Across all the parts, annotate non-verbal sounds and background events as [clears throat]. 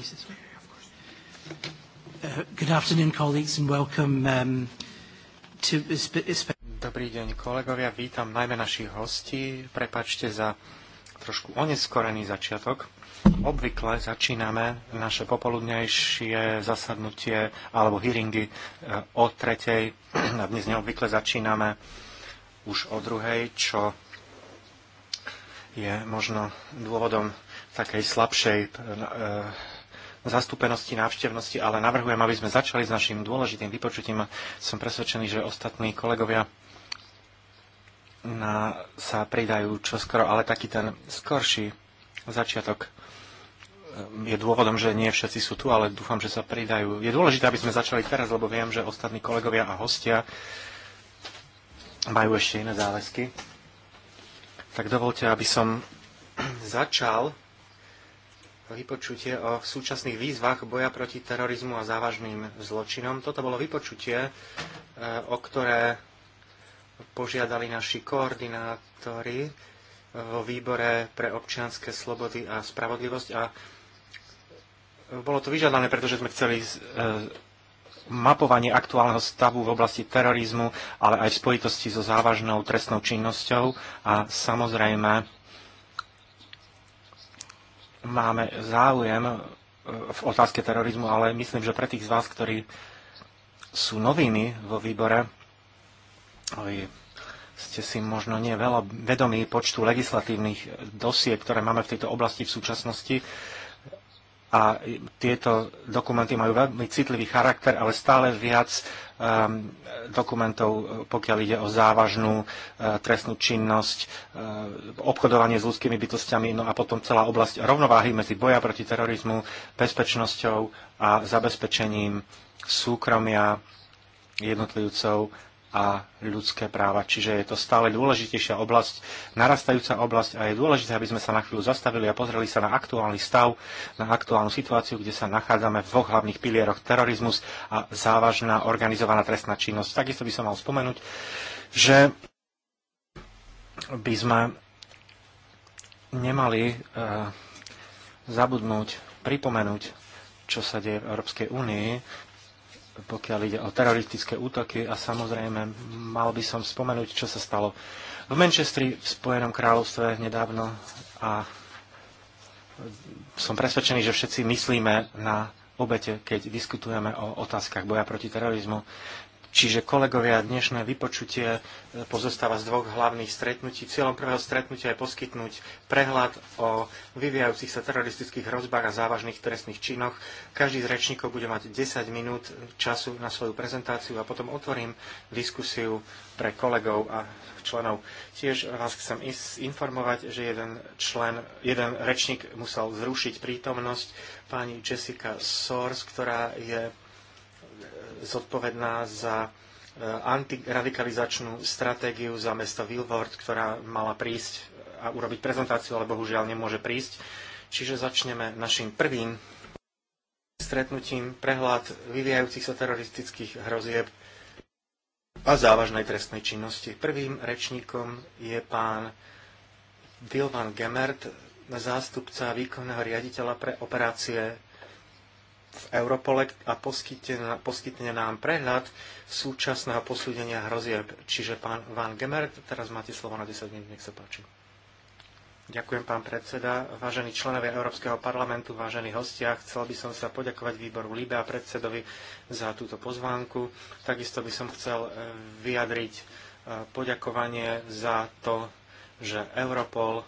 use this one? Uh, good afternoon, colleagues, and welcome um, to... Dobrý deň, kolegovia. Vítam najmä našich hostí. Prepačte za trošku oneskorený začiatok. Obvykle začíname naše popoludnejšie zasadnutie alebo hearingy eh, o tretej. A dnes neobvykle začíname už o druhej, čo je možno dôvodom takej slabšej eh, zastúpenosti, návštevnosti, ale navrhujem, aby sme začali s našim dôležitým vypočutím. Som presvedčený, že ostatní kolegovia na, sa pridajú čoskoro, ale taký ten skorší začiatok ehm, je dôvodom, že nie všetci sú tu, ale dúfam, že sa pridajú. Je dôležité, aby sme začali teraz, lebo viem, že ostatní kolegovia a hostia majú ešte iné záväzky. Tak dovolte, aby som [clears throat] začal vypočutie o súčasných výzvach boja proti terorizmu a závažným zločinom. Toto bolo vypočutie, e, o ktoré požiadali naši koordinátori e, vo výbore pre občianske slobody a spravodlivosť a bolo to vyžiadané, pretože sme chceli e, mapovanie aktuálneho stavu v oblasti terorizmu, ale aj v spojitosti so závažnou trestnou činnosťou a samozrejme máme záujem e, v otázke terorizmu, ale myslím, že pre tých z vás, ktorí sú novými vo výbore, ste si možno nie veľa vedomí počtu legislatívnych dosiek, ktoré máme v tejto oblasti v súčasnosti a tieto dokumenty majú veľmi citlivý charakter, ale stále viac um, dokumentov, pokiaľ ide o závažnú uh, trestnú činnosť, uh, obchodovanie s ľudskými bytostiami, no a potom celá oblasť rovnováhy medzi boja proti terorizmu, bezpečnosťou a zabezpečením súkromia jednotlivcov a ľudské práva. Čiže je to stále dôležitejšia oblasť, narastajúca oblasť a je dôležité, aby sme sa na chvíľu zastavili a pozreli sa na aktuálny stav, na aktuálnu situáciu, kde sa nachádzame v dvoch hlavných pilieroch terorizmus a závažná organizovaná trestná činnosť. Takisto by som mal spomenúť, že by sme nemali e, zabudnúť, pripomenúť, čo sa deje v Európskej únii, pokiaľ ide o teroristické útoky a samozrejme mal by som spomenúť, čo sa stalo v Manchestri v Spojenom kráľovstve nedávno a som presvedčený, že všetci myslíme na obete, keď diskutujeme o otázkach boja proti terorizmu. Čiže kolegovia, dnešné vypočutie e, pozostáva z dvoch hlavných stretnutí. Cieľom prvého stretnutia je poskytnúť prehľad o vyvíjajúcich sa teroristických hrozbách a závažných trestných činoch. Každý z rečníkov bude mať 10 minút času na svoju prezentáciu a potom otvorím diskusiu pre kolegov a členov. Tiež vás chcem informovať, že jeden, člen, jeden rečník musel zrušiť prítomnosť pani Jessica Sors, ktorá je zodpovedná za e, antiradikalizačnú stratégiu za mesto Wilward, ktorá mala prísť a urobiť prezentáciu, ale bohužiaľ nemôže prísť. Čiže začneme našim prvým stretnutím prehľad vyvíjajúcich sa teroristických hrozieb a závažnej trestnej činnosti. Prvým rečníkom je pán Dilvan Gemert, zástupca výkonného riaditeľa pre operácie v Europole a poskytne, nám prehľad súčasného posúdenia hrozieb. Čiže pán Van Gemert, teraz máte slovo na 10 minút, nech sa páči. Ďakujem, pán predseda. Vážení členovia Európskeho parlamentu, vážení hostia, chcel by som sa poďakovať výboru Líbe a predsedovi za túto pozvánku. Takisto by som chcel e, vyjadriť e, poďakovanie za to, že Europol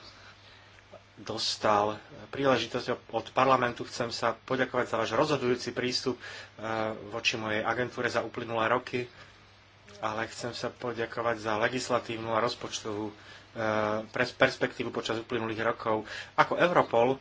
dostal príležitosť od parlamentu. Chcem sa poďakovať za váš rozhodujúci prístup eh, voči mojej agentúre za uplynulé roky, ale chcem sa poďakovať za legislatívnu a rozpočtovú eh, perspektívu počas uplynulých rokov. Ako Europol eh,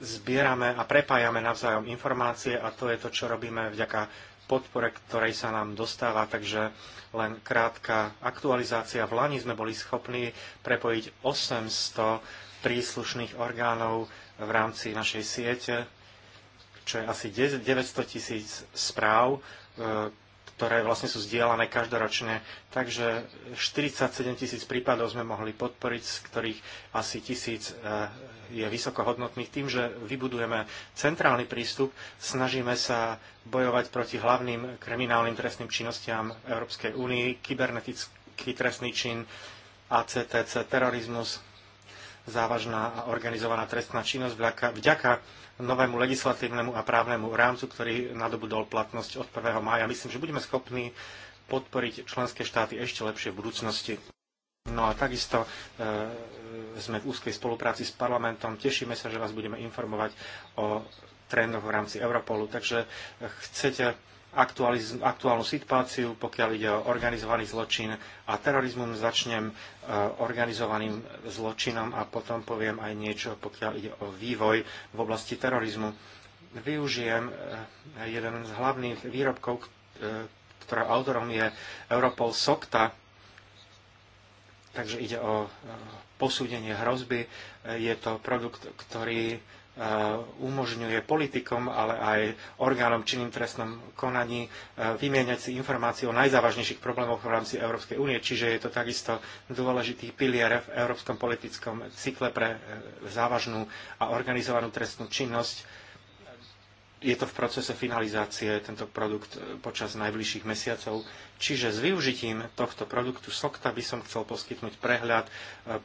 zbierame a prepájame navzájom informácie a to je to, čo robíme vďaka podpore, ktorej sa nám dostáva, takže len krátka aktualizácia. V Lani sme boli schopní prepojiť 800 príslušných orgánov v rámci našej siete, čo je asi 900 tisíc správ, e, ktoré vlastne sú zdieľané každoročne. Takže 47 tisíc prípadov sme mohli podporiť, z ktorých asi tisíc e, je vysokohodnotných. Tým, že vybudujeme centrálny prístup, snažíme sa bojovať proti hlavným kriminálnym trestným činnostiam Európskej únii, kybernetický trestný čin, ACTC, terorizmus, závažná a organizovaná trestná činnosť vďaka, vďaka novému legislatívnemu a právnemu rámcu, ktorý nadobudol platnosť od 1. mája. Myslím, že budeme schopní podporiť členské štáty ešte lepšie v budúcnosti. No a takisto e, e sme v úzkej spolupráci s parlamentom. Tešíme sa, že vás budeme informovať o trendoch v rámci Europolu. Takže eh, chcete aktuálnu situáciu, pokiaľ ide o organizovaný zločin a terorizmus, začnem eh, organizovaným zločinom a potom poviem aj niečo, pokiaľ ide o vývoj v oblasti terorizmu. Využijem eh, jeden z hlavných výrobkov, ktorého autorom je Europol Sokta, takže ide o posúdenie hrozby. Je to produkt, ktorý E, umožňuje politikom, ale aj orgánom činným trestnom konaní e, vymieňať si informácie o najzávažnejších problémoch v rámci Európskej únie. Čiže je to takisto dôležitý pilier v európskom politickom cykle pre e, závažnú a organizovanú trestnú činnosť. Je to v procese finalizácie tento produkt počas najbližších mesiacov. Čiže s využitím tohto produktu SOKTA by som chcel poskytnúť prehľad,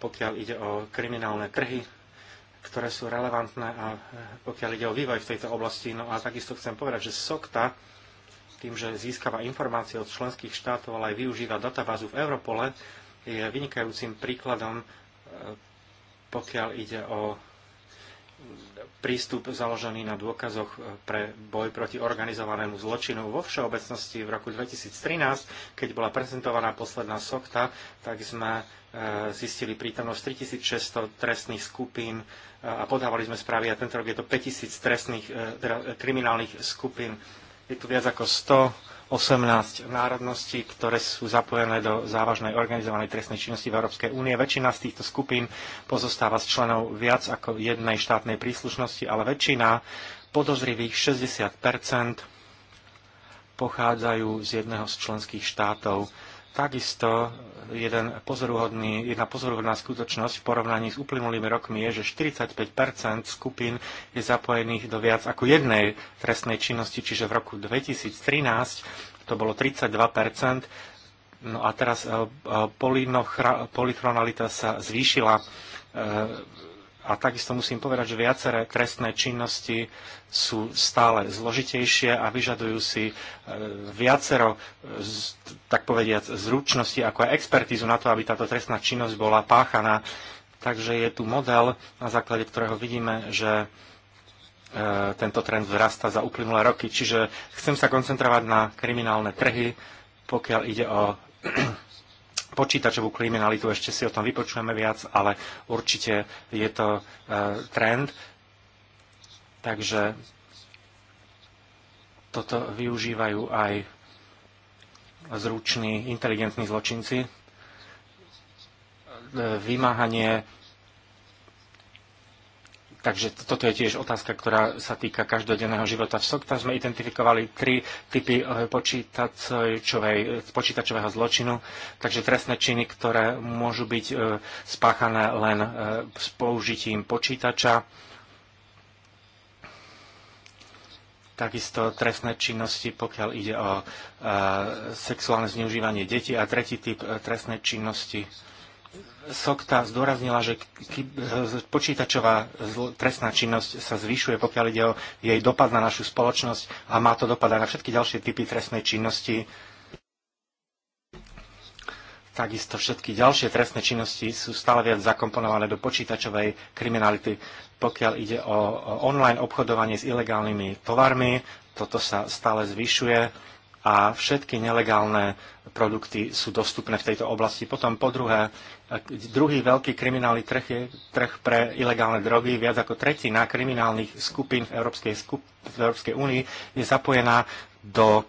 pokiaľ ide o kriminálne trhy ktoré sú relevantné a pokiaľ ide o vývoj v tejto oblasti. No a takisto chcem povedať, že SOCTA tým, že získava informácie od členských štátov, ale aj využíva databázu v Europole, je vynikajúcim príkladom, e, pokiaľ ide o prístup založený na dôkazoch e, pre boj proti organizovanému zločinu vo všeobecnosti v roku 2013, keď bola prezentovaná posledná sokta, tak sme e, zistili prítomnosť 3600 trestných skupín e, a podávali sme správy a tento rok je to 5000 trestných, teda kriminálnych skupín. Je tu viac ako 100 18 národností, ktoré sú zapojené do závažnej organizovanej trestnej činnosti v Európskej únie. Väčšina z týchto skupín pozostáva z členov viac ako jednej štátnej príslušnosti, ale väčšina podozrivých 60 pochádzajú z jedného z členských štátov Takisto jeden pozoruhodný, jedna pozoruhodná skutočnosť v porovnaní s uplynulými rokmi je, že 45 skupín je zapojených do viac ako jednej trestnej činnosti, čiže v roku 2013 to bolo 32 No a teraz eh, eh, polychronalita sa zvýšila eh, a takisto musím povedať, že viaceré trestné činnosti sú stále zložitejšie a vyžadujú si e, viacero, e, tak povediať, zručnosti ako aj expertízu na to, aby táto trestná činnosť bola páchaná. Takže je tu model, na základe ktorého vidíme, že e, tento trend vzrasta za uplynulé roky. Čiže chcem sa koncentrovať na kriminálne trhy, pokiaľ ide o počítačovú kriminalitu, ešte si o tom vypočujeme viac, ale určite je to uh, trend. Takže toto využívajú aj zruční, inteligentní zločinci. E, vymáhanie Takže toto je tiež otázka, ktorá sa týka každodenného života. V SOCTA sme identifikovali tri typy eh, počítačového zločinu, takže trestné činy, ktoré môžu byť eh, spáchané len eh, s použitím počítača, takisto trestné činnosti, pokiaľ ide o sexuálne zneužívanie detí a tretí typ trestnej činnosti, Sokta zdôraznila, že počítačová trestná činnosť sa zvyšuje, pokiaľ ide o jej dopad na našu spoločnosť a má to dopad na všetky ďalšie typy trestnej činnosti. Takisto všetky ďalšie trestné činnosti sú stále viac zakomponované do počítačovej kriminality. Pokiaľ ide o online obchodovanie s ilegálnymi tovarmi, toto sa stále zvyšuje a všetky nelegálne produkty sú dostupné v tejto oblasti. Potom po druhé, druhý veľký kriminálny trh je trh pre ilegálne drogy. Viac ako tretina kriminálnych skupín v Európskej, skup- v Európskej únii je zapojená do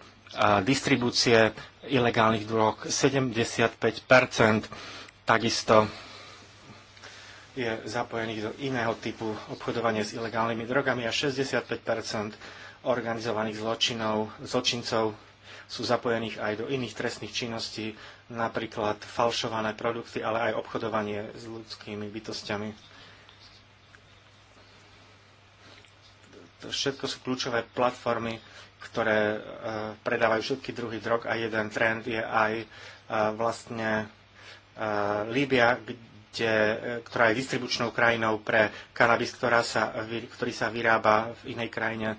distribúcie ilegálnych drog 75 takisto je zapojených do iného typu obchodovania s ilegálnymi drogami a 65 organizovaných zločinov, zločincov sú zapojených aj do iných trestných činností, napríklad falšované produkty, ale aj obchodovanie s ľudskými bytostiami. To všetko sú kľúčové platformy, ktoré e, predávajú všetky druhy drog a jeden trend je aj e, vlastne e, Líbia, kde, ktorá je distribučnou krajinou pre kanabis, ktorá sa, ktorý sa vyrába v inej krajine.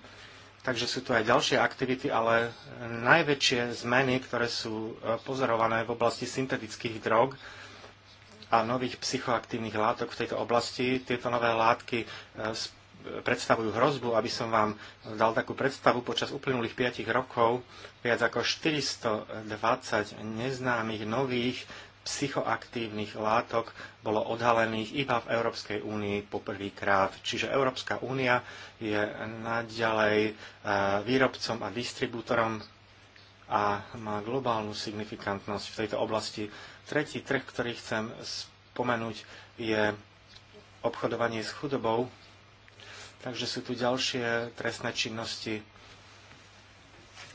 Takže sú tu aj ďalšie aktivity, ale najväčšie zmeny, ktoré sú e, pozorované v oblasti syntetických drog a nových psychoaktívnych látok v tejto oblasti, tieto nové látky e, predstavujú hrozbu. Aby som vám dal takú predstavu, počas uplynulých 5 rokov viac ako 420 neznámych nových psychoaktívnych látok bolo odhalených iba v Európskej únii poprvýkrát. Čiže Európska únia je naďalej e, výrobcom a distribútorom a má globálnu signifikantnosť v tejto oblasti. Tretí trh, ktorý chcem spomenúť, je obchodovanie s chudobou. Takže sú tu ďalšie trestné činnosti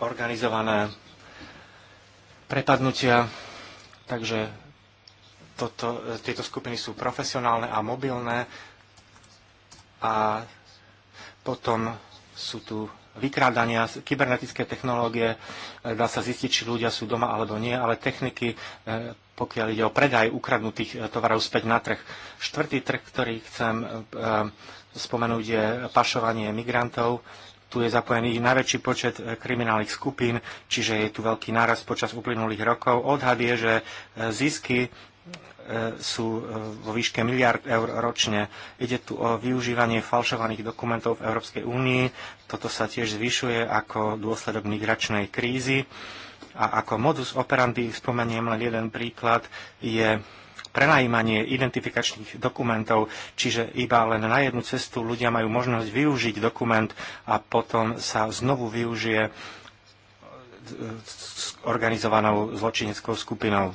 organizované prepadnutia, takže toto, e, tieto skupiny sú profesionálne a mobilné a potom sú tu vykrádania, kybernetické technológie, e, dá sa zistiť, či ľudia sú doma alebo nie, ale techniky, e, pokiaľ ide o predaj ukradnutých tovarov späť na trh. Štvrtý trh, ktorý chcem spomenúť, je pašovanie migrantov. Tu je zapojený najväčší počet kriminálnych skupín, čiže je tu veľký náraz počas uplynulých rokov. Odhad je, že zisky E, sú e, vo výške miliard eur ročne. Ide tu o využívanie falšovaných dokumentov v Európskej únii. Toto sa tiež zvyšuje ako dôsledok migračnej krízy. A ako modus operandi, spomeniem len jeden príklad, je prenajímanie identifikačných dokumentov, čiže iba len na jednu cestu ľudia majú možnosť využiť dokument a potom sa znovu využije s organizovanou zločineckou skupinou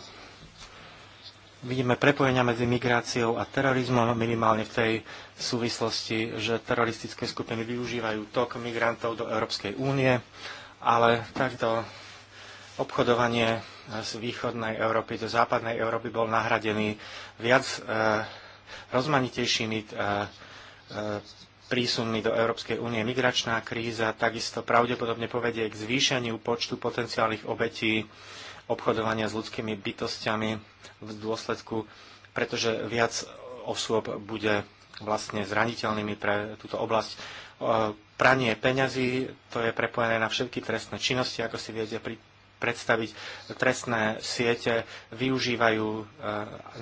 vidíme prepojenia medzi migráciou a terorizmom, minimálne v tej súvislosti, že teroristické skupiny využívajú tok migrantov do Európskej únie, ale takto obchodovanie z východnej Európy do západnej Európy bol nahradený viac e, rozmanitejšími e, e, prísunmi do Európskej únie. Migračná kríza takisto pravdepodobne povedie k zvýšeniu počtu potenciálnych obetí obchodovania s ľudskými bytostiami v dôsledku, pretože viac osôb bude vlastne zraniteľnými pre túto oblasť. E, pranie peňazí, to je prepojené na všetky trestné činnosti, ako si viete pri, predstaviť. Trestné siete využívajú e,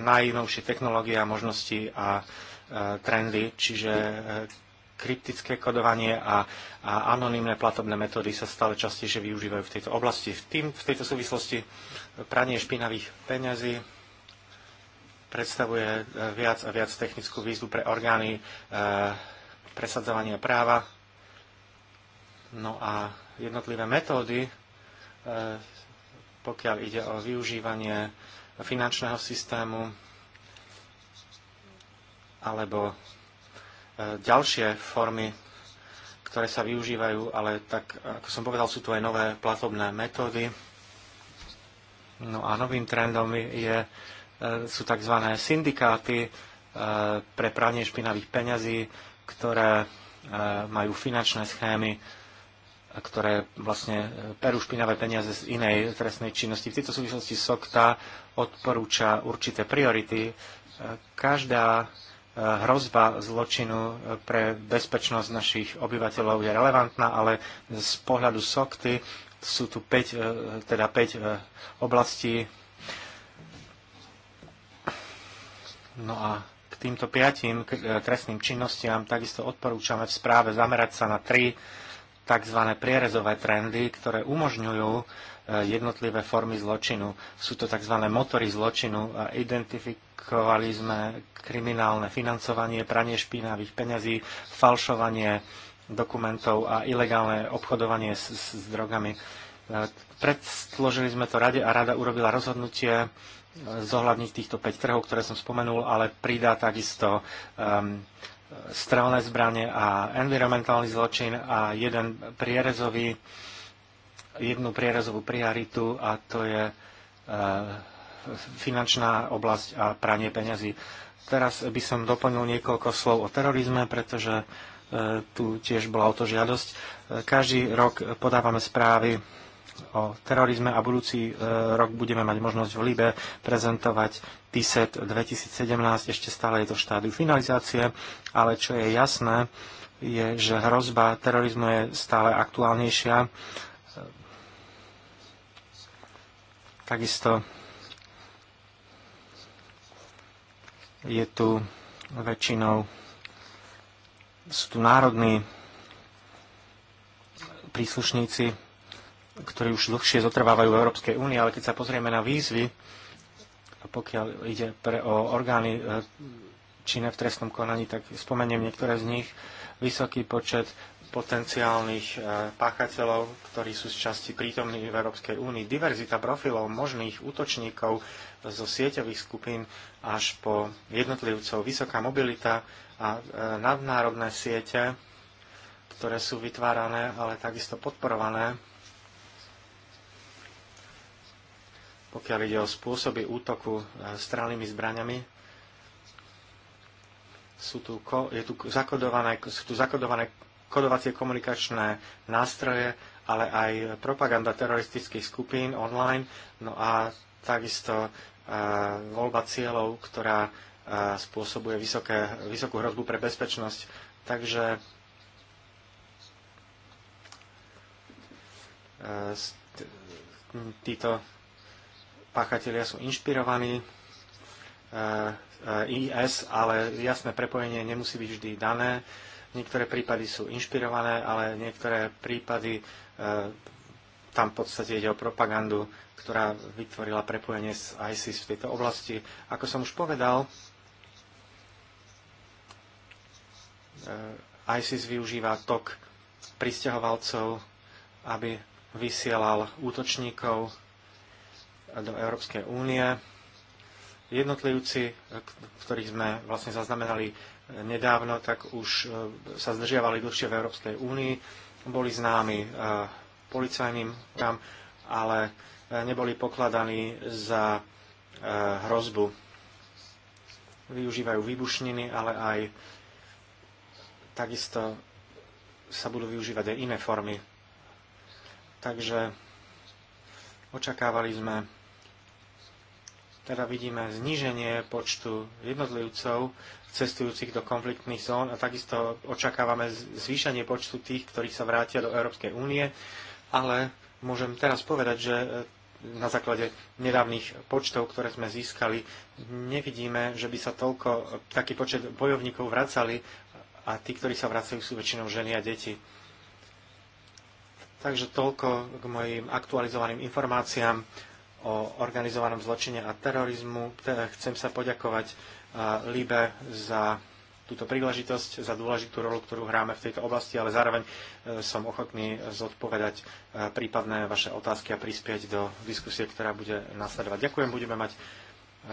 najnovšie technológie a možnosti a e, trendy, čiže e, kryptické kodovanie a, a anonimné platobné metódy sa stále častejšie využívajú v tejto oblasti. V, tým, v tejto súvislosti pranie špinavých peňazí predstavuje e, viac a viac technickú výzvu pre orgány e, presadzovania práva. No a jednotlivé metódy, e, pokiaľ ide o využívanie finančného systému alebo ďalšie formy, ktoré sa využívajú, ale tak, ako som povedal, sú tu aj nové platobné metódy. No a novým trendom je E, sú tzv. syndikáty e, pre pranie špinavých peňazí, ktoré e, majú finančné schémy, ktoré vlastne perú špinavé peniaze z inej trestnej činnosti. V tejto súvislosti SOKTA odporúča určité priority. Každá hrozba zločinu pre bezpečnosť našich obyvateľov je relevantná, ale z pohľadu SOKTY sú tu 5, teda 5 oblastí No a k týmto piatim e, trestným činnostiam takisto odporúčame v správe zamerať sa na tri tzv. prierezové trendy, ktoré umožňujú e, jednotlivé formy zločinu. Sú to tzv. motory zločinu a identifikovali sme kriminálne financovanie, pranie špinavých peňazí, falšovanie dokumentov a ilegálne obchodovanie s, s, s drogami. E, predložili sme to rade a rada urobila rozhodnutie zohľadniť týchto 5 trhov, ktoré som spomenul, ale pridá takisto um, strelné zbranie a environmentálny zločin a jeden prierezový, jednu prierezovú prioritu a to je uh, finančná oblasť a pranie peňazí. Teraz by som doplnil niekoľko slov o terorizme, pretože uh, tu tiež bola o to žiadosť. Každý rok podávame správy o terorizme a budúci e, rok budeme mať možnosť v Libe prezentovať TISET 2017. Ešte stále je to štádiu finalizácie, ale čo je jasné, je, že hrozba terorizmu je stále aktuálnejšia. E, takisto je tu väčšinou sú tu národní príslušníci ktorí už dlhšie zotrvávajú v Európskej únii, ale keď sa pozrieme na výzvy, pokiaľ ide pre, o orgány e, činné v trestnom konaní, tak spomeniem niektoré z nich. Vysoký počet potenciálnych e, páchateľov, ktorí sú z časti prítomní v Európskej únii, diverzita profilov možných útočníkov zo sieťových skupín až po jednotlivcov, vysoká mobilita a e, nadnárodné siete, ktoré sú vytvárané, ale takisto podporované pokiaľ ide o spôsoby útoku e, strelnými zbraniami, sú tu, je tu zakodované, sú tu zakodované kodovacie komunikačné nástroje, ale aj propaganda teroristických skupín online, no a takisto e, voľba cieľov, ktorá e, spôsobuje vysoké, vysokú hrozbu pre bezpečnosť. Takže títo páchatelia sú inšpirovaní e, e, IS, ale jasné prepojenie nemusí byť vždy dané. Niektoré prípady sú inšpirované, ale niektoré prípady e, tam v podstate ide o propagandu, ktorá vytvorila prepojenie s ISIS v tejto oblasti. Ako som už povedal, ISIS využíva tok pristahovalcov, aby vysielal útočníkov do Európskej únie. Jednotlivci, ktorých sme vlastne zaznamenali nedávno, tak už e, sa zdržiavali dlhšie v Európskej únii, boli známi e, policajným tam, ale e, neboli pokladaní za hrozbu. Využívajú výbušniny, ale aj takisto sa budú využívať aj iné formy. Takže očakávali sme teda vidíme zníženie počtu jednotlivcov cestujúcich do konfliktných zón a takisto očakávame zvýšenie počtu tých, ktorí sa vrátia do Európskej únie, ale môžem teraz povedať, že e, na základe nedávnych počtov, ktoré sme získali, nevidíme, že by sa toľko e, taký počet bojovníkov vracali a tí, ktorí sa vracajú, sú väčšinou ženy a deti. Takže toľko k mojim aktualizovaným informáciám o organizovanom zločine a terorizmu. Chcem sa poďakovať Libe za túto príležitosť, za dôležitú rolu, ktorú hráme v tejto oblasti, ale zároveň e, som ochotný zodpovedať e, prípadné vaše otázky a prispieť do diskusie, ktorá bude nasledovať. Ďakujem, budeme mať e,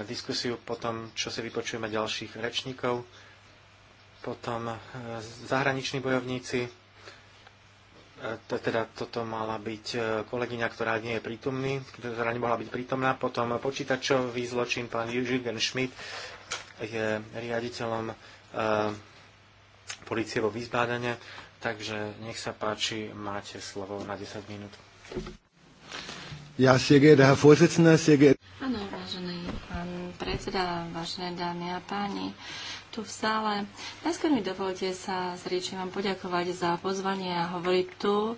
diskusiu po tom, čo si vypočujeme ďalších rečníkov, potom zahraniční bojovníci, E, teda toto mala byť e, kolegyňa, ktorá nie je prítomný, ktorá nemohla byť prítomná. Potom počítačový zločin, pán Jürgen Schmidt je riaditeľom e, policie vo vyzbádane, takže nech sa páči, máte slovo na 10 minút. Ja, sehr geehrter Herr Vorsitzender, sehr geehrter... Áno, vážený pán predseda, vážené dámy a páni tu v sále. Najskôr mi dovolte sa riečím vám poďakovať za pozvanie a hovoriť tu e,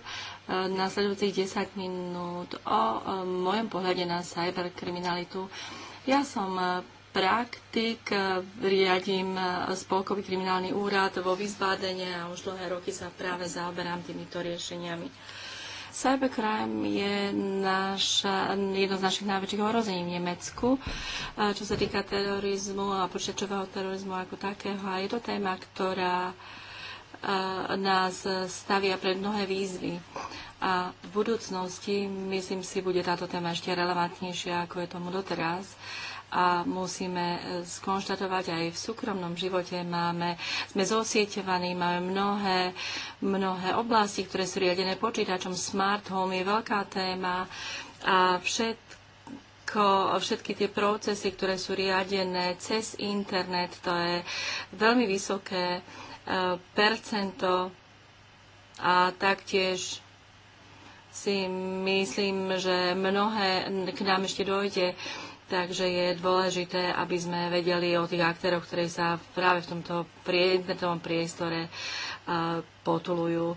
nasledujúcich 10 minút o e, mojom pohľade na cyberkriminalitu. Ja som e, praktik, riadím spolkový kriminálny úrad vo vyzbádenie a už dlhé roky sa práve zaoberám týmito riešeniami. Cybercrime je naša, jedno z našich najväčších ohrození v Nemecku, čo sa týka terorizmu a počítačového terorizmu ako takého. A je to téma, ktorá nás stavia pred mnohé výzvy. A v budúcnosti, myslím si, bude táto téma ešte relevantnejšia, ako je tomu doteraz a musíme e, skonštatovať aj v súkromnom živote máme, sme zosieťovaní, máme mnohé, mnohé oblasti, ktoré sú riadené počítačom. Smart home je veľká téma a všetko všetko, všetky tie procesy, ktoré sú riadené cez internet, to je veľmi vysoké e, percento a taktiež si myslím, že mnohé k nám ešte dojde Takže je dôležité, aby sme vedeli o tých aktéroch, ktorí sa práve v tomto internetovom priestore eh, potulujú.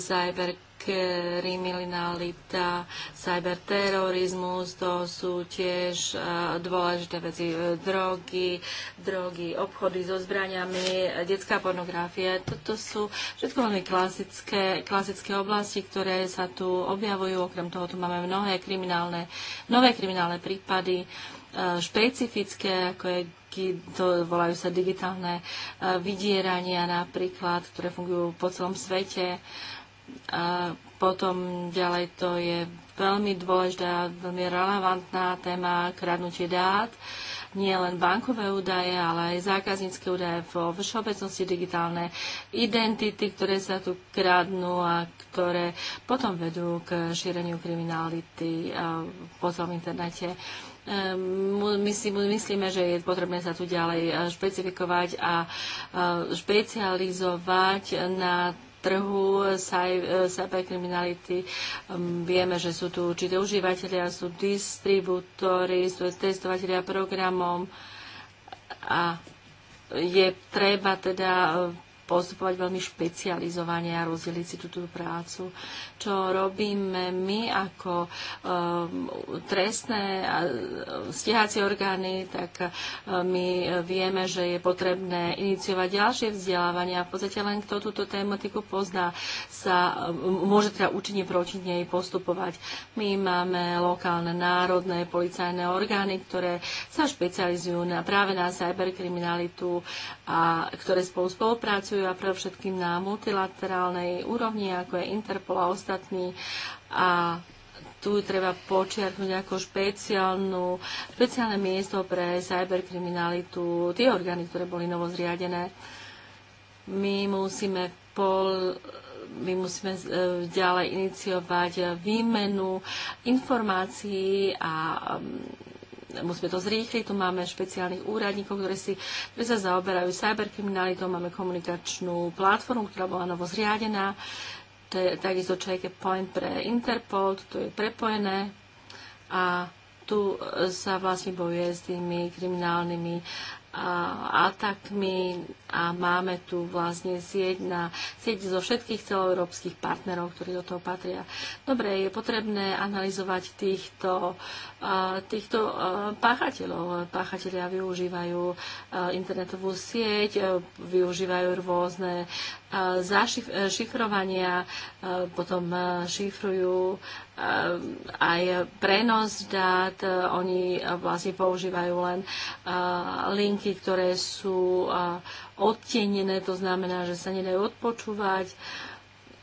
Cyber kriminalita, cyberterorizmus, to sú tiež e, dôležité veci, e, drogy, drogy, obchody so zbraniami, detská pornografia. Toto sú všetko veľmi klasické, klasické oblasti, ktoré sa tu objavujú. Okrem toho tu máme mnohé kriminálne, nové kriminálne prípady, e, špecifické, ako je to volajú sa digitálne vydierania napríklad, ktoré fungujú po celom svete. Uh, a potom ďalej to je veľmi dôležitá, veľmi relevantná téma kradnutie dát. Nie len bankové údaje, ale aj zákaznícke údaje vo všeobecnosti digitálne identity, ktoré sa tu kradnú a ktoré potom vedú k šíreniu kriminality po celom internete. Ehm, my si myslíme, že je potrebné sa tu ďalej špecifikovať a špecializovať na trhu cyberkriminality. Um, vieme, že sú tu určité užívateľia, sú distribútory, sú testovateľia programom a je treba teda postupovať veľmi špecializovane a rozdeliť si túto prácu. Čo robíme my ako um, trestné a um, stiehacie orgány, tak uh, my vieme, že je potrebné iniciovať ďalšie vzdelávania. V podstate len kto túto tematiku pozná, sa um, môže teda účinne proti nej postupovať. My máme lokálne národné policajné orgány, ktoré sa špecializujú na, práve na cyberkriminalitu a ktoré spolu spolupracujú pracujú a predovšetkým na multilaterálnej úrovni, ako je Interpol a ostatní. A tu treba počiarknúť ako špeciálnu, špeciálne miesto pre cyberkriminalitu, tie orgány, ktoré boli novozriadené. My musíme pol, my musíme e, ďalej iniciovať výmenu informácií a musíme to zrýchliť. Tu máme špeciálnych úradníkov, ktorí si sa zaoberajú cyberkriminalitou. Máme komunikačnú platformu, ktorá bola novo zriadená. To je takisto Check Point pre Interpol, to je prepojené. A tu e, sa vlastne bojuje s tými kriminálnymi a, atakmi a máme tu vlastne sieť, na, sieť zo všetkých celoeurópskych partnerov, ktorí do toho patria. Dobre, je potrebné analyzovať týchto, týchto páchateľov. Páchatelia využívajú internetovú sieť, využívajú rôzne zašifrovania, e, potom šifrujú aj prenos dát. Oni vlastne používajú len linky, ktoré sú odtienené, to znamená, že sa nedajú odpočúvať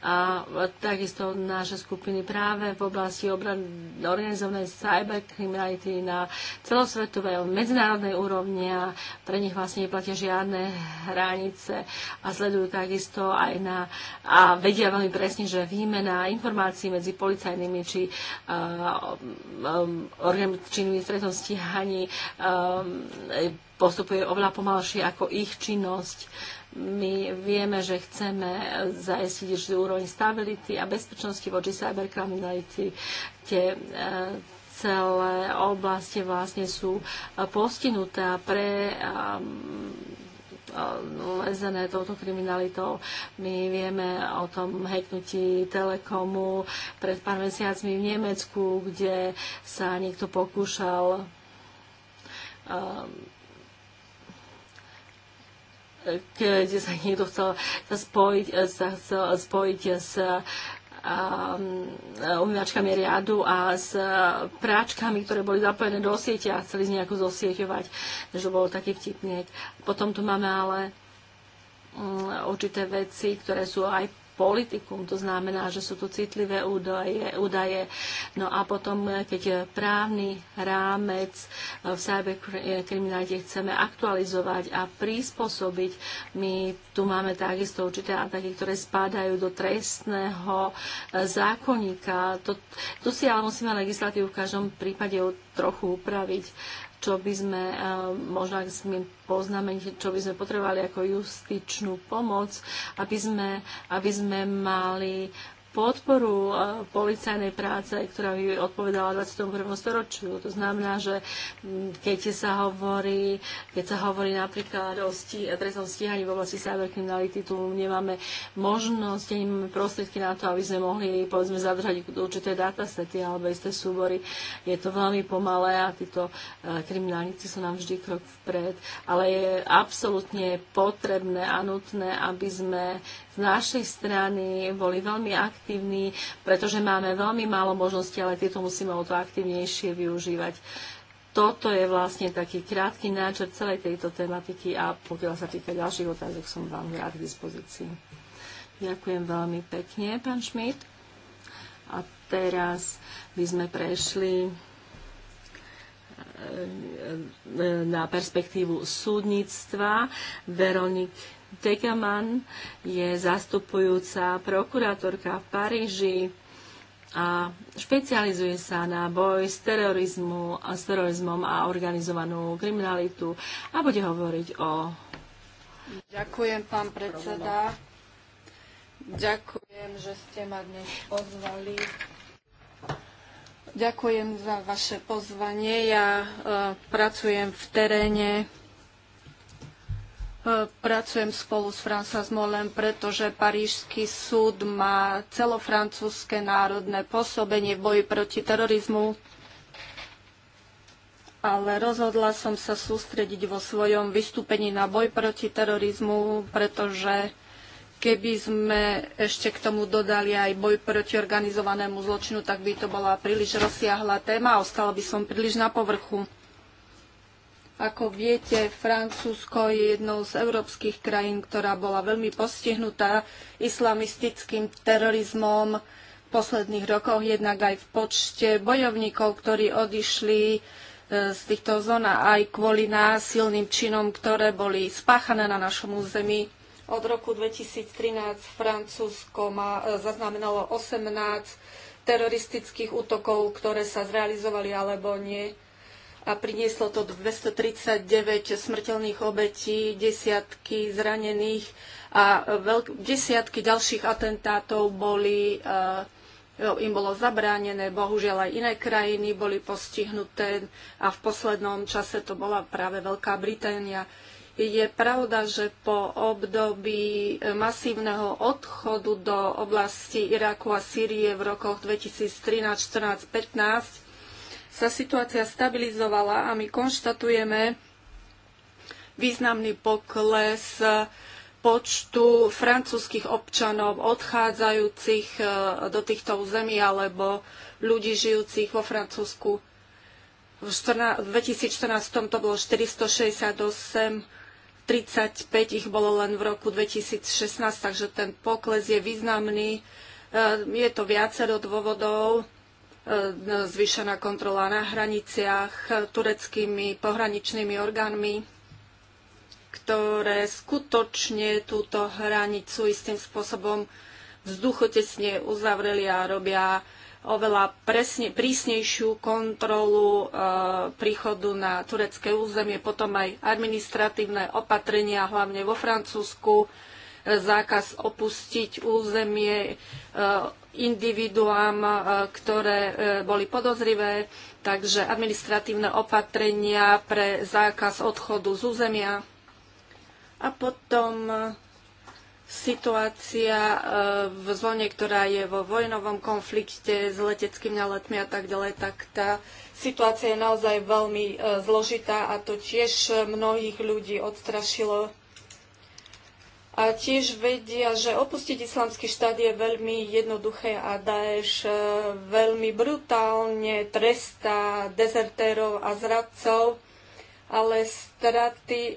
a takisto naše skupiny práve v oblasti obran organizovanej cyberkriminality na celosvetovej, medzinárodnej úrovni a pre nich vlastne neplatia žiadne hranice a sledujú takisto aj na a vedia veľmi presne, že výmena informácií medzi policajnými či e, e, činnými stretom stíhaní e, postupuje oveľa pomalšie ako ich činnosť. Uh, my vieme, že chceme zajistiť úroveň stability a bezpečnosti voči cyberkriminality. Tie e, celé oblasti vlastne sú e, postihnuté a pre e, lezené touto kriminalitou. My vieme o tom heknutí Telekomu pred pár mesiacmi v Nemecku, kde sa niekto pokúšal um, keď sa niekto chcel spojiť, e, sa chcel spojiť s um, umývačkami riadu a s práčkami, ktoré boli zapojené do siete a chceli z nejako zosieťovať. že bolo taký vtipniek. Potom tu máme ale mm, určité veci, ktoré sú aj politikum, to znamená, že sú tu citlivé údaje, údaje. No a potom, keď právny rámec v cyberkriminalite chceme aktualizovať a prispôsobiť, my tu máme takisto určité ataky, ktoré spadajú do trestného e, zákonníka. To, tu si ale musíme legislatívu v každom prípade trochu upraviť čo by sme, možno ak s poznáme, čo by sme potrebovali ako justičnú pomoc, aby sme, aby sme mali podporu e, policajnej práce, ktorá by odpovedala 21. storočiu. To znamená, že keď sa hovorí, keď sa hovorí napríklad o trestnom stíhaní v oblasti cyberkriminality, tu nemáme možnosť, nemáme prostriedky na to, aby sme mohli povedzme zadržať určité datasety alebo isté súbory. Je to veľmi pomalé a títo e, kriminálnici sú nám vždy krok vpred, ale je absolútne potrebné a nutné, aby sme z našej strany boli veľmi aktívni, pretože máme veľmi málo možností, ale tieto musíme o to aktívnejšie využívať. Toto je vlastne taký krátky náčrt celej tejto tematiky a pokiaľ sa týka ďalších otázok, som vám rád k dispozícii. Ďakujem veľmi pekne, pán Šmit. A teraz by sme prešli e, e, na perspektívu súdnictva. Veronik Degaman je zastupujúca prokurátorka v Paríži a špecializuje sa na boj s, terorizmu, s terorizmom a organizovanú kriminalitu a bude hovoriť o... Ďakujem, pán predseda. Ďakujem, že ste ma dnes pozvali. Ďakujem za vaše pozvanie. Ja e, pracujem v teréne E, pracujem spolu s François Molem, pretože Parížský súd má celofrancúzske národné pôsobenie v boji proti terorizmu, ale rozhodla som sa sústrediť vo svojom vystúpení na boj proti terorizmu, pretože keby sme ešte k tomu dodali aj boj proti organizovanému zločinu, tak by to bola príliš rozsiahla téma a ostala by som príliš na povrchu. Ako viete, Francúzsko je jednou z európskych krajín, ktorá bola veľmi postihnutá islamistickým terorizmom v posledných rokoch, jednak aj v počte bojovníkov, ktorí odišli e, z týchto zón aj kvôli násilným činom, ktoré boli spáchané na našom území. Od roku 2013 Francúzsko má, e, zaznamenalo 18 teroristických útokov, ktoré sa zrealizovali alebo nie a prinieslo to 239 smrteľných obetí, desiatky zranených a desiatky ďalších atentátov boli, e, im bolo zabránené. Bohužiaľ aj iné krajiny boli postihnuté a v poslednom čase to bola práve Veľká Británia. Je pravda, že po období e, masívneho odchodu do oblasti Iraku a Sýrie v rokoch 2013, 2014 2015 sa situácia stabilizovala a my konštatujeme významný pokles počtu francúzskych občanov odchádzajúcich e, do týchto území alebo ľudí žijúcich vo Francúzsku. V 2014 to bolo 468, 35 ich bolo len v roku 2016, takže ten pokles je významný. E, je to viacero dôvodov. E, zvýšená kontrola na hraniciach e, tureckými pohraničnými orgánmi, ktoré skutočne túto hranicu istým spôsobom vzduchotesne uzavreli a robia oveľa presne, prísnejšiu kontrolu e, príchodu na turecké územie, potom aj administratívne opatrenia, hlavne vo Francúzsku, zákaz opustiť územie e, individuám, e, ktoré e, boli podozrivé, takže administratívne opatrenia pre zákaz odchodu z územia a potom situácia v zóne, ktorá je vo vojnovom konflikte s leteckými letmi a tak ďalej, tak tá situácia je naozaj veľmi zložitá a to tiež mnohých ľudí odstrašilo a tiež vedia, že opustiť islamský štát je veľmi jednoduché a Daesh e, veľmi brutálne trestá dezertérov a zradcov, ale straty e,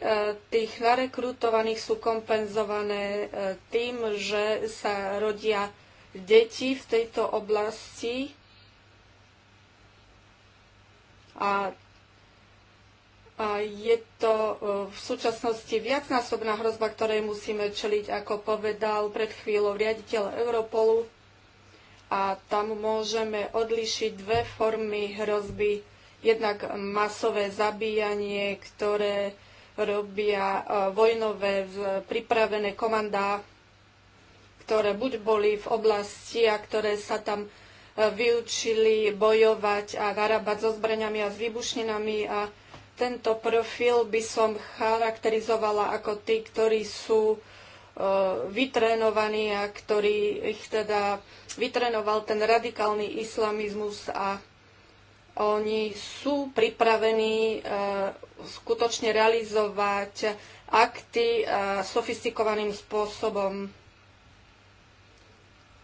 tých narekrutovaných sú kompenzované e, tým, že sa rodia deti v tejto oblasti a je to e, v súčasnosti viacnásobná hrozba, ktorej musíme čeliť, ako povedal pred chvíľou riaditeľ Europolu. A tam môžeme odlišiť dve formy hrozby. Jednak masové zabíjanie, ktoré robia e, vojnové pripravené komandá, ktoré buď boli v oblasti a ktoré sa tam e, vyučili bojovať a narábať so zbraniami a s výbušninami a tento profil by som charakterizovala ako tí, ktorí sú e, vytrénovaní a ktorý ich teda vytrénoval ten radikálny islamizmus a oni sú pripravení e, skutočne realizovať akty e, sofistikovaným spôsobom.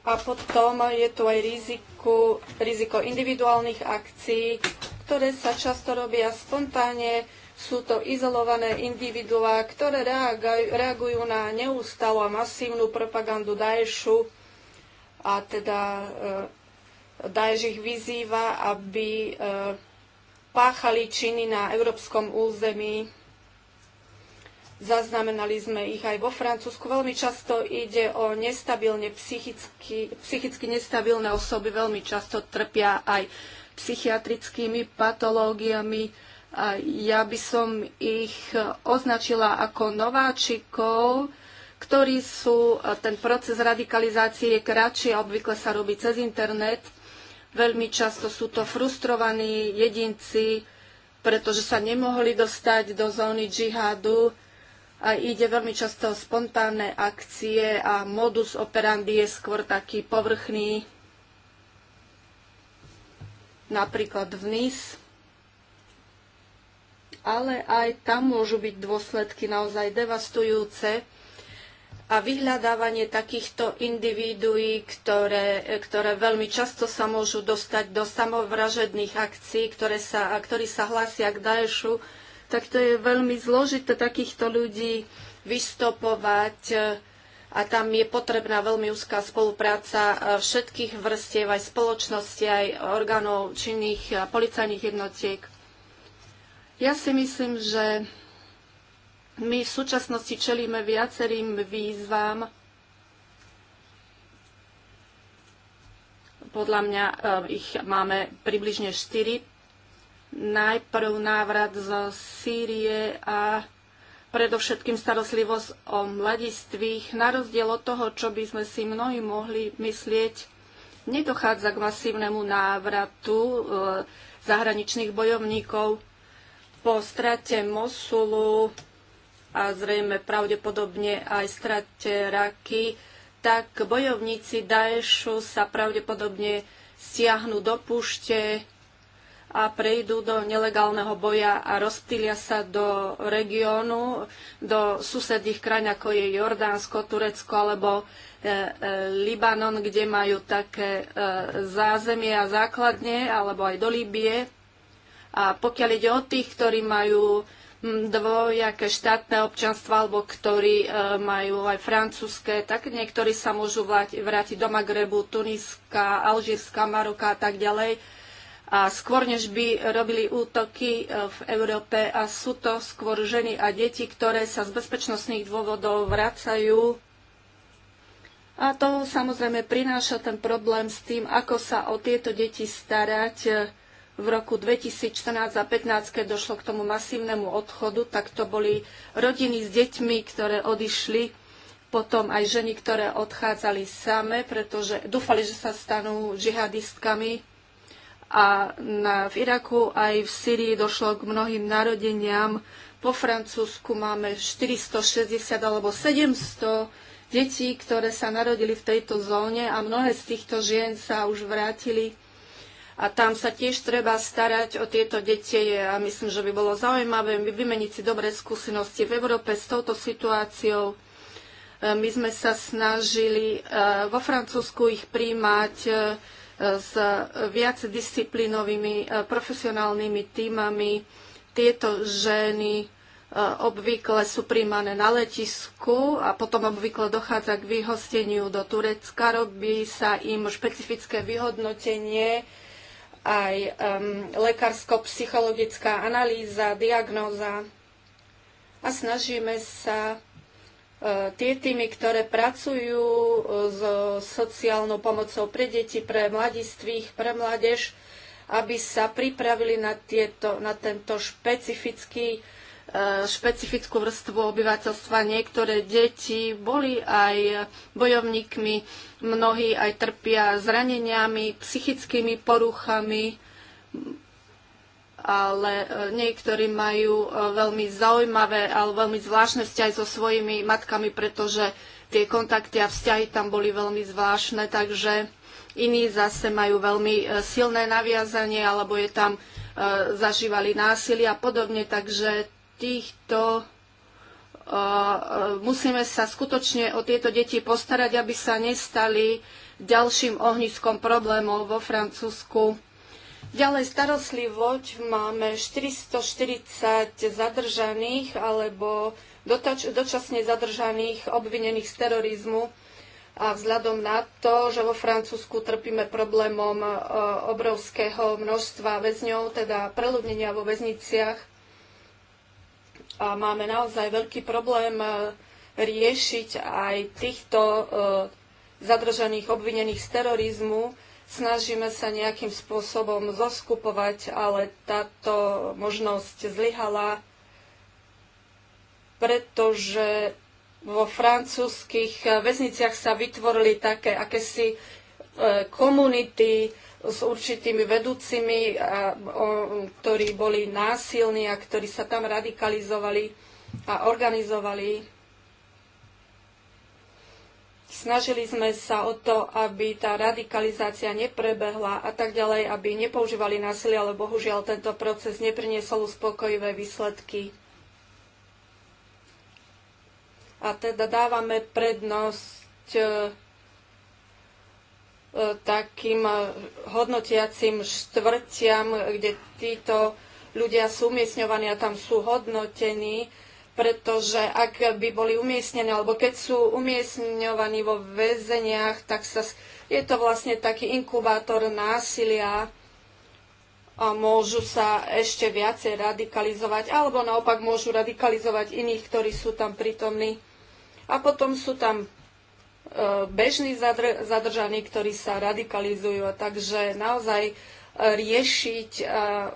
A potom je tu aj riziku, riziko individuálnych akcií, ktoré sa často robia spontánne. Sú to izolované individuá, ktoré reagujú na neustálu a masívnu propagandu Daešu. A teda e, Daeš ich vyzýva, aby e, páchali činy na európskom území Zaznamenali sme ich aj vo Francúzsku. Veľmi často ide o nestabilne psychicky, psychicky nestabilné osoby. Veľmi často trpia aj psychiatrickými patológiami. A ja by som ich označila ako nováčikov, ktorí sú, ten proces radikalizácie je kratší a obvykle sa robí cez internet. Veľmi často sú to frustrovaní jedinci, pretože sa nemohli dostať do zóny džihadu a ide veľmi často o spontánne akcie a modus operandi je skôr taký povrchný, napríklad vniz, ale aj tam môžu byť dôsledky naozaj devastujúce a vyhľadávanie takýchto individuí, ktoré, ktoré veľmi často sa môžu dostať do samovražedných akcií, ktoré sa, ktorí sa hlásia k Daešu, tak to je veľmi zložité takýchto ľudí vystopovať e, a tam je potrebná veľmi úzká spolupráca e, všetkých vrstiev, aj spoločnosti, aj orgánov činných a policajných jednotiek. Ja si myslím, že my v súčasnosti čelíme viacerým výzvám. Podľa mňa e, ich máme približne 4 najprv návrat zo Sýrie a predovšetkým starostlivosť o mladistvých. Na rozdiel od toho, čo by sme si mnohí mohli myslieť, nedochádza k masívnemu návratu eh, zahraničných bojovníkov. Po strate Mosulu a zrejme pravdepodobne aj strate Raky, tak bojovníci Daešu sa pravdepodobne stiahnu do púšte a prejdú do nelegálneho boja a rozptýlia sa do regiónu, do susedných krajín, ako je Jordánsko, Turecko alebo e, e, Libanon, kde majú také e, zázemie a základne, alebo aj do Líbie. A pokiaľ ide o tých, ktorí majú hm, dvojaké štátne občanstva, alebo ktorí e, majú aj francúzske, tak niektorí sa môžu vrátiť do Magrebu, Tuniska, Alžírska, Maroka a tak ďalej a skôr než by robili útoky e, v Európe a sú to skôr ženy a deti, ktoré sa z bezpečnostných dôvodov vracajú. A to samozrejme prináša ten problém s tým, ako sa o tieto deti starať. E, v roku 2014 a 2015, keď došlo k tomu masívnemu odchodu, tak to boli rodiny s deťmi, ktoré odišli, potom aj ženy, ktoré odchádzali same, pretože dúfali, že sa stanú žihadistkami a na, v Iraku aj v Syrii došlo k mnohým narodeniam. Po Francúzsku máme 460 alebo 700 detí, ktoré sa narodili v tejto zóne a mnohé z týchto žien sa už vrátili. A tam sa tiež treba starať o tieto deti a myslím, že by bolo zaujímavé vymeniť si dobré skúsenosti v Európe s touto situáciou. E, my sme sa snažili e, vo Francúzsku ich príjmať e, s viac disciplínovými e, profesionálnymi týmami. Tieto ženy e, obvykle sú príjmané na letisku a potom obvykle dochádza k vyhosteniu do Turecka. Robí sa im špecifické vyhodnotenie, aj um, lekársko-psychologická analýza, diagnóza a snažíme sa E, tie týmy, ktoré pracujú e, s sociálnou pomocou pre deti, pre mladistvých, pre mládež, aby sa pripravili na, tieto, na tento špecifický, e, špecifickú vrstvu obyvateľstva. Niektoré deti boli aj bojovníkmi, mnohí aj trpia zraneniami, psychickými poruchami, ale e, niektorí majú e, veľmi zaujímavé alebo veľmi zvláštne vzťahy so svojimi matkami, pretože tie kontakty a vzťahy tam boli veľmi zvláštne, takže iní zase majú veľmi e, silné naviazanie alebo je tam zažívali násilie a podobne, takže týchto musíme sa skutočne o tieto deti postarať, aby sa nestali ďalším ohniskom problémov vo Francúzsku Ďalej starostlivosť máme 440 zadržaných alebo dotač, dočasne zadržaných obvinených z terorizmu a vzhľadom na to, že vo Francúzsku trpíme problémom e, obrovského množstva väzňov, teda preľudnenia vo väzniciach a máme naozaj veľký problém e, riešiť aj týchto e, zadržaných obvinených z terorizmu, Snažíme sa nejakým spôsobom zoskupovať, ale táto možnosť zlyhala, pretože vo francúzských väzniciach sa vytvorili také akési e, komunity s určitými vedúcimi, ktorí boli násilní a ktorí sa tam radikalizovali a organizovali Snažili sme sa o to, aby tá radikalizácia neprebehla a tak ďalej, aby nepoužívali násilie, ale bohužiaľ tento proces nepriniesol uspokojivé výsledky. A teda dávame prednosť e, e, takým e, hodnotiacim štvrtiam, kde títo ľudia sú umiestňovaní a tam sú hodnotení pretože ak by boli umiestnené, alebo keď sú umiestňovaní vo väzeniach, tak sa, je to vlastne taký inkubátor násilia a môžu sa ešte viacej radikalizovať, alebo naopak môžu radikalizovať iných, ktorí sú tam prítomní. A potom sú tam e, bežní zadr- zadržaní, ktorí sa radikalizujú. Takže naozaj e, riešiť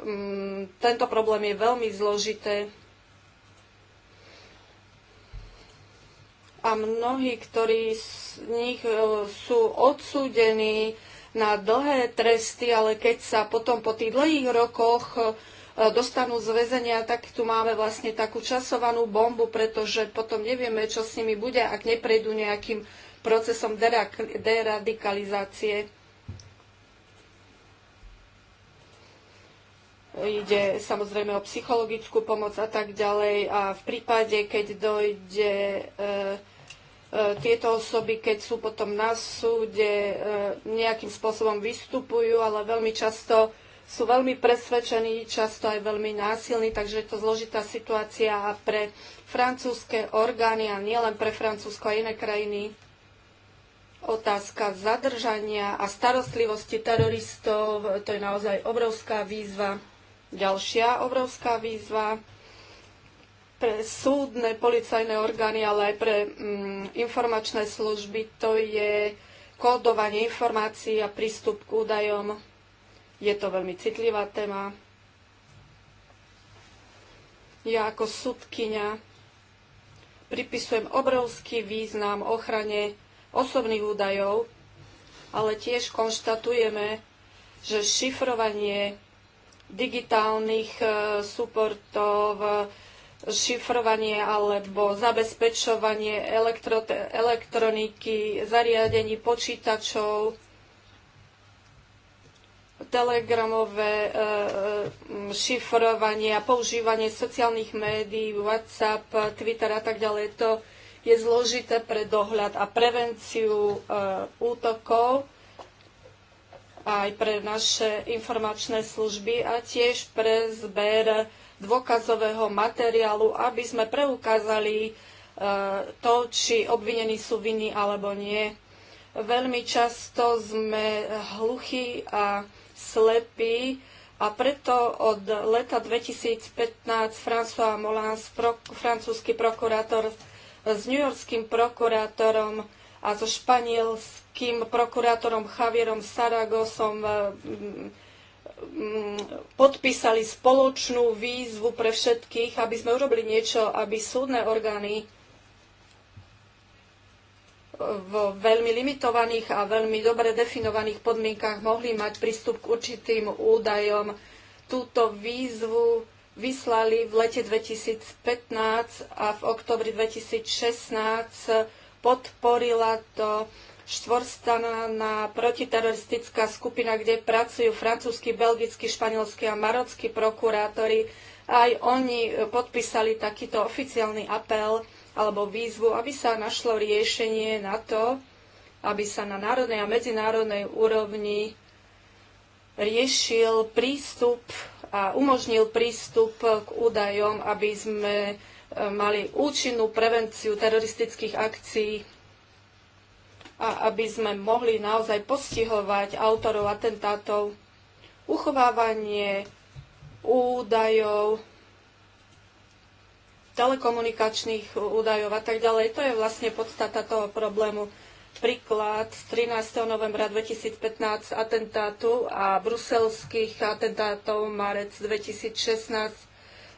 mm, tento problém je veľmi zložité. a mnohí, ktorí z nich e, sú odsúdení na dlhé tresty, ale keď sa potom po tých dlhých rokoch e, dostanú z väzenia, tak tu máme vlastne takú časovanú bombu, pretože potom nevieme, čo s nimi bude, ak neprejdú nejakým procesom deradikalizácie. Ide samozrejme o psychologickú pomoc a tak ďalej. A v prípade, keď dojde e, E, tieto osoby, keď sú potom na súde, e, nejakým spôsobom vystupujú, ale veľmi často sú veľmi presvedčení, často aj veľmi násilní, takže je to zložitá situácia a pre francúzske orgány a nielen pre Francúzsko a iné krajiny otázka zadržania a starostlivosti teroristov, to je naozaj obrovská výzva. Ďalšia obrovská výzva pre súdne policajné orgány, ale aj pre mm, informačné služby, to je kódovanie informácií a prístup k údajom. Je to veľmi citlivá téma. Ja ako súdkyňa pripisujem obrovský význam ochrane osobných údajov, ale tiež konštatujeme, že šifrovanie digitálnych e, suportov, šifrovanie alebo zabezpečovanie elektro, elektroniky, zariadení počítačov, telegramové e, e, šifrovanie a používanie sociálnych médií, WhatsApp, Twitter a tak ďalej. To je zložité pre dohľad a prevenciu e, útokov aj pre naše informačné služby a tiež pre zber dôkazového materiálu, aby sme preukázali e, to, či obvinení sú viny alebo nie. Veľmi často sme hluchí a slepí a preto od leta 2015 François Molans, pro, francúzsky prokurátor, s newyorským prokurátorom a so španielským prokurátorom Javierom Saragosom e, Mm, podpísali spoločnú výzvu pre všetkých, aby sme urobili niečo, aby súdne orgány e, v veľmi limitovaných a veľmi dobre definovaných podmienkach mohli mať prístup k určitým údajom. Túto výzvu vyslali v lete 2015 a v oktobri 2016 podporila to štvorstananá protiteroristická skupina, kde pracujú francúzsky, belgický, španielský a marocký prokurátori. Aj oni e, podpísali takýto oficiálny apel alebo výzvu, aby sa našlo riešenie na to, aby sa na národnej a medzinárodnej úrovni riešil prístup a umožnil prístup k údajom, aby sme e, mali účinnú prevenciu teroristických akcií a aby sme mohli naozaj postihovať autorov atentátov. Uchovávanie údajov, telekomunikačných údajov a tak ďalej. To je vlastne podstata toho problému. Príklad z 13. novembra 2015 atentátu a bruselských atentátov marec 2016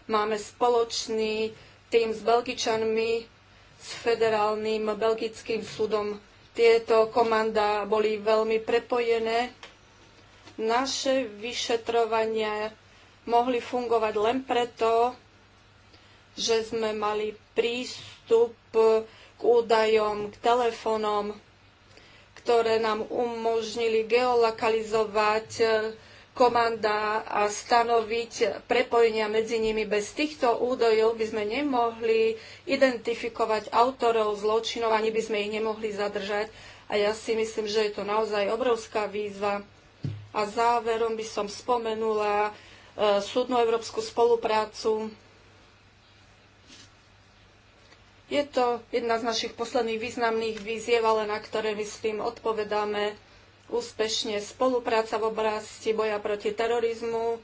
máme spoločný tým s Belgičanmi, s federálnym belgickým súdom tieto komanda boli veľmi prepojené. Naše vyšetrovania mohli fungovať len preto, že sme mali prístup k údajom, k telefónom, ktoré nám umožnili geolokalizovať komanda a stanoviť prepojenia medzi nimi. Bez týchto údajov by sme nemohli identifikovať autorov zločinov, ani by sme ich nemohli zadržať. A ja si myslím, že je to naozaj obrovská výzva. A záverom by som spomenula e, súdnu európsku spoluprácu. Je to jedna z našich posledných významných výziev, ale na ktoré, myslím, odpovedáme úspešne spolupráca v oblasti boja proti terorizmu.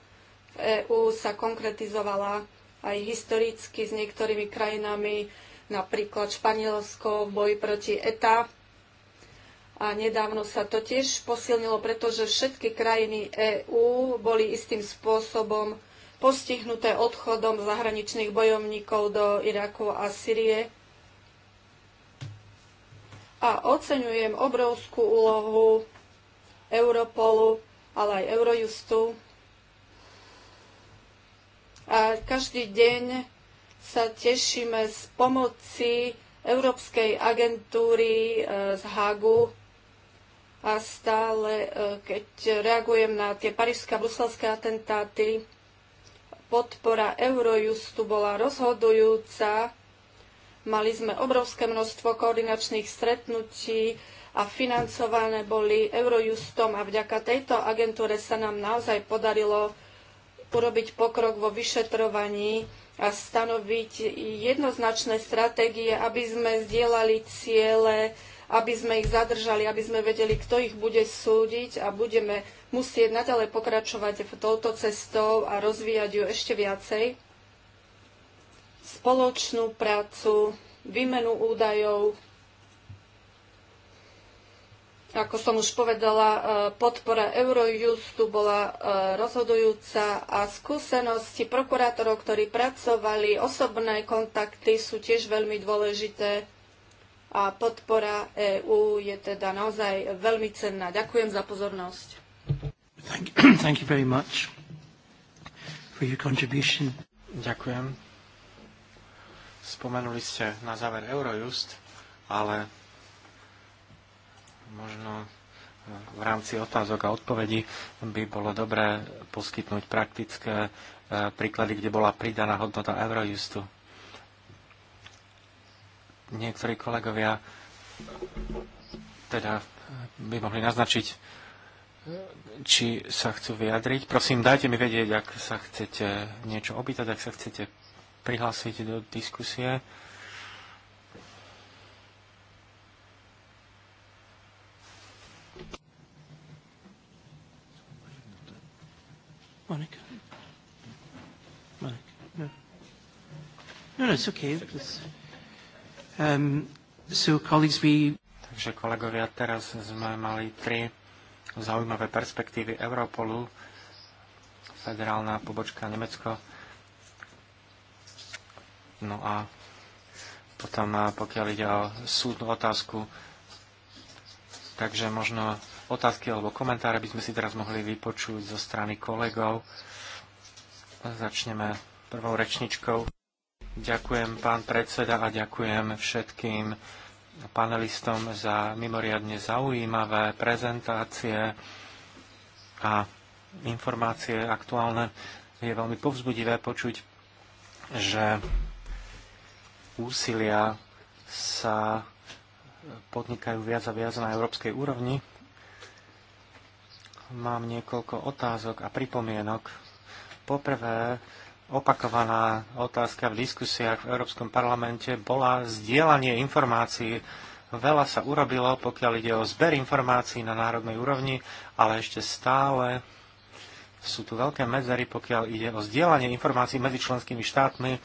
V EÚ sa konkretizovala aj historicky s niektorými krajinami, napríklad Španielsko v boji proti ETA. A nedávno sa to tiež posilnilo, pretože všetky krajiny EÚ boli istým spôsobom postihnuté odchodom zahraničných bojovníkov do Iraku a Syrie a oceňujem obrovskú úlohu Europolu, ale aj Eurojustu. A každý deň sa tešíme z pomoci Európskej agentúry e, z Hagu a stále, e, keď reagujem na tie parížské a bruselské atentáty, podpora Eurojustu bola rozhodujúca. Mali sme obrovské množstvo koordinačných stretnutí, a financované boli Eurojustom a vďaka tejto agentúre sa nám naozaj podarilo urobiť pokrok vo vyšetrovaní a stanoviť jednoznačné stratégie, aby sme zdieľali ciele, aby sme ich zadržali, aby sme vedeli, kto ich bude súdiť a budeme musieť naďalej pokračovať v touto cestou a rozvíjať ju ešte viacej. Spoločnú prácu, výmenu údajov, ako som už povedala, e, podpora Eurojustu bola e, rozhodujúca a skúsenosti prokurátorov, ktorí pracovali, osobné kontakty sú tiež veľmi dôležité a podpora EÚ je teda naozaj veľmi cenná. Ďakujem za pozornosť. Thank you, [clears throat] thank you very much for your contribution. Ďakujem. Spomenuli ste na záver Eurojust, ale Možno e, v rámci otázok a odpovedí by bolo dobré poskytnúť praktické e, príklady, kde bola pridaná hodnota Eurojustu. Niektorí kolegovia teda by mohli naznačiť, e, či sa chcú vyjadriť. Prosím, dajte mi vedieť, ak sa chcete niečo opýtať, ak sa chcete prihlásiť do diskusie. Monica. Monica. No. No, no, it's okay. It's, um, so, colleagues, we... Takže kolegovia, teraz sme mali tri zaujímavé perspektívy Europolu, federálna pobočka Nemecko, no a potom pokiaľ ide o súdnu otázku, takže možno otázky alebo komentáre by sme si teraz mohli vypočuť zo strany kolegov. Začneme prvou rečničkou. Ďakujem pán predseda a ďakujem všetkým panelistom za mimoriadne zaujímavé prezentácie a informácie aktuálne. Je veľmi povzbudivé počuť, že úsilia sa podnikajú viac a viac na európskej úrovni mám niekoľko otázok a pripomienok. Poprvé, opakovaná otázka v diskusiách v Európskom parlamente bola zdieľanie informácií. Veľa sa urobilo, pokiaľ ide o zber informácií na národnej úrovni, ale ešte stále sú tu veľké medzery, pokiaľ ide o zdieľanie informácií medzi členskými štátmi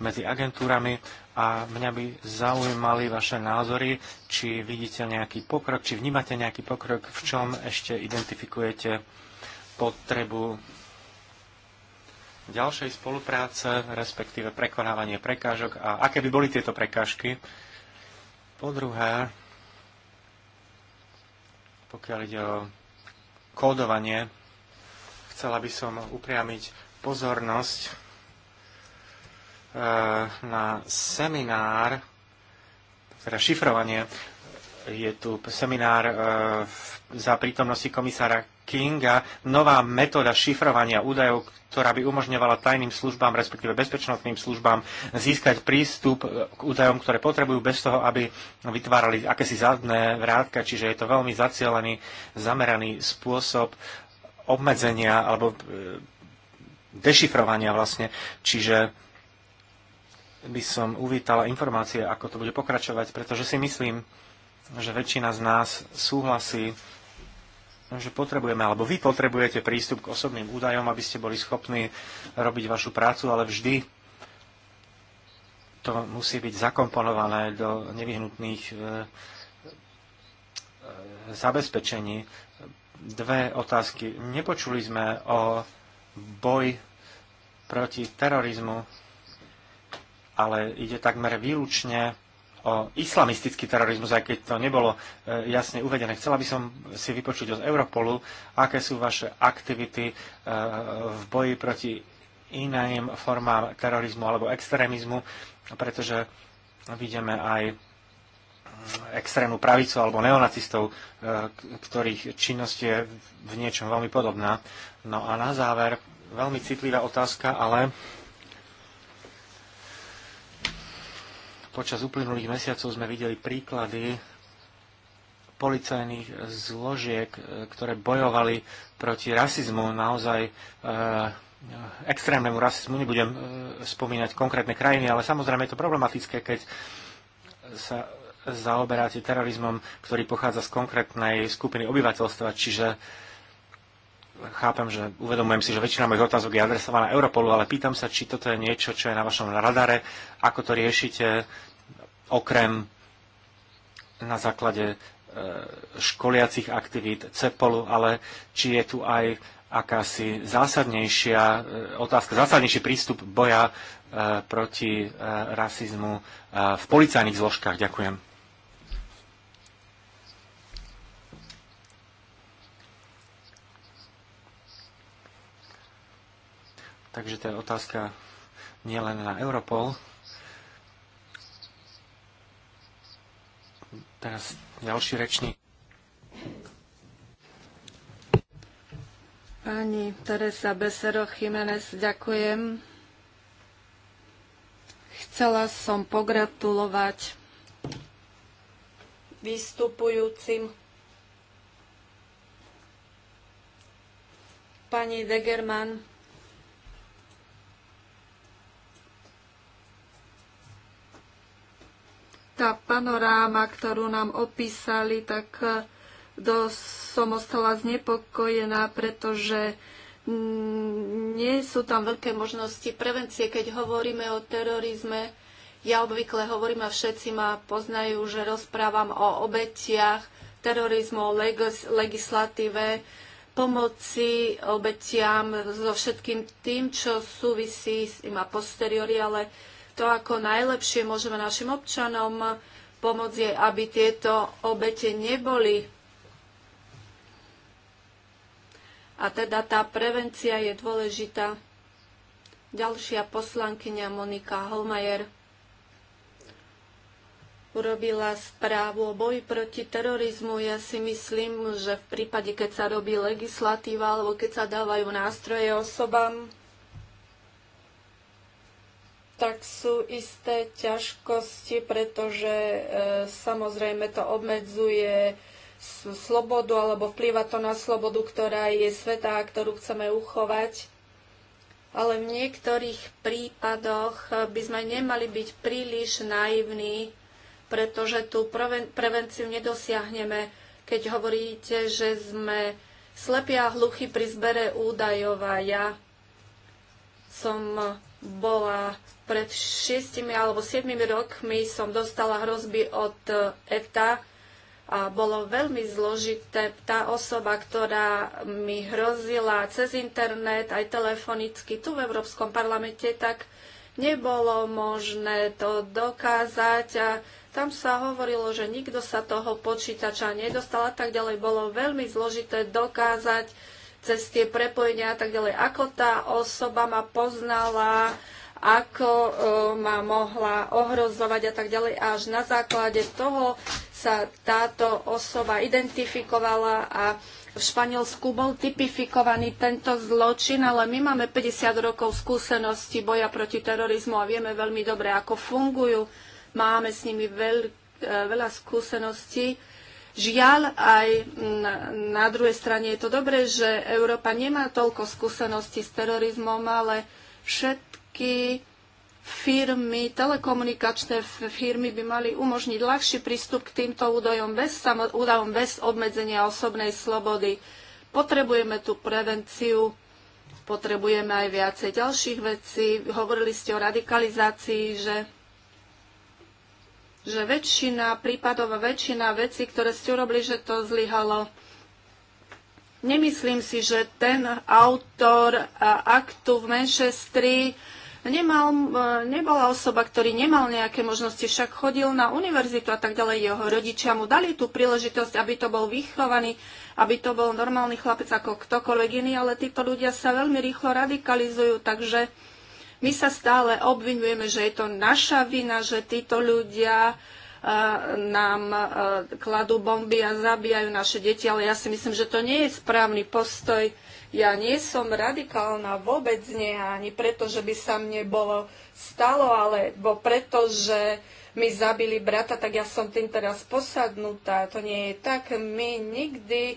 medzi agentúrami a mňa by zaujímali vaše názory, či vidíte nejaký pokrok, či vnímate nejaký pokrok, v čom ešte identifikujete potrebu ďalšej spolupráce, respektíve prekonávanie prekážok a aké by boli tieto prekážky. Po druhé, pokiaľ ide o kódovanie, chcela by som upriamiť pozornosť Eh, na seminár, teda šifrovanie, je tu seminár eh, za prítomnosti komisára Kinga, nová metóda šifrovania údajov, ktorá by umožňovala tajným službám, respektíve bezpečnostným službám získať prístup eh, k údajom, ktoré potrebujú bez toho, aby vytvárali akési zadné vrátka, čiže je to veľmi zacielený, zameraný spôsob obmedzenia alebo dešifrovania vlastne, čiže by som uvítala informácie, ako to bude pokračovať, pretože si myslím, že väčšina z nás súhlasí, že potrebujeme, alebo vy potrebujete prístup k osobným údajom, aby ste boli schopní robiť vašu prácu, ale vždy to musí byť zakomponované do nevyhnutných e, e, zabezpečení. Dve otázky. Nepočuli sme o boj proti terorizmu ale ide takmer výlučne o islamistický terorizmus, aj keď to nebolo e, jasne uvedené. Chcela by som si vypočuť od Europolu, aké sú vaše aktivity e, v boji proti iným formám terorizmu alebo extrémizmu, pretože vidíme aj extrémnu pravicu alebo neonacistov, e, ktorých činnosť je v niečom veľmi podobná. No a na záver, veľmi citlivá otázka, ale Počas uplynulých mesiacov sme videli príklady policajných zložiek, e, ktoré bojovali proti rasizmu, naozaj e, extrémnemu rasizmu. Nebudem e, spomínať konkrétne krajiny, ale samozrejme je to problematické, keď sa zaoberáte terorizmom, ktorý pochádza z konkrétnej skupiny obyvateľstva, čiže chápem, že uvedomujem si, že väčšina mojich otázok je adresovaná Europolu, ale pýtam sa, či toto je niečo, čo je na vašom radare, ako to riešite, okrem na základe e, školiacich aktivít CEPOLu, ale či je tu aj akási zásadnejšia e, otázka, zásadnejší prístup boja e, proti rasizmu v policajných zložkách. Ďakujem. Takže to je otázka nielen na Europol. Teraz ďalší rečník. Pani Teresa Besero Jiménez, ďakujem. Chcela som pogratulovať vystupujúcim. Pani Degerman, tá panoráma, ktorú nám opísali, tak e, dosť som ostala znepokojená, pretože mm, nie sú tam veľké možnosti prevencie. Keď hovoríme o terorizme, ja obvykle hovorím a všetci ma poznajú, že rozprávam o obetiach terorizmu, o legislatíve, pomoci obetiam so všetkým tým, čo súvisí s ima a posteriori, ale to, ako najlepšie môžeme našim občanom pomôcť, je, aby tieto obete neboli. A teda tá prevencia je dôležitá. Ďalšia poslankyňa Monika Holmajer urobila správu o boji proti terorizmu. Ja si myslím, že v prípade, keď sa robí legislatíva alebo keď sa dávajú nástroje osobám, tak sú isté ťažkosti, pretože e, samozrejme to obmedzuje slobodu alebo vplýva to na slobodu, ktorá je sveta a ktorú chceme uchovať. Ale v niektorých prípadoch e, by sme nemali byť príliš naivní, pretože tú preven prevenciu nedosiahneme, keď hovoríte, že sme slepí a hluchí pri zbere údajov a ja som bola pred šiestimi alebo siedmimi rokmi som dostala hrozby od ETA a bolo veľmi zložité. Tá osoba, ktorá mi hrozila cez internet, aj telefonicky tu v Európskom parlamente, tak nebolo možné to dokázať. A tam sa hovorilo, že nikto sa toho počítača nedostal a tak ďalej. Bolo veľmi zložité dokázať cez tie prepojenia a tak ďalej, ako tá osoba ma poznala, ako e, ma mohla ohrozovať a tak ďalej. Až na základe toho sa táto osoba identifikovala a v Španielsku bol typifikovaný tento zločin, ale my máme 50 rokov skúsenosti boja proti terorizmu a vieme veľmi dobre, ako fungujú. Máme s nimi veľ, e, veľa skúseností. Žiaľ, aj na, druhej strane je to dobré, že Európa nemá toľko skúseností s terorizmom, ale všet, všetky firmy, telekomunikačné firmy by mali umožniť ľahší prístup k týmto údajom bez, údajom bez obmedzenia osobnej slobody. Potrebujeme tú prevenciu, potrebujeme aj viacej ďalších vecí. Hovorili ste o radikalizácii, že že väčšina prípadov a väčšina vecí, ktoré ste urobili, že to zlyhalo. Nemyslím si, že ten autor aktu v Manchesteri nemal, e, nebola osoba, ktorý nemal nejaké možnosti, však chodil na univerzitu a tak ďalej. Jeho rodičia mu dali tú príležitosť, aby to bol vychovaný, aby to bol normálny chlapec ako ktokoľvek iný, ale títo ľudia sa veľmi rýchlo radikalizujú, takže my sa stále obvinujeme, že je to naša vina, že títo ľudia e, nám e, kladú bomby a zabíjajú naše deti, ale ja si myslím, že to nie je správny postoj. Ja nie som radikálna, vôbec nie, ani preto, že by sa mne bolo stalo, alebo preto, že mi zabili brata, tak ja som tým teraz posadnutá. To nie je tak. My nikdy e,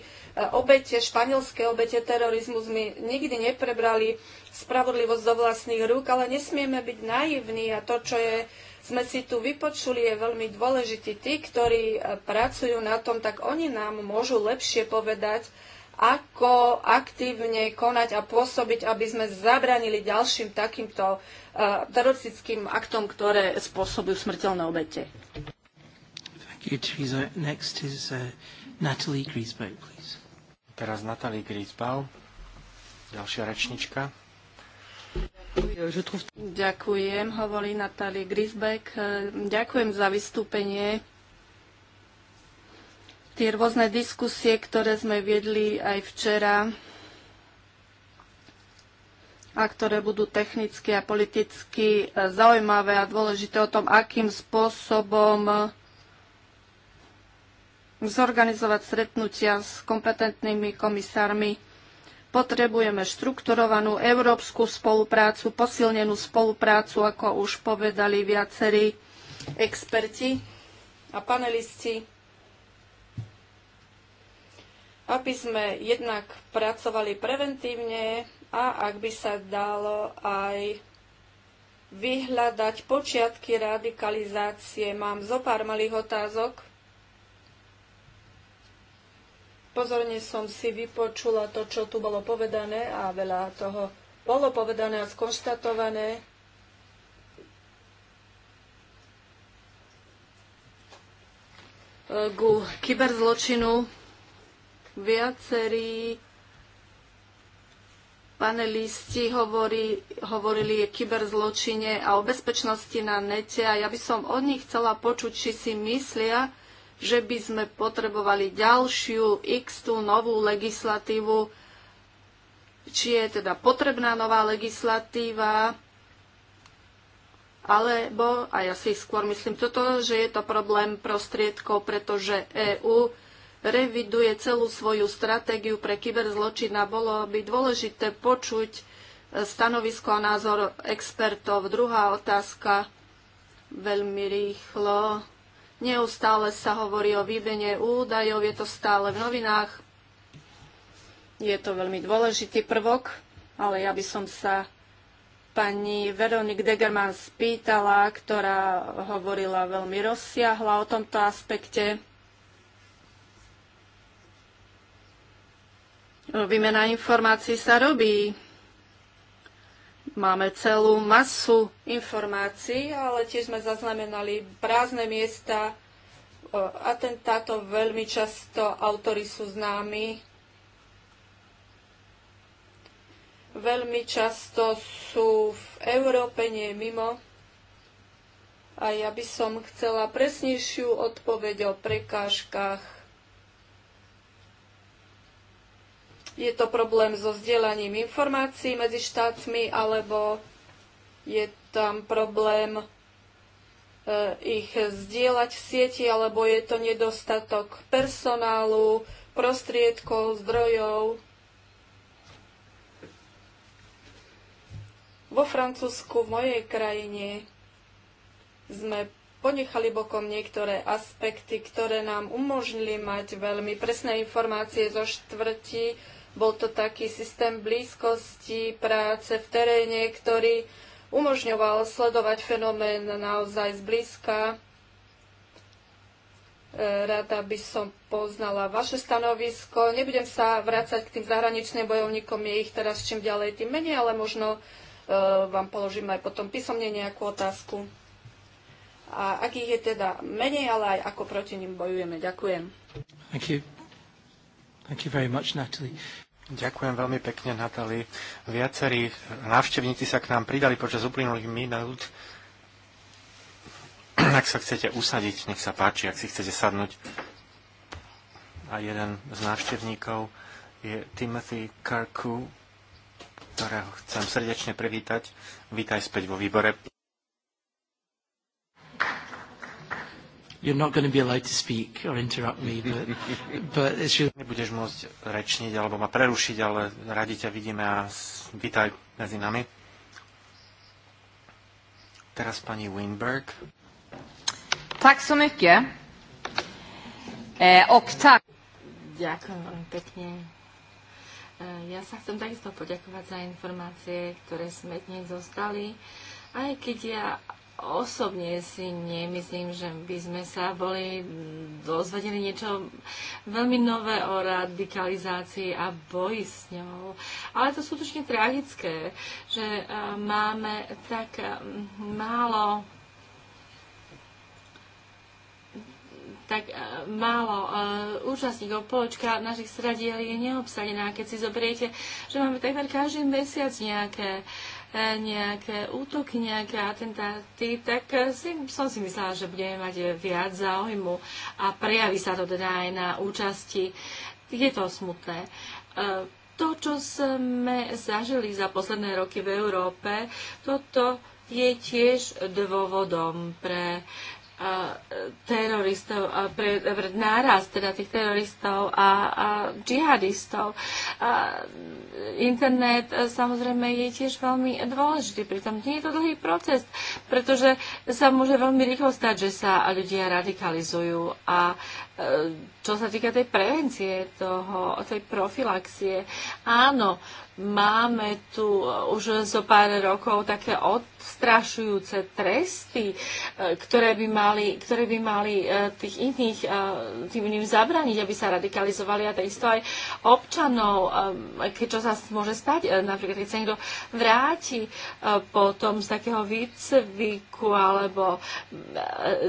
obete, španielské obete terorizmu sme nikdy neprebrali spravodlivosť do vlastných rúk, ale nesmieme byť naivní a to, čo je sme si tu vypočuli, je veľmi dôležitý. Tí, ktorí e, pracujú na tom, tak oni nám môžu lepšie povedať, ako aktívne konať a pôsobiť, aby sme zabranili ďalším takýmto teroristickým aktom, ktoré spôsobujú smrteľné obete. Next is uh, Natalie please. Teraz Natalie Griesbach, ďalšia rečnička. Ďakujem, hovorí Natalie Grisbeck. Ďakujem za vystúpenie tie rôzne diskusie, ktoré sme viedli aj včera a ktoré budú technicky a politicky e, zaujímavé a dôležité o tom, akým spôsobom zorganizovať stretnutia s kompetentnými komisármi. Potrebujeme štrukturovanú európsku spoluprácu, posilnenú spoluprácu, ako už povedali viacerí experti a panelisti aby sme jednak pracovali preventívne a ak by sa dalo aj vyhľadať počiatky radikalizácie. Mám zo pár malých otázok. Pozorne som si vypočula to, čo tu bolo povedané a veľa toho bolo povedané a skonštatované. ku kyberzločinu Viacerí panelisti hovorí, hovorili o kyberzločine a o bezpečnosti na nete a ja by som od nich chcela počuť, či si myslia, že by sme potrebovali ďalšiu x tú novú legislatívu, či je teda potrebná nová legislatíva, alebo, a ja si skôr myslím toto, že je to problém prostriedkov, pretože EÚ reviduje celú svoju stratégiu pre kyberzločin a bolo by dôležité počuť e, stanovisko a názor expertov. Druhá otázka veľmi rýchlo. Neustále sa hovorí o výmene údajov, je to stále v novinách. Je to veľmi dôležitý prvok, ale ja by som sa pani Veronik Degerman spýtala, ktorá hovorila veľmi rozsiahla o tomto aspekte. Výmena informácií sa robí. Máme celú masu informácií, ale tiež sme zaznamenali prázdne miesta atentátov. Veľmi často autory sú známi. Veľmi často sú v Európe, nie mimo. A ja by som chcela presnejšiu odpoveď o prekážkach Je to problém so zdieľaním informácií medzi štátmi, alebo je tam problém e, ich zdieľať v sieti, alebo je to nedostatok personálu, prostriedkov, zdrojov. Vo Francúzsku, v mojej krajine, sme ponechali bokom niektoré aspekty, ktoré nám umožnili mať veľmi presné informácie zo štvrti, bol to taký systém blízkosti práce v teréne, ktorý umožňoval sledovať fenomén naozaj zblízka. E, rada by som poznala vaše stanovisko. Nebudem sa vrácať k tým zahraničným bojovníkom, je ich teraz čím ďalej, tým menej, ale možno e, vám položím aj potom písomne nejakú otázku. A akých je teda menej, ale aj ako proti ním bojujeme. Ďakujem. Thank you. Thank you very much, Natalie. Ďakujem veľmi pekne, Natali. Viacerí návštevníci sa k nám pridali počas uplynulých minút. [clears throat] Ak sa chcete usadiť, nech sa páči, ak si chcete sadnúť. A jeden z návštevníkov je Timothy Karku, ktorého chcem srdečne privítať. Vítaj späť vo výbore. You're not going to be allowed to speak or interrupt me, but, [laughs] but it's really... Nebudeš môcť rečniť alebo ma prerušiť, ale radi ťa vidíme a vítaj medzi nami. Teraz pani Winberg. Tak so mycket. E, ok, tak. Ďakujem veľmi pekne. E, ja sa chcem takisto poďakovať za informácie, ktoré sme dnes zostali. Aj keď ja osobne si nemyslím, že by sme sa boli dozvedeli niečo veľmi nové o radikalizácii a boji s ňou. Ale to sú skutočne tragické, že e, máme tak e, málo tak e, málo uh, účastníkov poločka našich stradiel je neobsadená. Keď si zoberiete, že máme takmer každý mesiac nejaké uh, nejaké útoky, nejaké atentáty, tak si, som si myslela, že budeme mať viac záujmu a prejaví sa to teda aj na účasti. Je to smutné. E, to, čo sme zažili za posledné roky v Európe, toto je tiež dôvodom pre E, teroristov, pre, pre náraz teda tých teroristov a, a džihadistov. A e, internet e, samozrejme je tiež veľmi dôležitý, pritom nie je to dlhý proces, pretože sa môže veľmi rýchlo stať, že sa ľudia radikalizujú a E, čo sa týka tej prevencie, toho, tej profilaxie, áno, máme tu už zo pár rokov také odstrašujúce tresty, e, ktoré by mali, ktoré by mali e, tých iných tým iným zabraniť, aby sa radikalizovali a takisto aj občanov, keď čo sa môže stať, napríklad keď sa niekto vráti potom z takého výcviku alebo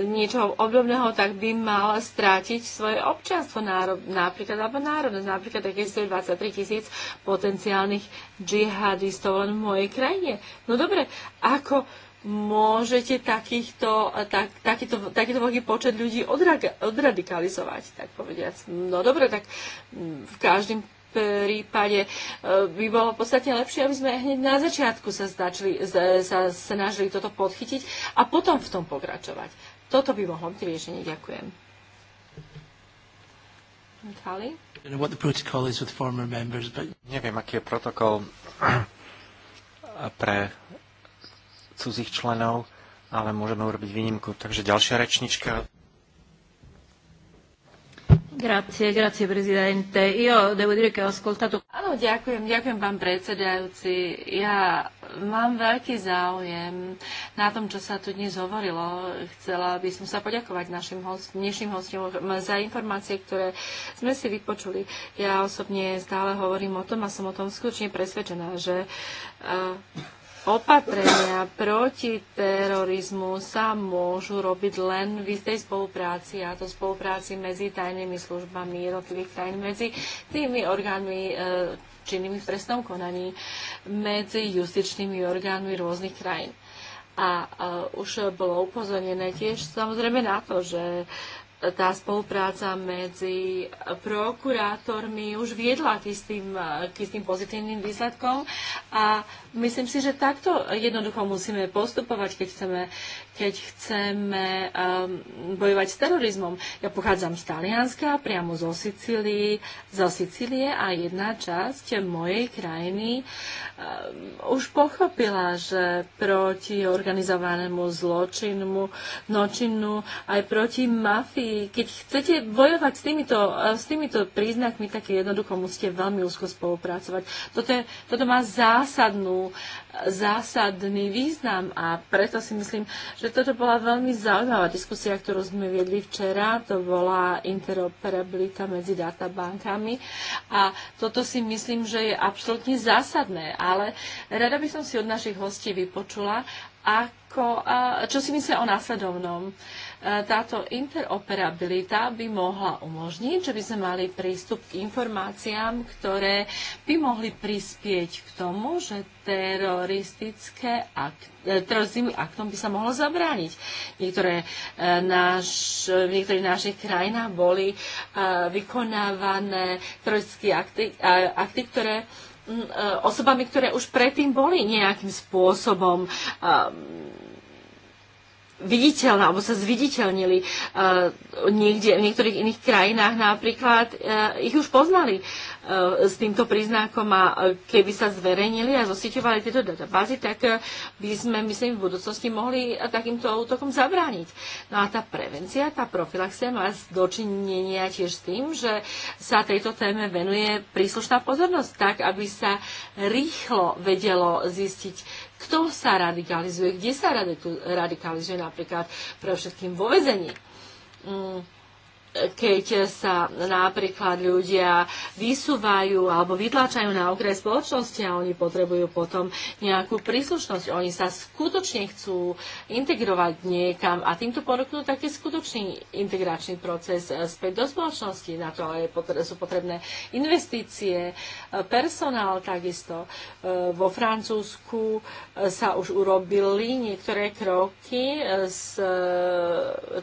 niečoho obdobného, tak by mal strátiť zmeniť svoje občanstvo napríklad, alebo národnosť. Napríklad existuje 23 tisíc potenciálnych džihadistov len v mojej krajine. No dobre, ako môžete takýchto, tak, takýto, takýto veľký počet ľudí odraga, odradikalizovať, tak povediať. No dobre, tak mm, v každom prípade e, by bolo v podstate lepšie, aby sme hneď na začiatku sa, snažili, sa snažili toto podchytiť a potom v tom pokračovať. Toto by mohlo byť riešenie. Ďakujem. Kali? Neviem, aký je protokol pre cudzích členov, ale môžeme urobiť výnimku. Takže ďalšia rečnička. Grazie, grazie Presidente. Io devo dire che ho ascoltato... Áno, ďakujem, ďakujem pán predsedajúci. Ja mám veľký záujem na tom, čo sa tu dnes hovorilo. Chcela by som sa poďakovať našim host, dnešným hostom za informácie, ktoré sme si vypočuli. Ja osobne stále hovorím o tom a som o tom skutočne presvedčená, že uh, opatrenia proti terorizmu sa môžu robiť len v istej spolupráci, a to spolupráci medzi tajnými službami jednotlivých krajín, medzi tými orgánmi e, činnými v trestnom konaní, medzi justičnými orgánmi rôznych krajín. A e, už bolo upozornené tiež samozrejme na to, že tá spolupráca medzi prokurátormi už viedla k istým, k istým pozitívnym výsledkom a Myslím si, že takto jednoducho musíme postupovať, keď chceme, keď chceme um, bojovať s terorizmom. Ja pochádzam z Talianska, priamo zo Sicílie, zo Sicílie a jedna časť mojej krajiny um, už pochopila, že proti organizovanému zločinu, nočinu, aj proti mafii, keď chcete bojovať s týmito, uh, s týmito príznakmi, tak jednoducho musíte veľmi úzko spolupracovať. Toto, je, toto má zásadnú zásadný význam a preto si myslím, že toto bola veľmi zaujímavá diskusia, ktorú sme viedli včera. To bola interoperabilita medzi databankami a toto si myslím, že je absolútne zásadné, ale rada by som si od našich hostí vypočula, ako, čo si myslia o následovnom. Uh, táto interoperabilita by mohla umožniť, že by sme mali prístup k informáciám, ktoré by mohli prispieť k tomu, že teroristické akt, e, teroristickým aktom by sa mohlo zabrániť. Niektoré e, náš, v niektorých našich krajinách boli e, vykonávané teroristické akty, akty ktoré osobami, ktoré už predtým boli nejakým spôsobom viditeľná, alebo sa zviditeľnili. Eh, niekde, v niektorých iných krajinách napríklad eh, ich už poznali eh, s týmto príznakom a keby sa zverejnili a zosiťovali tieto databázy, tak by sme, myslím, v budúcnosti mohli takýmto útokom zabrániť. No a tá prevencia, tá profilaxia má dočinenia tiež s tým, že sa tejto téme venuje príslušná pozornosť, tak aby sa rýchlo vedelo zistiť kto sa radikalizuje, kde sa radikalizuje napríklad pre všetkým vo vezení. Mm keď sa napríklad ľudia vysúvajú alebo vytlačajú na okraj spoločnosti a oni potrebujú potom nejakú príslušnosť. Oni sa skutočne chcú integrovať niekam a týmto ponúknú taký skutočný integračný proces eh, späť do spoločnosti. Na to ale sú potrebné investície, eh, personál takisto. Eh, vo Francúzsku sa už urobili niektoré kroky s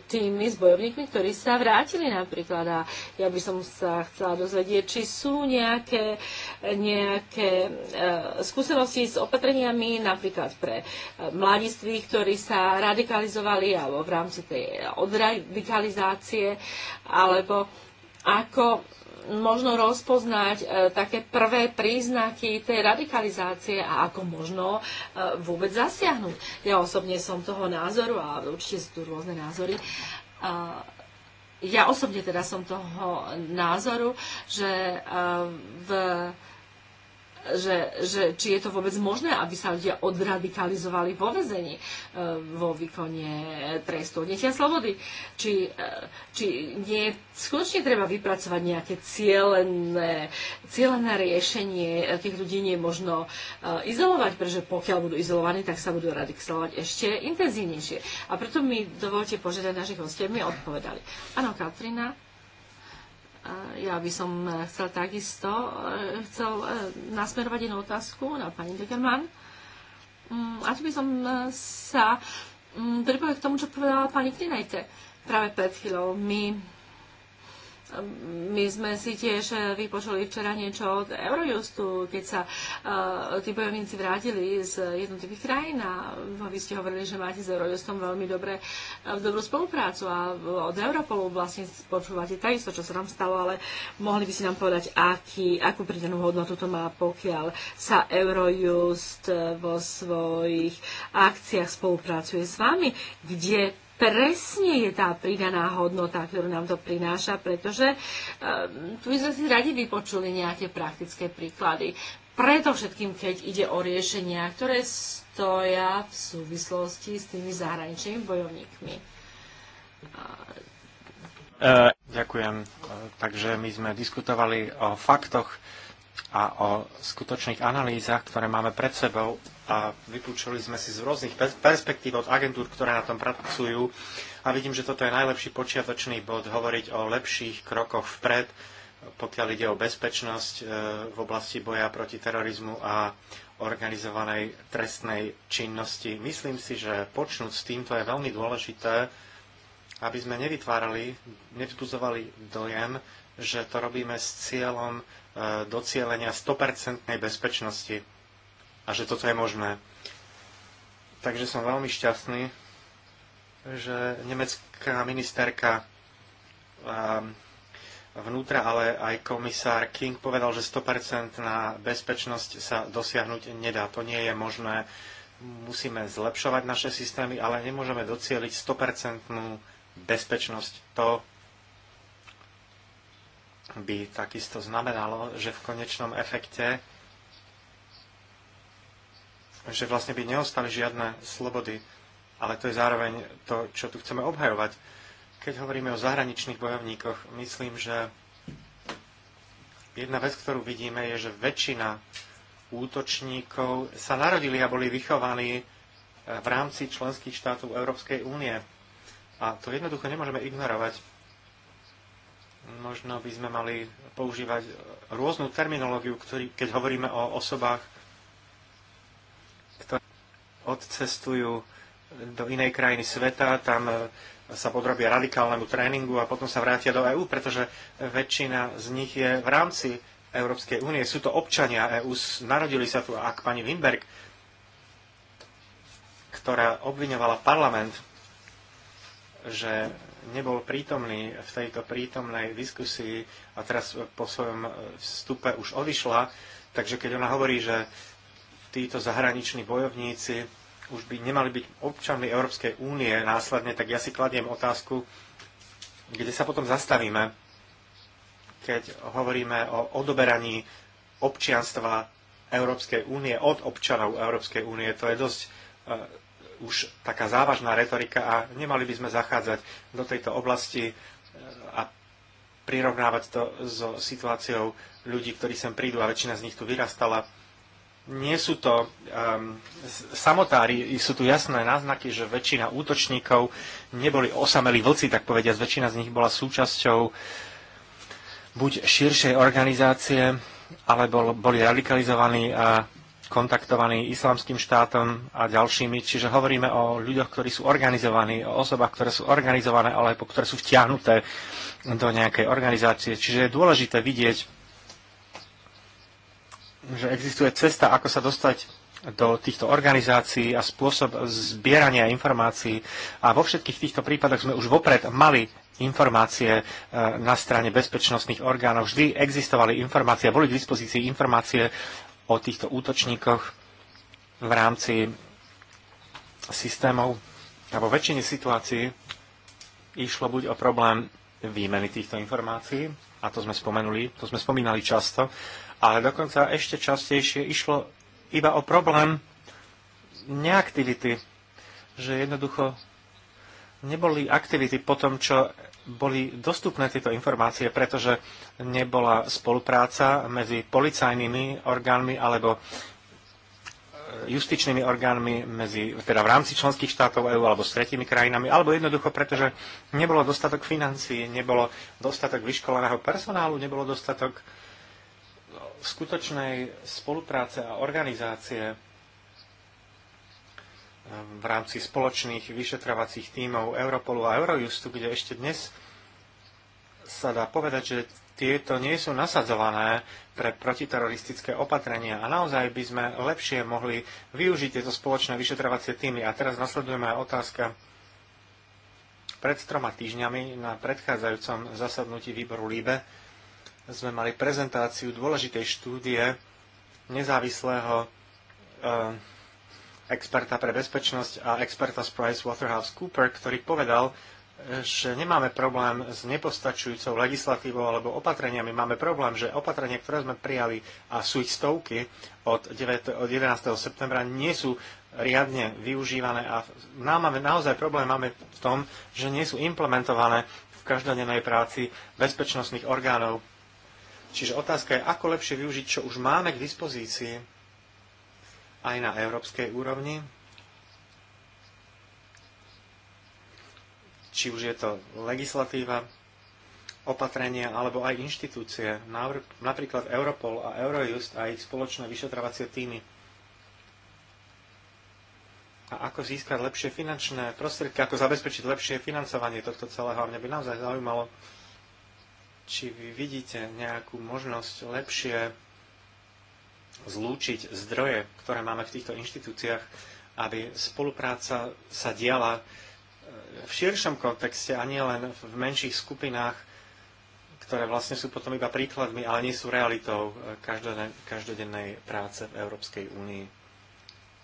tými, s bojovníkmi, ktorí sa vrátili násilí napríklad. A ja by som sa chcela dozvedieť, či sú nejaké, nejaké e, skúsenosti s opatreniami napríklad pre e, mladiství, ktorí sa radikalizovali alebo v rámci tej odradikalizácie, alebo ako možno rozpoznať e, také prvé príznaky tej radikalizácie a ako možno e, vôbec zasiahnuť. Ja osobne som toho názoru a určite sú tu rôzne názory. A, ja osobne teda som toho názoru, že eh, v že, že či je to vôbec možné, aby sa ľudia odradikalizovali vo vezení e, vo výkone trestu odnetia slobody. Či, e, či nie skutočne treba vypracovať nejaké cieľené, cieľené riešenie. Tých ľudí nie je možno e, izolovať, pretože pokiaľ budú izolovaní, tak sa budú radikalizovať ešte intenzívnejšie. A preto mi dovolte požiadať našich hostí, mi odpovedali. Áno, Katrina. Ja by som e, chcel takisto e, chcel e, nasmerovať jednu otázku na pani Degerman. Mm, a tu by som sa mm, pripojil k tomu, čo povedala pani Klinajte práve pred chvíľou. My my sme si tiež e, vypočuli včera niečo od Eurojustu, keď sa uh, tí bojovníci vrátili z jednotlivých krajín a vy ste hovorili, že máte s Eurojustom veľmi dobré, e, dobrú spoluprácu a od Europolu vlastne počúvate takisto, čo sa tam stalo, ale mohli by si nám povedať, aký, akú pridanú hodnotu to má, pokiaľ sa Eurojust vo svojich akciách spolupracuje s vami, kde presne je tá pridaná hodnota, ktorú nám to prináša, pretože ehm, tu by sme si radi vypočuli nejaké praktické príklady. Preto všetkým, keď ide o riešenia, ktoré stoja v súvislosti s tými zahraničnými bojovníkmi. E, Ďakujem. E, takže my sme diskutovali o faktoch a o skutočných analýzach, ktoré máme pred sebou a vypúčali sme si z rôznych perspektív od agentúr, ktoré na tom pracujú a vidím, že toto je najlepší počiatočný bod hovoriť o lepších krokoch vpred, pokiaľ ide o bezpečnosť e, v oblasti boja proti terorizmu a organizovanej trestnej činnosti. Myslím si, že počnúť s týmto je veľmi dôležité, aby sme nevytvárali, nevzbudzovali dojem, že to robíme s cieľom e, docielenia 100% bezpečnosti a že toto je možné. Takže som veľmi šťastný, že nemecká ministerka ehm, vnútra, ale aj komisár King povedal, že 100% na bezpečnosť sa dosiahnuť nedá. To nie je možné. Musíme zlepšovať naše systémy, ale nemôžeme docieliť 100% bezpečnosť. To by takisto znamenalo, že v konečnom efekte že vlastne by neostali žiadne slobody, ale to je zároveň to, čo tu chceme obhajovať. Keď hovoríme o zahraničných bojovníkoch, myslím, že jedna vec, ktorú vidíme, je, že väčšina útočníkov sa narodili a boli vychovaní eh, v rámci členských štátov Európskej únie. A to jednoducho nemôžeme ignorovať. Možno by sme mali používať eh, rôznu terminológiu, ktorý, keď hovoríme o osobách, ktorí odcestujú do inej krajiny sveta, tam e, sa podrobia radikálnemu tréningu a potom sa vrátia do EÚ, pretože väčšina z nich je v rámci Európskej únie. Sú to občania EÚ, narodili sa tu, ak pani Wimberg, ktorá obviňovala parlament, že nebol prítomný v tejto prítomnej diskusii a teraz po svojom e, vstupe už odišla, takže keď ona hovorí, že títo zahraniční bojovníci už by nemali byť občanmi Európskej únie následne, tak ja si kladiem otázku, kde sa potom zastavíme, keď hovoríme o odoberaní občianstva Európskej únie od občanov Európskej únie. To je dosť uh, už taká závažná retorika a nemali by sme zachádzať do tejto oblasti eh, a prirovnávať to so situáciou ľudí, ktorí sem prídu a väčšina z nich tu vyrastala nie sú to um, samotári, sú tu jasné náznaky, že väčšina útočníkov neboli osamelí vlci, tak povediať, väčšina z nich bola súčasťou buď širšej organizácie, alebo boli radikalizovaní a kontaktovaní islamským štátom a ďalšími. Čiže hovoríme o ľuďoch, ktorí sú organizovaní, o osobách, ktoré sú organizované, alebo ktoré sú vtiahnuté do nejakej organizácie. Čiže je dôležité vidieť že existuje cesta, ako sa dostať do týchto organizácií a spôsob zbierania informácií. A vo všetkých týchto prípadoch sme už vopred mali informácie e, na strane bezpečnostných orgánov. Vždy existovali informácie, boli k dispozícii informácie o týchto útočníkoch v rámci systémov. A vo väčšine situácií išlo buď o problém výmeny týchto informácií, a to sme spomenuli, to sme spomínali často, ale dokonca ešte častejšie išlo iba o problém neaktivity, že jednoducho neboli aktivity po tom, čo boli dostupné tieto informácie, pretože nebola spolupráca medzi policajnými orgánmi alebo e, justičnými orgánmi medzi, teda v rámci členských štátov EÚ alebo s tretími krajinami, alebo jednoducho pretože nebolo dostatok financií, nebolo dostatok vyškoleného personálu, nebolo dostatok skutočnej spolupráce a organizácie eh, v rámci spoločných vyšetrovacích tímov Europolu a Eurojustu, kde ešte dnes sa dá povedať, že tieto nie sú nasadzované pre protiteroristické opatrenia a naozaj by sme lepšie mohli využiť tieto spoločné vyšetrovacie týmy. A teraz nasledujeme aj otázka. Pred troma týždňami na predchádzajúcom zasadnutí výboru LIBE sme mali prezentáciu dôležitej štúdie nezávislého eh, experta pre bezpečnosť a experta z Price Waterhouse Cooper, ktorý povedal, že nemáme problém s nepostačujúcou legislatívou alebo opatreniami. Máme problém, že opatrenia, ktoré sme prijali, a sú ich stovky od, 9, od 11. septembra, nie sú riadne využívané a nám máme naozaj problém máme v tom, že nie sú implementované v každodennej práci bezpečnostných orgánov Čiže otázka je, ako lepšie využiť, čo už máme k dispozícii aj na európskej úrovni. Či už je to legislatíva, opatrenia alebo aj inštitúcie, napríklad Europol a Eurojust a ich spoločné vyšetrovacie týmy. A ako získať lepšie finančné prostriedky, ako zabezpečiť lepšie financovanie tohto celého. Mňa by naozaj zaujímalo, či vy vidíte nejakú možnosť lepšie zlúčiť zdroje, ktoré máme v týchto inštitúciách, aby spolupráca sa diala e, v širšom kontexte a nie len v menších skupinách, ktoré vlastne sú potom iba príkladmi, ale nie sú realitou e, každodennej práce v Európskej únii.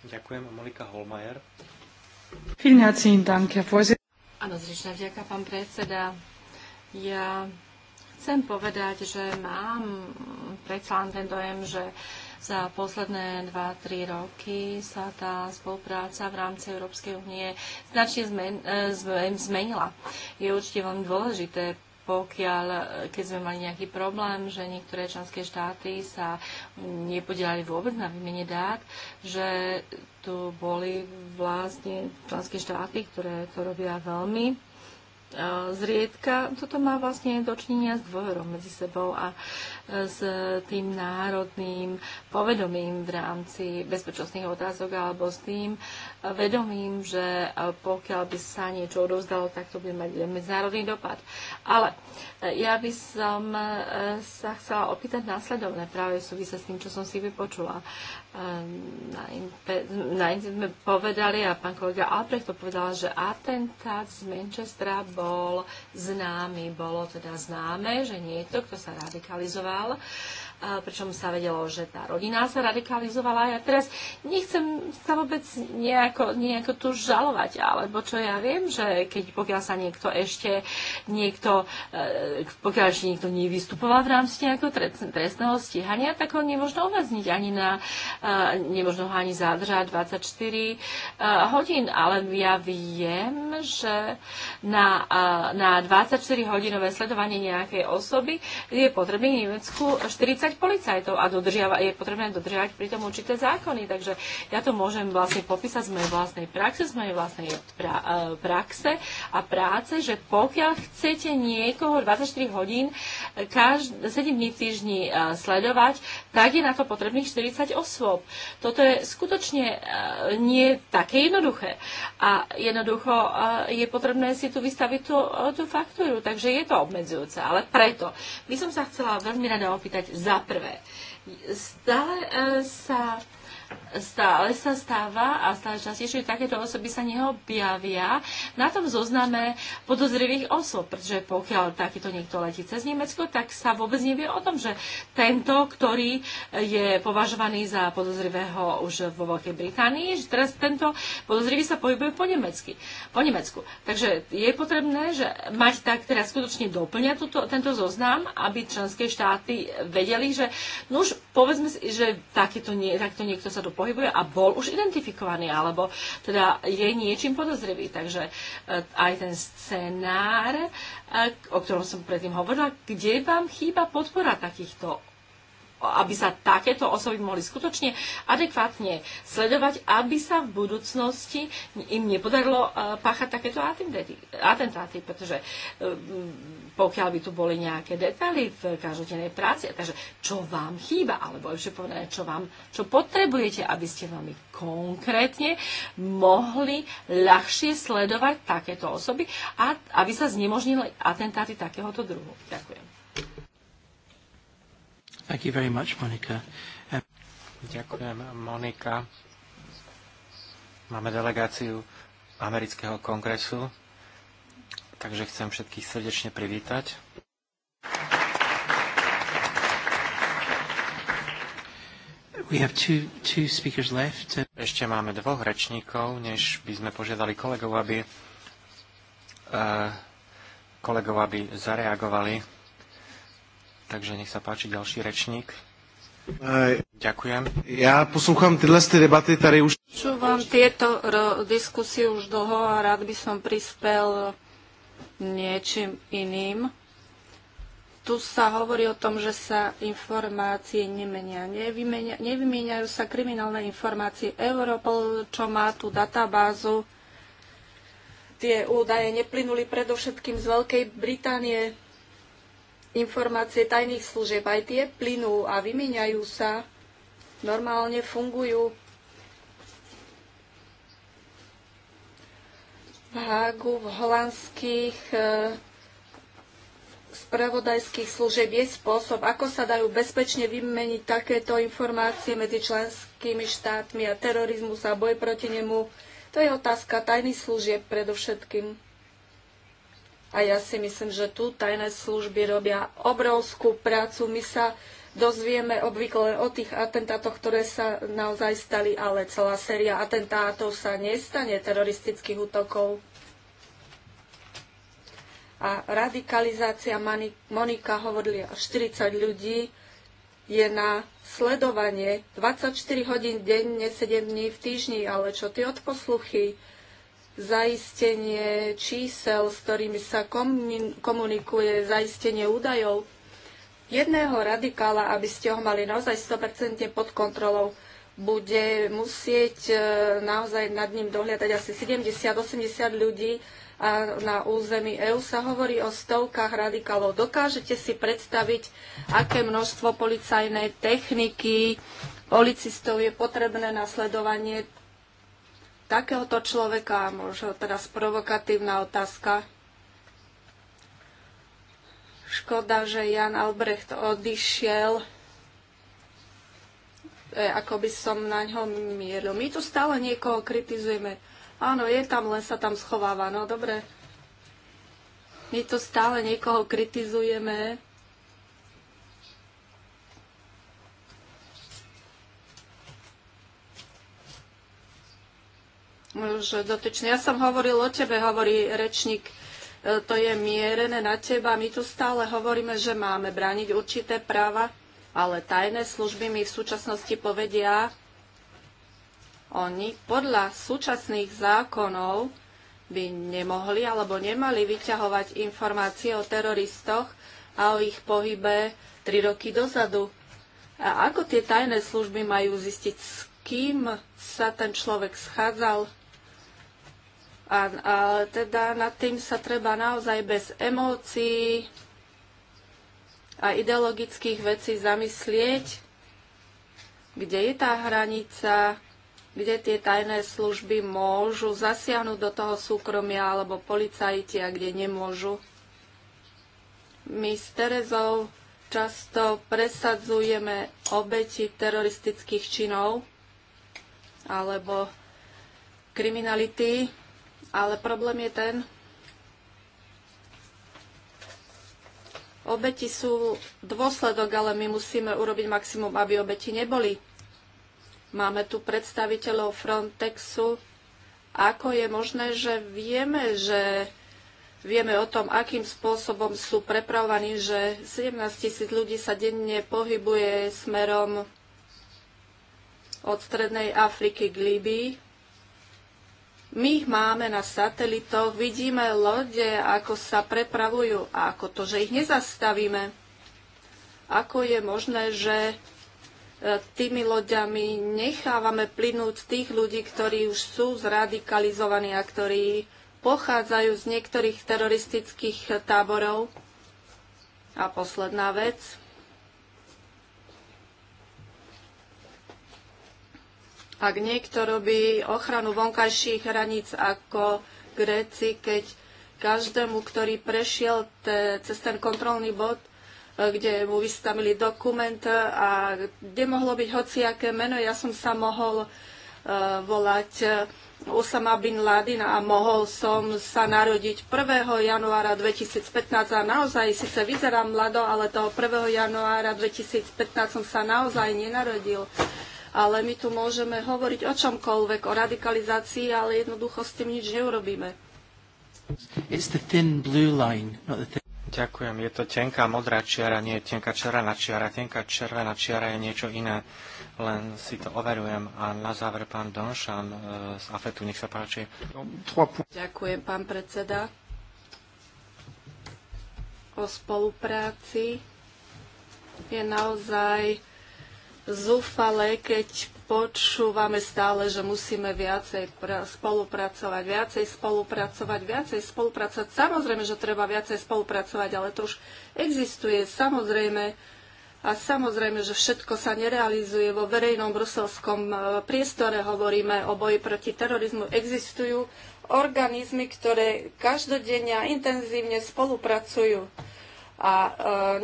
Ďakujem. Monika Holmajer. Áno, zričná vďaka, pán predseda. Ja Chcem povedať, že mám predsa len ten dojem, že za posledné 2-3 roky sa tá spolupráca v rámci Európskej únie značne e, zmen, zmenila. Je určite veľmi dôležité pokiaľ, keď sme mali nejaký problém, že niektoré členské štáty sa nepodielali vôbec na výmene dát, že tu boli vlastne členské štáty, ktoré to robia veľmi E, zriedka. Toto má vlastne dočinenia s dôverou medzi sebou a s tým národným povedomím v rámci bezpečnostných otázok alebo s tým vedomím, že pokiaľ by sa niečo odovzdalo, tak to bude mať medzinárodný dopad. Ale e, ja by som e, sa chcela opýtať následovné práve v súvisle s tým, čo som si vypočula. E, na, impe, na sme povedali, a pán kolega Albrecht to povedal, že atentát z Manchestra bol známy. Bolo teda známe, že niekto, kto sa radikalizoval, vyzval pričom sa vedelo, že tá rodina sa radikalizovala. Ja teraz nechcem sa vôbec nejako, nejako tu žalovať, alebo čo ja viem, že keď pokiaľ sa niekto ešte niekto, e, pokiaľ ešte niekto nevystupoval v rámci nejakého trestného stíhania, tak ho nemôžno uväzniť ani na, e, nemôžno ho ani zadržať 24 e, hodín, ale ja viem, že na, na 24 hodinové sledovanie nejakej osoby je potrebný v Nemecku 40 dodržiavať policajtov a dodržiava, je potrebné dodržiavať pritom určité zákony. Takže ja to môžem vlastne popísať z mojej vlastnej praxe, z mojej vlastnej pra, e, praxe a práce, že pokiaľ chcete niekoho 24 hodín, e, každý, 7 dní týždni e, sledovať, tak je na to potrebných 40 osôb. Toto je skutočne nie také jednoduché. A jednoducho je potrebné si tu vystaviť tú, tú faktúru, takže je to obmedzujúce. Ale preto by som sa chcela veľmi rada opýtať, za za prvé, stále eh, sa stále sa stáva a stále častejšie, že takéto osoby sa neobjavia na tom zozname podozrivých osob, pretože pokiaľ takýto niekto letí cez Nemecko, tak sa vôbec nevie o tom, že tento, ktorý je považovaný za podozrivého už vo Veľkej Británii, že teraz tento podozrivý sa pohybuje po, nemecky, po Nemecku. Takže je potrebné, že mať tak teraz skutočne doplňa tuto, tento zoznam, aby členské štáty vedeli, že no už povedzme si, že takýto, nie, takto niekto sa tu pohybuje a bol už identifikovaný, alebo teda je niečím podozrivý. Takže e, aj ten scenár, e, o ktorom som predtým hovorila, kde vám chýba podpora takýchto aby sa takéto osoby mohli skutočne adekvátne sledovať, aby sa v budúcnosti im nepodarilo e, páchať takéto atentáty, pretože e, pokiaľ by tu boli nejaké detaily v každodennej práci, takže čo vám chýba, alebo ešte povedané, čo, vám, čo potrebujete, aby ste veľmi konkrétne mohli ľahšie sledovať takéto osoby a aby sa znemožnili atentáty takéhoto druhu. Ďakujem. Thank you very much, Monika. Um, Ďakujem, Monika. Máme delegáciu amerického kongresu, takže chcem všetkých srdečne privítať. We have two, two speakers left. Uh, Ešte máme dvoch rečníkov, než by sme požiadali kolegov, aby, uh, kolegov, aby zareagovali Takže nech sa páči ďalší rečník. Ďakujem. Ja poslúcham tyhle debaty tady už. Čúvam tieto diskusie už dlho a rád by som prispel niečím iným. Tu sa hovorí o tom, že sa informácie nemenia. Nevymenia, nevymieňajú sa kriminálne informácie. Europol, čo má tú databázu, tie údaje neplynuli predovšetkým z Veľkej Británie informácie tajných služieb, aj tie plynú a vymieňajú sa, normálne fungujú. V Hágu v holandských e, spravodajských služieb je spôsob, ako sa dajú bezpečne vymeniť takéto informácie medzi členskými štátmi a terorizmus a boj proti nemu. To je otázka tajných služieb predovšetkým. A ja si myslím, že tu tajné služby robia obrovskú prácu. My sa dozvieme obvykle o tých atentátoch, ktoré sa naozaj stali, ale celá séria atentátov sa nestane teroristických útokov. A radikalizácia Monika hovorili 40 ľudí je na sledovanie 24 hodín denne, 7 dní v týždni, ale čo ty odposluchy? posluchy? zaistenie čísel, s ktorými sa komunikuje, zaistenie údajov. Jedného radikála, aby ste ho mali naozaj 100% pod kontrolou, bude musieť e, naozaj nad ním dohliadať asi 70-80 ľudí a na území EÚ sa hovorí o stovkách radikálov. Dokážete si predstaviť, aké množstvo policajnej techniky, policistov je potrebné na sledovanie takéhoto človeka, možno teraz provokatívna otázka. Škoda, že Jan Albrecht odišiel e, ako by som na ňo mieril. My tu stále niekoho kritizujeme. Áno, je tam, len sa tam schováva. No dobre. My tu stále niekoho kritizujeme že dotyčný. Ja som hovoril o tebe, hovorí rečník, e, to je mierené na teba. My tu stále hovoríme, že máme brániť určité práva, ale tajné služby mi v súčasnosti povedia, oni podľa súčasných zákonov by nemohli alebo nemali vyťahovať informácie o teroristoch a o ich pohybe tri roky dozadu. A ako tie tajné služby majú zistiť, s kým sa ten človek schádzal? A, a teda nad tým sa treba naozaj bez emócií a ideologických vecí zamyslieť, kde je tá hranica, kde tie tajné služby môžu zasiahnuť do toho súkromia alebo policajti a kde nemôžu. My s Terezou často presadzujeme obeti teroristických činov alebo kriminality ale problém je ten, obeti sú dôsledok, ale my musíme urobiť maximum, aby obeti neboli. Máme tu predstaviteľov Frontexu. Ako je možné, že vieme, že vieme o tom, akým spôsobom sú prepravovaní, že 17 tisíc ľudí sa denne pohybuje smerom od Strednej Afriky k Líbii my ich máme na satelitoch, vidíme lode, ako sa prepravujú a ako to, že ich nezastavíme. Ako je možné, že e, tými loďami nechávame plynúť tých ľudí, ktorí už sú zradikalizovaní a ktorí pochádzajú z niektorých teroristických táborov. A posledná vec. Ak niekto robí ochranu vonkajších hraníc ako Gréci, keď každému, ktorý prešiel te, cez ten kontrolný bod, eh, kde mu vystavili dokument eh, a kde mohlo byť hociaké meno, ja som sa mohol uh, volať Osama bin Laden a mohol som sa narodiť 1. januára 2015 a naozaj síce vyzerám mlado, ale toho 1. januára 2015 som sa naozaj nenarodil ale my tu môžeme hovoriť o čomkoľvek, o radikalizácii, ale jednoducho s tým nič neurobíme. Line, thin... Ďakujem, je to tenká modrá čiara, nie je tenká červená čiara. Tenká červená čiara je niečo iné, len si to overujem. A na záver pán Donšan e, z AFETu, nech sa páči. Ďakujem, pán predseda o spolupráci je naozaj zúfale, keď počúvame stále, že musíme viacej spolupracovať, viacej spolupracovať, viacej spolupracovať. Samozrejme, že treba viacej spolupracovať, ale to už existuje, samozrejme. A samozrejme, že všetko sa nerealizuje vo verejnom bruselskom e, priestore. Hovoríme o boji proti terorizmu. Existujú organizmy, ktoré každodenne a intenzívne spolupracujú a e,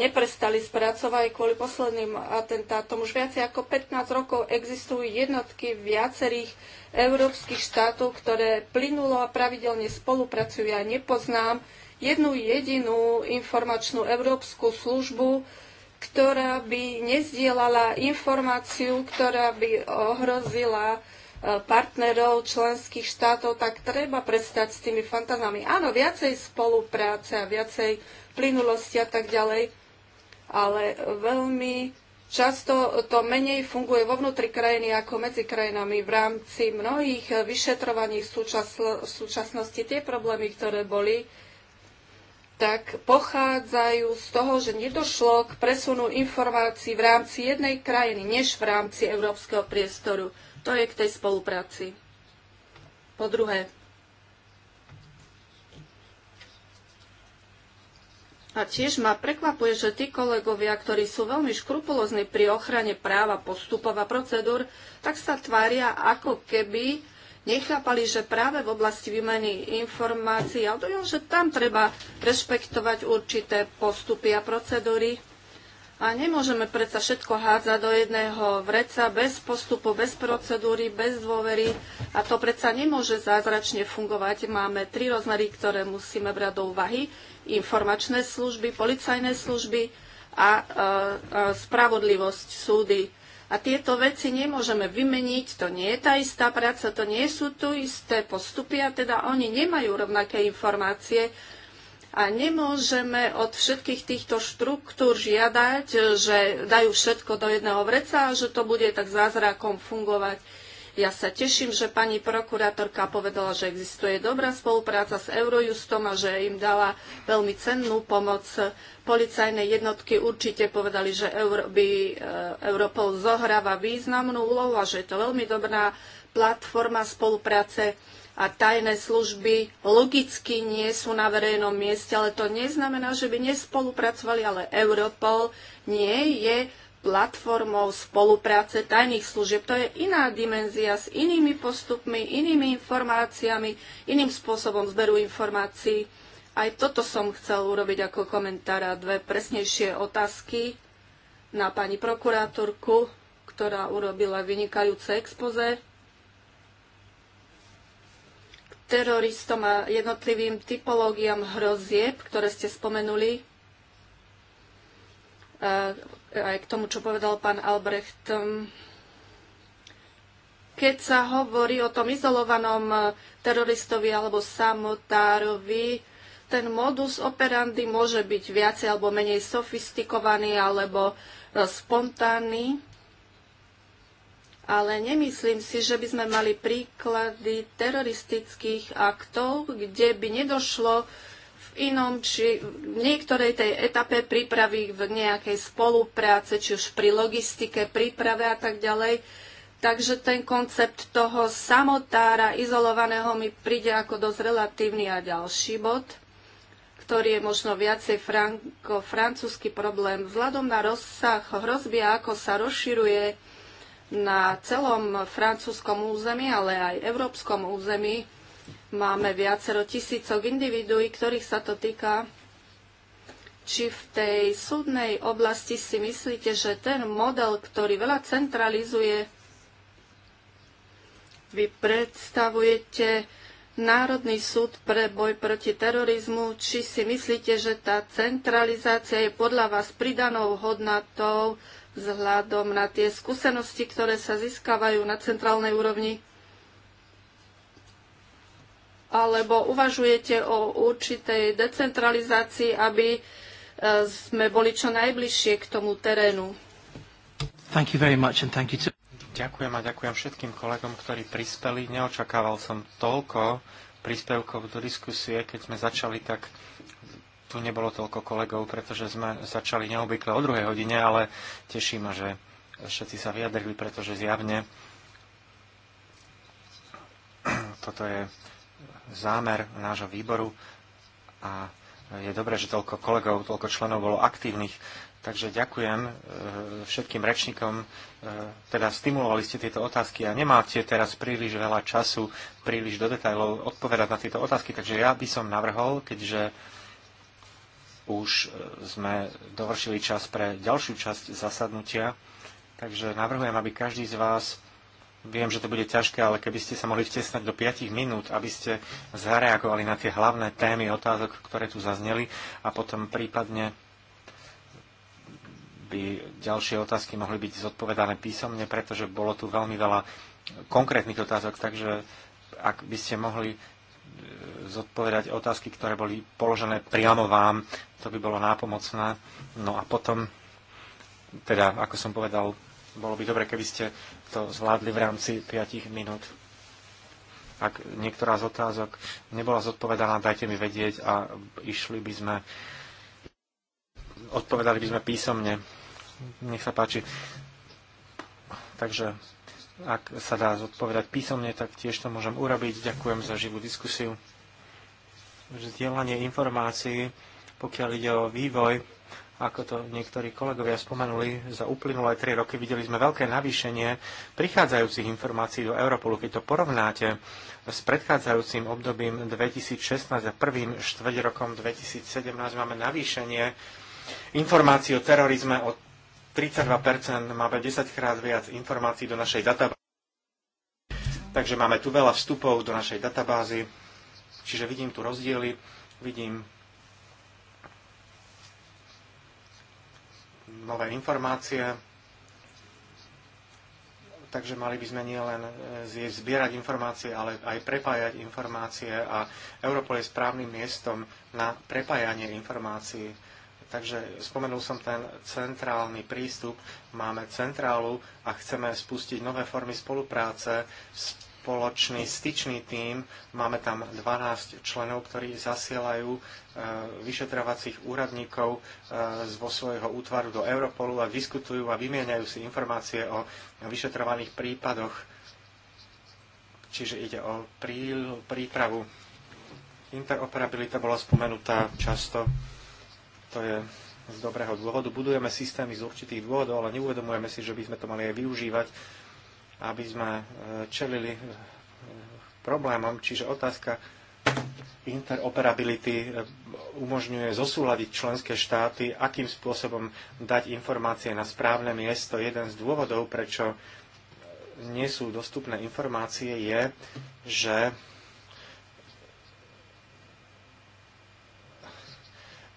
neprestali spracovať kvôli posledným atentátom. Už viac ako 15 rokov existujú jednotky viacerých európskych štátov, ktoré plynulo a pravidelne spolupracujú. Ja nepoznám jednu jedinú informačnú európsku službu, ktorá by nezdielala informáciu, ktorá by ohrozila E, partnerov členských štátov, tak treba prestať s tými fantazami. Áno, viacej spolupráce a viacej plynulosti a tak ďalej, ale veľmi často to menej funguje vo vnútri krajiny ako medzi krajinami. V rámci mnohých vyšetrovaní v, súčasnosti tie problémy, ktoré boli, tak pochádzajú z toho, že nedošlo k presunu informácií v rámci jednej krajiny, než v rámci európskeho priestoru. To je k tej spolupráci. Po druhé, A tiež ma prekvapuje, že tí kolegovia, ktorí sú veľmi škrupulózni pri ochrane práva postupov a procedúr, tak sa tvária ako keby nechápali, že práve v oblasti výmeny informácií, ale to je, že tam treba rešpektovať určité postupy a procedúry. A nemôžeme predsa všetko hádzať do jedného vreca bez postupu, bez procedúry, bez dôvery. A to predsa nemôže zázračne fungovať. Máme tri rozmery, ktoré musíme brať do úvahy. Informačné služby, policajné služby a e, e, spravodlivosť súdy. A tieto veci nemôžeme vymeniť, to nie je tá istá práca, to nie sú tu isté postupy a teda oni nemajú rovnaké informácie, a nemôžeme od všetkých týchto štruktúr žiadať, že dajú všetko do jedného vreca a že to bude tak zázrakom fungovať. Ja sa teším, že pani prokurátorka povedala, že existuje dobrá spolupráca s Eurojustom a že im dala veľmi cennú pomoc. Policajné jednotky určite povedali, že Euro, by, e, Europol zohráva významnú úlohu a že je to veľmi dobrá platforma spolupráce a tajné služby logicky nie sú na verejnom mieste, ale to neznamená, že by nespolupracovali, ale Europol nie je platformou spolupráce tajných služieb. To je iná dimenzia s inými postupmi, inými informáciami, iným spôsobom zberu informácií. Aj toto som chcel urobiť ako komentár a dve presnejšie otázky na pani prokurátorku, ktorá urobila vynikajúce expoze teroristom a jednotlivým typológiám hrozieb, ktoré ste spomenuli, aj k tomu, čo povedal pán Albrecht. Um, keď sa hovorí o tom izolovanom uh, teroristovi alebo samotárovi, ten modus operandi môže byť viacej alebo menej sofistikovaný alebo uh, spontánny ale nemyslím si, že by sme mali príklady teroristických aktov, kde by nedošlo v inom či v niektorej tej etape prípravy v nejakej spolupráce, či už pri logistike, príprave a tak ďalej. Takže ten koncept toho samotára izolovaného mi príde ako dosť relatívny a ďalší bod, ktorý je možno viacej franko-francúzsky problém. Vzhľadom na rozsah hrozby, ako sa rozširuje na celom francúzskom území, ale aj európskom území. Máme viacero tisícok individuí, ktorých sa to týka. Či v tej súdnej oblasti si myslíte, že ten model, ktorý veľa centralizuje, vy predstavujete Národný súd pre boj proti terorizmu, či si myslíte, že tá centralizácia je podľa vás pridanou hodnotou, vzhľadom na tie skúsenosti, ktoré sa získavajú na centrálnej úrovni? Alebo uvažujete o určitej decentralizácii, aby e, sme boli čo najbližšie k tomu terénu? Thank you very much and thank you to... Ďakujem a ďakujem všetkým kolegom, ktorí prispeli. Neočakával som toľko príspevkov do diskusie, keď sme začali tak tu nebolo toľko kolegov, pretože sme začali neobvykle o druhej hodine, ale teší ma, že všetci sa vyjadrili, pretože zjavne toto je zámer nášho výboru a je dobré, že toľko kolegov, toľko členov bolo aktívnych. Takže ďakujem e, všetkým rečníkom, e, teda stimulovali ste tieto otázky a nemáte teraz príliš veľa času, príliš do detajlov odpovedať na tieto otázky, takže ja by som navrhol, keďže už e, sme dovršili čas pre ďalšiu časť zasadnutia, takže navrhujem, aby každý z vás, viem, že to bude ťažké, ale keby ste sa mohli vtesnať do 5 minút, aby ste zareagovali na tie hlavné témy otázok, ktoré tu zazneli a potom prípadne by ďalšie otázky mohli byť zodpovedané písomne, pretože bolo tu veľmi veľa konkrétnych otázok, takže ak by ste mohli zodpovedať otázky, ktoré boli položené priamo vám. To by bolo nápomocné. No a potom, teda, ako som povedal, bolo by dobre, keby ste to zvládli v rámci 5 minút. Ak niektorá z otázok nebola zodpovedaná, dajte mi vedieť a išli by sme, odpovedali by sme písomne. Nech sa páči. Takže ak sa dá zodpovedať písomne, tak tiež to môžem urobiť. Ďakujem za živú diskusiu. Vzdielanie informácií, pokiaľ ide o vývoj, ako to niektorí kolegovia spomenuli, za uplynulé tri roky videli sme veľké navýšenie prichádzajúcich informácií do Europolu. Keď to porovnáte s predchádzajúcim obdobím 2016 a prvým štvrť rokom 2017, máme navýšenie informácií o terorizme o 32% máme 10 krát viac informácií do našej databázy. Takže máme tu veľa vstupov do našej databázy. Čiže vidím tu rozdiely, vidím nové informácie. Takže mali by sme nielen eh, zbierať informácie, ale aj prepájať informácie a Europol je správnym miestom na prepájanie informácií Takže spomenul som ten centrálny prístup. Máme centrálu a chceme spustiť nové formy spolupráce, spoločný styčný tím. Máme tam 12 členov, ktorí zasielajú e, vyšetrovacích úradníkov e, vo svojho útvaru do Europolu a diskutujú a vymieňajú si informácie o vyšetrovaných prípadoch. Čiže ide o prípravu. Interoperabilita bola spomenutá často. To je z dobrého dôvodu. Budujeme systémy z určitých dôvodov, ale neuvedomujeme si, že by sme to mali aj využívať, aby sme e, čelili e, problémom. Čiže otázka interoperability e, umožňuje zosúľadiť členské štáty, akým spôsobom dať informácie na správne miesto. Jeden z dôvodov, prečo nie sú dostupné informácie, je, že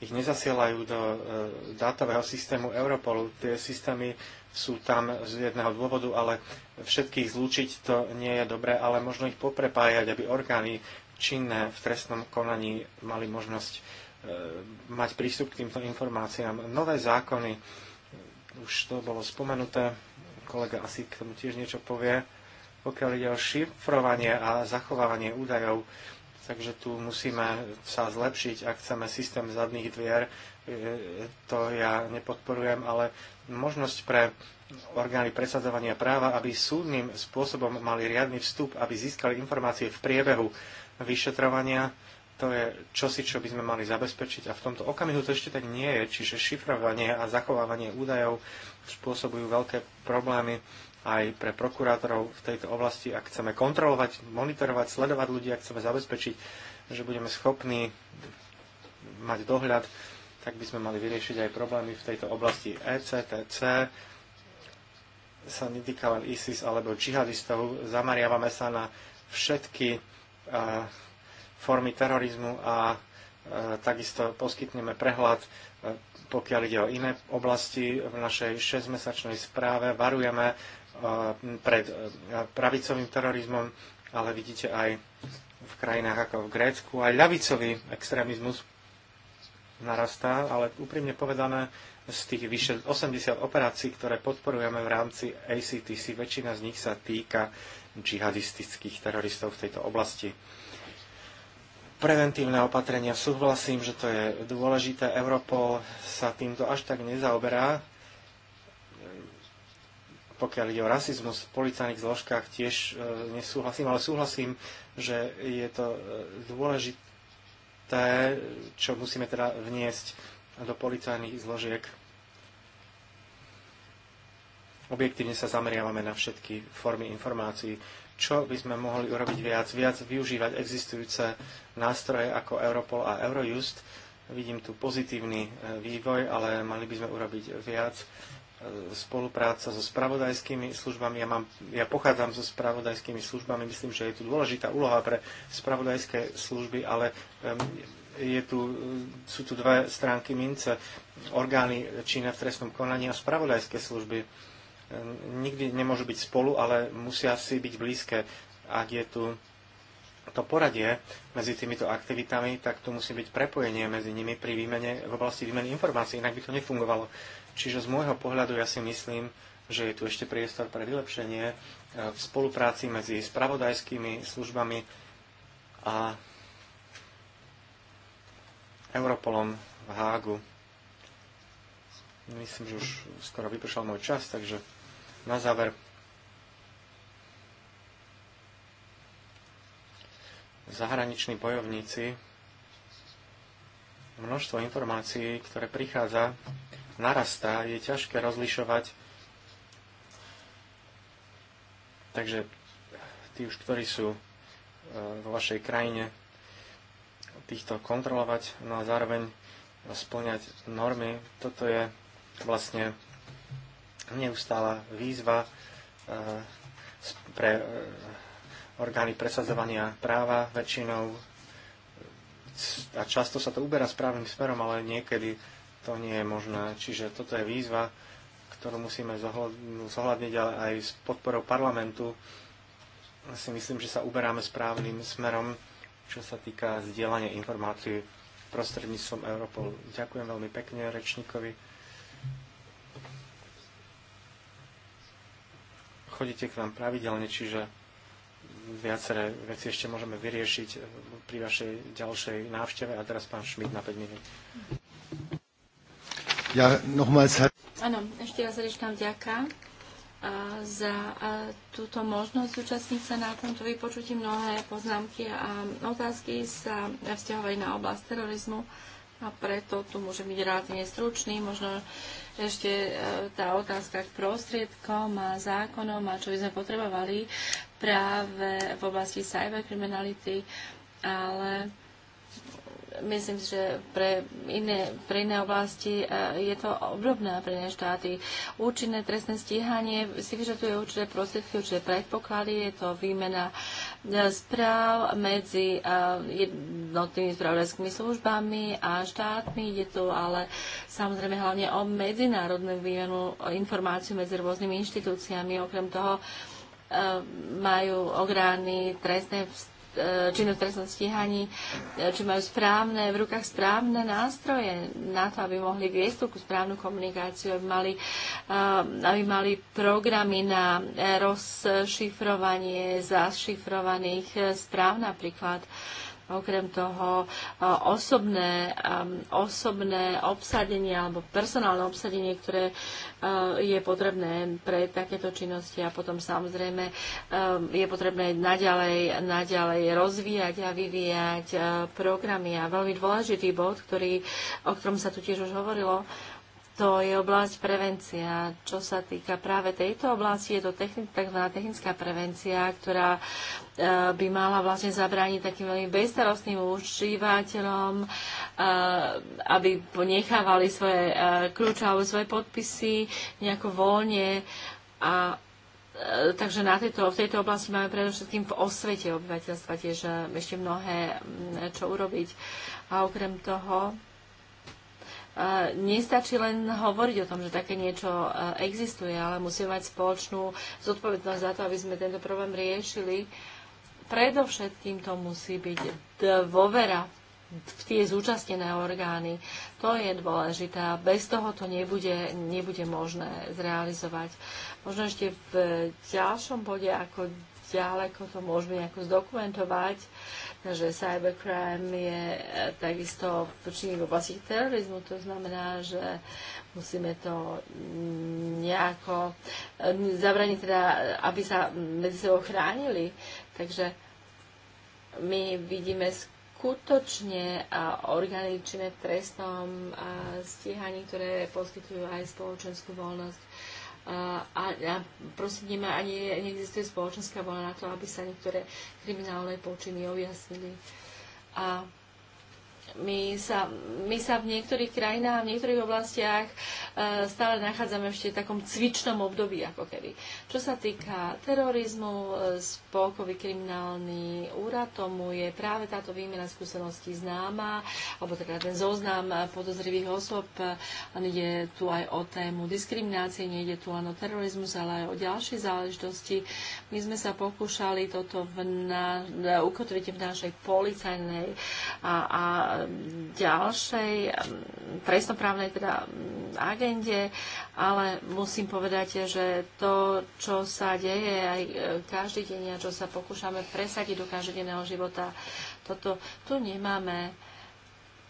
ich nezasielajú do e, dátového systému Europolu. Tie systémy sú tam z jedného dôvodu, ale všetkých zlúčiť to nie je dobré, ale možno ich poprepájať, aby orgány činné v trestnom konaní mali možnosť e, mať prístup k týmto informáciám. Nové zákony, už to bolo spomenuté, kolega asi k tomu tiež niečo povie, pokiaľ ide o šifrovanie a zachovávanie údajov, Takže tu musíme sa zlepšiť, ak chceme systém zadných dvier, e, to ja nepodporujem, ale možnosť pre orgány presadzovania práva, aby súdnym spôsobom mali riadny vstup, aby získali informácie v priebehu vyšetrovania, to je čosi, čo by sme mali zabezpečiť a v tomto okamihu to ešte tak nie je, čiže šifrovanie a zachovávanie údajov spôsobujú veľké problémy aj pre prokurátorov v tejto oblasti, ak chceme kontrolovať, monitorovať, sledovať ľudí, ak chceme zabezpečiť, že budeme schopní mať dohľad, tak by sme mali vyriešiť aj problémy v tejto oblasti ECTC, sa netýka len ISIS alebo džihadistov, zamariavame sa na všetky e, formy terorizmu a e, takisto poskytneme prehľad, e, pokiaľ ide o iné oblasti. V našej 6-mesačnej správe varujeme pred pravicovým terorizmom, ale vidíte aj v krajinách ako v Grécku. Aj ľavicový extrémizmus narastá, ale úprimne povedané, z tých vyše 80 operácií, ktoré podporujeme v rámci ACTC, väčšina z nich sa týka džihadistických teroristov v tejto oblasti. Preventívne opatrenia, súhlasím, že to je dôležité. Europol sa týmto až tak nezaoberá, pokiaľ ide o rasizmus v policajných zložkách, tiež e, nesúhlasím, ale súhlasím, že je to e, dôležité, čo musíme teda vniesť do policajných zložiek. Objektívne sa zameriavame na všetky formy informácií. Čo by sme mohli urobiť viac? Viac využívať existujúce nástroje ako Europol a Eurojust. Vidím tu pozitívny e, vývoj, ale mali by sme urobiť viac E, spolupráca so spravodajskými službami. Ja, mám, ja pochádzam so spravodajskými službami, myslím, že je tu dôležitá úloha pre spravodajské služby, ale je tu, e, sú tu dve stránky mince, orgány Číne v trestnom konaní a spravodajské služby. Nikdy nemôžu byť spolu, ale musia si byť blízke. Ak je tu to poradie medzi týmito aktivitami, tak tu musí byť prepojenie medzi nimi pri výmene, v oblasti výmeny informácií, inak by to nefungovalo. Čiže z môjho pohľadu ja si myslím, že je tu ešte priestor pre vylepšenie e, v spolupráci medzi spravodajskými službami a Europolom v Hágu. Myslím, že už skoro vypršal môj čas, takže na záver zahraniční bojovníci množstvo informácií, ktoré prichádza narastá, je ťažké rozlišovať. Takže tí už, ktorí sú e, vo vašej krajine, týchto kontrolovať, no a zároveň splňať normy. Toto je vlastne neustála výzva e, pre e, orgány presadzovania práva väčšinou a často sa to uberá správnym smerom, ale niekedy to nie je možné. Čiže toto je výzva, ktorú musíme zohľadniť, ale aj s podporou parlamentu si myslím, že sa uberáme správnym smerom, čo sa týka zdieľania informácií prostredníctvom Europol. Ďakujem veľmi pekne rečníkovi. Chodíte k nám pravidelne, čiže viaceré veci ešte môžeme vyriešiť pri vašej ďalšej návšteve. A teraz pán Šmit na 5 minút. Ja nochmals... Áno, ešte raz rečkám ďaká za túto možnosť zúčastniť sa na tomto vypočutí. Mnohé poznámky a otázky sa vzťahovali na oblasť terorizmu a preto tu môže byť relatívne stručný. Možno ešte e, tá otázka k prostriedkom a zákonom a čo by sme potrebovali práve v oblasti cyberkriminality, ale myslím, že pre iné, pre iné oblasti e, je to obdobné pre iné štáty. Účinné trestné stíhanie si vyžaduje určité prostriedky, určité predpoklady, je to výmena e, správ medzi e, jednotnými spravodajskými službami a štátmi. Je to ale samozrejme hlavne o medzinárodnú výmenu informácií medzi rôznymi inštitúciami. Okrem toho majú orgány trestné E, činnosť trestnom stíhaní, e, či majú správne, v rukách správne nástroje na to, aby mohli viesť tú správnu komunikáciu, aby mali, e, aby mali programy na rozšifrovanie zašifrovaných správ napríklad. Okrem toho e, osobné, osobné obsadenie alebo personálne obsadenie, ktoré e, je potrebné pre takéto činnosti a potom samozrejme je potrebné naďalej, naďalej rozvíjať a vyvíjať e, programy. A veľmi dôležitý bod, ktorý, o ktorom sa tu tiež už hovorilo, to je oblasť prevencia. Čo sa týka práve tejto oblasti, je to tzv. technická prevencia, ktorá e, by mala vlastne zabrániť takým veľmi bezstarostným užívateľom, e, aby ponechávali svoje e, kľúče alebo svoje podpisy nejako voľne. A, takže na tejto, v tejto oblasti máme predovšetkým v osvete obyvateľstva tiež ešte mnohé čo urobiť. A okrem toho, nestačí len hovoriť o tom, že také niečo e, existuje, ale musíme mať spoločnú zodpovednosť za to, aby sme tento problém riešili. Predovšetkým to musí byť dôvera v tie zúčastnené orgány. To je dôležité a bez toho to nebude, nebude možné zrealizovať. Možno ešte v ďalšom bode, ako ďaleko to môžeme nejako zdokumentovať, že cybercrime je eh, takisto počinný v oblasti terorizmu. To znamená, že musíme to mm, nejako eh, zabraniť, teda, aby sa medzi sebou chránili. Takže my vidíme skutočne eh, organičné v trestnom stíhaní, ktoré poskytujú aj spoločenskú voľnosť a, a proste nemá, ani neexistuje spoločenská vola na to, aby sa niektoré kriminálne počiny objasnili. A my sa, my sa v niektorých krajinách, v niektorých oblastiach e, stále nachádzame ešte v takom cvičnom období, ako keby. Čo sa týka terorizmu, e, spolkový kriminálny úrad, tomu je práve táto výmena skúseností známa, alebo teda ten zoznam podozrivých osôb. je tu aj o tému diskriminácie, nie ide tu len o terorizmus, ale aj o ďalšie záležitosti. My sme sa pokúšali toto v na, ukotviť v našej policajnej a, a ďalšej trestnoprávnej teda agende, ale musím povedať, že to, čo sa deje aj e, každý deň a čo sa pokúšame presadiť do každodenného života, toto tu nemáme,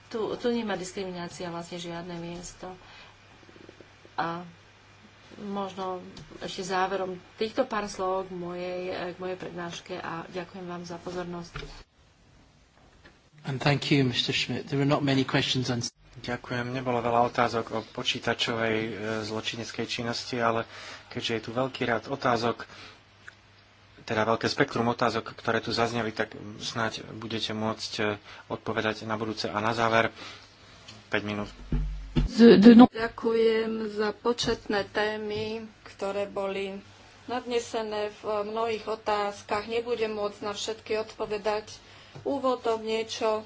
tu, tu nemá diskriminácia vlastne žiadne miesto. A možno ešte záverom týchto pár slov k mojej, e, k mojej prednáške a ďakujem vám za pozornosť. And thank you, Mr. Schmidt. There not many questions on... Ďakujem. Nebolo veľa otázok o počítačovej e, zločineckej činnosti, ale keďže je tu veľký rád otázok, teda veľké spektrum otázok, ktoré tu zazneli, tak snáď budete môcť e, odpovedať na budúce. A na záver 5 minút. No- Ďakujem za početné témy, ktoré boli nadnesené v e, mnohých otázkach. Nebudem môcť na všetky odpovedať Úvodom niečo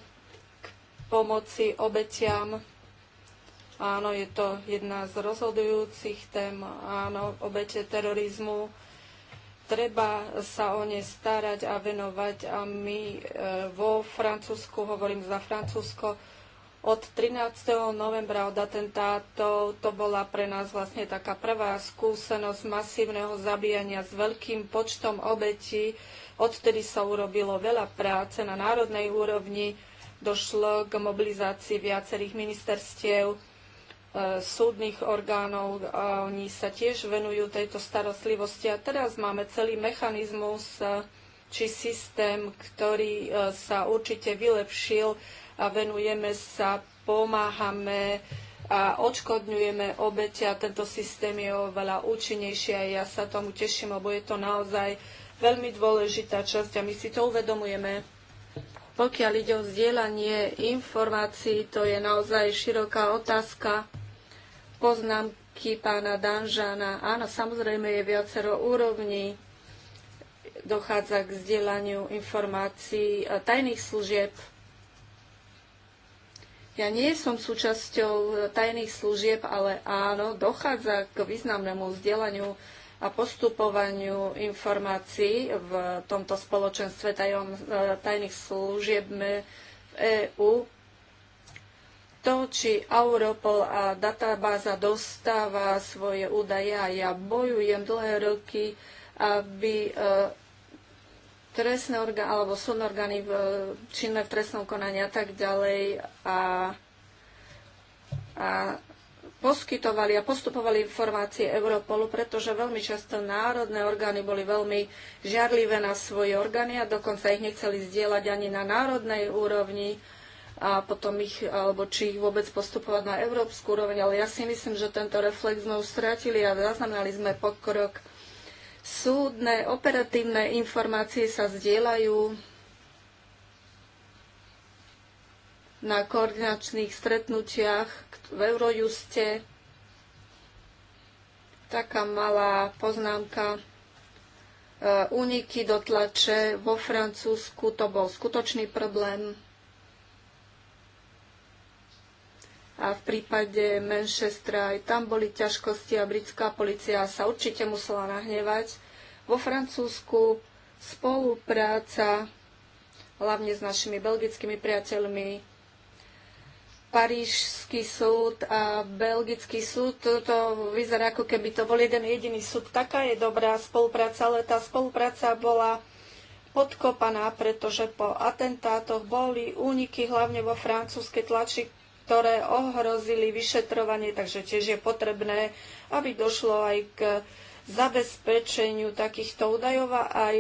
k pomoci obetiam. Áno, je to jedna z rozhodujúcich tém. Áno, obete terorizmu. Treba sa o ne starať a venovať. A my e, vo Francúzsku, hovorím za Francúzsko, od 13. novembra od atentátov to bola pre nás vlastne taká prvá skúsenosť masívneho zabíjania s veľkým počtom obetí. Odtedy sa urobilo veľa práce na národnej úrovni, došlo k mobilizácii viacerých ministerstiev, e, súdnych orgánov a oni sa tiež venujú tejto starostlivosti. A teraz máme celý mechanizmus e, či systém, ktorý e, sa určite vylepšil a venujeme sa, pomáhame a odškodňujeme obete a tento systém je oveľa účinnejší a ja sa tomu teším, lebo je to naozaj veľmi dôležitá časť a my si to uvedomujeme. Pokiaľ ide o vzdielanie informácií, to je naozaj široká otázka. Poznámky pána Danžana. Áno, samozrejme je viacero úrovní. Dochádza k vzdielaniu informácií tajných služieb. Ja nie som súčasťou tajných služieb, ale áno, dochádza k významnému vzdelaniu a postupovaniu informácií v tomto spoločenstve tajom, eh, tajných služieb v EÚ. To, či Europol a databáza dostáva svoje údaje a ja bojujem dlhé roky, aby eh, trestné orgány alebo súdne orgány eh, činné v trestnom konaní a tak ďalej a, a poskytovali a postupovali informácie Europolu, pretože veľmi často národné orgány boli veľmi žiarlivé na svoje orgány a dokonca ich nechceli zdieľať ani na národnej úrovni a potom ich, alebo či ich vôbec postupovať na európsku úroveň. Ale ja si myslím, že tento reflex sme už stratili a zaznamenali sme pokrok. Súdne, operatívne informácie sa zdieľajú na koordinačných stretnutiach v Eurojuste. Taká malá poznámka. E, úniky do tlače vo Francúzsku to bol skutočný problém. A v prípade Manchestra aj tam boli ťažkosti a britská policia sa určite musela nahnevať. Vo Francúzsku spolupráca hlavne s našimi belgickými priateľmi Parížský súd a Belgický súd, to, to vyzerá ako keby to bol jeden jediný súd. Taká je dobrá spolupráca, ale tá spolupráca bola podkopaná, pretože po atentátoch boli úniky hlavne vo francúzskej tlači, ktoré ohrozili vyšetrovanie, takže tiež je potrebné, aby došlo aj k zabezpečeniu takýchto údajov a aj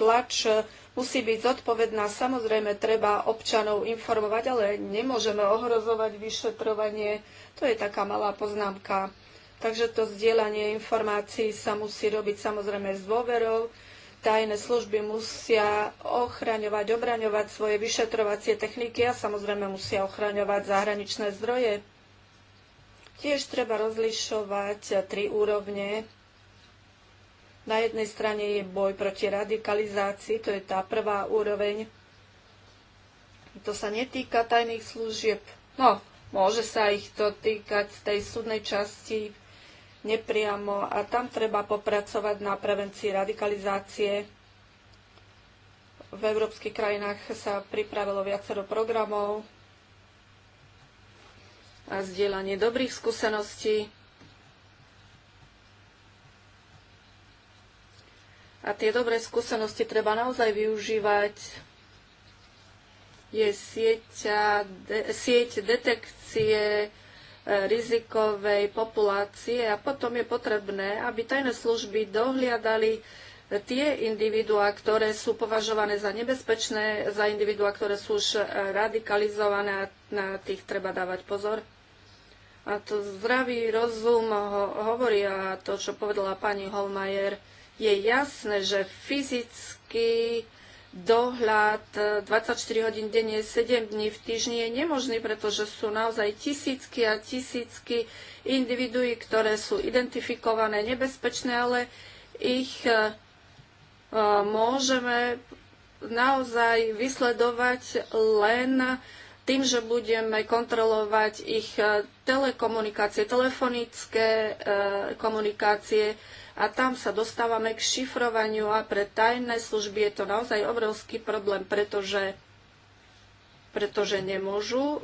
tlač musí byť zodpovedná. Samozrejme, treba občanov informovať, ale nemôžeme ohrozovať vyšetrovanie. To je taká malá poznámka. Takže to zdieľanie informácií sa musí robiť samozrejme s dôverou. Tajné služby musia ochraňovať, obraňovať svoje vyšetrovacie techniky a samozrejme musia ochraňovať zahraničné zdroje. Tiež treba rozlišovať tri úrovne na jednej strane je boj proti radikalizácii, to je tá prvá úroveň. To sa netýka tajných služieb. No, môže sa ich to týkať z tej súdnej časti nepriamo a tam treba popracovať na prevencii radikalizácie. V európskych krajinách sa pripravilo viacero programov a zdieľanie dobrých skúseností A tie dobré skúsenosti treba naozaj využívať. Je sieťa, de, sieť detekcie e, rizikovej populácie a potom je potrebné, aby tajné služby dohliadali tie individuá, ktoré sú považované za nebezpečné, za individuá, ktoré sú už radikalizované a na tých treba dávať pozor. A to zdravý rozum ho- hovorí a to, čo povedala pani Holmajer, je jasné, že fyzický dohľad 24 e, hodín denne, 7 dní v týždni je nemožný, pretože sú naozaj tisícky a tisícky individuí, ktoré sú identifikované nebezpečné, ale ich e, e, môžeme naozaj vysledovať len tým, že budeme kontrolovať ich telekomunikácie, telefonické komunikácie, a tam sa dostávame k šifrovaniu a pre tajné služby je to naozaj obrovský problém, pretože pretože nemôžu e,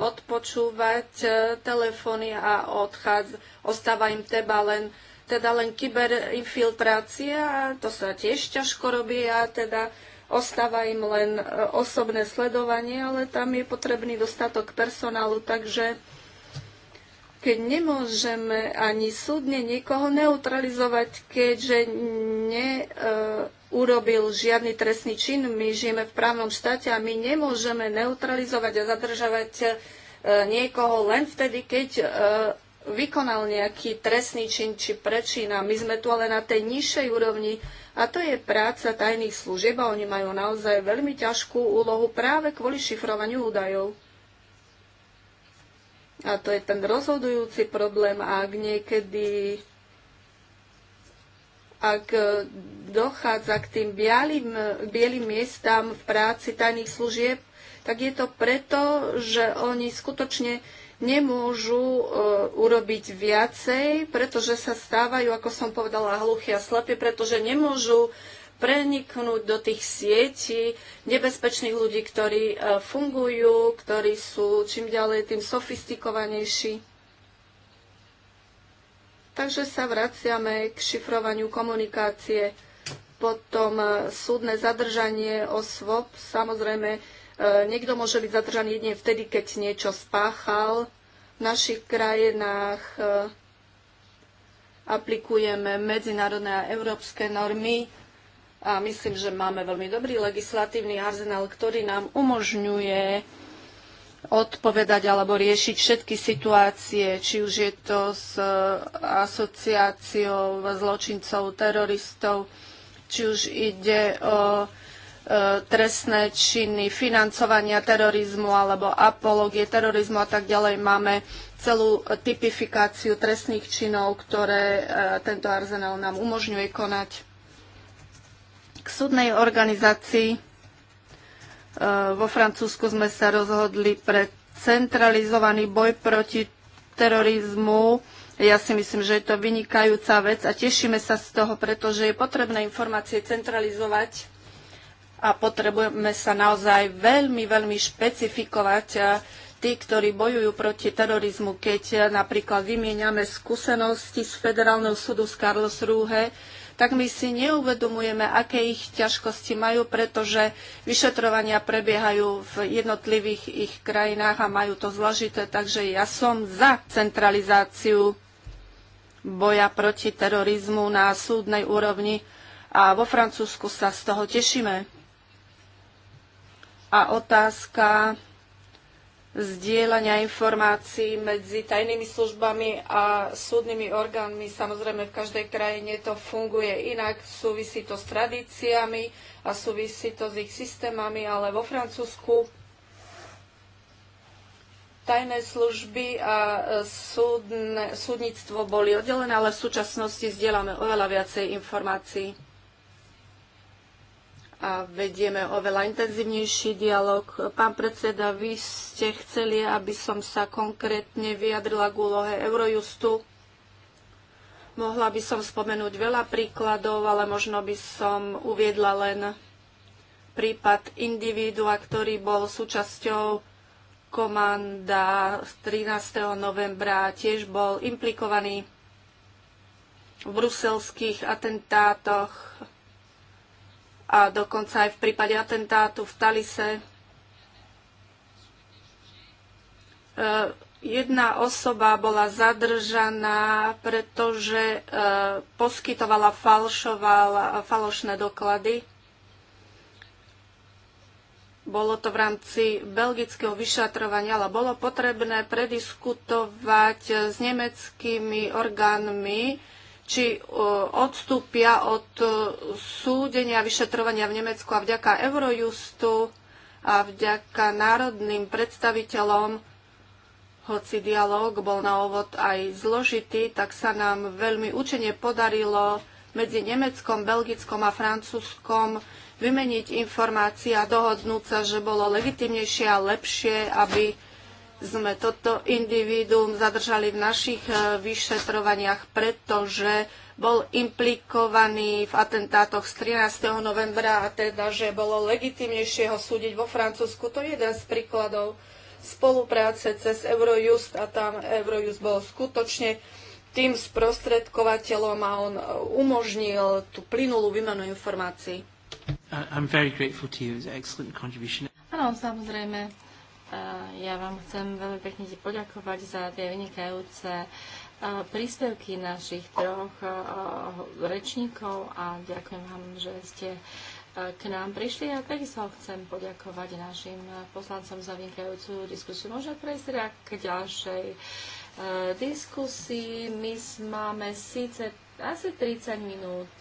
odpočúvať e, telefóny a odchádz, ostáva im teba len, teda len kyberinfiltrácia, to sa tiež ťažko robí a teda ostáva im len e, osobné sledovanie, ale tam je potrebný dostatok personálu, takže keď nemôžeme ani súdne niekoho neutralizovať, keďže neurobil e, urobil žiadny trestný čin. My žijeme v právnom štáte a my nemôžeme neutralizovať a zadržavať e, niekoho len vtedy, keď e, vykonal nejaký trestný čin či prečin. A my sme tu ale na tej nižšej úrovni a to je práca tajných služieb a oni majú naozaj veľmi ťažkú úlohu práve kvôli šifrovaniu údajov. A to je ten rozhodujúci problém, ak niekedy ak e, dochádza k tým bielým, bielým miestam v práci tajných služieb, tak je to preto, že oni skutočne nemôžu e, urobiť viacej, pretože sa stávajú, ako som povedala, hluchí a slepí, pretože nemôžu preniknúť do tých sietí nebezpečných ľudí, ktorí e, fungujú, ktorí sú čím ďalej tým sofistikovanejší. Takže sa vraciame k šifrovaniu komunikácie, potom e, súdne zadržanie osôb. Samozrejme, e, niekto môže byť zadržaný jedine vtedy, keď niečo spáchal. V našich krajinách aplikujeme medzinárodné a európske normy a myslím, že máme veľmi dobrý legislatívny arzenál, ktorý nám umožňuje odpovedať alebo riešiť všetky situácie, či už je to s e, asociáciou zločincov, teroristov, či už ide o e, trestné činy financovania terorizmu alebo apologie terorizmu a tak ďalej. Máme celú typifikáciu trestných činov, ktoré e, tento arzenál nám umožňuje konať k súdnej organizácii. E, vo Francúzsku sme sa rozhodli pre centralizovaný boj proti terorizmu. Ja si myslím, že je to vynikajúca vec a tešíme sa z toho, pretože je potrebné informácie centralizovať a potrebujeme sa naozaj veľmi, veľmi špecifikovať tí, ktorí bojujú proti terorizmu, keď napríklad vymieňame skúsenosti z Federálneho súdu z Karlsruhe, tak my si neuvedomujeme, aké ich ťažkosti majú, pretože vyšetrovania prebiehajú v jednotlivých ich krajinách a majú to zložité. Takže ja som za centralizáciu boja proti terorizmu na súdnej úrovni a vo Francúzsku sa z toho tešíme. A otázka zdieľania informácií medzi tajnými službami a súdnymi orgánmi. Samozrejme, v každej krajine to funguje inak, súvisí to s tradíciami a súvisí to s ich systémami, ale vo Francúzsku tajné služby a e, súdne, súdnictvo boli oddelené, ale v súčasnosti zdieľame oveľa viacej informácií a vedieme oveľa intenzívnejší dialog. Pán predseda, vy ste chceli, aby som sa konkrétne vyjadrila k úlohe Eurojustu. Mohla by som spomenúť veľa príkladov, ale možno by som uviedla len prípad individua, ktorý bol súčasťou komanda 13. novembra, tiež bol implikovaný v bruselských atentátoch a dokonca aj v prípade atentátu v Talise e, jedna osoba bola zadržaná, pretože e, poskytovala falošné doklady. Bolo to v rámci belgického vyšatrovania, ale bolo potrebné prediskutovať s nemeckými orgánmi, či e, odstúpia od e, súdenia a vyšetrovania v Nemecku a vďaka Eurojustu a vďaka národným predstaviteľom, hoci dialog bol na ovod aj zložitý, tak sa nám veľmi účene podarilo medzi Nemeckom, Belgickom a Francúzskom vymeniť informácie a dohodnúť sa, že bolo legitimnejšie a lepšie, aby sme toto individuum zadržali v našich e, vyšetrovaniach, pretože bol implikovaný v atentátoch z 13. novembra a teda, že bolo legitimnejšie ho súdiť vo Francúzsku. To je jeden z príkladov spolupráce cez Eurojust a tam Eurojust bol skutočne tým sprostredkovateľom a on e, umožnil tú plynulú výmenu informácií. Áno, samozrejme, ja vám chcem veľmi pekne poďakovať za tie vynikajúce príspevky našich troch rečníkov a ďakujem vám, že ste k nám prišli a ja takisto chcem poďakovať našim poslancom za vynikajúcu diskusiu. Môžem prejsť teda k ďalšej diskusii. My máme síce asi 30 minút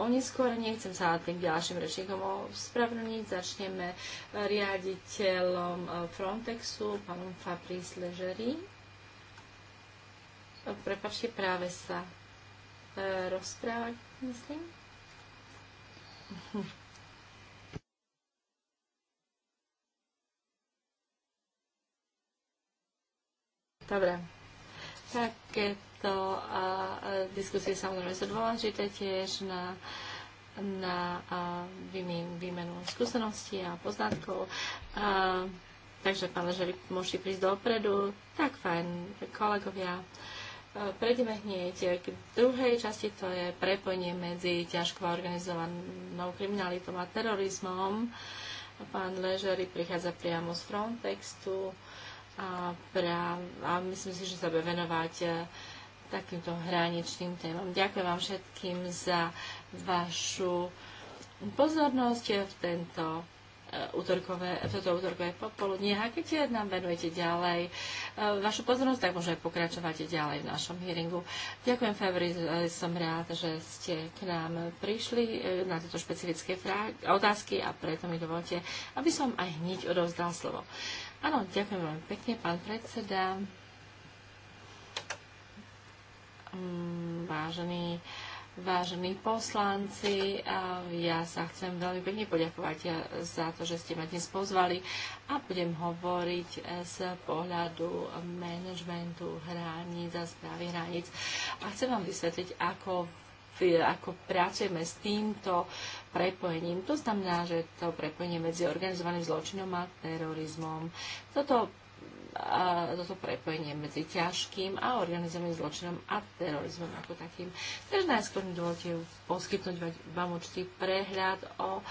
oneskorenie. nechcem sa tým ďalším rečníkom spravniť, Začneme riaditeľom e, Frontexu, pánom Fabrice Ležery. E, Prepačte, práve sa e, rozprávať, myslím. [laughs] Dobre. Takéto to a diskusie samozrejme sú dôležité tiež na na výmenu skúseností a poznatkov. A, takže, pán Ležerik, môžete prísť dopredu. Tak fajn, kolegovia. Prejdeme hneď k druhej časti, to je prepojenie medzi ťažko organizovanou kriminalitou a terorizmom. Pán Ležery prichádza priamo z Frontextu a, pra, a myslím si, že sa bude venovať e, takýmto hraničným témam. Ďakujem vám všetkým za vašu pozornosť v tento eh, útorkové, toto útorkové popoludnie. A keď nám venujete ďalej eh, vašu pozornosť, tak aj pokračovate ďalej v našom hearingu. Ďakujem, Fabri, eh, som rád, že ste k nám prišli na tieto špecifické otázky a preto mi dovolte, aby som aj hneď odovzdal slovo. Áno, ďakujem veľmi pekne, pán predseda. Mm, vážení, vážení poslanci, ja sa chcem veľmi pekne poďakovať za to, že ste ma dnes pozvali a budem hovoriť z pohľadu manažmentu hraníc a správy hraníc. A chcem vám vysvetliť, ako ako pracujeme s týmto prepojením. To znamená, že to prepojenie medzi organizovaným zločinom a terorizmom. Toto a toto prepojenie medzi ťažkým a organizovaným zločinom a terorizmom ako takým. Takže najskôr mi dovolte poskytnúť vám určitý prehľad o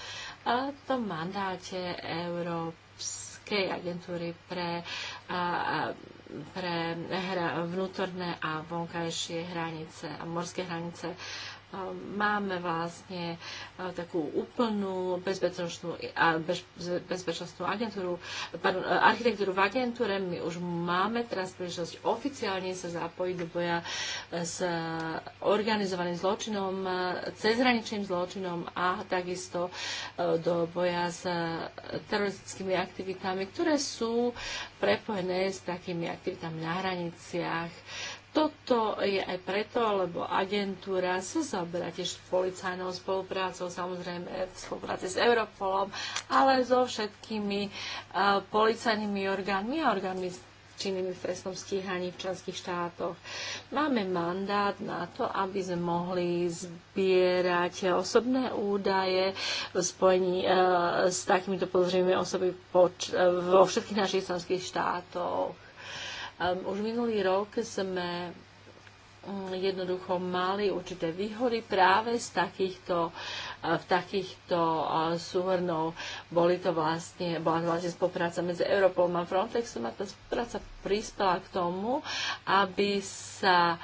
tom mandáte Európskej agentúry pre a, pre hra, vnútorné a vonkajšie hranice a morské hranice máme vlastne e, takú úplnú bezpečnostnú, bezpečnostnú agentúru, pardon, e, architektúru v agentúre. My už máme teraz príležitosť oficiálne sa zapojiť do boja e, s organizovaným zločinom, cezhraničným zločinom a takisto do boja s teroristickými aktivitami, ktoré sú prepojené s takými aktivitami na hraniciach, toto je aj preto, lebo agentúra sa zaoberá tiež policajnou spoluprácou, samozrejme v spolupráci s Europolom, ale so všetkými uh, policajnými orgánmi a orgánmi činnými v trestnom stíhaní v členských štátoch. Máme mandát na to, aby sme mohli zbierať osobné údaje v spojení uh, s takýmito podozrivými osoby poč- uh, vo všetkých našich členských štátoch Um, už minulý rok sme um, jednoducho mali určité výhody práve z takýchto, uh, v takýchto uh, súhrnov. Boli to vlastne, bola to vlastne spolupráca medzi Europolom a Frontexom a tá spolupráca prispela k tomu, aby sa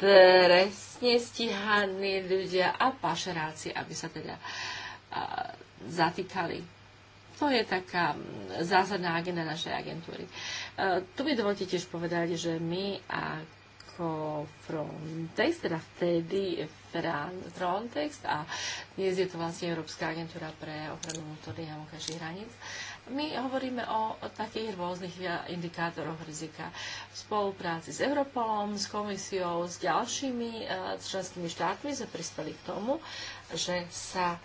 trestne stíhaní ľudia a pašeráci, aby sa teda uh, zatýkali to je taká mm, zásadná agenda našej agentúry. E, tu mi dovolte tiež povedať, že my ako Frontex, teda vtedy Frontex a dnes je to vlastne Európska agentúra pre ochranu vnútorných a vonkajších hraníc, my hovoríme o, takých rôznych e, indikátoroch rizika v spolupráci s Europolom, s komisiou, s ďalšími e, členskými štátmi sme prispeli k tomu, že sa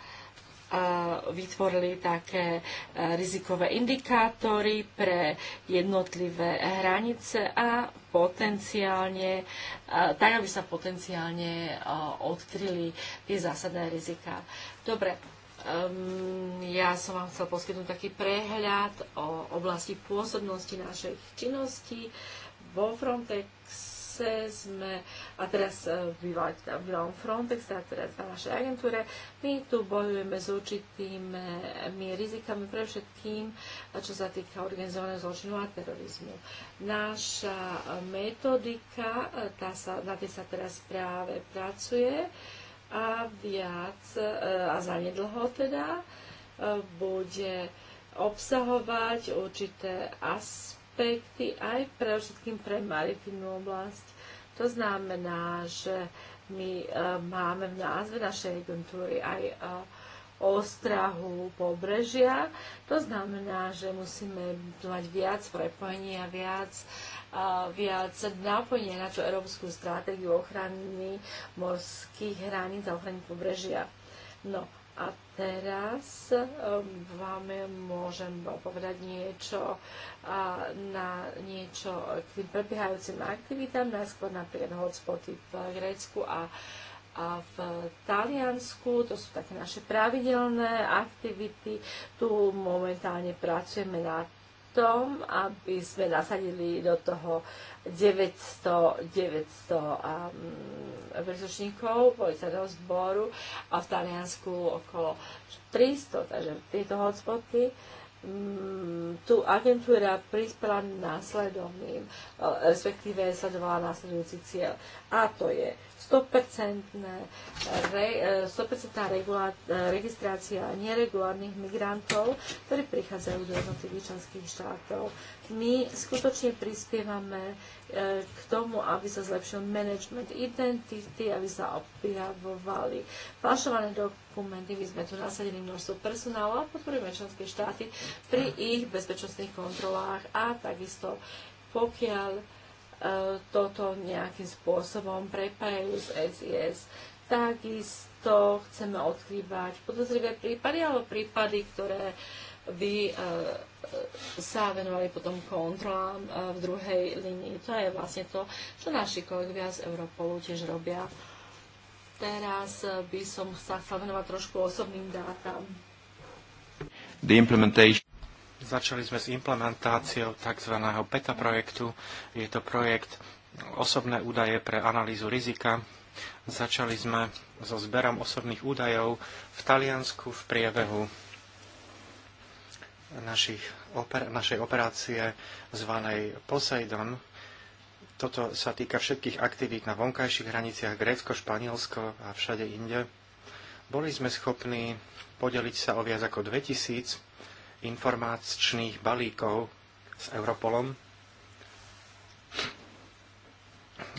vytvorili také e, rizikové indikátory pre jednotlivé hranice a potenciálne, tak aby sa potenciálne e, odkryli tie zásadné rizika. Dobre, ja som vám chcel poskytnúť taký prehľad o oblasti pôsobnosti našej činnosti vo Frontex sme, a teraz e, bývali v bývalom Frontex, a teda teraz na našej agentúre, my tu bojujeme s určitými rizikami pre všetkým, čo sa týka organizovaného zločinu a terorizmu. Naša e, metodika, e, tá sa, na tej sa teraz práve pracuje a viac, a zanedlho teda, bude obsahovať určité aspekty aspekty aj pre všetkým pre maritimnú oblasť. To znamená, že my uh, máme v názve našej agentúry aj uh, ostrahu pobrežia. To znamená, že musíme mať viac prepojenia, viac, uh, viac náplnia na tú európsku stratégiu ochrany morských hraníc a ochrany pobrežia. No, a teraz um, vám môžem povedať niečo na niečo k tým prebiehajúcim aktivitám, najskôr napríklad hotspoty v Grécku a, a v Taliansku. To sú také naše pravidelné aktivity. Tu momentálne pracujeme na tom, aby sme nasadili do toho 900, 900 um, príslušníkov policajného zboru a v Taliansku okolo 300, takže tieto hotspoty. Mm, tu agentúra prispela následovným, respektíve sledovala následujúci cieľ. A to je 100%, eh, eh, eh, registrácia neregulárnych migrantov, ktorí prichádzajú do jednotlivých členských štátov. My skutočne prispievame k tomu, aby sa zlepšil management identity, aby sa objavovali falšované dokumenty. My sme tu nasadili množstvo personálu a podporujeme členské štáty pri ich bezpečnostných kontrolách a takisto pokiaľ toto nejakým spôsobom prepájajú s SIS. Takisto chceme odkrývať podozrivé prípady alebo prípady, ktoré by e, e, sa venovali potom kontrolám e, v druhej linii. To je vlastne to, čo naši kolegovia z Europolu tiež robia. Teraz by som sa chcela venovať trošku osobným dátam. The implementation Začali sme s implementáciou tzv. PETA projektu. Je to projekt osobné údaje pre analýzu rizika. Začali sme so zberom osobných údajov v Taliansku v priebehu našich, oper, našej operácie zvanej Poseidon. Toto sa týka všetkých aktivít na vonkajších hraniciach Grécko, Španielsko a všade inde. Boli sme schopní podeliť sa o viac ako 2000 informačných balíkov s Europolom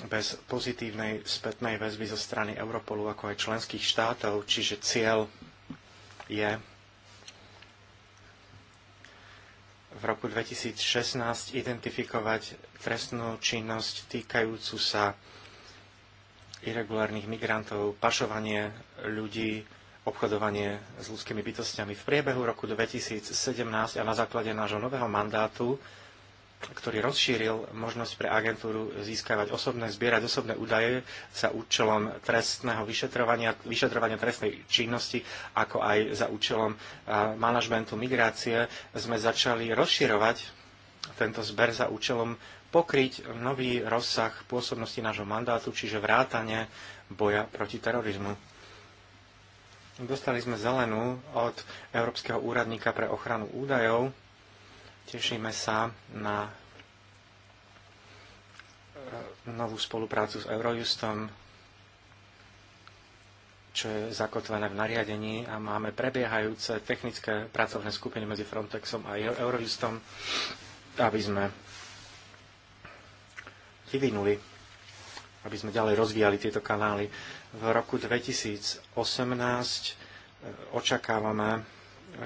bez pozitívnej spätnej väzby zo strany Europolu ako aj členských štátov, čiže cieľ je v roku 2016 identifikovať trestnú činnosť týkajúcu sa irregulárnych migrantov, pašovanie ľudí, obchodovanie s ľudskými bytostiami. V priebehu roku 2017 a na základe nášho nového mandátu, ktorý rozšíril možnosť pre agentúru získavať osobné, zbierať osobné údaje za účelom trestného vyšetrovania, vyšetrovania trestnej činnosti, ako aj za účelom manažmentu migrácie, sme začali rozširovať tento zber za účelom pokryť nový rozsah pôsobnosti nášho mandátu, čiže vrátanie boja proti terorizmu. Dostali sme zelenú od Európskeho úradníka pre ochranu údajov. Tešíme sa na e, novú spoluprácu s Eurojustom, čo je zakotvené v nariadení a máme prebiehajúce technické pracovné skupiny medzi Frontexom a Eurojustom, aby sme vyvinuli, aby sme ďalej rozvíjali tieto kanály v roku 2018 eh, očakávame,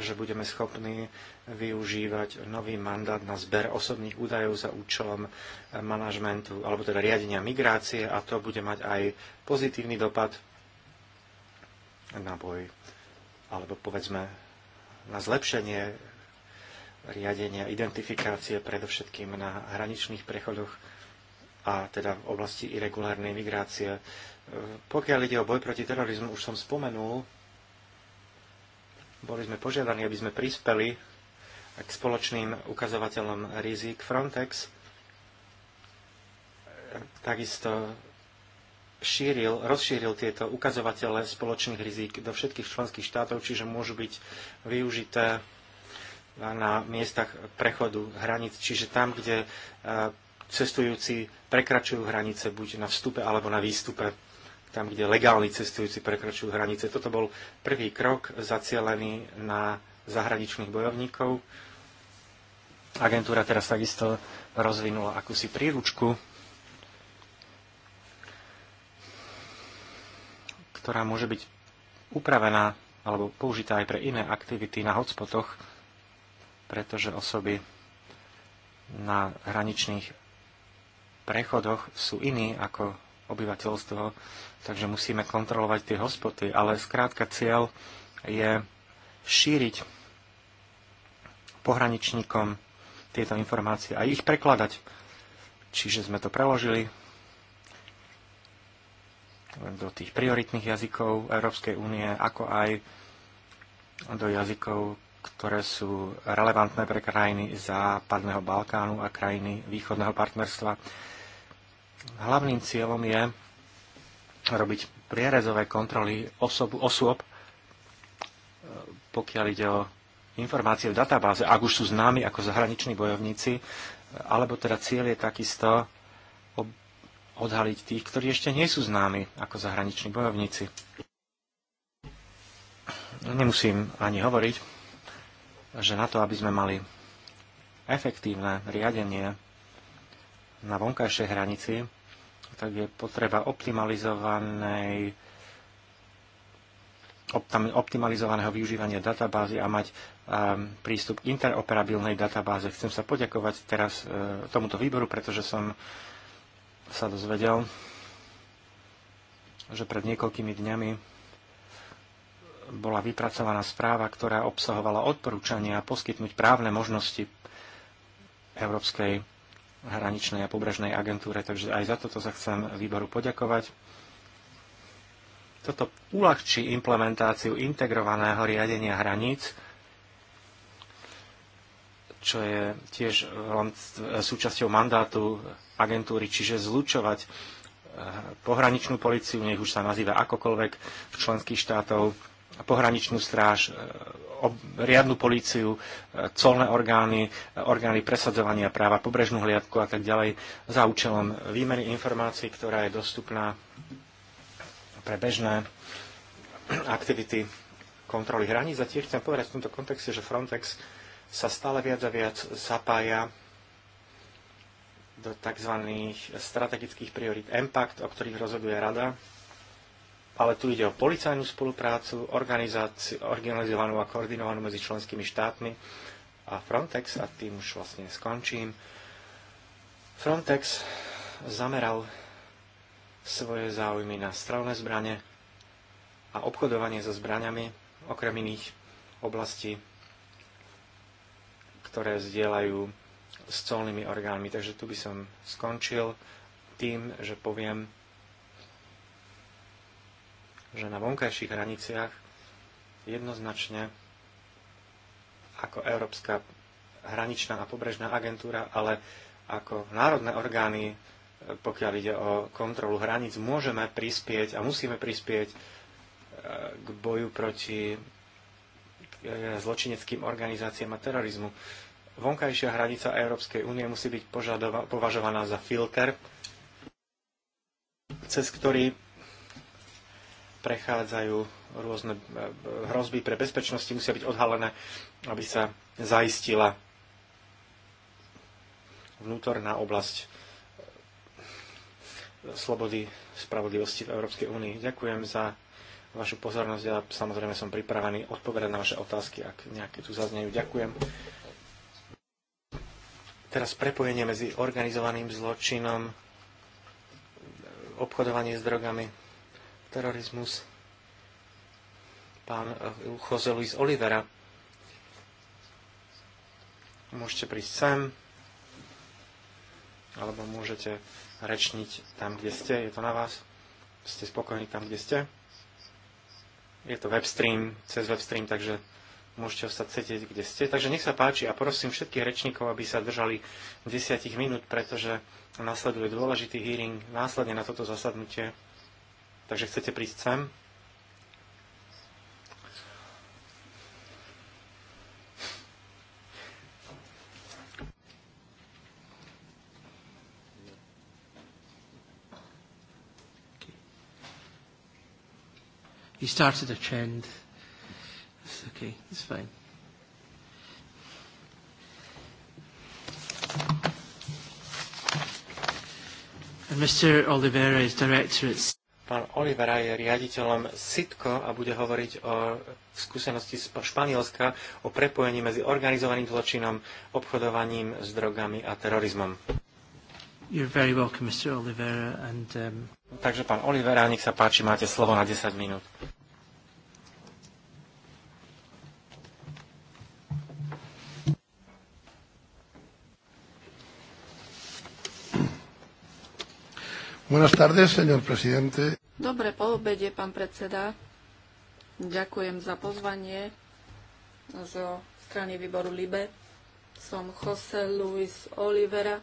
že budeme schopní využívať nový mandát na zber osobných údajov za účelom eh, manažmentu, alebo teda riadenia migrácie a to bude mať aj pozitívny dopad na boj, alebo povedzme na zlepšenie riadenia identifikácie predovšetkým na hraničných prechodoch a teda v oblasti irregulárnej migrácie. E, pokiaľ ide o boj proti terorizmu, už som spomenul, boli sme požiadaní, aby sme prispeli k spoločným ukazovateľom rizik Frontex. E, takisto šíril, rozšíril tieto ukazovatele spoločných rizik do všetkých členských štátov, čiže môžu byť využité na miestach prechodu hraníc, čiže tam, kde e, cestujúci prekračujú hranice buď na vstupe alebo na výstupe, tam, kde legálni cestujúci prekračujú hranice. Toto bol prvý krok zacielený na zahraničných bojovníkov. Agentúra teraz takisto rozvinula akúsi príručku, ktorá môže byť upravená alebo použitá aj pre iné aktivity na hotspotoch, pretože osoby na hraničných prechodoch sú iní ako obyvateľstvo, takže musíme kontrolovať tie hospody. Ale skrátka cieľ je šíriť pohraničníkom tieto informácie a ich prekladať. Čiže sme to preložili do tých prioritných jazykov Európskej únie, ako aj do jazykov, ktoré sú relevantné pre krajiny západného Balkánu a krajiny východného partnerstva. Hlavným cieľom je robiť prierezové kontroly osob, osôb, e, pokiaľ ide o informácie v databáze, ak už sú známi ako zahraniční bojovníci, e, alebo teda cieľ je takisto odhaliť tých, ktorí ešte nie sú známi ako zahraniční bojovníci. Nemusím ani hovoriť, že na to, aby sme mali efektívne riadenie na vonkajšej hranici, tak je potreba optimalizovanej optimalizovaného využívania databázy a mať ehm, prístup k interoperabilnej databáze. Chcem sa poďakovať teraz e, tomuto výboru, pretože som sa dozvedel, že pred niekoľkými dňami bola vypracovaná správa, ktorá obsahovala odporúčania poskytnúť právne možnosti Európskej hraničnej a pobrežnej agentúre, takže aj za toto sa chcem výboru poďakovať. Toto uľahčí implementáciu integrovaného riadenia hraníc, čo je tiež súčasťou mandátu agentúry, čiže zlučovať eh, pohraničnú policiu, nech už sa nazýva akokoľvek v členských štátov, pohraničnú stráž, e, riadnu políciu, e, colné orgány, e, orgány presadzovania práva, pobrežnú hliadku a tak ďalej za účelom výmeny informácií, ktorá je dostupná pre bežné aktivity kontroly hraníc. A tiež chcem povedať v tomto kontexte, že Frontex sa stále viac a viac zapája do tzv. strategických priorít Impact, o ktorých rozhoduje Rada ale tu ide o policajnú spoluprácu, organizovanú a koordinovanú medzi členskými štátmi a Frontex, a tým už vlastne skončím. Frontex zameral svoje záujmy na strelné zbranie a obchodovanie so zbraniami, okrem iných oblastí, ktoré zdieľajú s colnými orgánmi. Takže tu by som skončil tým, že poviem, že na vonkajších hraniciach jednoznačne ako Európska hraničná a pobrežná agentúra, ale ako národné orgány, e, pokiaľ ide o kontrolu hraníc, môžeme prispieť a musíme prispieť e, k boju proti e, zločineckým organizáciám a terorizmu. Vonkajšia hranica Európskej únie musí byť považovaná za filter, cez ktorý prechádzajú rôzne e, hrozby pre bezpečnosti, musia byť odhalené, aby sa zaistila vnútorná oblasť e, slobody, spravodlivosti v Európskej únii. Ďakujem za vašu pozornosť a ja samozrejme som pripravený odpovedať na vaše otázky, ak nejaké tu zaznejú. Ďakujem. Teraz prepojenie medzi organizovaným zločinom, obchodovanie s drogami terorizmus pán eh, Jose Luis Olivera. Môžete prísť sem, alebo môžete rečniť tam, kde ste, je to na vás. Ste spokojní tam, kde ste. Je to webstream, cez webstream, takže môžete ostať sedieť, kde ste. Takže nech sa páči a prosím všetkých rečníkov, aby sa držali 10 minút, pretože nasleduje dôležitý hearing následne na toto zasadnutie. Takže chcete prísť sem? You started a trend. It's okay, it's fine. And Mr. Oliveira is director at Pán Olivera je riaditeľom Sitko a bude hovoriť o skúsenosti z Španielska, o prepojení medzi organizovaným zločinom, obchodovaním s drogami a terorizmom. You're very welcome, Mr. Olivera, and, um... Takže pán Olivera, nech sa páči, máte slovo na 10 minút. Buenas tardes, señor presidente. Dobre po obede, pán predseda. Ďakujem za pozvanie zo strany výboru LIBE. Som Jose Luis Olivera.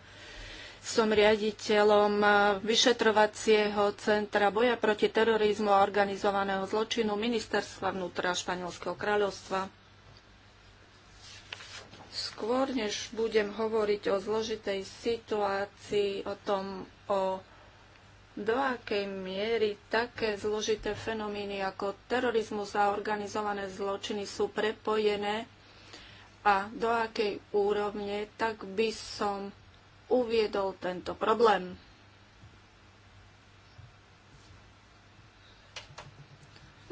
Som riaditeľom vyšetrovacieho centra boja proti terorizmu a organizovaného zločinu Ministerstva vnútra Španielského kráľovstva. Skôr, než budem hovoriť o zložitej situácii, o tom, o do akej miery také zložité fenomény ako terorizmus a organizované zločiny sú prepojené a do akej úrovne, tak by som uviedol tento problém.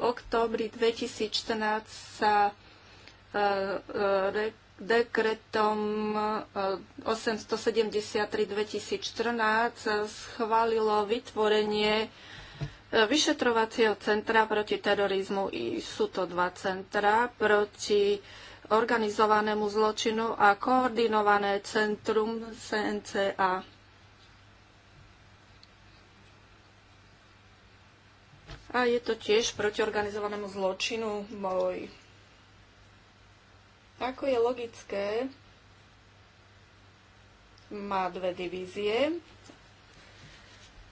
V októbri 2014 sa uh, uh, dekretom 873-2014 eh, schválilo vytvorenie eh, vyšetrovacieho centra proti terorizmu. I sú to dva centra proti organizovanému zločinu a koordinované centrum CNCA. A je to tiež proti organizovanému zločinu môj ako je logické, má dve divízie.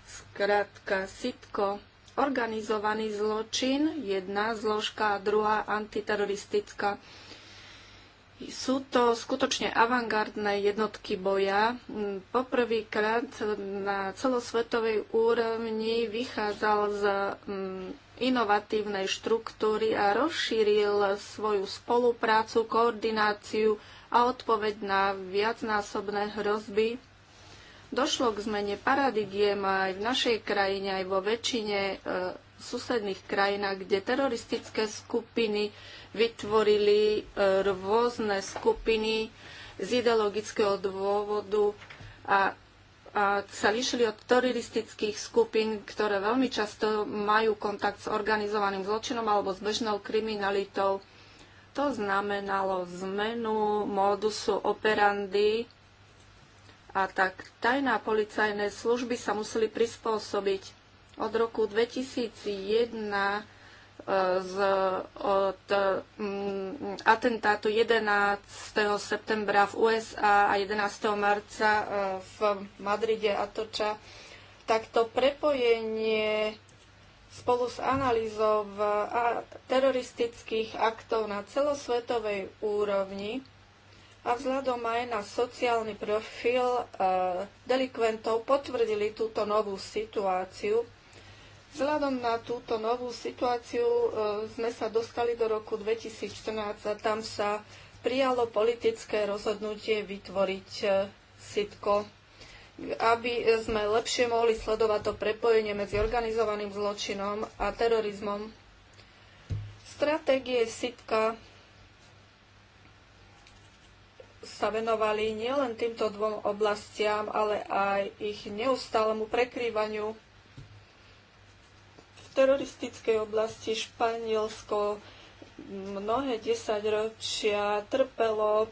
Skrátka sitko organizovaný zločin, jedna zložka a druhá antiteroristická. Sú to skutočne avangardné jednotky boja. Poprvýkrát na celosvetovej úrovni vychádzal z mm, inovatívnej štruktúry a rozšíril svoju spoluprácu, koordináciu a odpoveď na viacnásobné hrozby. Došlo k zmene paradigiem aj v našej krajine, aj vo väčšine e, susedných krajinách, kde teroristické skupiny vytvorili e, rôzne skupiny z ideologického dôvodu a sa líšili od teroristických skupín, ktoré veľmi často majú kontakt s organizovaným zločinom alebo s bežnou kriminalitou. To znamenalo zmenu módusu operandy a tak tajná policajné služby sa museli prispôsobiť. Od roku 2001 z, od m, mm, atentátu 11. septembra v USA a 11. marca e, v Madride a Toča, tak to prepojenie spolu s analýzou teroristických aktov na celosvetovej úrovni a vzhľadom aj na sociálny profil a, e, delikventov potvrdili túto novú situáciu, Vzhľadom na túto novú situáciu e, sme sa dostali do roku 2014 a tam sa prijalo politické rozhodnutie vytvoriť e, sitko, aby sme lepšie mohli sledovať to prepojenie medzi organizovaným zločinom a terorizmom. Stratégie sitka sa venovali nielen týmto dvom oblastiam, ale aj ich neustálemu prekrývaniu teroristickej oblasti Španielsko mnohé desaťročia trpelo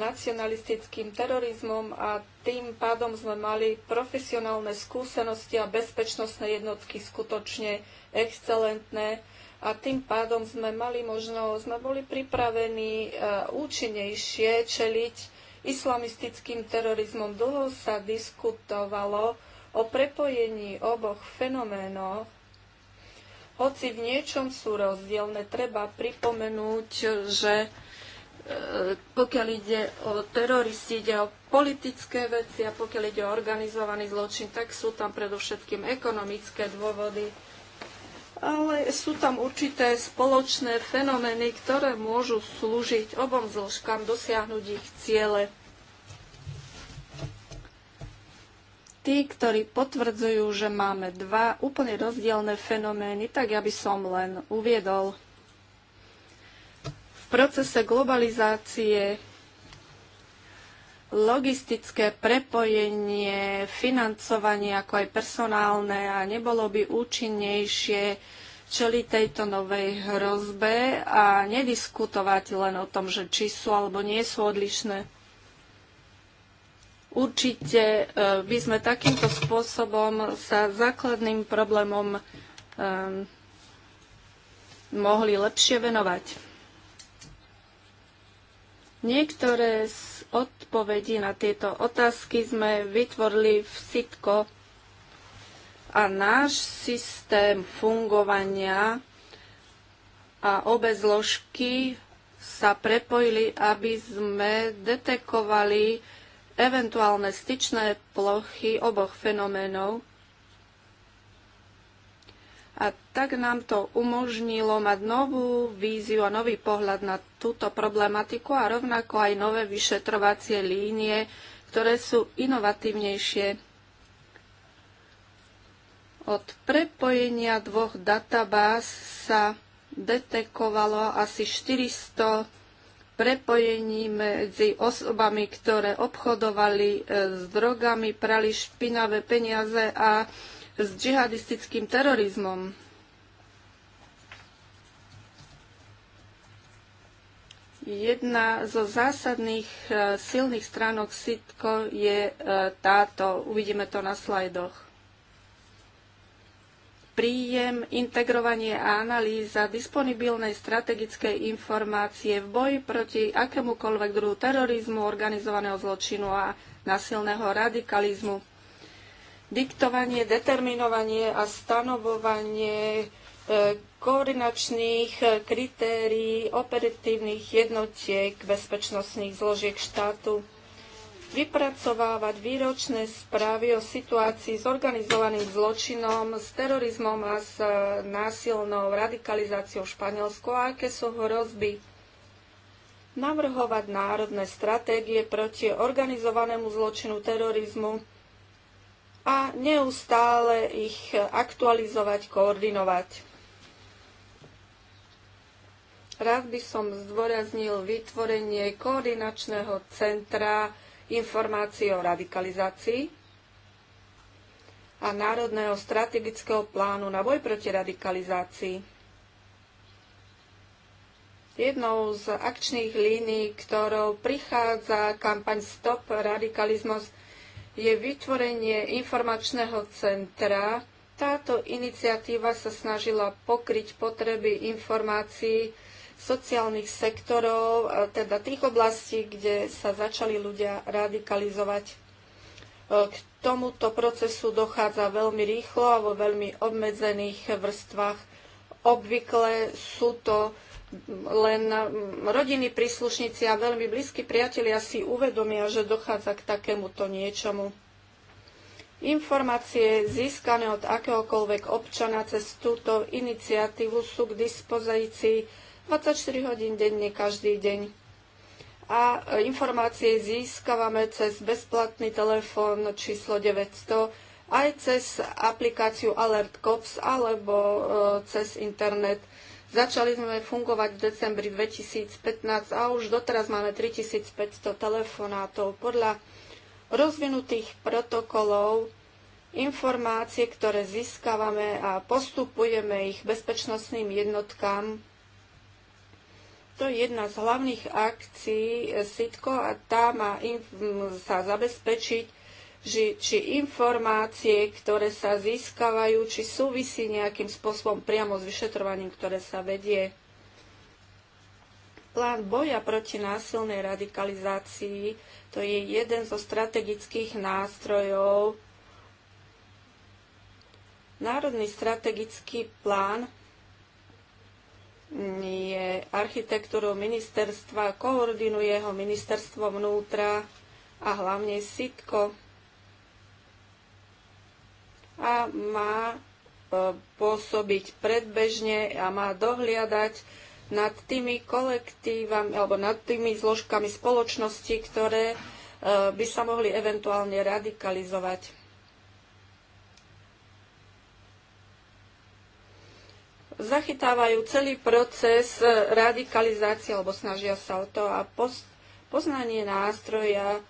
nacionalistickým terorizmom a tým pádom sme mali profesionálne skúsenosti a bezpečnostné jednotky skutočne excelentné a tým pádom sme mali možno, sme boli pripravení e, účinnejšie čeliť islamistickým terorizmom. Dlho sa diskutovalo o prepojení oboch fenoménov hoci v niečom sú rozdielne, treba pripomenúť, že e, pokiaľ ide o teroristi, ide o politické veci a pokiaľ ide o organizovaný zločin, tak sú tam predovšetkým ekonomické dôvody. Ale sú tam určité spoločné fenomény, ktoré môžu slúžiť obom zložkám dosiahnuť ich ciele. tí, ktorí potvrdzujú, že máme dva úplne rozdielne fenomény, tak ja by som len uviedol. V procese globalizácie logistické prepojenie, financovanie, ako aj personálne a nebolo by účinnejšie čeli tejto novej hrozbe a nediskutovať len o tom, že či sú alebo nie sú odlišné. Určite e, by sme takýmto spôsobom sa základným problémom um, mohli lepšie venovať. Niektoré z odpovedí na tieto otázky sme vytvorili v sitko a náš systém fungovania a obe zložky sa prepojili, aby sme detekovali eventuálne styčné plochy oboch fenoménov. A tak nám to umožnilo mať novú víziu a nový pohľad na túto problematiku a rovnako aj nové vyšetrovacie línie, ktoré sú inovatívnejšie od prepojenia dvoch databáz sa detekovalo asi 400 prepojení medzi osobami, ktoré obchodovali e, s drogami, prali špinavé peniaze a s džihadistickým terorizmom. Jedna zo zásadných e, silných stránok sitko je e, táto. Uvidíme to na slajdoch príjem, integrovanie a analýza disponibilnej strategickej informácie v boji proti akémukoľvek druhu terorizmu, organizovaného zločinu a nasilného radikalizmu. Diktovanie, determinovanie a stanovovanie e, koordinačných e, kritérií operatívnych jednotiek bezpečnostných zložiek štátu vypracovávať výročné správy o situácii s organizovaným zločinom, s terorizmom a s e, násilnou radikalizáciou v Španielsku a aké sú hrozby navrhovať národné stratégie proti organizovanému zločinu terorizmu a neustále ich aktualizovať, koordinovať. Rád by som zdôraznil vytvorenie koordinačného centra informácií o radikalizácii a Národného strategického plánu na boj proti radikalizácii. Jednou z akčných línií, ktorou prichádza kampaň Stop radikalizmus, je vytvorenie informačného centra. Táto iniciatíva sa snažila pokryť potreby informácií sociálnych sektorov, teda tých oblastí, kde sa začali ľudia radikalizovať. E, k tomuto procesu dochádza veľmi rýchlo a vo veľmi obmedzených vrstvách. Obvykle sú to len rodiny príslušníci a veľmi blízki priatelia si uvedomia, že dochádza k takémuto niečomu. Informácie získané od akéhokoľvek občana cez túto iniciatívu sú k dispozícii 24 hodín denne, každý deň. A e, informácie získavame cez bezplatný telefón číslo 900, aj cez aplikáciu Alert Cops alebo e, cez internet. Začali sme fungovať v decembri 2015 a už doteraz máme 3500 telefonátov. Podľa rozvinutých protokolov informácie, ktoré získavame a postupujeme ich bezpečnostným jednotkám, to je jedna z hlavných akcií SITKO a tá má sa zabezpečiť, že, či informácie, ktoré sa získavajú, či súvisí nejakým spôsobom priamo s vyšetrovaním, ktoré sa vedie. Plán boja proti násilnej radikalizácii to je jeden zo strategických nástrojov. Národný strategický plán je architektúrou ministerstva, koordinuje ho ministerstvo vnútra a hlavne sitko a má e, pôsobiť predbežne a má dohliadať nad tými kolektívami alebo nad tými zložkami spoločnosti, ktoré e, by sa mohli eventuálne radikalizovať. zachytávajú celý proces radikalizácie, alebo snažia sa o to a poznanie nástroja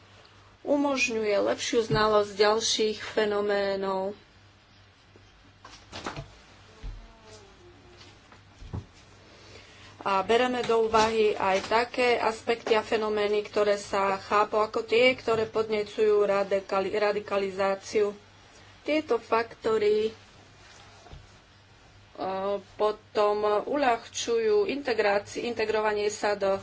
umožňuje lepšiu znalosť ďalších fenoménov. A bereme do úvahy aj také aspekty a fenomény, ktoré sa chápu ako tie, ktoré podnecujú radikalizáciu. Tieto faktory E, potom uľahčujú integrovanie sa do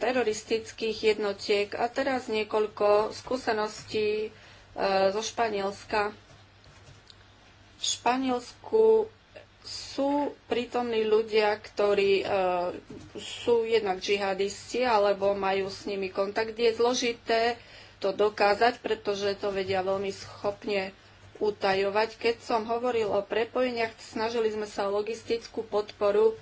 teroristických jednotiek. A teraz niekoľko skúseností e, zo Španielska. V Španielsku sú prítomní ľudia, ktorí e, sú jednak džihadisti alebo majú s nimi kontakt. Je zložité to dokázať, pretože to vedia veľmi schopne utajovať. Keď som hovoril o prepojeniach, snažili sme sa o logistickú podporu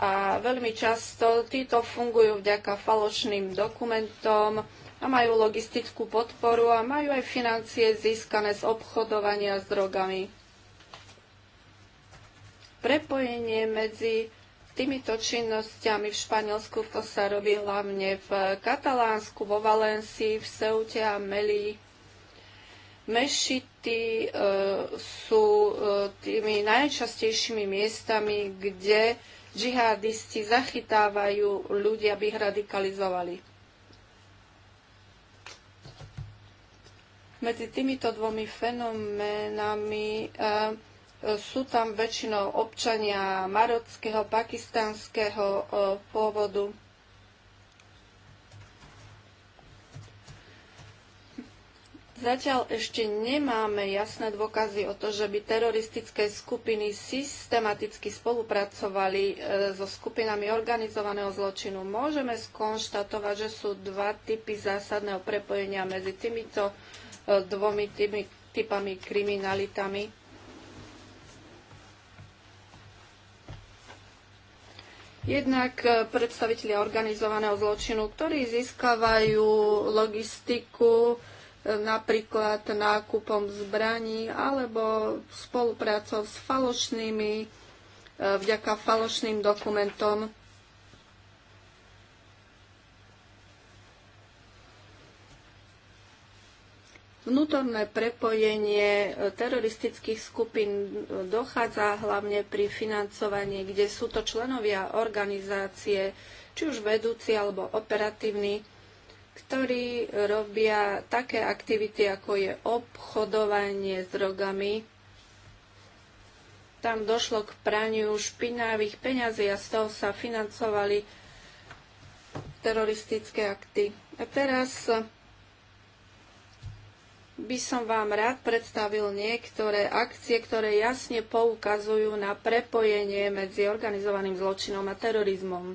a veľmi často títo fungujú vďaka falošným dokumentom a majú logistickú podporu a majú aj financie získané z obchodovania s drogami. Prepojenie medzi týmito činnosťami v Španielsku to sa robí hlavne v Katalánsku, vo Valencii, v Seute a Melii. Mešity e, sú e, tými najčastejšími miestami, kde džihadisti zachytávajú ľudia, aby ich radikalizovali. Medzi týmito dvomi fenoménami e, sú tam väčšinou občania marockého, e, pôvodu. Zatiaľ ešte nemáme jasné dôkazy o to, že by teroristické skupiny systematicky spolupracovali e, so skupinami organizovaného zločinu. Môžeme skonštatovať, že sú dva typy zásadného prepojenia medzi týmito e, dvomi tými typami kriminalitami. Jednak e, predstavitelia organizovaného zločinu, ktorí získavajú logistiku, napríklad nákupom zbraní alebo spoluprácou s falošnými, e, vďaka falošným dokumentom. Vnútorné prepojenie e, teroristických skupín e, dochádza hlavne pri financovaní, kde sú to členovia organizácie, či už vedúci alebo operatívni ktorí robia také aktivity, ako je obchodovanie s drogami. Tam došlo k praniu špinavých peňazí a z toho sa financovali teroristické akty. A teraz by som vám rád predstavil niektoré akcie, ktoré jasne poukazujú na prepojenie medzi organizovaným zločinom a terorizmom.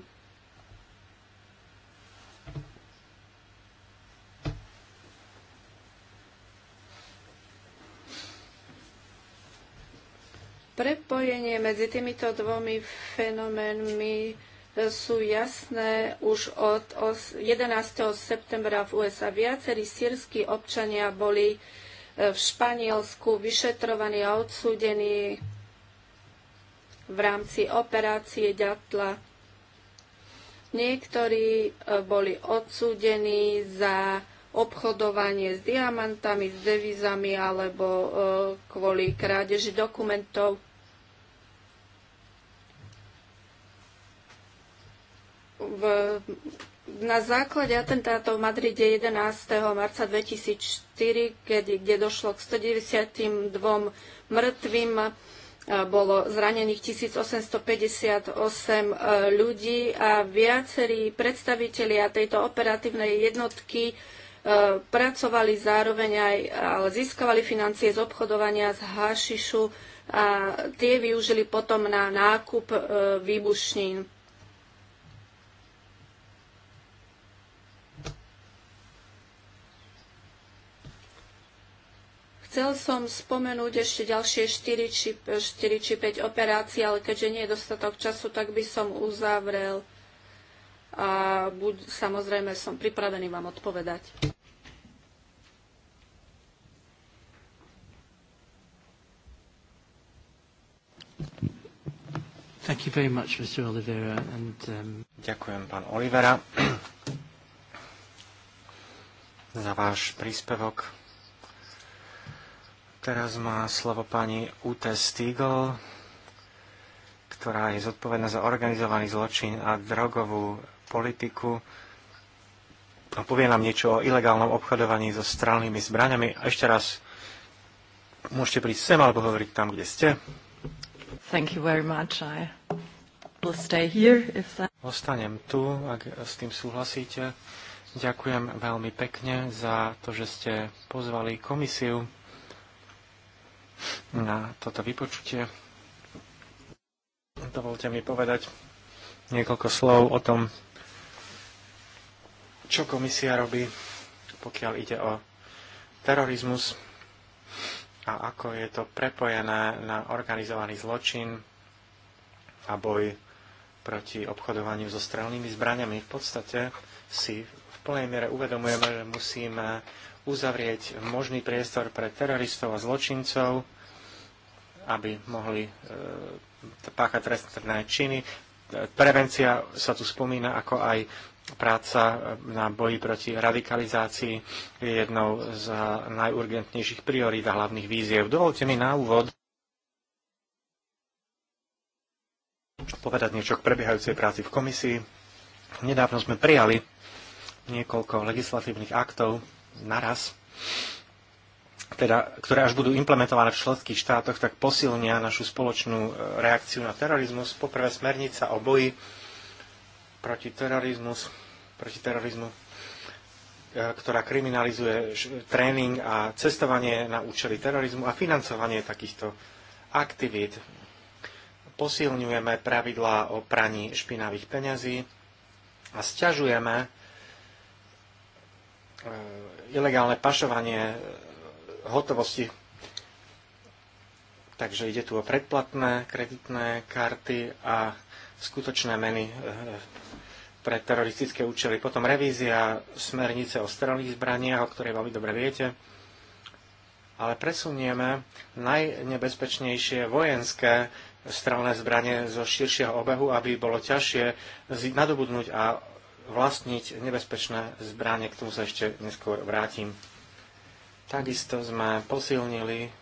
Prepojenie medzi týmito dvomi fenoménmi e, sú jasné už od 11. septembra v USA. Viacerí sírsky občania boli e, v Španielsku vyšetrovaní a odsúdení v rámci operácie Ďatla. Niektorí e, boli odsúdení za obchodovanie s diamantami, s devizami alebo kvôli krádeži dokumentov. v, na základe atentátov v Madride 11. marca 2004, kedy, kde došlo k 192 mŕtvým, bolo zranených 1858 e, ľudí a viacerí predstavitelia tejto operatívnej jednotky e, pracovali zároveň aj, ale získavali financie z obchodovania z hašišu a tie využili potom na nákup e, výbušnín. Chcel som spomenúť ešte ďalšie 4 či, 4 či 5 operácií, ale keďže nie je dostatok času, tak by som uzavrel a buď, samozrejme som pripravený vám odpovedať. Thank you very much, Mr. Oliveira. And, um... Ďakujem, pán Olivera, [clears throat] za váš príspevok. Teraz má slovo pani Ute Stiegel, ktorá je zodpovedná za organizovaný zločin a drogovú politiku. A povie nám niečo o ilegálnom obchodovaní so strálnymi zbraňami. A ešte raz môžete prísť sem alebo hovoriť tam, kde ste. Thank you very much. I will stay here if that... Ostanem tu, ak s tým súhlasíte. Ďakujem veľmi pekne za to, že ste pozvali komisiu na toto vypočutie. Dovolte mi povedať niekoľko slov o tom, čo komisia robí, pokiaľ ide o terorizmus a ako je to prepojené na organizovaný zločin a boj proti obchodovaniu so strelnými zbraniami. V podstate si v plnej miere uvedomujeme, že musíme uzavrieť možný priestor pre teroristov a zločincov, aby mohli e, páchať trestné činy. Prevencia sa tu spomína ako aj práca na boji proti radikalizácii je jednou z najurgentnejších priorít a hlavných víziev. Dovolte mi na úvod povedať niečo k prebiehajúcej práci v komisii. Nedávno sme prijali niekoľko legislatívnych aktov, naraz, teda, ktoré až budú implementované v členských štátoch, tak posilnia našu spoločnú e, reakciu na terorizmus. Poprvé smernica o boji proti, terorizmus, proti terorizmu, e, ktorá kriminalizuje tréning a cestovanie na účely terorizmu a financovanie takýchto aktivít. Posilňujeme pravidlá o praní špinavých peňazí a sťažujeme e, ilegálne pašovanie e, hotovosti. Takže ide tu o predplatné kreditné karty a skutočné meny e, pre teroristické účely. Potom revízia smernice o strelných zbraniach, o ktorej veľmi dobre viete. Ale presunieme najnebezpečnejšie vojenské strelné zbranie zo širšieho obehu, aby bolo ťažšie nadobudnúť a vlastniť nebezpečné zbranie, k tomu sa ešte neskôr vrátim. Takisto sme posilnili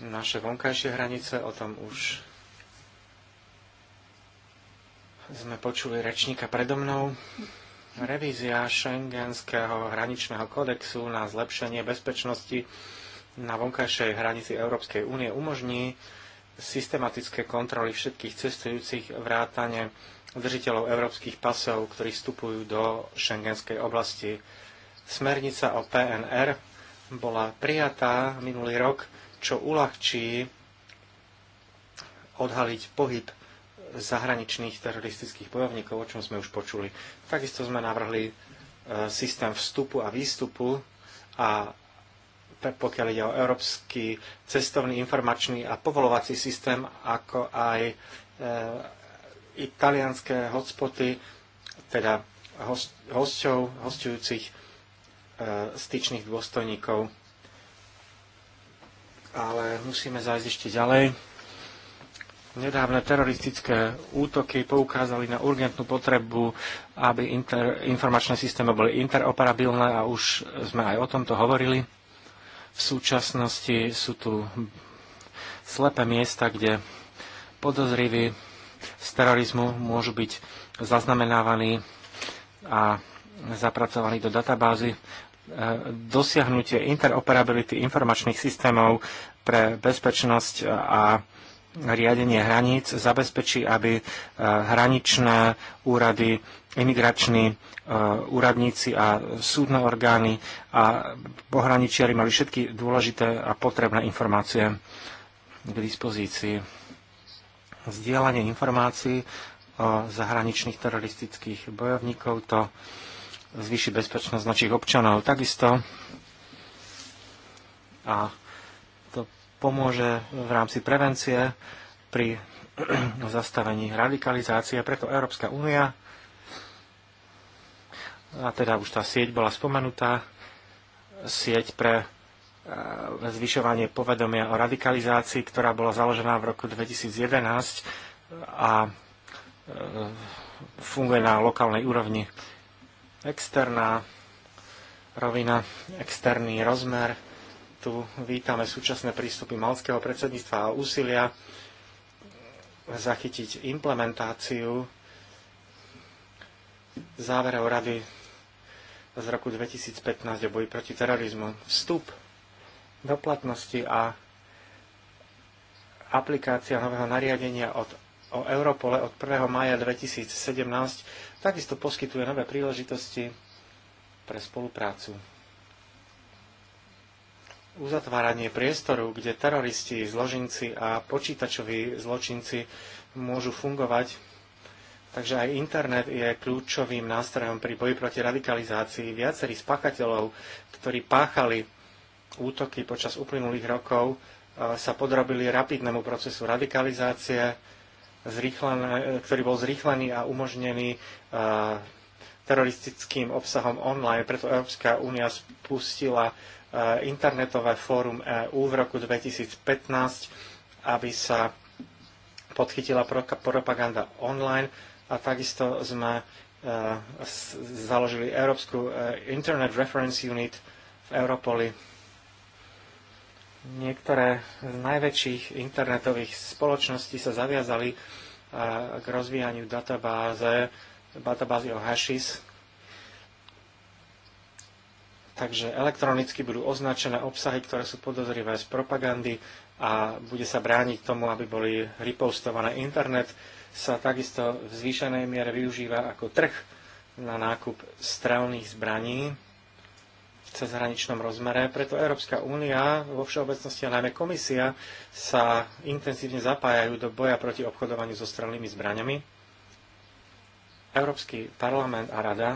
naše vonkajšie hranice, o tom už sme počuli rečníka predo mnou. Revízia šengenského hraničného kodexu na zlepšenie bezpečnosti na vonkajšej hranici Európskej únie umožní systematické kontroly všetkých cestujúcich vrátane držiteľov európskych pasov, ktorí vstupujú do šengenskej oblasti. Smernica o PNR bola prijatá minulý rok, čo uľahčí odhaliť pohyb zahraničných teroristických bojovníkov, o čom sme už počuli. Takisto sme navrhli e, systém vstupu a výstupu a pokiaľ ide o európsky cestovný, informačný a povolovací systém, ako aj e, italianské hotspoty, teda host, hostov, hostujúcich e, styčných dôstojníkov. Ale musíme zájsť ešte ďalej. Nedávne teroristické útoky poukázali na urgentnú potrebu, aby inter, informačné systémy boli interoperabilné a už sme aj o tomto hovorili. V súčasnosti sú tu slepé miesta, kde podozriví z terorizmu môžu byť zaznamenávaní a zapracovaní do databázy. E, dosiahnutie interoperability informačných systémov pre bezpečnosť a riadenie hraníc zabezpečí, aby e, hraničné úrady, imigrační e, úradníci a súdne orgány a pohraničiari mali všetky dôležité a potrebné informácie k dispozícii zdieľanie informácií o zahraničných teroristických bojovníkov, to zvýši bezpečnosť našich občanov takisto. A to pomôže v rámci prevencie pri [clears throat] zastavení radikalizácie. Preto Európska únia, a teda už tá sieť bola spomenutá, sieť pre zvyšovanie povedomia o radikalizácii, ktorá bola založená v roku 2011 a e, funguje na lokálnej úrovni. Externá rovina, externý rozmer. Tu vítame súčasné prístupy malského predsedníctva a úsilia zachytiť implementáciu záverov Rady z roku 2015 o boji proti terorizmu. Vstup do platnosti a aplikácia nového nariadenia od, o Europole od 1. maja 2017 takisto poskytuje nové príležitosti pre spoluprácu. Uzatváranie priestoru, kde teroristi, zložinci a počítačoví zločinci môžu fungovať, takže aj internet je kľúčovým nástrojom pri boji proti radikalizácii. Viacerí spáchateľov, ktorí páchali útoky počas uplynulých rokov e, sa podrobili rapidnému procesu radikalizácie, ktorý bol zrýchlený a umožnený e, teroristickým obsahom online. Preto Európska únia spustila e, internetové fórum EU v roku 2015, aby sa podchytila propaganda online a takisto sme založili Európsku Internet Reference Unit v Europoli Niektoré z najväčších internetových spoločností sa zaviazali e, k rozvíjaniu databáze, databázy o hashes, takže elektronicky budú označené obsahy, ktoré sú podozrivé z propagandy a bude sa brániť tomu, aby boli ripostované. Internet sa takisto v zvýšenej miere využíva ako trh na nákup strelných zbraní cezhraničnom rozmere. Preto Európska únia vo všeobecnosti a najmä komisia sa intenzívne zapájajú do boja proti obchodovaniu so strelnými zbraniami. Európsky parlament a rada,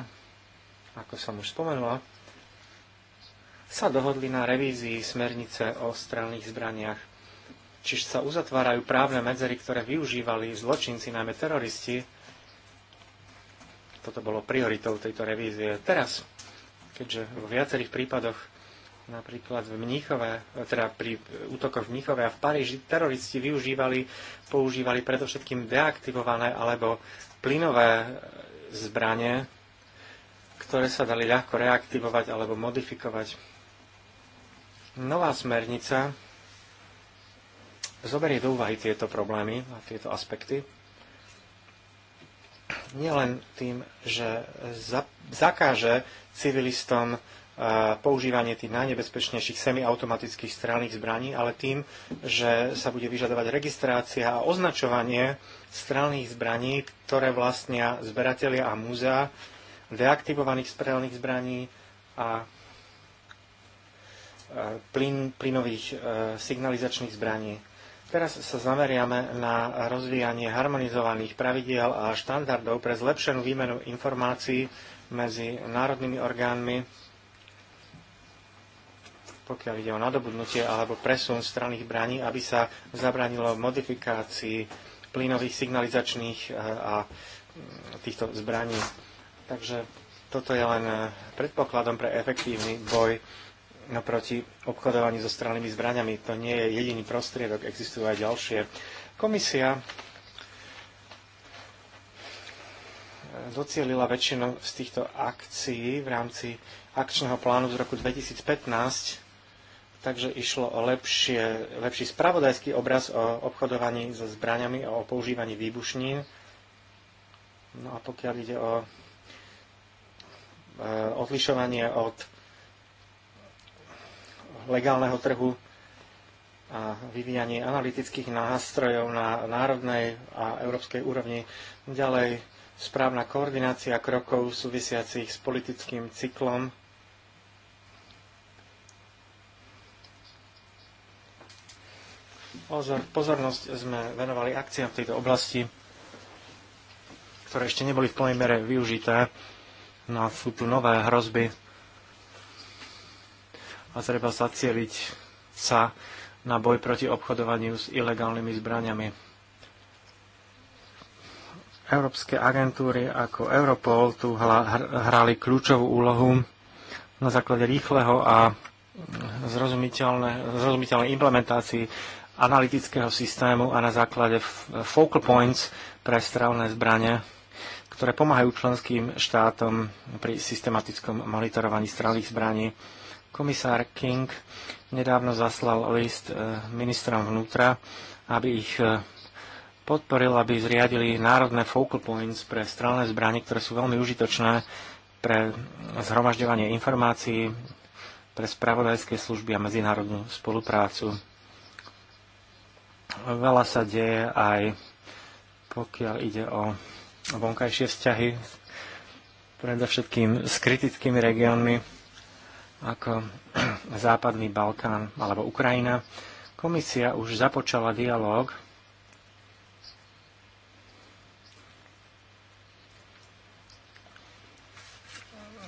ako som už spomenula, sa dohodli na revízii smernice o strelných zbraniach. Čiže sa uzatvárajú právne medzery, ktoré využívali zločinci, najmä teroristi. Toto bolo prioritou tejto revízie. Teraz keďže vo viacerých prípadoch napríklad v Mníchove, teda pri útokoch v Mníchove a v Paríži teroristi využívali, používali predovšetkým deaktivované alebo plynové zbranie, ktoré sa dali ľahko reaktivovať alebo modifikovať. Nová smernica zoberie do úvahy tieto problémy a tieto aspekty nielen tým, že za, zakáže civilistom e, používanie tých najnebezpečnejších semiautomatických strelných zbraní, ale tým, že sa bude vyžadovať registrácia a označovanie strelných zbraní, ktoré vlastnia zberatelia a múzea, deaktivovaných strelných zbraní a e, plynových e, signalizačných zbraní. Teraz sa zameriame na rozvíjanie harmonizovaných pravidiel a štandardov pre zlepšenú výmenu informácií medzi národnými orgánmi, pokiaľ ide o nadobudnutie alebo presun stranných braní, aby sa zabránilo modifikácii plynových signalizačných e, a mm, týchto zbraní. Takže toto je len e, predpokladom pre efektívny boj No proti obchodovaniu so strannými zbraniami. To nie je jediný prostriedok, existujú aj ďalšie. Komisia eh, docielila väčšinu z týchto akcií v rámci akčného plánu z roku 2015, takže išlo o lepšie, lepší spravodajský obraz o obchodovaní so zbraniami a o používaní výbušnín. No a pokiaľ ide o eh, odlišovanie od legálneho trhu a vyvíjanie analytických nástrojov na národnej a európskej úrovni. Ďalej správna koordinácia krokov súvisiacich s politickým cyklom Pozor, pozornosť sme venovali akciám v tejto oblasti, ktoré ešte neboli v plnej mere využité. No a sú tu nové hrozby, a treba zacieliť sa na boj proti obchodovaniu s ilegálnymi zbraniami. Európske agentúry ako Europol tu hrali kľúčovú úlohu na základe rýchleho a zrozumiteľnej implementácii analytického systému a na základe focal points pre strelné zbranie, ktoré pomáhajú členským štátom pri systematickom monitorovaní strelných zbraní. Komisár King nedávno zaslal list e, ministrom vnútra, aby ich e, podporil, aby zriadili národné focal points pre strelné zbranie, ktoré sú veľmi užitočné pre zhromažďovanie informácií, pre spravodajské služby a medzinárodnú spoluprácu. Veľa sa deje aj pokiaľ ide o vonkajšie vzťahy, predovšetkým s kritickými regiónmi ako [clears throat] Západný Balkán alebo Ukrajina, komisia už započala dialog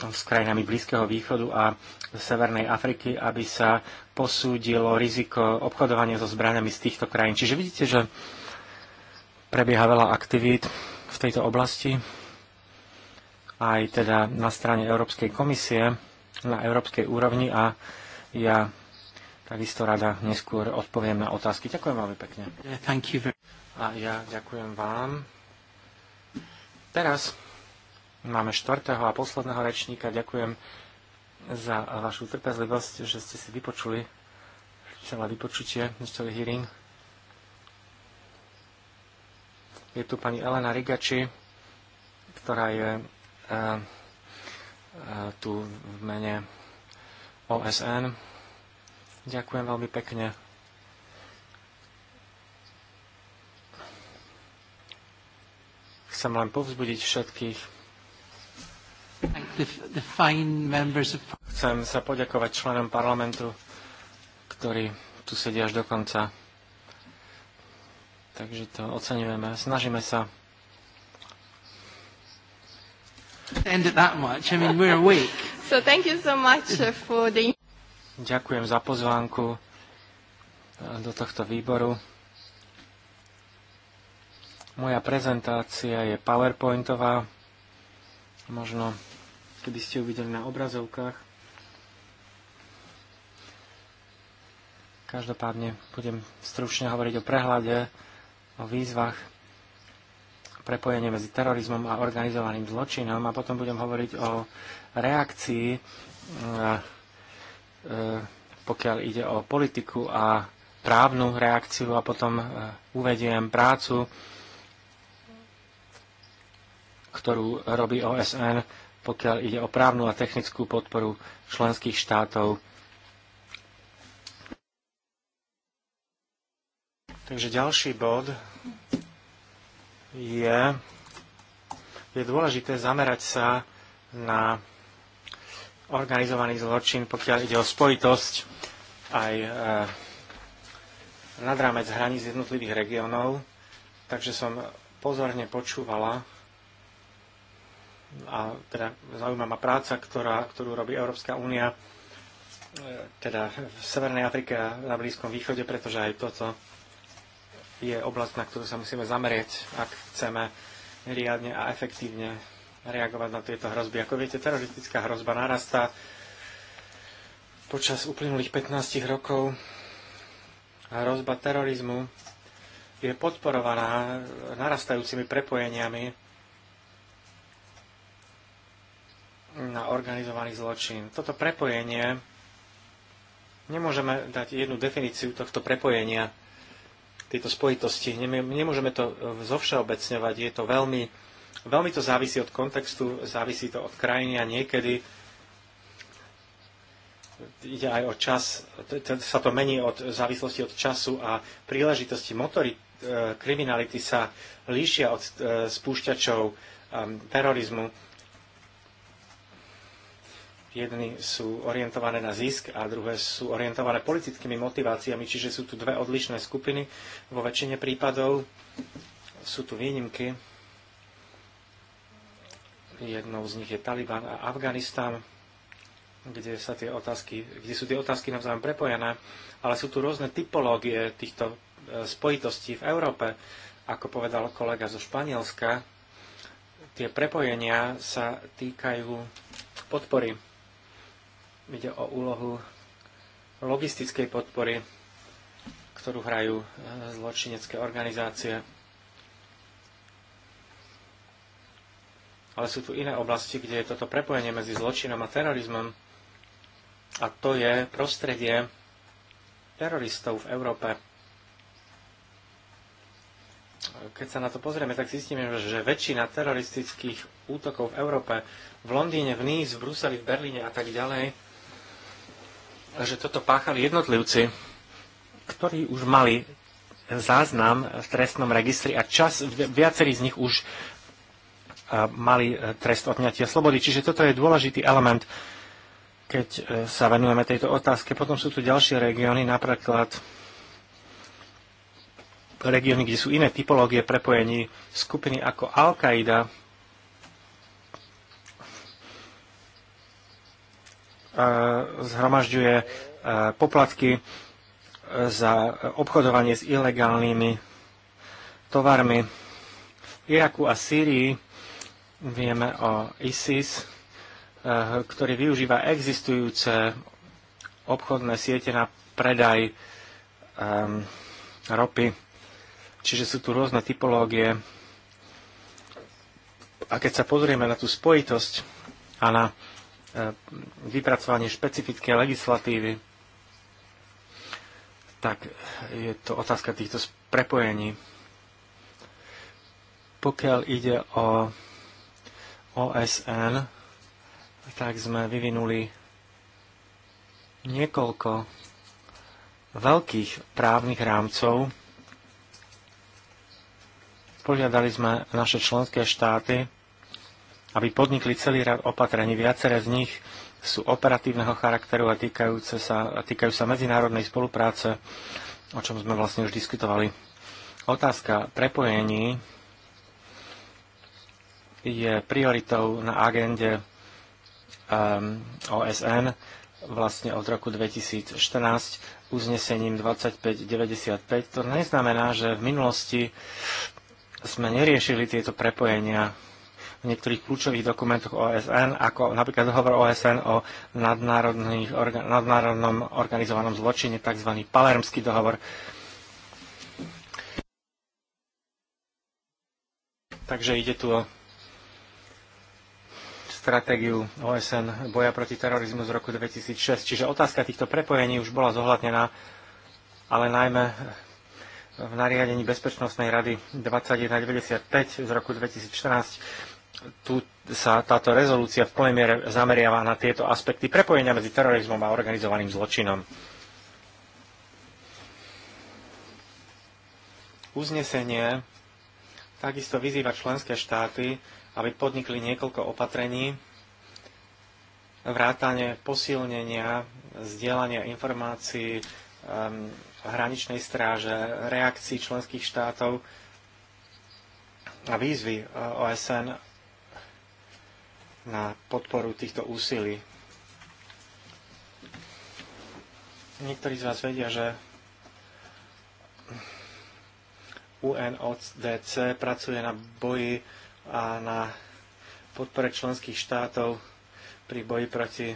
s krajinami Blízkeho východu a Severnej Afriky, aby sa posúdilo riziko obchodovania so zbraniami z týchto krajín. Čiže vidíte, že prebieha veľa aktivít v tejto oblasti, aj teda na strane Európskej komisie na európskej úrovni a ja takisto rada neskôr odpoviem na otázky. Ďakujem veľmi pekne. A ja ďakujem vám. Teraz máme štvrtého a posledného rečníka. Ďakujem za vašu trpezlivosť, že ste si vypočuli celé vypočutie, celý hearing. Je tu pani Elena Rigači, ktorá je eh, tu v mene OSN. Ďakujem veľmi pekne. Chcem len povzbudiť všetkých. Chcem sa poďakovať členom parlamentu, ktorí tu sedia až do konca. Takže to oceňujeme. Snažíme sa End it that much. I mean, we're So thank you so much uh, for the... Ďakujem za pozvánku uh, do tohto výboru. Moja prezentácia je PowerPointová. Možno, keby ste ju videli na obrazovkách. Každopádne budem stručne hovoriť o prehľade, o výzvach prepojenie medzi terorizmom a organizovaným zločinom a potom budem hovoriť o reakcii, e, e, pokiaľ ide o politiku a právnu reakciu a potom e, uvediem prácu, ktorú robí OSN, pokiaľ ide o právnu a technickú podporu členských štátov Takže ďalší bod je, je dôležité zamerať sa na organizovaný zločin, pokiaľ ide o spojitosť aj e, nad rámec hraníc jednotlivých regiónov. Takže som pozorne počúvala a teda zaujímavá práca, ktorá, ktorú robí Európska únia e, teda v Severnej Afrike a na Blízkom východe, pretože aj toto je oblasť, na ktorú sa musíme zamerieť, ak chceme riadne a efektívne reagovať na tieto hrozby. Ako viete, teroristická hrozba narastá počas uplynulých 15 rokov. Hrozba terorizmu je podporovaná narastajúcimi prepojeniami na organizovaný zločin. Toto prepojenie nemôžeme dať jednu definíciu tohto prepojenia tieto spojitosti. Nemôžeme to eh, zovšeobecňovať, je to veľmi, veľmi to závisí od kontextu, závisí to od krajiny a niekedy ide aj o čas, sa to mení od závislosti od času a príležitosti. Motory eh, kriminality sa líšia od eh, spúšťačov terorizmu Jedny sú orientované na zisk a druhé sú orientované politickými motiváciami, čiže sú tu dve odlišné skupiny. Vo väčšine prípadov sú tu výnimky. Jednou z nich je Taliban a Afganistan, kde, sa tie otázky, kde sú tie otázky navzájom prepojené, ale sú tu rôzne typológie týchto e, spojitostí v Európe. Ako povedal kolega zo Španielska, tie prepojenia sa týkajú podpory Ide o úlohu logistickej podpory, ktorú hrajú e, zločinecké organizácie. Ale sú tu iné oblasti, kde je toto prepojenie medzi zločinom a terorizmom. A to je prostredie teroristov v Európe. Keď sa na to pozrieme, tak zistíme, že väčšina teroristických útokov v Európe, v Londýne, v Nice, v Bruseli, v Berlíne a tak ďalej, že toto páchali jednotlivci, ktorí už mali záznam v trestnom registri a čas, viacerí z nich už e, mali e, trest odňatia slobody. Čiže toto je dôležitý element, keď e, sa venujeme tejto otázke. Potom sú tu ďalšie regióny, napríklad regióny, kde sú iné typológie prepojení skupiny ako Al-Qaida, E, zhromažďuje e, poplatky e, za obchodovanie s ilegálnymi tovarmi. V Iraku a Sýrii vieme o ISIS, ktorý využíva existujúce obchodné siete na predaj um, ropy. Čiže sú tu rôzne typológie. A keď sa pozrieme na tú spojitosť a na E, vypracovanie špecifické legislatívy, tak je to otázka týchto prepojení. Pokiaľ ide o OSN, tak sme vyvinuli niekoľko veľkých právnych rámcov. Požiadali sme naše členské štáty, aby podnikli celý rad opatrení. Viaceré z nich sú operatívneho charakteru a, týkajúce sa, a týkajú sa medzinárodnej spolupráce, o čom sme vlastne už diskutovali. Otázka prepojení je prioritou na agende um, ehm, OSN vlastne od roku 2014 uznesením 2595. To neznamená, že v minulosti sme neriešili tieto prepojenia niektorých kľúčových dokumentoch OSN, ako napríklad dohovor OSN o orga, nadnárodnom organizovanom zločine, tzv. Palermský dohovor. Takže ide tu o stratégiu OSN boja proti terorizmu z roku 2006. Čiže otázka týchto prepojení už bola zohľadnená, ale najmä v nariadení Bezpečnostnej rady 2195 z roku 2014 tu sa táto rezolúcia v plnej miere zameriava na tieto aspekty prepojenia medzi terorizmom a organizovaným zločinom. Uznesenie takisto vyzýva členské štáty, aby podnikli niekoľko opatrení vrátane posilnenia, zdieľania informácií um, hraničnej stráže, reakcií členských štátov a výzvy eh, OSN na podporu týchto úsilí. Niektorí z vás vedia, že UNODC pracuje na boji a na podpore členských štátov pri boji proti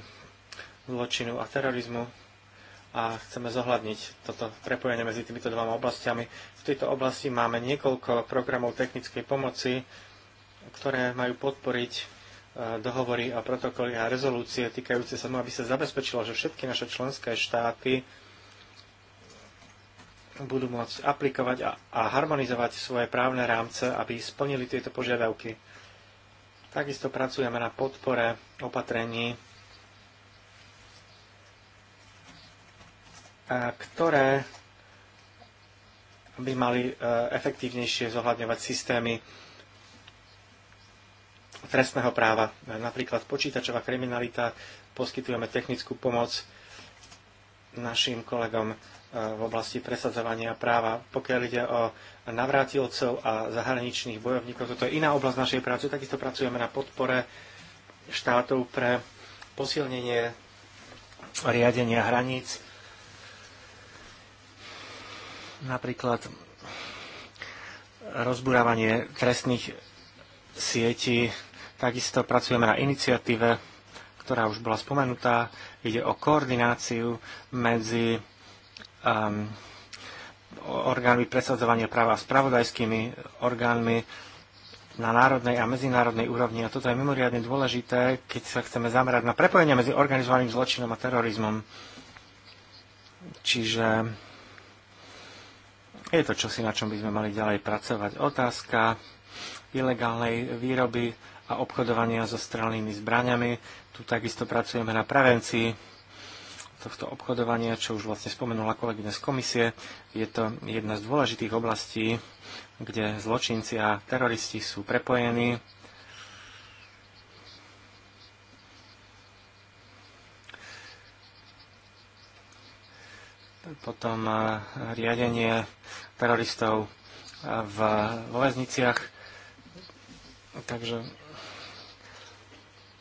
zločinu a terorizmu a chceme zohľadniť toto prepojenie medzi týmito dvoma oblastiami. V tejto oblasti máme niekoľko programov technickej pomoci, ktoré majú podporiť E, dohovory a protokoly a rezolúcie týkajúce sa tomu, no, aby sa zabezpečilo, že všetky naše členské štáty budú môcť aplikovať a, a harmonizovať svoje právne rámce, aby splnili tieto požiadavky. Takisto pracujeme na podpore opatrení, e, ktoré by mali e, efektívnejšie zohľadňovať systémy trestného práva. Napríklad počítačová kriminalita, poskytujeme technickú pomoc našim kolegom eh, v oblasti presadzovania práva. Pokiaľ ide o navrátilcov a zahraničných bojovníkov, toto je iná oblasť našej práce. Takisto pracujeme na podpore štátov pre posilnenie riadenia hraníc. Napríklad rozburávanie trestných sietí Takisto pracujeme na iniciatíve, ktorá už bola spomenutá. Ide o koordináciu medzi um, orgánmi presadzovania práva a spravodajskými orgánmi na národnej a medzinárodnej úrovni. A toto je mimoriadne dôležité, keď sa chceme zamerať na prepojenie medzi organizovaným zločinom a terorizmom. Čiže je to čosi, na čom by sme mali ďalej pracovať. Otázka ilegálnej výroby a obchodovania so strelnými zbraniami. Tu takisto pracujeme na prevencii tohto obchodovania, čo už vlastne spomenula kolegyňa z komisie. Je to jedna z dôležitých oblastí, kde zločinci a teroristi sú prepojení. Potom eh, riadenie teroristov v, väzniciach. Takže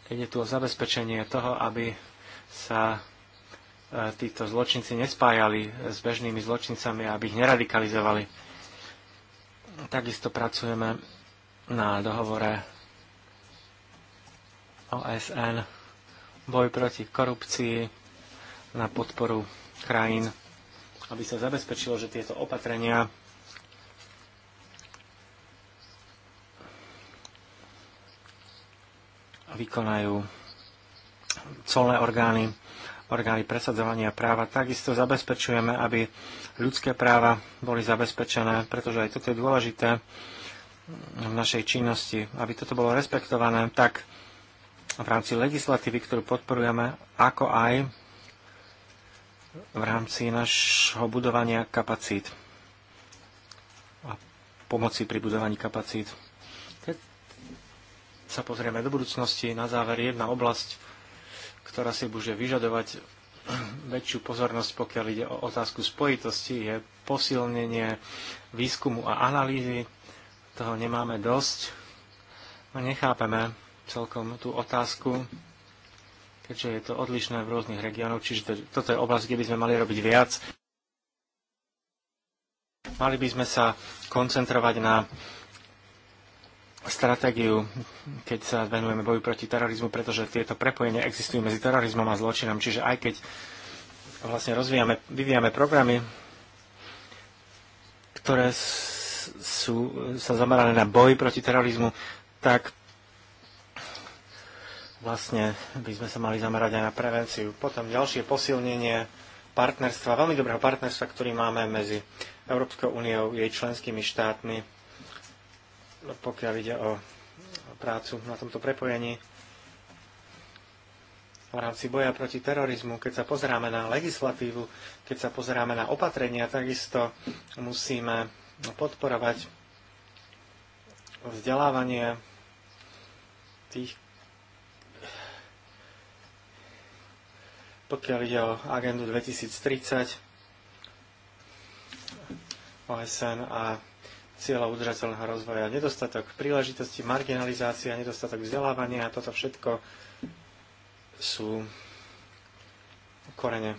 Ide tu o zabezpečenie toho, aby sa e, títo zločinci nespájali s bežnými zločincami, aby ich neradikalizovali. Takisto pracujeme na dohovore OSN boj proti korupcii na podporu krajín, aby sa zabezpečilo, že tieto opatrenia vykonajú colné orgány, orgány presadzovania práva. Takisto zabezpečujeme, aby ľudské práva boli zabezpečené, pretože aj toto je dôležité v našej činnosti, aby toto bolo respektované tak v rámci legislatívy, ktorú podporujeme, ako aj v rámci našho budovania kapacít a pomoci pri budovaní kapacít sa pozrieme do budúcnosti, na záver jedna oblasť, ktorá si bude vyžadovať [clears throat] väčšiu pozornosť, pokiaľ ide o otázku spojitosti, je posilnenie výskumu a analýzy. Toho nemáme dosť a no, nechápeme celkom tú otázku, keďže je to odlišné v rôznych regiónoch, čiže toto je oblasť, kde by sme mali robiť viac. Mali by sme sa koncentrovať na stratégiu, keď sa venujeme boju proti terorizmu, pretože tieto prepojenia existujú medzi terorizmom a zločinom. Čiže aj keď vlastne rozvíjame, vyvíjame programy, ktoré sú sa zamerané na boj proti terorizmu, tak vlastne by sme sa mali zamerať aj na prevenciu. Potom ďalšie posilnenie partnerstva, veľmi dobrého partnerstva, ktorý máme medzi Európskou úniou, jej členskými štátmi, pokiaľ ide o prácu na tomto prepojení v rámci boja proti terorizmu, keď sa pozeráme na legislatívu, keď sa pozeráme na opatrenia, takisto musíme podporovať vzdelávanie tých, pokiaľ ide o agendu 2030 OSN a cieľa udržateľného rozvoja, nedostatok príležitosti, marginalizácia, nedostatok vzdelávania, toto všetko sú korene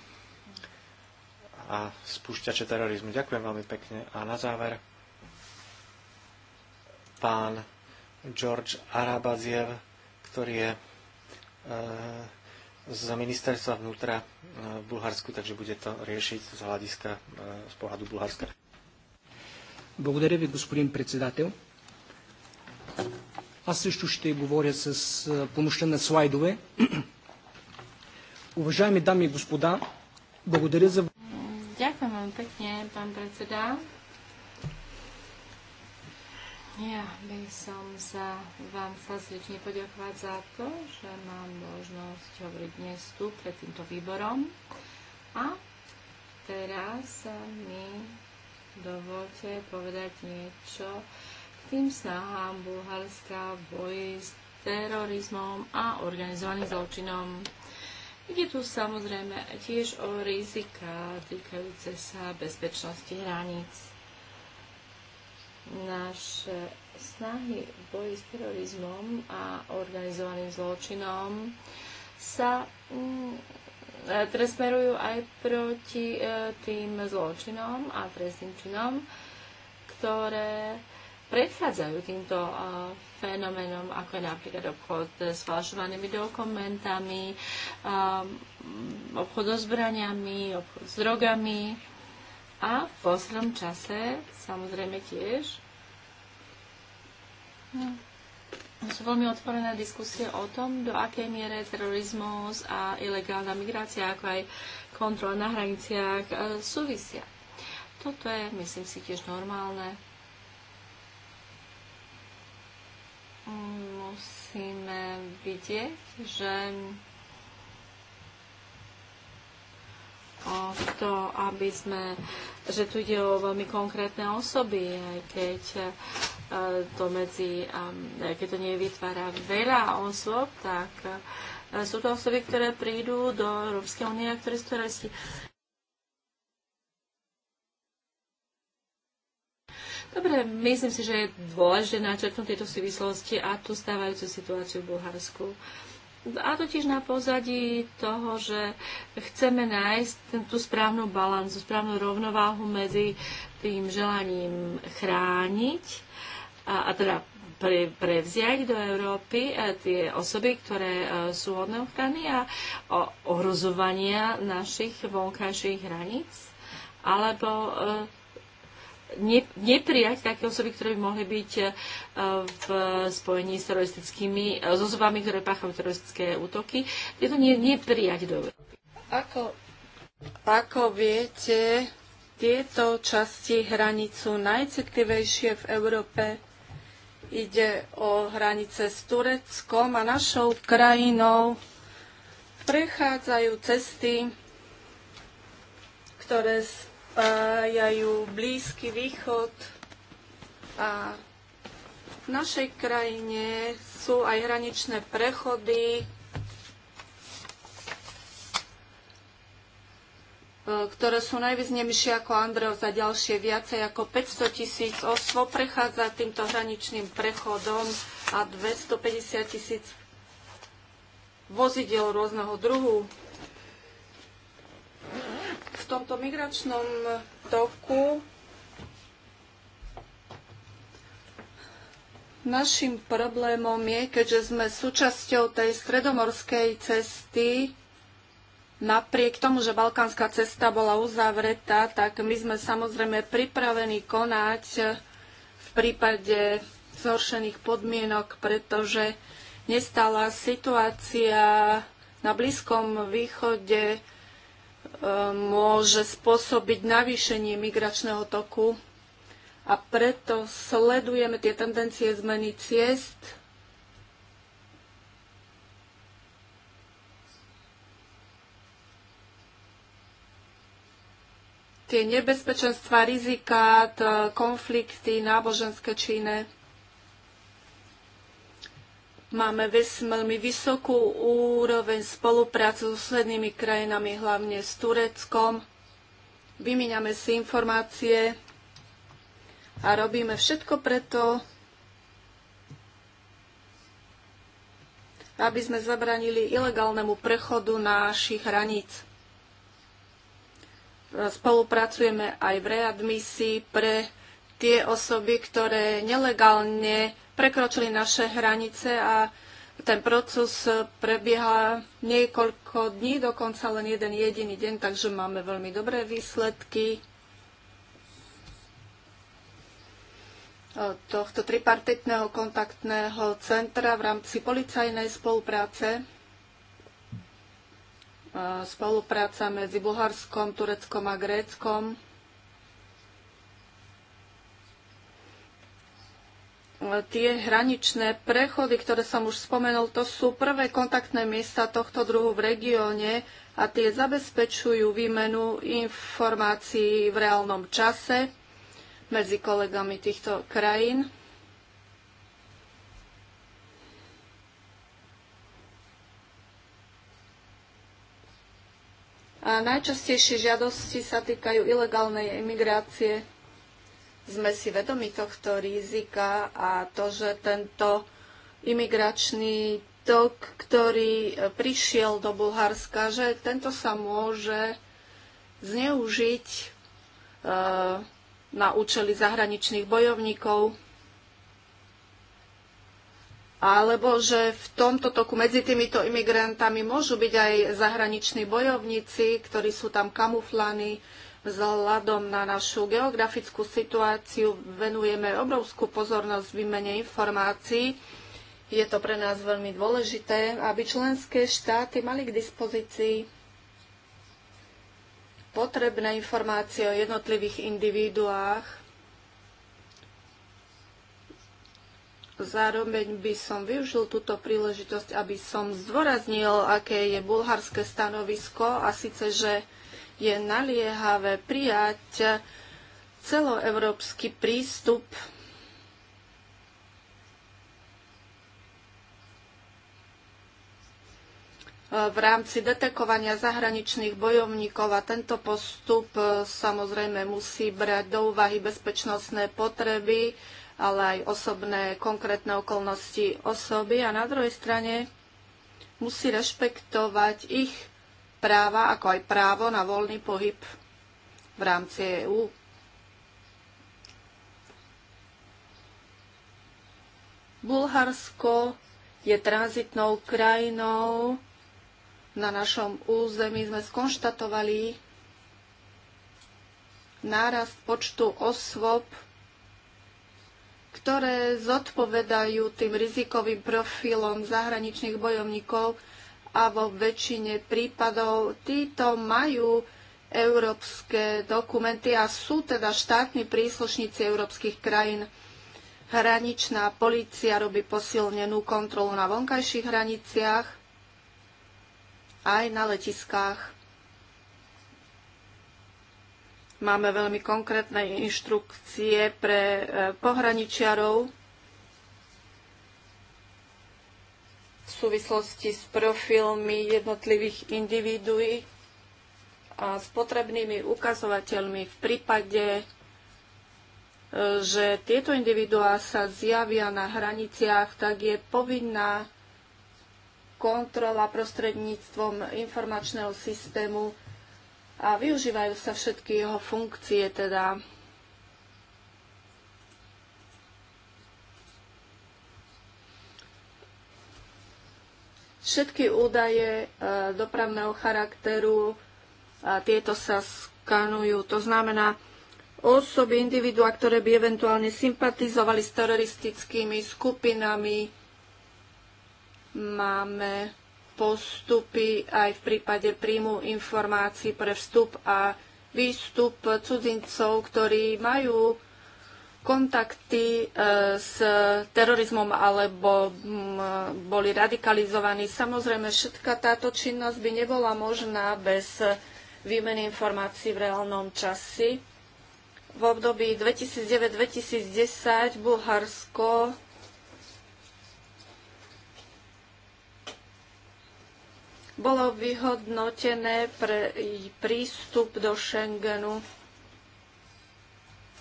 a spúšťače terorizmu. Ďakujem veľmi pekne. A na záver pán George Arabaziev, ktorý je e, z ministerstva vnútra eh, v Bulharsku, takže bude to riešiť z hľadiska, e, z pohľadu Bulharska. Благодаря ви, господин председател. Аз също ще говоря с помощта на слайдове. Уважаеми дами и господа, благодаря за... Ďakujem veľmi pekne, пан председател. Ja by som sa vám chcel srdečne poďakovať za to, že mám možnosť hovoriť dnes tu pred týmto výborom. A teraz mi dovolte povedať niečo k tým snahám Bulharska v boji s terorizmom a organizovaným zločinom. Ide tu samozrejme tiež o rizika týkajúce sa bezpečnosti hraníc. Naše snahy v boji s terorizmom a organizovaným zločinom sa mm, E, teraz smerujú aj proti e, tým zločinom a trestným činom, ktoré predchádzajú týmto e, fenomenom, ako je napríklad obchod s falšovanými dokumentami, obchod so zbraniami, obchod s drogami. A v poslednom čase samozrejme tiež no, sú veľmi otvorené diskusie o tom, do akej miere terorizmus a ilegálna migrácia, ako aj kontrola na hraniciach e, súvisia. Toto je, myslím si, tiež normálne. Mm, musíme vidieť, že o to, aby sme, že tu ide o veľmi konkrétne osoby, aj keď e, to medzi, keď to vytvára veľa osôb, tak e, sú to osoby, ktoré prídu do Európskej únie a ktoré sú si Dobre, myslím si, že je dôležité načrtnúť tieto súvislosti a tú stávajúcu situáciu v Bulharsku. Uh, a totiž na pozadí toho, že chceme nájsť tú správnu balancu, správnu rovnováhu medzi tým želaním chrániť a, a teda pre, prevziať do Európy e, tie osoby, ktoré e, sú hodné ochrany a ohrozovania našich vonkajších hraníc, alebo e, ne, neprijať také osoby, ktoré by mohli byť e, v spojení s teroristickými, e, s osobami, ktoré páchajú teroristické útoky. Tieto ne, neprijať do Európy. Ako, ako viete, tieto časti hraníc sú najcitlivejšie v Európe. Ide o hranice s Tureckom a našou krajinou. Prechádzajú cesty, ktoré z spájajú Blízky východ a v našej krajine sú aj hraničné prechody, e, ktoré sú najvýznamnejšie ako Andreov za ďalšie viacej ako 500 tisíc osôb prechádza týmto hraničným prechodom a 250 tisíc vozidel rôzneho druhu v tomto migračnom toku Našim problémom je, keďže sme súčasťou tej stredomorskej cesty, napriek tomu, že balkánska cesta bola uzavretá, tak my sme samozrejme pripravení konať v prípade zhoršených podmienok, pretože nestála situácia na Blízkom východe môže spôsobiť navýšenie migračného toku a preto sledujeme tie tendencie zmeny ciest. Tie nebezpečenstva, rizikát, konflikty, náboženské či iné. Máme veľmi vysokú úroveň spolupráce s susednými krajinami, hlavne s Tureckom. Vymieňame si informácie a robíme všetko preto, aby sme zabranili ilegálnemu prechodu našich hraníc. Spolupracujeme aj v readmisii pre tie osoby, ktoré nelegálne prekročili naše hranice a ten proces prebieha niekoľko dní, dokonca len jeden jediný deň, takže máme veľmi dobré výsledky tohto tripartitného kontaktného centra v rámci policajnej spolupráce. Spolupráca medzi Bulharskom, Tureckom a Gréckom tie hraničné prechody, ktoré som už spomenul, to sú prvé kontaktné miesta tohto druhu v regióne a tie zabezpečujú výmenu informácií v reálnom čase medzi kolegami týchto krajín. A najčastejšie žiadosti sa týkajú ilegálnej emigrácie sme si vedomi tohto rizika a to, že tento imigračný tok, ktorý prišiel do Bulharska, že tento sa môže zneužiť e, na účely zahraničných bojovníkov, alebo že v tomto toku medzi týmito imigrantami môžu byť aj zahraniční bojovníci, ktorí sú tam kamuflaní, Vzhľadom na našu geografickú situáciu venujeme obrovskú pozornosť výmene informácií. Je to pre nás veľmi dôležité, aby členské štáty mali k dispozícii potrebné informácie o jednotlivých individuách Zároveň by som využil túto príležitosť, aby som zdôraznil, aké je bulharské stanovisko a síce, že je naliehavé prijať celoevropský prístup v rámci detekovania zahraničných bojovníkov a tento postup e, samozrejme musí brať do úvahy bezpečnostné potreby, ale aj osobné konkrétne okolnosti osoby a na druhej strane musí rešpektovať ich práva, ako aj právo na voľný pohyb v rámci EÚ. Bulharsko je tranzitnou krajinou. Na našom území sme skonštatovali nárast počtu osôb, ktoré zodpovedajú tým rizikovým profilom zahraničných bojovníkov, a vo väčšine prípadov títo majú európske dokumenty a sú teda štátni príslušníci európskych krajín. Hraničná polícia robí posilnenú kontrolu na vonkajších hraniciach aj na letiskách. Máme veľmi konkrétne inštrukcie pre eh, pohraničiarov, v súvislosti s profilmi jednotlivých individuí a s potrebnými ukazovateľmi v prípade, e, že tieto individuá sa zjavia na hraniciach, tak je povinná kontrola prostredníctvom informačného systému a využívajú sa všetky jeho funkcie, teda Všetky údaje e, dopravného charakteru a e, tieto sa skanujú. To znamená, osoby, individuá, ktoré by eventuálne sympatizovali s teroristickými skupinami, máme postupy aj v prípade príjmu informácií pre vstup a výstup cudzincov, ktorí majú kontakty e, s terorizmom alebo boli radikalizovaní. Samozrejme, všetka táto činnosť by nebola možná bez výmeny informácií v reálnom časi. V období 2009-2010 Bulharsko bolo vyhodnotené pre prístup do Schengenu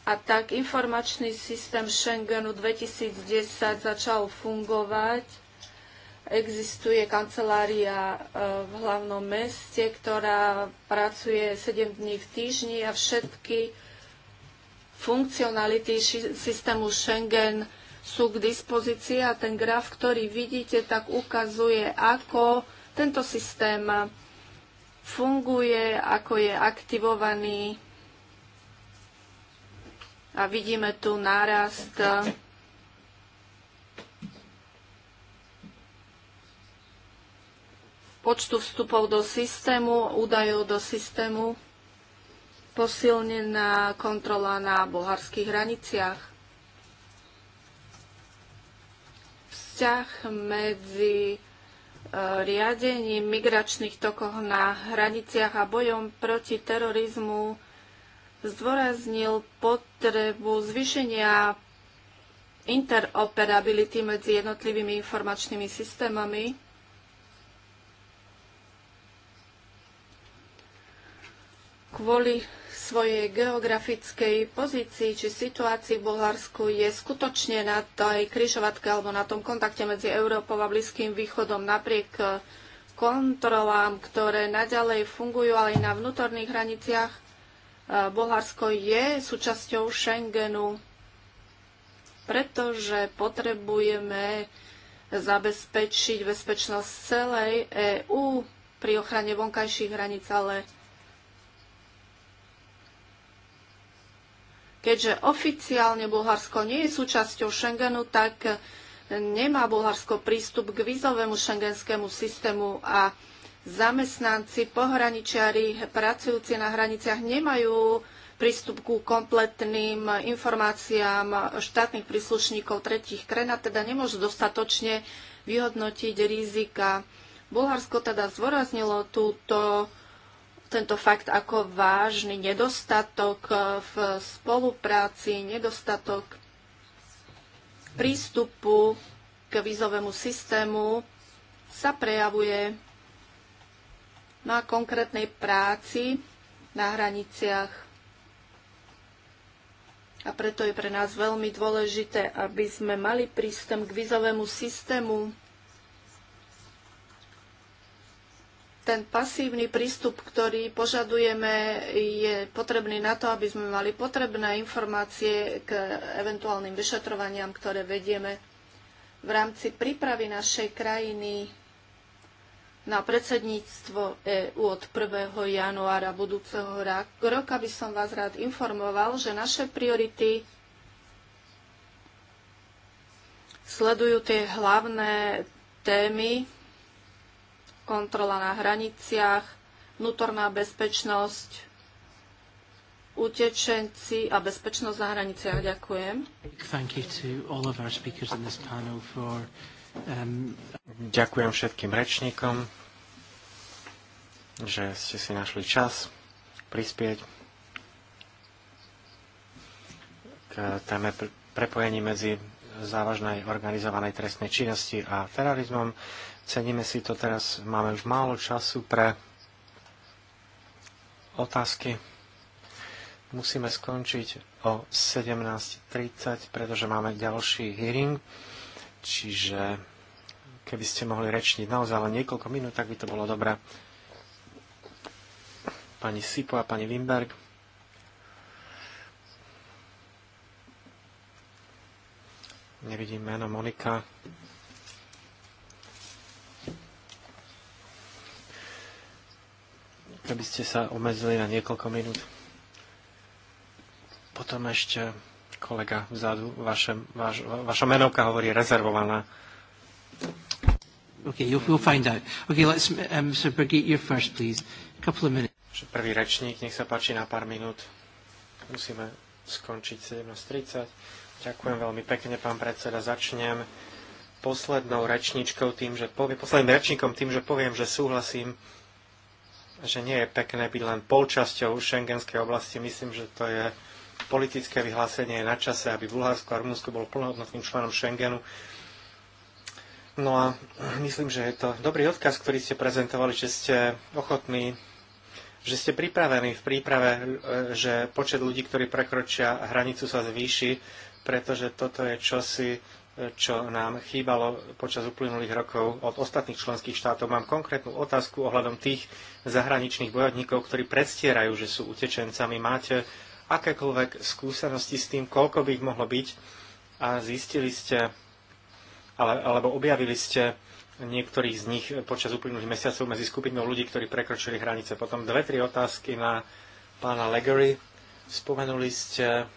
a tak informačný systém Schengenu 2010 začal fungovať. Existuje kancelária e, v hlavnom meste, ktorá pracuje 7 dní v týždni a všetky funkcionality systému Schengen sú k dispozícii a ten graf, ktorý vidíte, tak ukazuje, ako tento systém funguje, ako je aktivovaný a vidíme tu nárast e, počtu vstupov do systému, údajov do systému, posilnená kontrola na bulharských hraniciach. Vzťah medzi e, riadením migračných tokov na hraniciach a bojom proti terorizmu zdôraznil potrebu zvýšenia interoperability medzi jednotlivými informačnými systémami. Kvôli svojej geografickej pozícii či situácii v Bulharsku je skutočne na tej kryžovatke alebo na tom kontakte medzi Európou a Blízkym východom napriek kontrolám, ktoré naďalej fungujú, aj na vnútorných hraniciach Bulharsko je súčasťou Schengenu, pretože potrebujeme zabezpečiť bezpečnosť celej EÚ pri ochrane vonkajších hraníc, ale keďže oficiálne Bulharsko nie je súčasťou Schengenu, tak nemá Bulharsko prístup k vízovému šengenskému systému a zamestnanci, pohraničiari, pracujúci na hraniciach nemajú prístup ku kompletným informáciám štátnych príslušníkov tretich krajín a teda nemôžu dostatočne vyhodnotiť rizika. Bulharsko teda zvoraznilo túto, tento fakt ako vážny nedostatok v spolupráci, nedostatok prístupu k vízovému systému sa prejavuje na konkrétnej práci na hraniciach. A preto je pre nás veľmi dôležité, aby sme mali prístup k vizovému systému. Ten pasívny prístup, ktorý požadujeme, je potrebný na to, aby sme mali potrebné informácie k eventuálnym vyšetrovaniam, ktoré vedieme v rámci prípravy našej krajiny na predsedníctvo EÚ od 1. januára budúceho roka by som vás rád informoval, že naše priority sledujú tie hlavné témy kontrola na hraniciach, vnútorná bezpečnosť, utečenci a bezpečnosť na hraniciach. Ďakujem. Thank you to all of our Ďakujem všetkým rečníkom, že ste si našli čas prispieť k téme prepojení medzi závažnej organizovanej trestnej činnosti a terorizmom. Ceníme si to teraz, máme už málo času pre otázky. Musíme skončiť o 17.30, pretože máme ďalší hearing. Čiže keby ste mohli rečniť naozaj len niekoľko minút, tak by to bolo dobré. Pani Sipo a pani Wimberg. Nevidím meno Monika. Keby ste sa obmedzili na niekoľko minút. Potom ešte kolega vzadu, vaše, vaš, vaša menovka hovorí rezervovaná. Okay, you'll, we'll find out. Okay, let's, um, so Brigitte, you're first, please. A couple of minutes. Prvý rečník, nech sa páči na pár minút. Musíme skončiť 17.30. Ďakujem veľmi pekne, pán predseda. Začnem poslednou rečníčkou tým, že poviem, posledným rečníkom tým, že poviem, že súhlasím že nie je pekné byť len polčasťou šengenskej oblasti. Myslím, že to je politické vyhlásenie je na čase, aby Bulharsko a Rumunsko bolo plnohodnotným členom Schengenu. No a myslím, že je to dobrý odkaz, ktorý ste prezentovali, že ste ochotní, že ste pripravení v príprave, e, že počet ľudí, ktorí prekročia hranicu sa zvýši, pretože toto je čosi, čo nám chýbalo počas uplynulých rokov od ostatných členských štátov. Mám konkrétnu otázku ohľadom tých zahraničných bojovníkov, ktorí predstierajú, že sú utečencami. Máte akékoľvek skúsenosti s tým, koľko by ich mohlo byť a zistili ste, ale, alebo objavili ste niektorých z nich počas uplynulých mesiacov medzi skupinou ľudí, ktorí prekročili hranice. Potom dve, tri otázky na pána Legery. Spomenuli ste,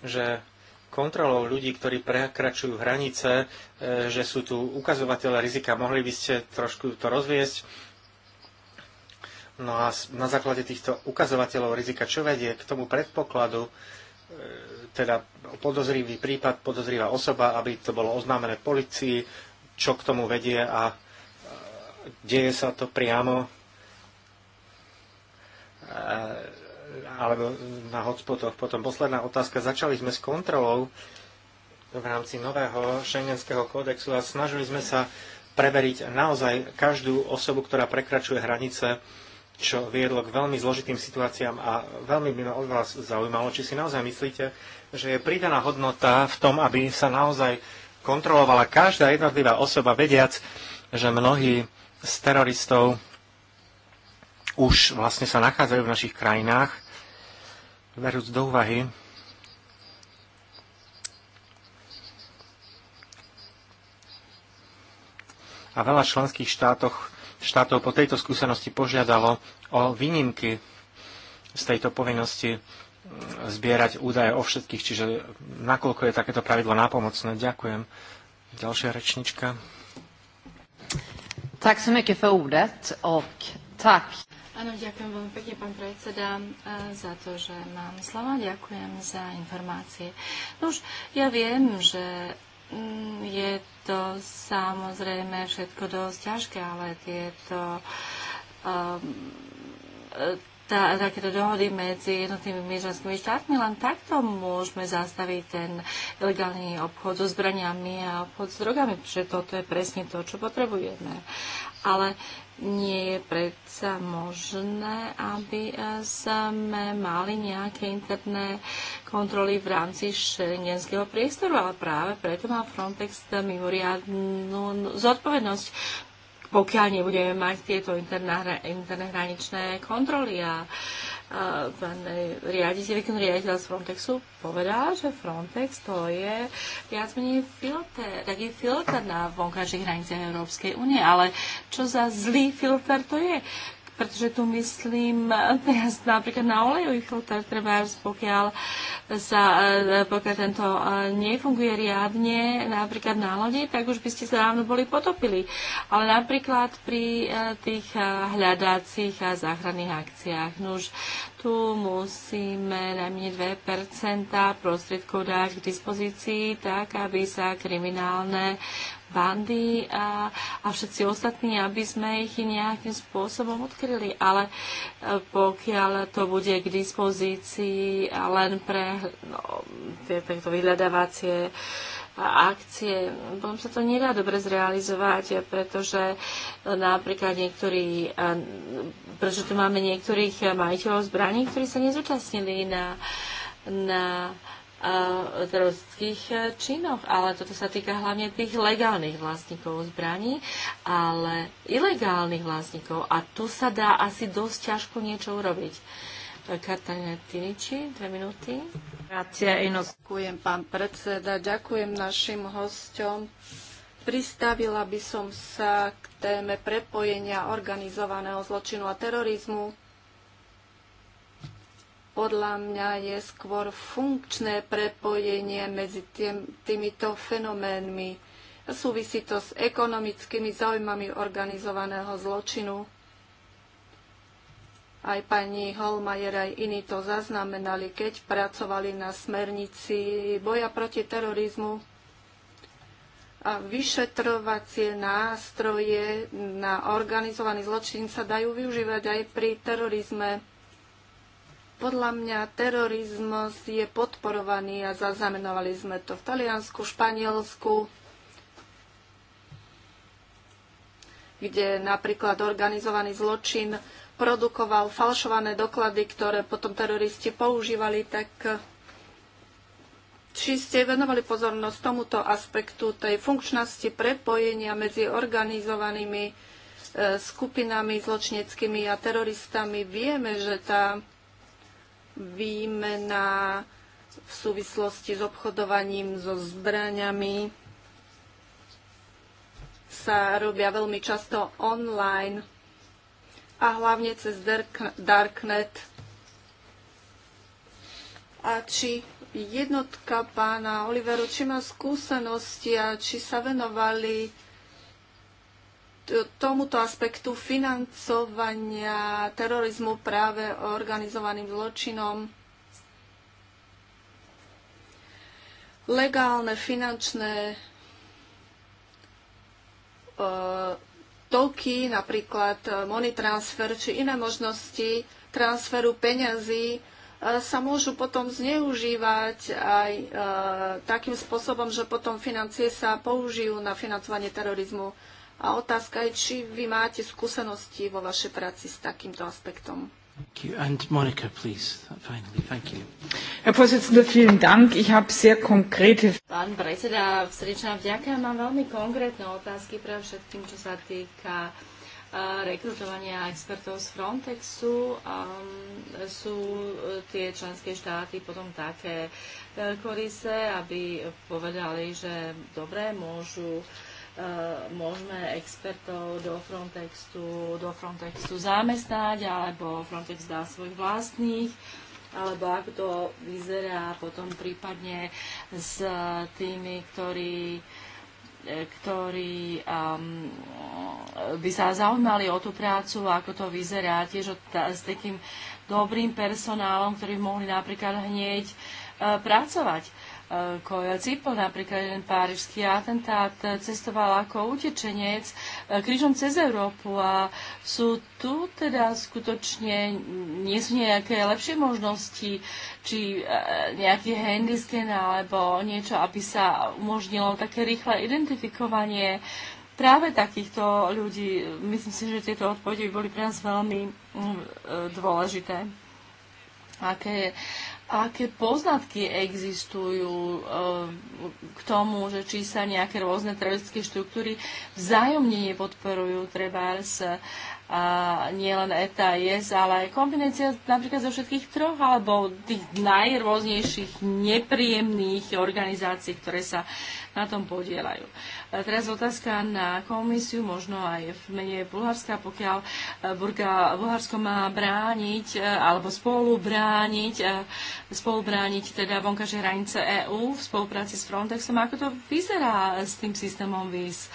že kontrolou ľudí, ktorí prekračujú hranice, e, že sú tu ukazovatele rizika. Mohli by ste trošku to rozviesť? No a na základe týchto ukazovateľov rizika, čo vedie k tomu predpokladu, e, teda podozrivý prípad, podozrivá osoba, aby to bolo oznámené policii, čo k tomu vedie a deje sa to priamo e, alebo na hotspotoch. Potom posledná otázka. Začali sme s kontrolou v rámci nového šengenského kódexu a snažili sme sa preveriť naozaj každú osobu, ktorá prekračuje hranice čo viedlo k veľmi zložitým situáciám a veľmi by ma od vás zaujímalo, či si naozaj myslíte, že je pridaná hodnota v tom, aby sa naozaj kontrolovala každá jednotlivá osoba, vediac, že mnohí z teroristov už vlastne sa nachádzajú v našich krajinách, verúc do úvahy, a veľa členských štátoch štátov po tejto skúsenosti požiadalo o výnimky z tejto povinnosti mm, zbierať údaje o všetkých, čiže nakoľko je takéto pravidlo nápomocné. Ďakujem. Ďalšia rečnička. Tak som för ordet och tak. Áno, ďakujem veľmi pekne, pán predseda, e, za to, že mám slova. Ďakujem za informácie. No už ja viem, že Mm, je to samozrejme všetko dosť ťažké, ale tieto um, tá, takéto dohody medzi jednotnými členskými štátmi, len takto môžeme zastaviť ten ilegálny obchod so zbraniami a obchod s drogami, pretože toto je presne to, čo potrebujeme. Ale nie je predsa možné, aby e, sme mali nejaké interné kontroly v rámci šengenského priestoru, ale práve preto má Frontex mimoriadnú zodpovednosť pokiaľ nebudeme mať tieto interné, interné hraničné kontroly. A pán e, riaditeľ, výkon riaditeľ z Frontexu povedal, že Frontex to je viac menej filter, taký filter na vonkajších hraniciach Európskej únie, ale čo za zlý filter to je? pretože tu myslím teraz napríklad na olejový filter, treba pokiaľ, sa, e, pokiaľ tento e, nefunguje riadne, napríklad na lodi, tak už by ste sa dávno boli potopili. Ale napríklad pri e, tých hľadacích a záchranných akciách, nuž tu musíme najmenej 2 prostriedkov dať k dispozícii, tak aby sa kriminálne bandy a, a všetci ostatní, aby sme ich nejakým spôsobom odkryli. Ale e, pokiaľ to bude k dispozícii len pre no, tieto vyhľadávacie akcie, potom sa to nedá dobre zrealizovať, pretože e, napríklad niektorí, e, pretože tu máme niektorých majiteľov zbraní, ktorí sa nezúčastnili na, na teroristických e, činoch, ale toto sa týka hlavne tých legálnych vlastníkov zbraní, ale ilegálnych vlastníkov a tu sa dá asi dosť ťažko niečo urobiť. E, Katarina Tiniči, dve minúty. Ďakujem, pán predseda, ďakujem našim hosťom. Pristavila by som sa k téme prepojenia organizovaného zločinu a terorizmu podľa mňa je skôr funkčné prepojenie medzi tým, týmito fenoménmi. Súvisí to s ekonomickými záujmami organizovaného zločinu. Aj pani Holmajer, aj iní to zaznamenali, keď pracovali na smernici boja proti terorizmu a vyšetrovacie nástroje na organizovaný zločin sa dajú využívať aj pri terorizme podľa mňa terorizmus je podporovaný a zaznamenovali sme to v Taliansku, Španielsku, kde napríklad organizovaný zločin produkoval falšované doklady, ktoré potom teroristi používali, tak či ste venovali pozornosť tomuto aspektu tej funkčnosti prepojenia medzi organizovanými e, skupinami zločineckými a teroristami. Vieme, že tá výmena v súvislosti s obchodovaním so zbraniami sa robia veľmi často online a hlavne cez Darknet. A či jednotka pána Oliveru, či má skúsenosti a či sa venovali tomuto aspektu financovania terorizmu práve organizovaným zločinom. Legálne finančné e, toky, napríklad e, money transfer či iné možnosti transferu peňazí e, sa môžu potom zneužívať aj takým spôsobom, že potom financie sa použijú na financovanie terorizmu. A otázka je, či vy máte skúsenosti vo vašej práci s takýmto aspektom. Monica, please, Pán predseda, srdečná vďaka. Mám veľmi konkrétne otázky pre všetkým, čo sa týka rekrutovania expertov z Frontexu. Um, sú e, tie členské štáty potom také veľkorysé, aby povedali, že dobre, môžu uh, Eh, môžeme expertov do Frontextu, do Frontextu zamestnať, alebo Frontex dá svojich vlastných, alebo ako to vyzerá potom prípadne s tými, ktorí eh, ktorí um, by sa zaujímali o tú prácu, ako to vyzerá, tiež s takým dobrým personálom, ktorí mohli napríklad hneď uh, pracovať. Koja Cipel, napríklad jeden párižský atentát, e, cestoval ako utečenec e, krížom cez Európu a sú tu teda skutočne, nie sú nejaké lepšie možnosti, či e, nejaký handy alebo niečo, aby sa umožnilo také rýchle identifikovanie práve takýchto ľudí. Myslím si, že tieto odpovede by boli pre nás veľmi mm, dôležité. Aké je aké poznatky existujú eh, k tomu, že či sa nejaké rôzne teroristické štruktúry vzájomne nepodporujú, treba eh, e a nie len ETA, IS, ale aj kombinácia napríklad zo všetkých troch alebo tých najrôznejších nepríjemných organizácií, ktoré sa na tom podielajú. Teraz otázka na komisiu, možno aj v mene Bulharska, pokiaľ e, Burga, Bulharsko má brániť e, alebo spolu brániť, e, spolu brániť teda vonkajšie hranice EÚ v spolupráci s Frontexom. Ako to vyzerá s tým systémom víz?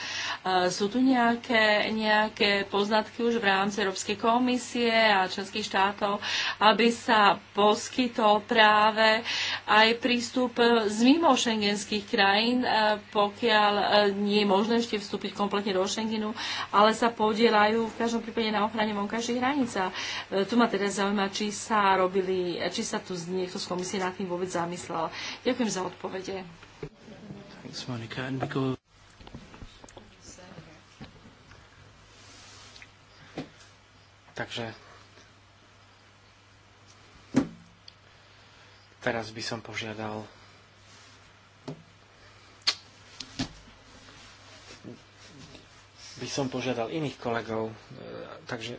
Sú tu nejaké, nejaké poznatky už v rámci Európskej komisie a členských štátov, aby sa poskytol práve aj prístup z mimo šengenských krajín, pokiaľ nie nie je možné ešte vstúpiť kompletne do Schengenu, ale sa podielajú v každom prípade na ochrane vonkajších hraníc. A e, tu ma teda zaujíma, či sa robili, či sa tu niekto z komisie nad tým vôbec zamyslel. Ďakujem za odpovede. Takže teraz by som požiadal by som požiadal iných kolegov, e, takže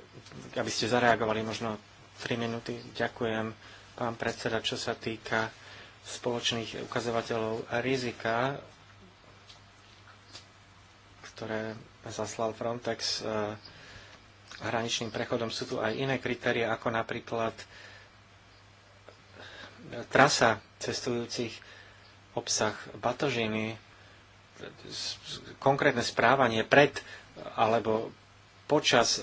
aby ste zareagovali možno 3 minúty. Ďakujem, pán predseda, čo sa týka spoločných ukazovateľov rizika, ktoré zaslal Frontex e, hraničným prechodom. Sú tu aj iné kritérie, ako napríklad e, trasa cestujúcich, obsah batožiny, konkrétne správanie pred alebo počas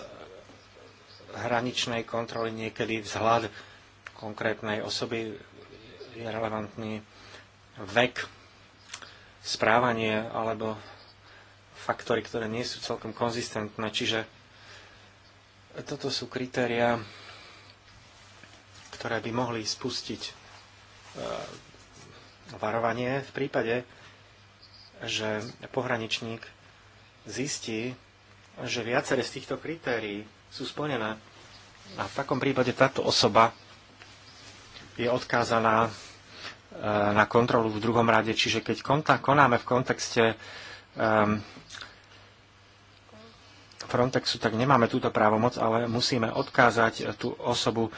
hraničnej kontroly niekedy vzhľad konkrétnej osoby je relevantný vek, správanie alebo faktory, ktoré nie sú celkom konzistentné. Čiže toto sú kritéria, ktoré by mohli spustiť e, varovanie v prípade, že pohraničník zistí, že viaceré z týchto kritérií sú splnené a v takom prípade táto osoba je odkázaná e, na kontrolu v druhom rade. Čiže keď konáme v kontexte um, Frontexu, tak nemáme túto právomoc, ale musíme odkázať tú osobu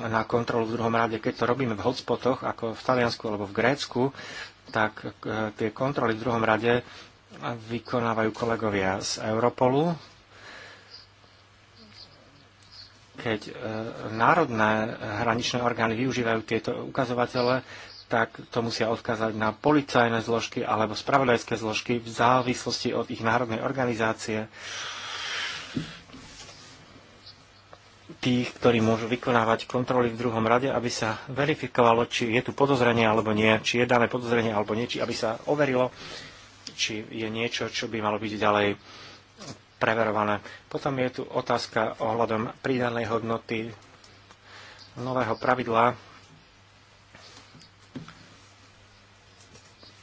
na kontrolu v druhom rade. Keď to robíme v hotspotoch, ako v Taliansku alebo v Grécku, tak e, tie kontroly v druhom rade vykonávajú kolegovia z Europolu. Keď e, národné hraničné orgány využívajú tieto ukazovatele, tak to musia odkázať na policajné zložky alebo spravodajské zložky v závislosti od ich národnej organizácie tých, ktorí môžu vykonávať kontroly v druhom rade, aby sa verifikovalo, či je tu podozrenie alebo nie, či je dané podozrenie alebo nie, či aby sa overilo, či je niečo, čo by malo byť ďalej preverované. Potom je tu otázka ohľadom pridanej hodnoty nového pravidla,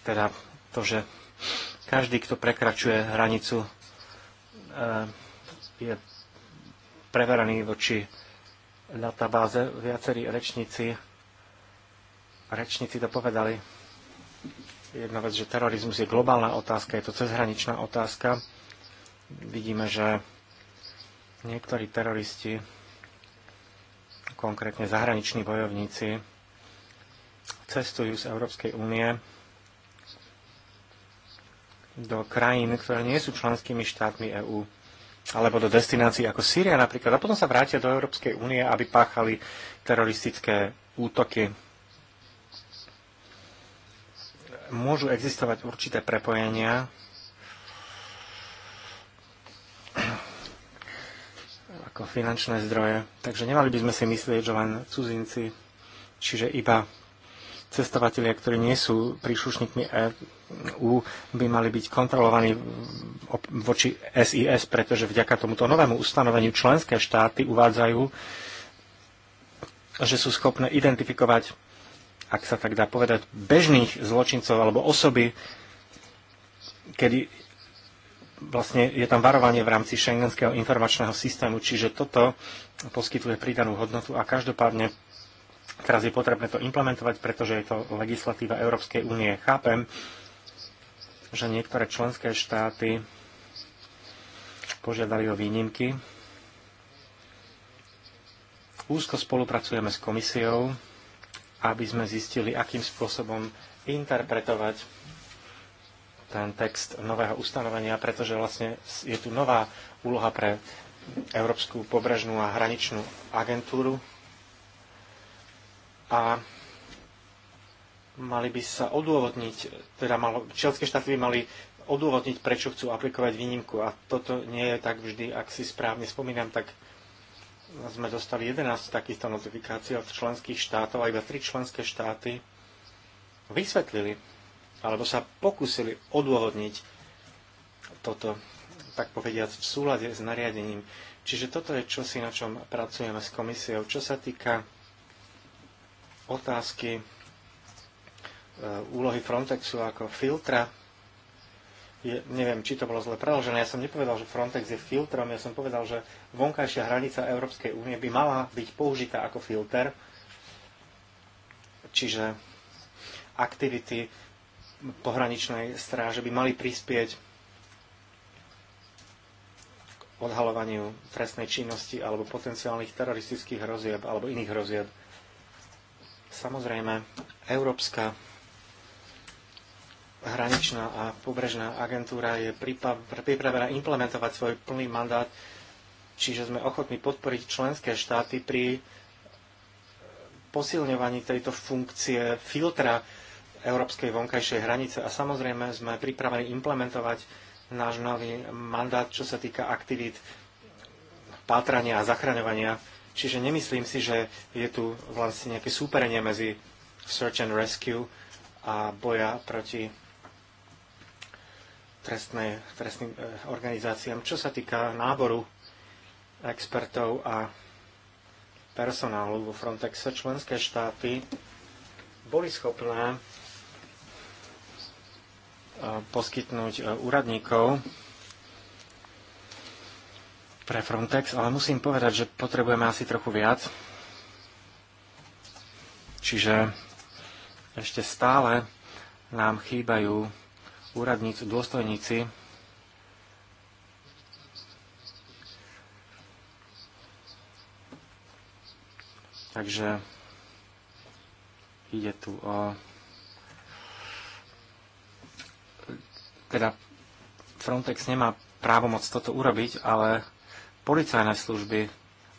teda to, že každý, kto prekračuje hranicu, e, je preveraný voči databáze. Viacerí rečníci, rečníci to povedali jedna vec, že terorizmus je globálna otázka, je to cezhraničná otázka. Vidíme, že niektorí teroristi, konkrétne zahraniční bojovníci, cestujú z Európskej únie do krajín, ktoré nie sú členskými štátmi EÚ, alebo do destinácií ako Sýria napríklad, a potom sa vrátia do Európskej únie, aby páchali teroristické útoky môžu existovať určité prepojenia ako finančné zdroje. Takže nemali by sme si myslieť, že len cudzinci, čiže iba cestovatelia, ktorí nie sú príslušníkmi EU, by mali byť kontrolovaní voči SIS, pretože vďaka tomuto novému ustanoveniu členské štáty uvádzajú, že sú schopné identifikovať ak sa tak dá povedať, bežných zločincov alebo osoby, kedy vlastne je tam varovanie v rámci šengenského informačného systému, čiže toto poskytuje pridanú hodnotu a každopádne teraz je potrebné to implementovať, pretože je to legislatíva Európskej únie. Chápem, že niektoré členské štáty požiadali o výnimky. Úzko spolupracujeme s komisiou aby sme zistili, akým spôsobom interpretovať ten text nového ustanovenia, pretože vlastne je tu nová úloha pre Európsku pobrežnú a hraničnú agentúru a mali by sa odôvodniť, teda malo, členské štáty by mali odôvodniť, prečo chcú aplikovať výnimku. A toto nie je tak vždy, ak si správne spomínam, tak sme dostali 11 takýchto notifikácií od členských štátov a iba 3 členské štáty vysvetlili alebo sa pokúsili odôvodniť toto, tak povediať, v súlade s nariadením. Čiže toto je čosi, na čom pracujeme s komisiou. Čo sa týka otázky e, úlohy Frontexu ako filtra, je, neviem, či to bolo zle preložené, ja som nepovedal, že Frontex je filtrom, ja som povedal, že vonkajšia hranica Európskej únie by mala byť použitá ako filter, čiže aktivity pohraničnej stráže by mali prispieť k odhalovaniu trestnej činnosti alebo potenciálnych teroristických hrozieb alebo iných hrozieb. Samozrejme, európska hraničná a pobrežná agentúra je pripravená implementovať svoj plný mandát, čiže sme ochotní podporiť členské štáty pri posilňovaní tejto funkcie filtra európskej vonkajšej hranice a samozrejme sme pripravení implementovať náš nový mandát, čo sa týka aktivít pátrania a zachraňovania. Čiže nemyslím si, že je tu vlastne nejaké súperenie medzi search and rescue a boja proti trestné, trestným e, organizáciám. Čo sa týka náboru expertov a personálu vo Frontexe, členské štáty boli schopné e, poskytnúť e, úradníkov pre Frontex, ale musím povedať, že potrebujeme asi trochu viac. Čiže ešte stále nám chýbajú úradníci, dôstojníci Takže ide tu o teda Frontex nemá právomoc toto urobiť, ale policajné služby,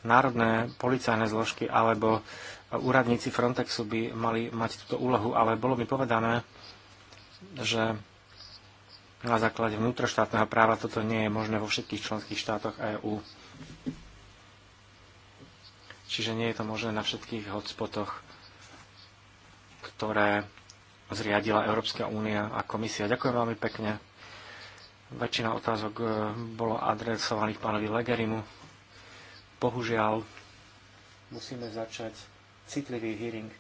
národné policajné zložky alebo úradníci Frontexu by mali mať túto úlohu, ale bolo mi povedané, že na základe vnútroštátneho práva toto nie je možné vo všetkých členských štátoch EÚ. Čiže nie je to možné na všetkých hotspotoch, ktoré zriadila Európska únia a komisia. Ďakujem veľmi pekne. Väčšina otázok e, bolo adresovaných pánovi Legerimu. Bohužiaľ, musíme začať citlivý hearing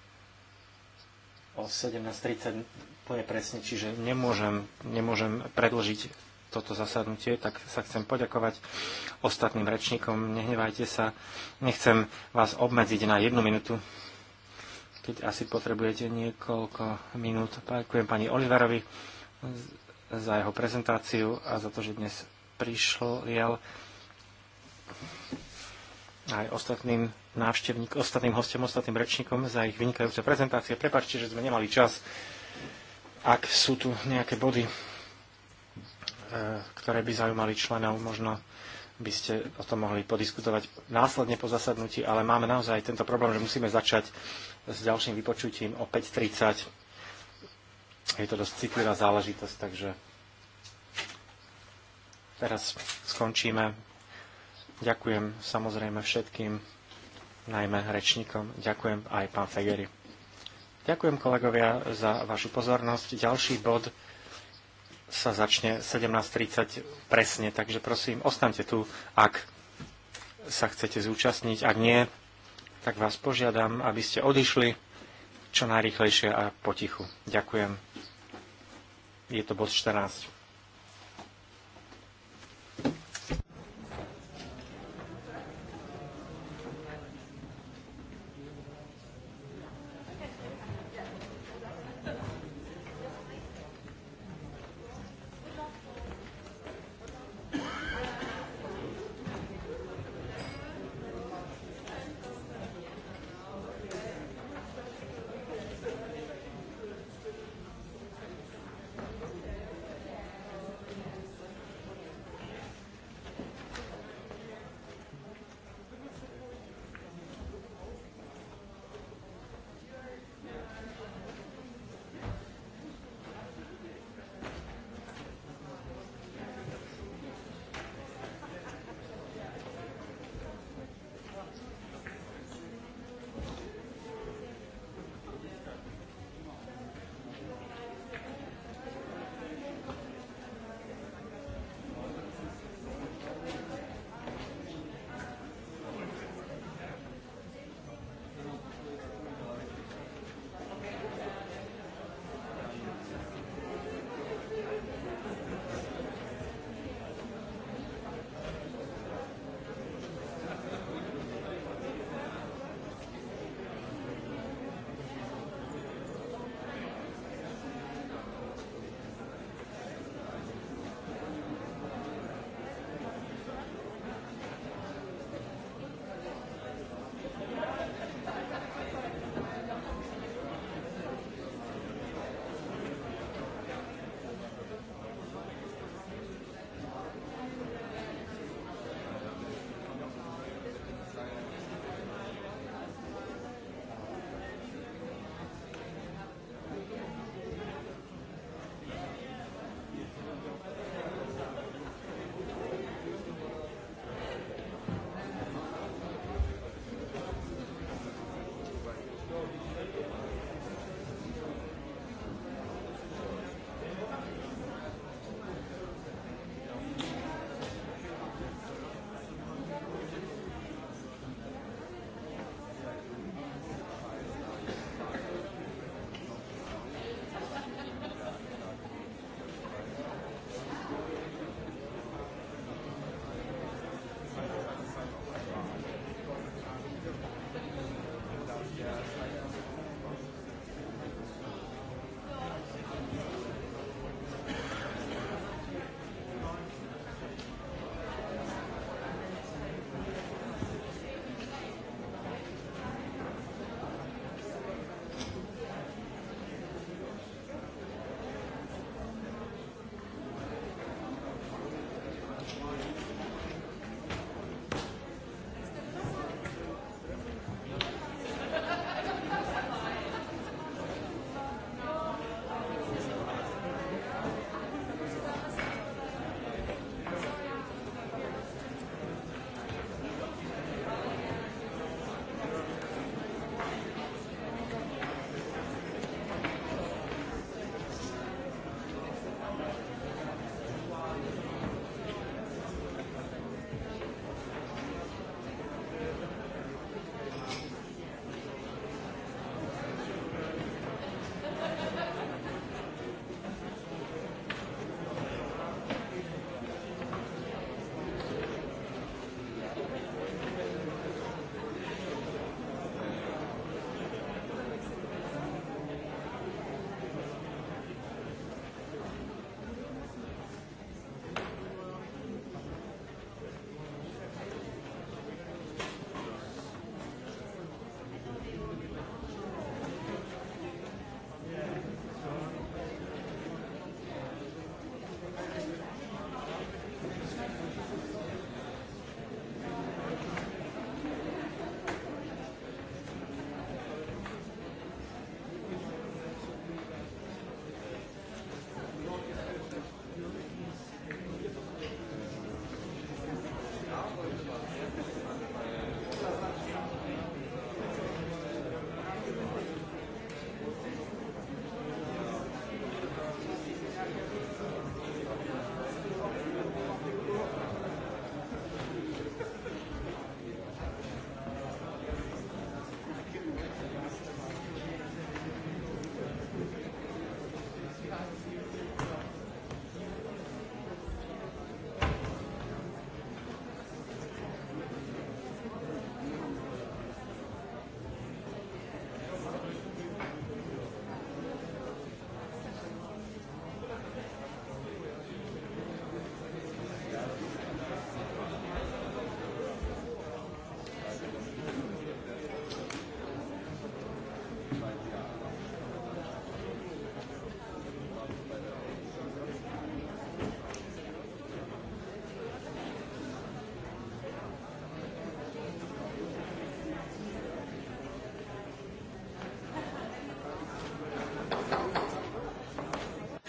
o 17.30 úplne presne, čiže nemôžem, nemôžem predlžiť toto zasadnutie, tak sa chcem poďakovať ostatným rečníkom. Nehnevajte sa, nechcem vás obmedziť na jednu minútu, keď asi potrebujete niekoľko minút. Ďakujem pani Oliverovi za jeho prezentáciu a za to, že dnes prišiel aj ostatným návštevník, ostatným hostom, ostatným rečníkom za ich vynikajúce prezentácie. Prepačte, že sme nemali čas. Ak sú tu nejaké body, e, ktoré by zaujímali členov, možno by ste o tom mohli podiskutovať následne po zasadnutí, ale máme naozaj tento problém, že musíme začať s ďalším vypočutím o 5.30. Je to dosť citlivá záležitosť, takže teraz skončíme. Ďakujem samozrejme všetkým, najmä rečníkom. Ďakujem aj pán Fegeri. Ďakujem kolegovia za vašu pozornosť. Ďalší bod sa začne 17.30 presne, takže prosím, ostaňte tu, ak sa chcete zúčastniť. Ak nie, tak vás požiadam, aby ste odišli čo najrychlejšie a potichu. Ďakujem. Je to bod 14.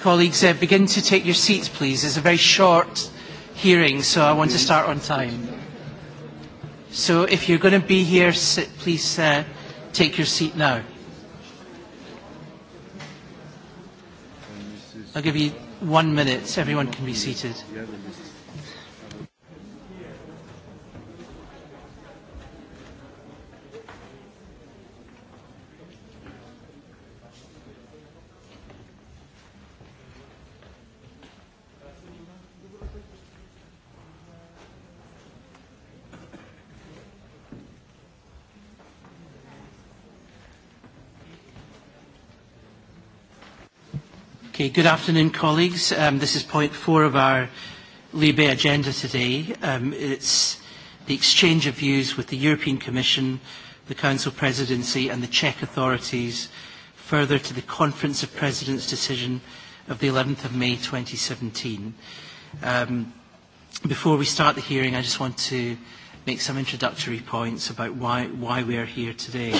Colleagues, uh, begin to take your seats, please. It's a very short hearing, so I want to start on time. So if you're going to be here, sit, please uh, take your seat now. I'll give you one minute. Everyone can be seated. Yeah, Okay, good afternoon, colleagues. Um, this is point four of our Libe agenda today. Um, it's the exchange of views with the European Commission, the Council Presidency and the Czech authorities further to the Conference of Presidents decision of the 11th of May 2017. Um, before we start the hearing, I just want to make some introductory points about why, why we are here today.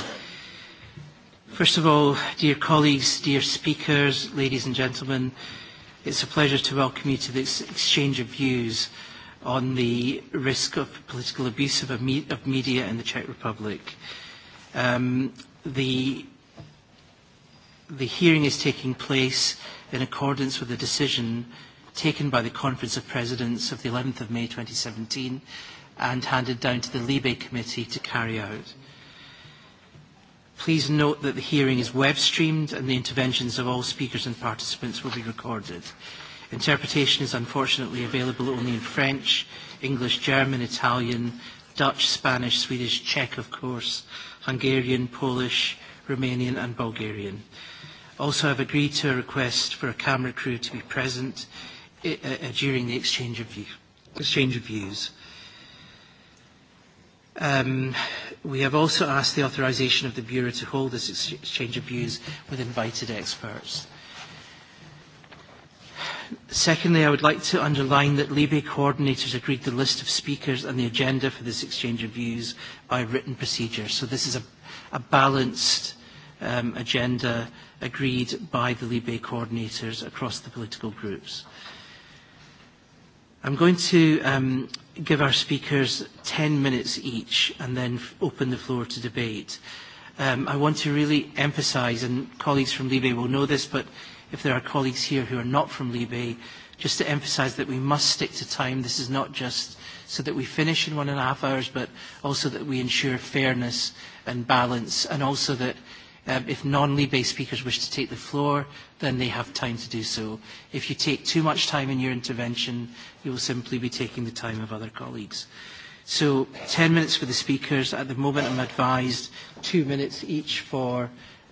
First of all, dear colleagues, dear speakers, ladies and gentlemen, it's a pleasure to welcome you to this exchange of views on the risk of political abuse of, a me of media in the Czech Republic. Um, the, the hearing is taking place in accordance with a decision taken by the Conference of Presidents of the 11th of May 2017 and handed down to the Libe Committee to carry out. Please note that the hearing is web streamed and the interventions of all speakers and participants will be recorded. Interpretation is unfortunately available only in French, English, German, Italian, Dutch, Spanish, Swedish, Czech, of course, Hungarian, Polish, Romanian and Bulgarian. Also, I've agreed to a request for a camera crew to be present eh, eh, during the exchange of, view, exchange of views. Um, we have also asked the authorization of the Bureau to hold this exchange of views with invited experts. Secondly, I would like to underline that Libe coordinators agreed the list of speakers and the agenda for this exchange of views by written procedure. So this is a, a balanced um, agenda agreed by the Libe coordinators across the political groups. I'm going to um, give our speakers 10 minutes each and then open the floor to debate. Um, I want to really emphasise, and colleagues from Libe will know this, but if there are colleagues here who are not from Libe, just to emphasise that we must stick to time. This is not just so that we finish in one and a half hours, but also that we ensure fairness and balance, and also that Um, if non-Libe speakers wish to take the floor, then they have time to do so. If you take too much time in your intervention, you will simply be taking the time of other colleagues. So 10 minutes for the speakers. At the moment, I'm advised two minutes each for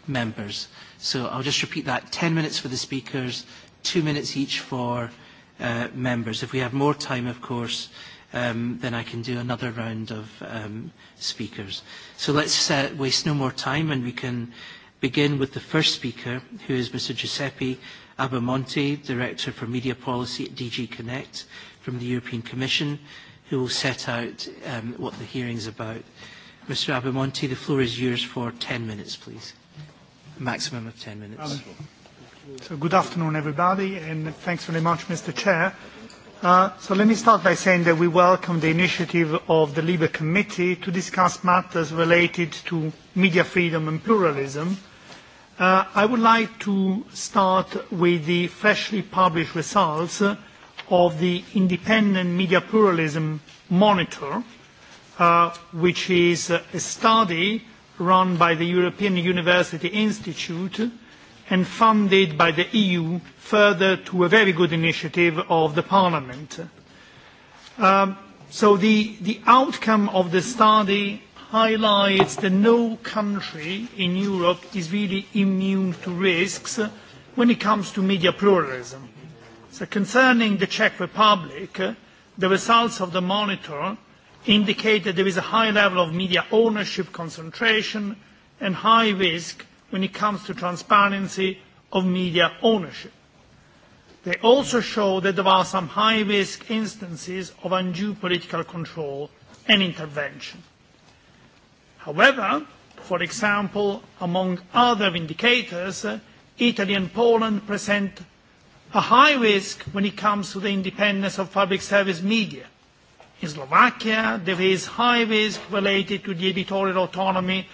members. So I'll just repeat that. 10 minutes for the speakers, two minutes each for uh, members. If we have more time, of course, um, then I can do another round of um, speakers. So let's uh, waste no more time and we can begin with the first speaker, who is Mr. Giuseppe Abamonte, Director for Media Policy at DG Connect from the European Commission, who will set out um, what the hearing is about. Mr. Abamonte, the floor is yours for 10 minutes, please. A maximum of 10 minutes. Um, so good afternoon, everybody, and thanks very much, Mr. Chair. Uh, so let me start by saying that we welcome the initiative of the Libe Committee to discuss matters related to media freedom and pluralism. Uh, I would like to start with the freshly published results of the Independent Media Pluralism Monitor, uh, which is a study run by the European University Institute and funded by the EU further to a very good initiative of the Parliament. Um, so the, the outcome of the study highlights that no country in Europe is really immune to risks when it comes to media pluralism. So concerning the Czech Republic, the results of the monitor indicate that there is a high level of media ownership concentration and high risk when it comes to transparency of media ownership. They also show that there are some high-risk instances of undue political control and intervention. However, for example, among other indicators, uh, Italy and Poland present a high risk when it comes to the independence of public service media. In Slovakia, there is high risk related to the editorial autonomy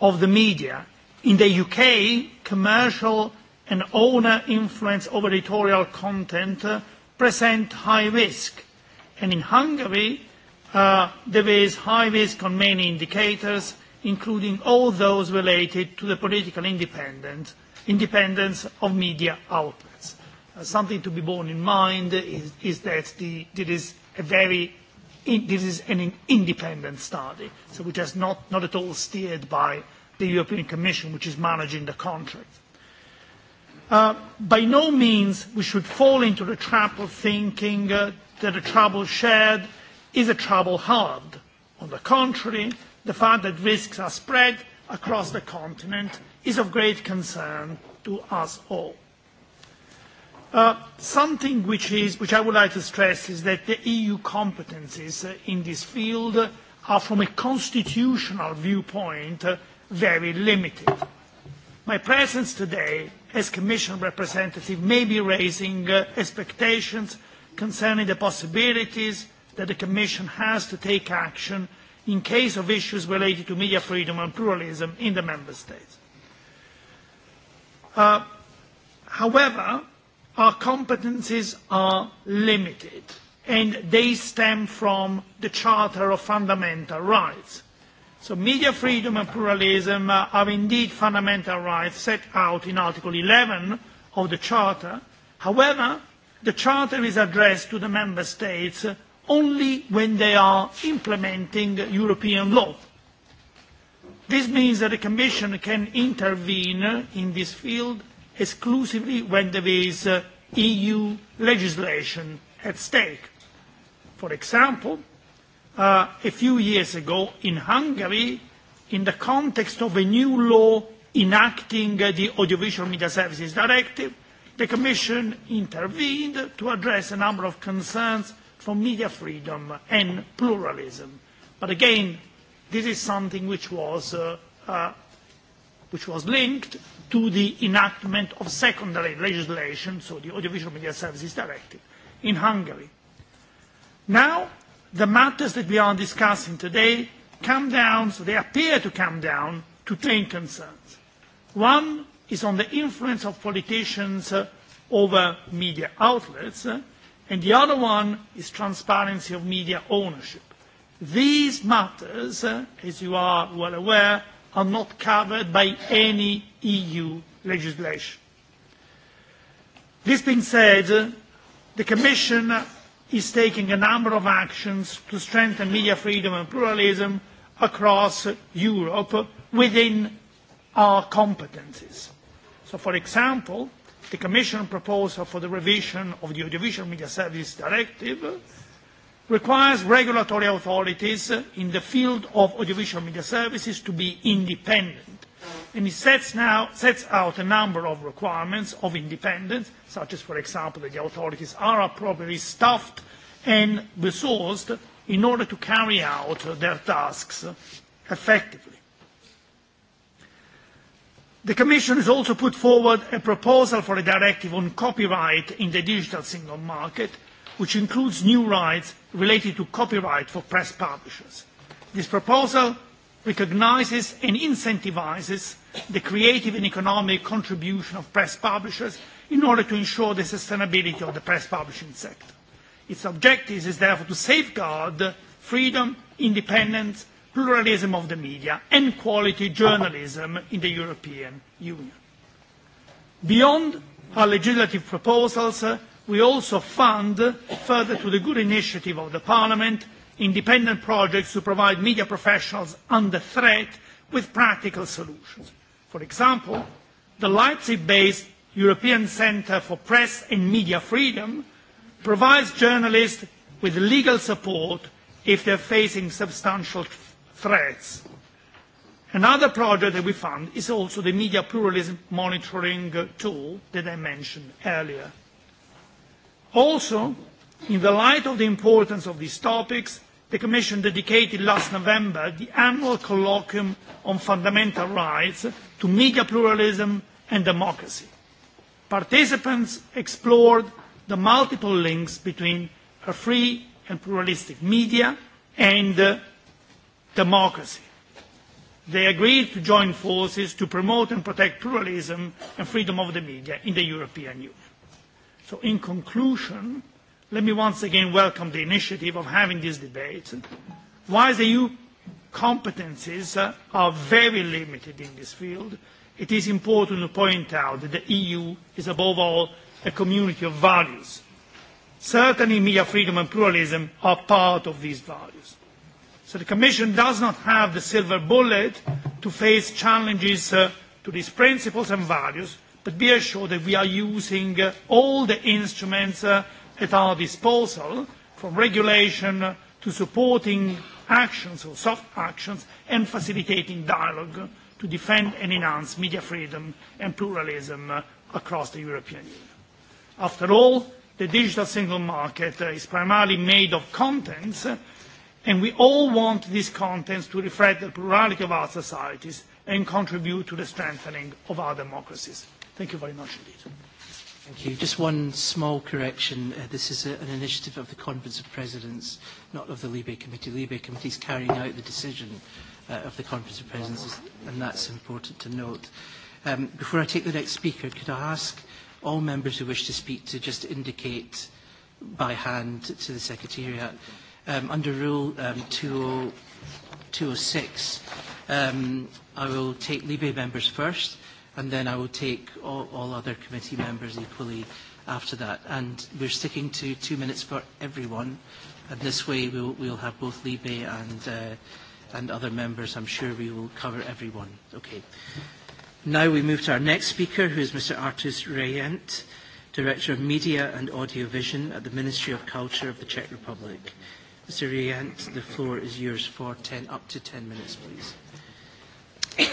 of the media In the UK, commercial and owner influence over editorial content uh, present high risk. And in Hungary, uh, there is high risk on many indicators, including all those related to the political independence, independence of media outlets. Uh, something to be borne in mind is, is that the, it is a very in, this is an independent study, so which is not, not at all steered by the European Commission, which is managing the contract. Uh, by no means we should fall into the trap of thinking uh, that a trouble shared is a trouble halved. On the contrary, the fact that risks are spread across the continent is of great concern to us all. Uh, something which, is, which I would like to stress is that the EU competences uh, in this field are from a constitutional viewpoint uh, very limited. My presence today as Commission representative may be raising uh, expectations concerning the possibilities that the Commission has to take action in case of issues related to media freedom and pluralism in the Member States. Uh, however, our competencies are limited and they stem from the Charter of Fundamental Rights so media freedom and pluralism uh, are indeed fundamental rights set out in Article 11 of the Charter. However, the Charter is addressed to the Member States only when they are implementing European law. This means that the Commission can intervene in this field exclusively when there is uh, EU legislation at stake. For example, uh, a few years ago in Hungary in the context of a new law enacting uh, the Audiovisual Media Services Directive. The Commission intervened to address a number of concerns for media freedom and pluralism. But again, this is something which was, uh, uh, which was linked to the enactment of secondary legislation, so the Audiovisual Media Services Directive, in Hungary. Now, the matters that we are discussing today come down, so they appear to come down, to three concerns. One is on the influence of politicians uh, over media outlets, uh, and the other one is transparency of media ownership. These matters, uh, as you are well aware, are not covered by any EU legislation. This being said, uh, the Commission is taking a number of actions to strengthen media freedom and pluralism across Europe within our competences. So, for example, the Commission proposal for the revision of the Audiovisual Media Services Directive requires regulatory authorities in the field of audiovisual media services to be independent and it sets, now, sets out a number of requirements of independence, such as, for example, that the authorities are appropriately staffed and resourced in order to carry out their tasks effectively. The Commission has also put forward a proposal for a directive on copyright in the digital single market, which includes new rights related to copyright for press publishers. This proposal recognises and incentivises the creative and economic contribution of press publishers in order to ensure the sustainability of the press publishing sector. Its objective is therefore to safeguard freedom, independence, pluralism of the media and quality journalism in the European Union. Beyond our legislative proposals, uh, we also fund, further to the good initiative of the Parliament, independent projects to provide media professionals under threat with practical solutions. For example, the Leipzig-based European Centre for Press and Media Freedom provides journalists with legal support if they are facing substantial threats. Another project that we fund is also the media pluralism monitoring uh, tool that I mentioned earlier. Also, in the light of the importance of these topics, the Commission dedicated last November the annual colloquium on fundamental rights to media pluralism and democracy. Participants explored the multiple links between a free and pluralistic media and uh, democracy. They agreed to join forces to promote and protect pluralism and freedom of the media in the European Union. So in conclusion, let me once again welcome the initiative of having this debate. While the EU competences uh, are very limited in this field, it is important to point out that the EU is above all a community of values. Certainly media freedom and pluralism are part of these values. So the Commission does not have the silver bullet to face challenges uh, to these principles and values, but be assured that we are using uh, all the instruments uh, at our disposal, from regulation to supporting actions or soft actions and facilitating dialogue to defend and enhance media freedom and pluralism across the European Union. After all, the digital single market is primarily made of contents, and we all want these contents to reflect the plurality of our societies and contribute to the strengthening of our democracies. Thank you very much indeed. Thank you. Just one small correction. Uh, this is a, an initiative of the Conference of Presidents, not of the Libe Committee. The Libe Committee is carrying out the decision uh, of the Conference of Presidents, and that's important to note. Um, before I take the next speaker, could I ask all members who wish to speak to just indicate by hand to the Secretariat. Um, under Rule um, 20, 206, um, I will take Libe members first and then I will take all, all other committee members equally after that. And we're sticking to two minutes for everyone, and this way we'll, we'll have both Libe and, uh, and other members. I'm sure we will cover everyone. Okay. Now we move to our next speaker, who is Mr. Artus Rayent, Director of Media and Audiovision at the Ministry of Culture of the Czech Republic. Mr. Rayent, the floor is yours for 10, up to 10 minutes, please.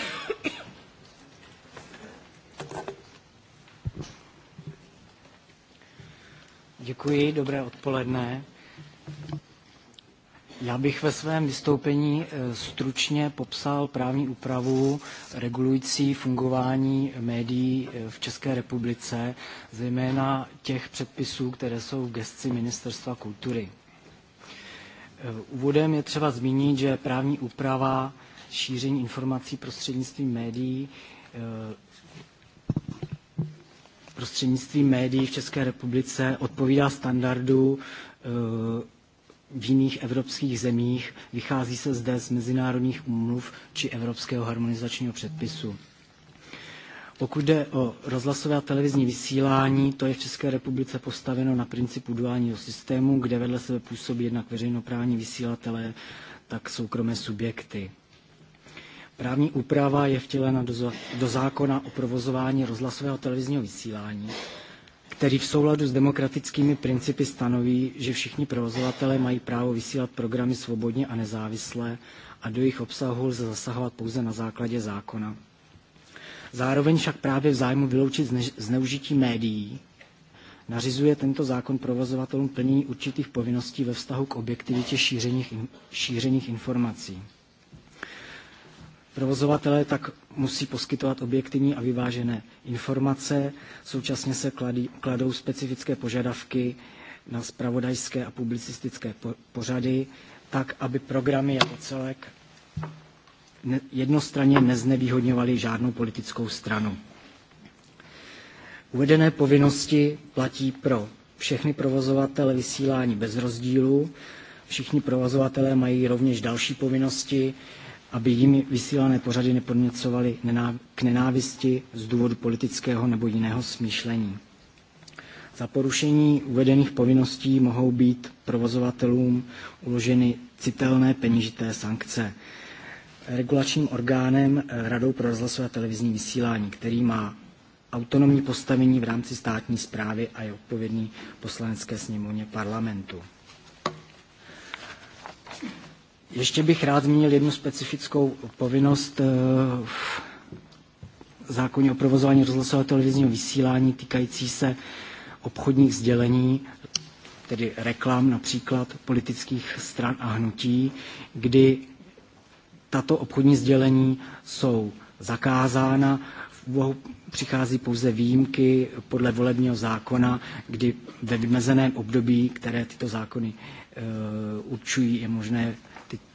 Děkuji, dobré odpoledne. Já bych ve svém vystoupení eh, stručně popsal právní úpravu regulující fungování médií eh, v České republice, zejména těch předpisů, které jsou v gesci Ministerstva kultury. Eh, úvodem je třeba zmínit, že právní úprava šíření informací prostřednictvím médií prostřednictvím médií v České republice odpovídá standardu eh, v jiných evropských zemích. Vychází se zde z mezinárodních úmluv či evropského harmonizačního předpisu. Pokud jde o rozhlasové a televizní vysílání, to je v České republice postaveno na principu duálního systému, kde vedle sebe působí jednak veřejnoprávní vysílatelé, tak soukromé subjekty. Právní úprava je vtělena do, do zákona o provozování rozhlasového televizního vysílání, který v souladu s demokratickými principy stanoví, že všichni provozovatelé mají právo vysílat programy svobodně a nezávisle a do jejich obsahu lze zasahovat pouze na základě zákona. Zároveň však právě v zájmu vyloučit zneužití médií nařizuje tento zákon provozovatelům plnění určitých povinností ve vztahu k objektivitě šířených, šířených informací. Provozovatelé tak musí poskytovat objektivní a vyvážené informace, současně se kladí, kladou specifické požadavky na spravodajské a publicistické po, pořady, tak aby programy jako celek ne, jednostranně neznevýhodňovaly žádnou politickou stranu. Uvedené povinnosti platí pro všechny provozovatele vysílání bez rozdílu. Všichni provozovatelé mají rovněž další povinnosti, aby jimi vysílané pořady nepodněcovaly k nenávisti z důvodu politického nebo jiného smýšlení. Za porušení uvedených povinností mohou být provozovatelům uloženy citelné peněžité sankce. Regulačním orgánem eh, Radou pro rozhlasové televizní vysílání, který má autonomní postavení v rámci státní zprávy a je odpovědný poslanecké sněmovně parlamentu. Ještě bych rád zmínil jednu specifickou povinnost eh, v zákoně o provozování rozhlasového televizního vysílání týkající se obchodních sdělení, tedy reklam například politických stran a hnutí, kdy tato obchodní sdělení jsou zakázána. V úvahu přichází pouze výjimky podle volebního zákona, kdy ve vymezeném období, které tyto zákony e, určují, je možné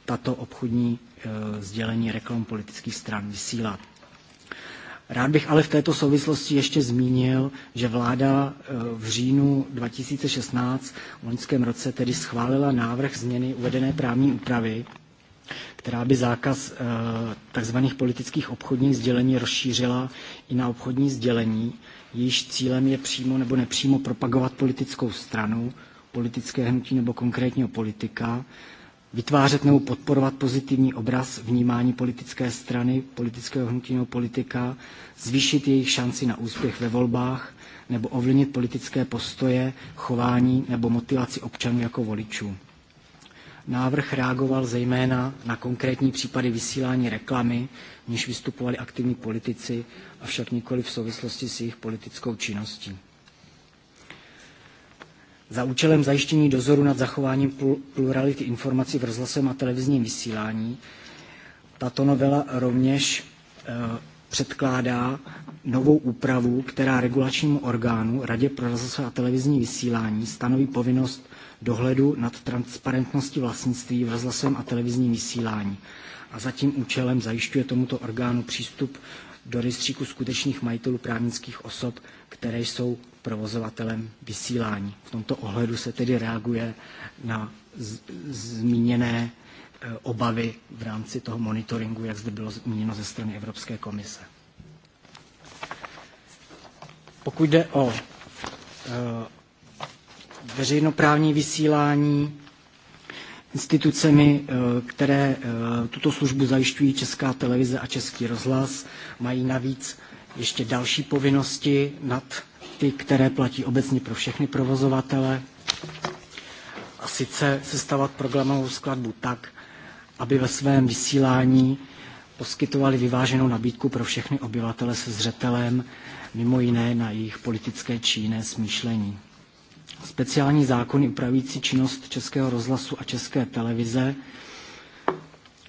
tato obchodní e, sdělení reklam politických stran vysílat. Rád bych ale v této souvislosti ještě zmínil, že vláda e, v říjnu 2016 v loňském roce tedy schválila návrh změny uvedené právní úpravy, která by zákaz e, tzv. politických obchodních sdělení rozšířila i na obchodní sdělení, jejíž cílem je přímo nebo nepřímo propagovat politickou stranu, politické hnutí nebo konkrétního politika, vytvářet nebo podporovat pozitivní obraz vnímání politické strany, politického hnutí nebo politika, zvýšit jejich šanci na úspěch ve volbách nebo ovlivnit politické postoje, chování nebo motivaci občanů jako voličů. Návrh reagoval zejména na konkrétní případy vysílání reklamy, v níž vystupovali aktivní politici, avšak nikoli v souvislosti s jejich politickou činností za účelem zajištění dozoru nad zachováním plurality informací v rozhlasovém a televizním vysílání. Tato novela rovněž eh, předkládá novou úpravu, která regulačnímu orgánu Radě pro rozhlasové a televizní vysílání stanoví povinnost dohledu nad transparentností vlastnictví v rozhlasovém a televizním vysílání a za tím účelem zajišťuje tomuto orgánu přístup do rejstříku skutečných majitelů právnických osob, které jsou provozovatelem vysílání. V tomto ohledu se tedy reaguje na zmíněné e, obavy v rámci toho monitoringu, jak zde bylo zmíněno ze strany Evropské komise. Pokud jde o e, veřejnoprávní vysílání, Institucemi, eh, které eh, tuto službu zajišťují Česká televize a Český rozhlas, mají navíc ještě další povinnosti nad ty, které platí obecně pro všechny provozovatele. A sice sestavat programovou skladbu tak, aby ve svém vysílání poskytovali vyváženou nabídku pro všechny obyvatele se zřetelem, mimo jiné na jejich politické či jiné smýšlení speciální zákony upravující činnost Českého rozhlasu a České televize.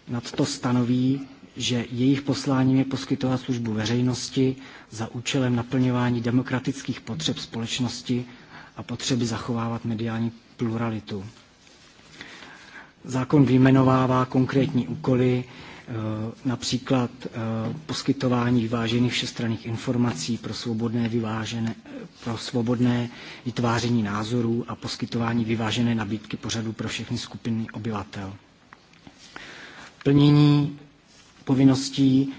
Nadto stanoví, že jejich posláním je poskytovat službu veřejnosti za účelem naplňování demokratických potřeb společnosti a potřeby zachovávat mediální pluralitu. Zákon vyjmenovává konkrétní úkoly, Eh, například eh, poskytování vyvážených všestranných informací pro svobodné, vyvážené, eh, pro svobodné vytváření názorů a poskytování vyvážené nabídky pořadu pro všechny skupiny obyvatel. Plnění povinností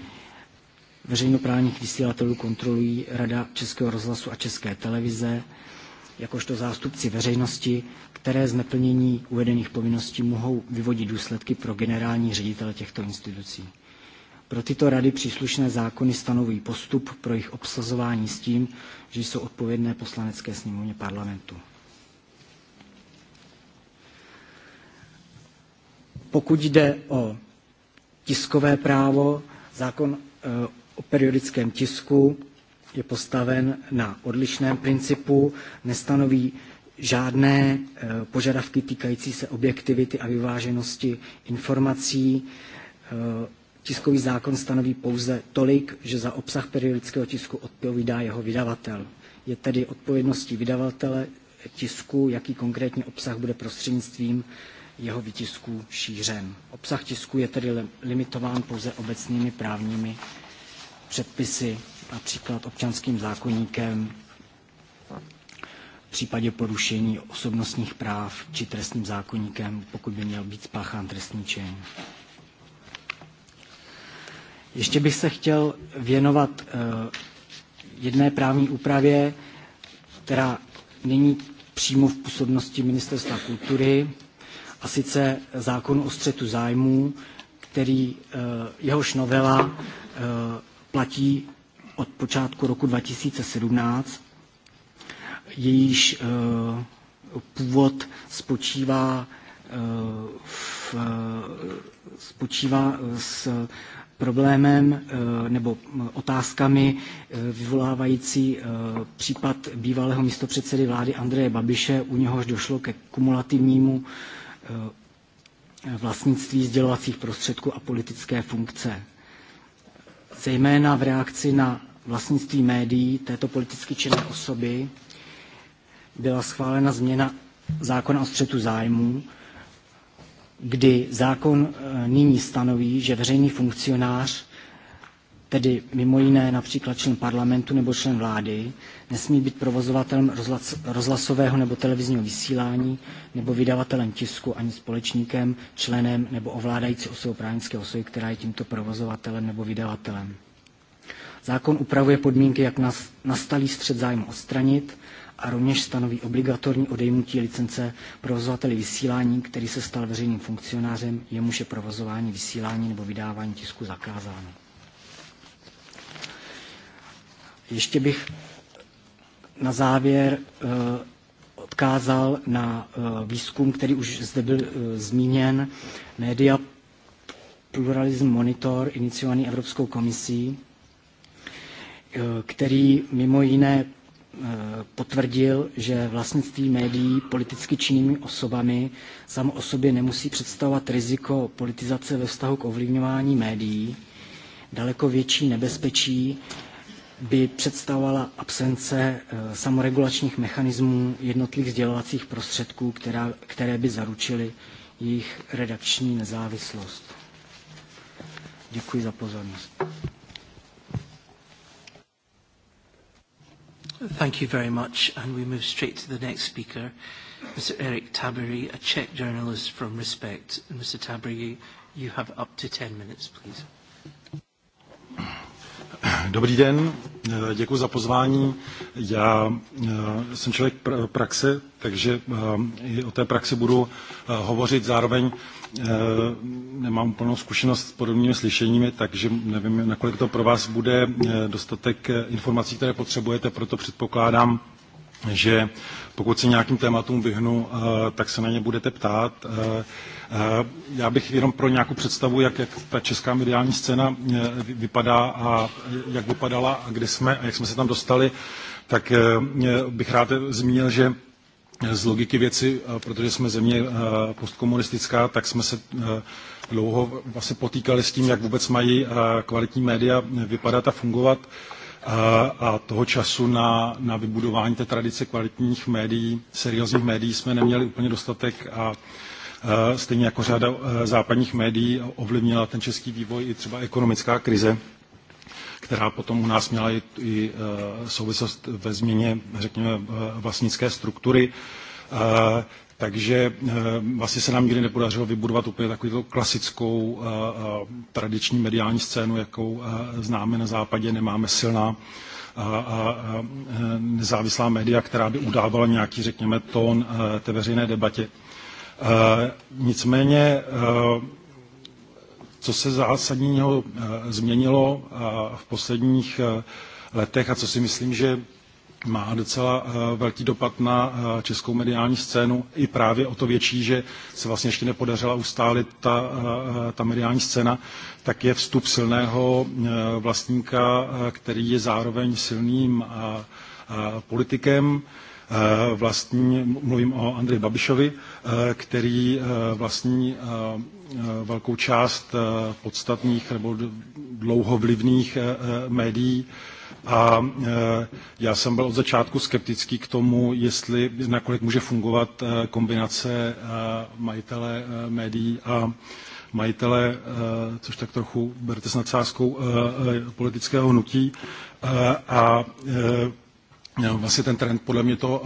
veřejnoprávních vysílatelů kontrolují Rada Českého rozhlasu a České televize, jakožto zástupci veřejnosti, které z neplnění uvedených povinností mohou vyvodit důsledky pro generální ředitele těchto institucí. Pro tyto rady příslušné zákony stanovují postup pro jejich obsazování s tím, že jsou odpovědné poslanecké sněmovně parlamentu. Pokud jde o tiskové právo, zákon eh, o periodickém tisku je postaven na odlišném principu, nestanoví žádné eh, požadavky týkající se objektivity a vyváženosti informací. Eh, tiskový zákon stanoví pouze tolik, že za obsah periodického tisku odpovídá jeho vydavatel. Je tedy odpovědností vydavatele tisku, jaký konkrétní obsah bude prostřednictvím jeho vytisku šířen. Obsah tisku je tedy limitován pouze obecnými právními předpisy například občanským zákoníkem v případě porušení osobnostních práv či trestním zákoníkem, pokud by měl být spáchán trestní čin. Ještě bych se chtěl věnovat eh, jedné právní úpravě, která není přímo v působnosti Ministerstva kultury, a sice zákon o střetu zájmů, který eh, jehož novela eh, platí od počátku roku 2017, jejíž eh, původ spočívá, eh, v, eh, spočívá s problémem nebo otázkami vyvolávající případ bývalého místopředsedy vlády Andreje Babiše, u něhož došlo ke kumulativnímu vlastnictví sdělovacích prostředků a politické funkce. Zejména v reakci na vlastnictví médií této politicky činné osoby byla schválena změna zákona o střetu zájmů, kdy zákon e, nyní stanoví, že veřejný funkcionář, tedy mimo jiné například člen parlamentu nebo člen vlády, nesmí být provozovatelem rozhlasového nebo televizního vysílání nebo vydavatelem tisku ani společníkem, členem nebo ovládající osobou právnické osoby, která je tímto provozovatelem nebo vydavatelem. Zákon upravuje podmínky, jak nastalý střed zájmu odstranit a rovněž stanoví obligatorní odejmutí licence provozovateli vysílání, který se stal veřejným funkcionářem, jemuž je provozování vysílání nebo vydávání tisku zakázáno. Ještě bych na závěr eh, odkázal na eh, výzkum, který už zde byl eh, zmíněn, Media Pluralism Monitor, iniciovaný Evropskou komisí, který mimo jiné e, potvrdil, že vlastnictví médií politicky činnými osobami samo o sobě nemusí představovat riziko politizace ve vztahu k ovlivňování médií. Daleko větší nebezpečí by představovala absence e, samoregulačních mechanismů jednotlivých sdělovacích prostředků, která, které by zaručily jejich redakční nezávislost. Děkuji za pozornost. Thank you very much. And we move straight to the next speaker, Mr. Eric Tabery, a Czech journalist from Respect. Mr. Tabery, you have up to 10 minutes, please. Dobrý den, děkuji za pozvání. Já eh, jsem člověk praxe, takže eh, i o té praxi budu eh, hovořit. Zároveň nemám plnou zkušenost s podobnými slyšeními, takže nevím, nakolik to pro vás bude dostatek informací, které potřebujete, proto předpokládám, že pokud se nějakým tématům vyhnu, eh, tak se na ně budete ptát. Eh, eh, já bych jenom pro nějakou představu, jak, jak ta česká mediální scéna vypadá a jak vypadala a kde jsme a jak jsme se tam dostali, tak bych rád zmínil, že z logiky věci, protože jsme země postkomunistická, tak jsme se dlouho vlastně potýkali s tím, jak vůbec mají kvalitní média vypadat a fungovat a toho času na, na vybudování té tradice kvalitních médií, seriózních médií jsme neměli úplně dostatek a stejně jako řada e, západních médií ovlivnila ten český vývoj i třeba ekonomická krize, která potom u nás měla i, i e, souvislost ve změně, řekněme, e, vlastnické struktury. Takže eh, vlastně se nám nikdy nepodařilo vybudovat úplně takovou klasickou eh, eh, tradiční mediální scénu, jakou známe na západě, nemáme silná a, nezávislá média, která by udávala nějaký, řekněme, tón té veřejné debatě. Nicméně, co se zásadního změnilo v posledních letech a co si myslím, že má docela eh, velký dopad na eh, českou mediální scénu. I právě o to větší, že se vlastně ještě nepodařila ustálit ta, eh, ta mediální scéna, tak je vstup silného vlastníka, který je zároveň silným politikem, vlastní, mluvím o Andreji Babišovi, který vlastní velkou část podstatných nebo dlouhovlivných médií, a e, já jsem byl od začátku skeptický k tomu, jestli nakolik může fungovat e, kombinace e, majitele médií a majitele, což tak trochu berte s nadsázkou, politického hnutí. A no, Vlastně ten trend podle mě to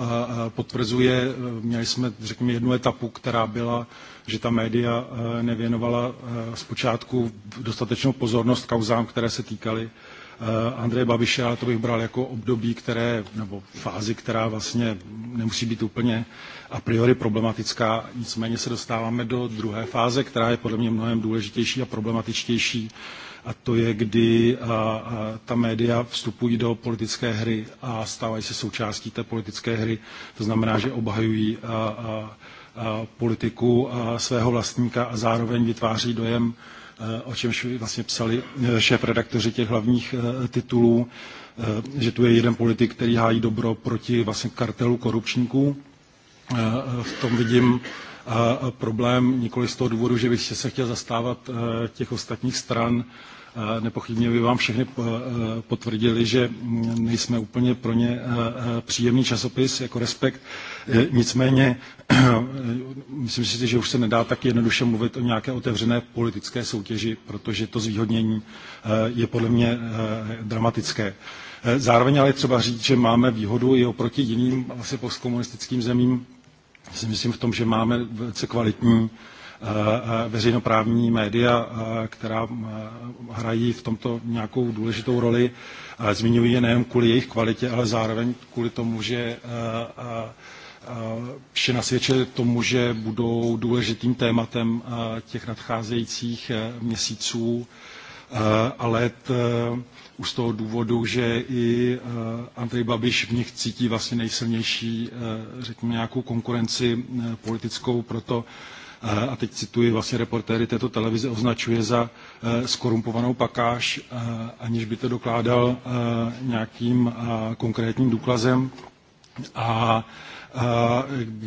potvrzuje. Měli jsme, řekněme, jednu etapu, která byla, že ta média nevěnovala zpočátku dostatečnou pozornost kauzám, které se týkaly Eh, Andreje Babiše, ale to bych bral jako období, které, nebo fázi, která vlastně nemusí být úplně a priori problematická. Nicméně se dostáváme do druhé fáze, která je podle mě mnohem důležitější a problematičtější, a to je, kdy a, eh, a, eh, ta média vstupují do politické hry a stávají se součástí té politické hry. To znamená, že obhajují a, a, a politiku a svého vlastníka a zároveň vytváří dojem, Eh, o čemž vlastně psali eh, šéf-redaktoři těch hlavních eh, titulů, že tu je jeden politik, který hájí dobro proti vlastně kartelu korupčníků. V tom vidím problém nikoli z toho důvodu, že bych se chtěl zastávat těch ostatních stran, nepochybně by vám všechny eh, eh, potvrdili, že nejsme úplně pro ně eh, příjemný časopis jako Respekt. Nicméně, myslím si, že už se nedá tak jednoduše mluvit o nějaké otevřené politické soutěži, protože to zvýhodnění je podle mě dramatické. Zároveň ale třeba říct, že máme výhodu i oproti jiným asi postkomunistickým zemím, si myslím v tom, že máme velice kvalitní Eh, eh, veřejnoprávní média, eh, která hrají v tomto nějakou důležitou roli. zmiňují je nejen kvůli jejich kvalitě, ale zároveň kvůli tomu, že vše nasvědčuje tomu, že budou důležitým tématem těch nadcházejících měsíců a let už z toho důvodu, že i Andrej Babiš v nich cítí vlastně nejsilnější, řekněme, nějakou konkurenci politickou, proto Eh, a teď cituji vlastně reportéry této televize, označuje za eh, skorumpovanou pakáž, eh, aniž by to dokládal nějakým konkrétním důkazem. A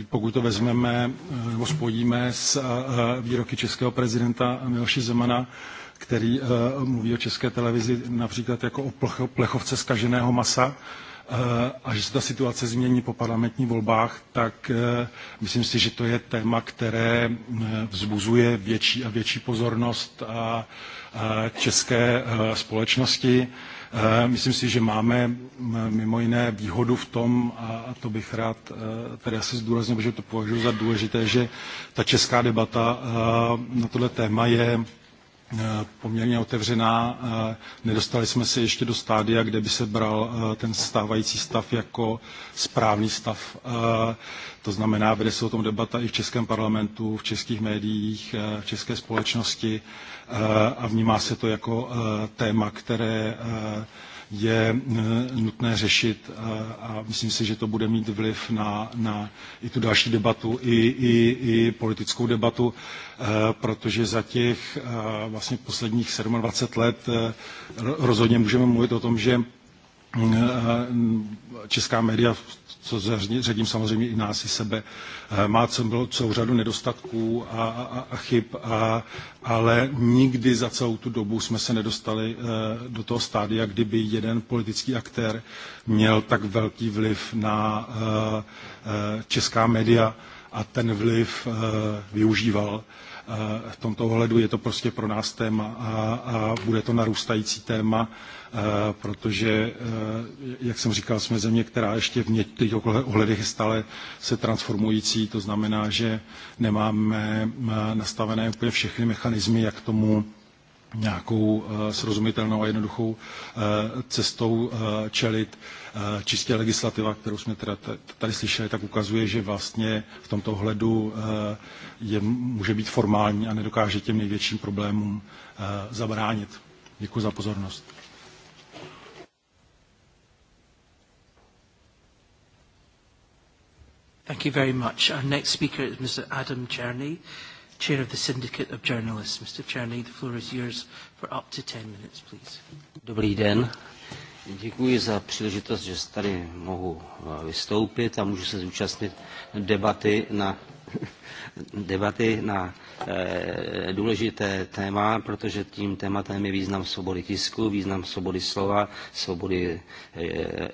pokud to vezmeme nebo spojíme s výroky českého prezidenta Miloše Zemana, který mluví o české televizi například jako o plechovce zkaženého masa, a že se ta situace změní po parlamentních volbách, tak eh, myslím si, že to je téma, které eh, vzbuzuje větší a větší pozornost a české eh, společnosti. Myslím si, že máme mimo jiné výhodu v tom, a to bych rád tady asi zdůraznil, protože to považuji za důležité, že ta česká debata na tohle téma je Eh, poměrně otevřená. Eh, nedostali jsme se ještě do stádia, kde by se bral eh, ten stávající stav jako správný stav. To znamená, vede se o tom debata i v českém parlamentu, v českých médiích, v české společnosti a vnímá se to jako téma, které je eh, nutné řešit eh, a myslím si, že to bude mít vliv na, na i tu další debatu, i, i, i politickou debatu, eh, protože za těch vlastně posledních 27 let rozhodně můžeme mluvit o tom, že česká média co řadím samozřejmě i nás i sebe, eh, má celou, celou řadu nedostatků a, a, a chyb, a, ale nikdy za celou tu dobu jsme se nedostali eh, do toho stádia, kdyby jeden politický aktér měl tak velký vliv na eh, česká média a ten vliv využíval. Eh, v tomto ohledu je to prostě pro nás téma a, a bude to narůstající téma, eh, protože, eh, jak jsem říkal, jsme země, která ještě v některých ohledech je stále se transformující. To znamená, že nemáme nastavené úplně všechny mechanizmy, jak tomu nějakou eh, srozumitelnou a jednoduchou eh, cestou eh, čelit. Čistě legislativa, kterou jsme teda tady slyšeli, tak ukazuje, že vlastně v tomto ohledu je, může být formální a nedokáže těm největším problémům zabránit. Děkuji za pozornost. Thank you very much. Our next speaker is Mr. Adam Czerny. Chair of the Syndicate of Journalists. Mr. Czerny, the floor is yours for up to 10 minutes, please. Dobrý den. Děkuji za příležitost, že tady mohu eh, vystoupit a můžu se zúčastnit debaty na debaty na e, důležité téma, protože tím tématem je význam svobody tisku, význam svobody slova, svobody e,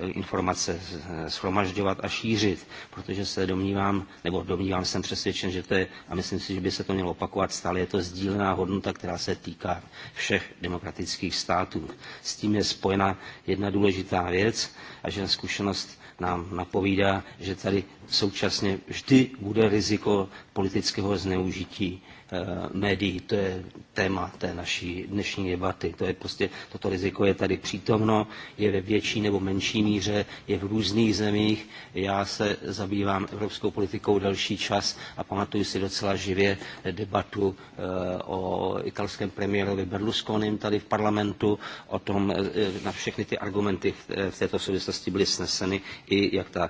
informace schromažďovat a šířit, protože se domnívám, nebo domnívám, jsem přesvědčen, že to je, a myslím si, že by se to mělo opakovat stále, je to sdílená hodnota, která se týká všech demokratických států. S tím je spojena jedna důležitá věc a že zkušenost nám napovídá, že tady současně vždy bude riziko politického zneužití Eh, médií. To je téma té naší dnešní debaty. To je prostě, toto riziko je tady přítomno, je ve větší nebo menší míře, je v různých zemích. Já se zabývám evropskou politikou delší čas a pamatuju si docela živě debatu eh, o italském premiérovi Berlusconim tady v parlamentu, o tom eh, na všechny ty argumenty v této souvislosti byly sneseny i jak ta,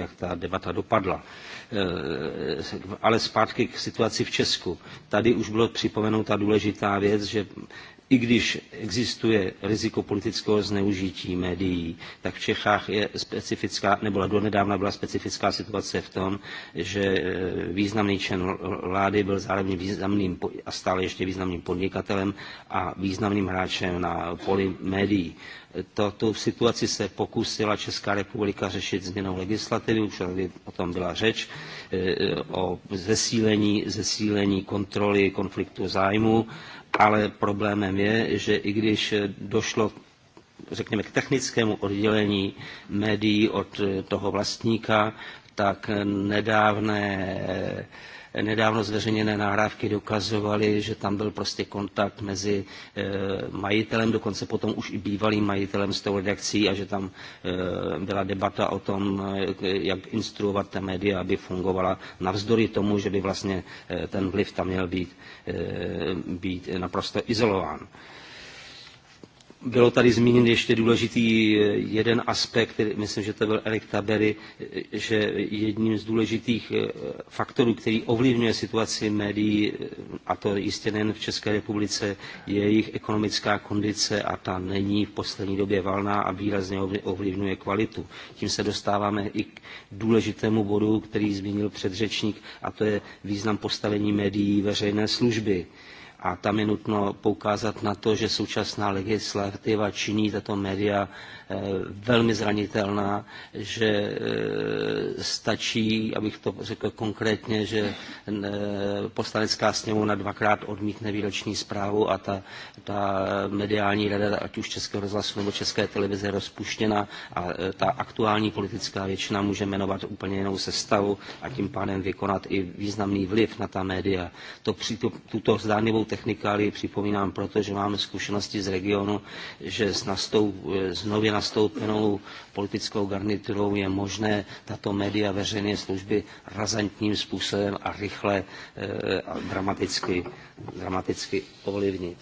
jak ta debata dopadla. Ale zpátky k situaci v Česku tisku. Tady už byla připomenuta důležitá věc, že i když existuje riziko politického zneužití médií, tak v Čechách je specifická, nebo donedávna byla specifická situace v tom, že e, významný člen vlády byl zároveň významným a stále ještě významným podnikatelem a významným hráčem na poli médií. Tato situaci se pokusila Česká republika řešit změnou legislativy, už o tom byla řeč, e, o zesílení, zesílení kontroly konfliktu zájmu ale problémem je, že i když došlo řekněme, k technickému oddělení médií od toho vlastníka, tak nedávné nedávno zveřejněné nahrávky dokazovaly, že tam byl prostě kontakt mezi eh, majitelem, dokonce potom už i bývalým majitelem s tou redakcí a že tam eh, byla debata o tom, eh, jak instruovat ta média, aby fungovala navzdory tomu, že by vlastně ten vliv tam měl být, být naprosto izolován. Bylo tady zmíněn ještě důležitý eh, jeden aspekt, který myslím, že to byl Erik Tabery, eh, že jedním z důležitých eh, faktorů, který ovlivňuje situaci médií, a to jistě nejen v České republice, je jejich ekonomická kondice a ta není v poslední době valná a výrazně ovlivňuje kvalitu. Tím se dostáváme i k důležitému bodu, který zmínil předřečník, a to je význam postavení médií veřejné služby a tam je nutno poukázat na to, že současná legislativa činí tato média Eh, velmi zranitelná, že eh, stačí, abych to řekl konkrétně, že eh, poslanecká sněmovna dvakrát odmítne výroční zprávu a ta, ta mediální rada, ať už Českého rozhlasu nebo České televize, je rozpuštěna a ta aktuální politická většina může jmenovat úplně jinou sestavu a tím pádem vykonat i významný vliv na ta média. To při to tuto zdánlivou technikáli připomínám proto, že máme zkušenosti z regionu, že s, nastou, s nastoupenou politickou garniturou je možné tato média veřejné služby razantním způsobem a rychle e, a dramaticky, dramaticky ovlivnit.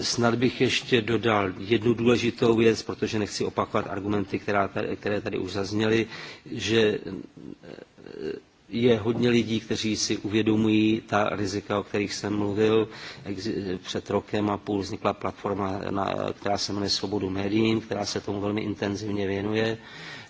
Snad bych ještě dodal jednu důležitou věc, protože nechci opakovat argumenty, která tady, které tady už zazněly, že e, je hodně lidí, kteří si uvědomují ta rizika, o kterých jsem mluvil. Před rokem a půl vznikla platforma, která se jmenuje Svobodu médiím, která se tomu velmi intenzivně věnuje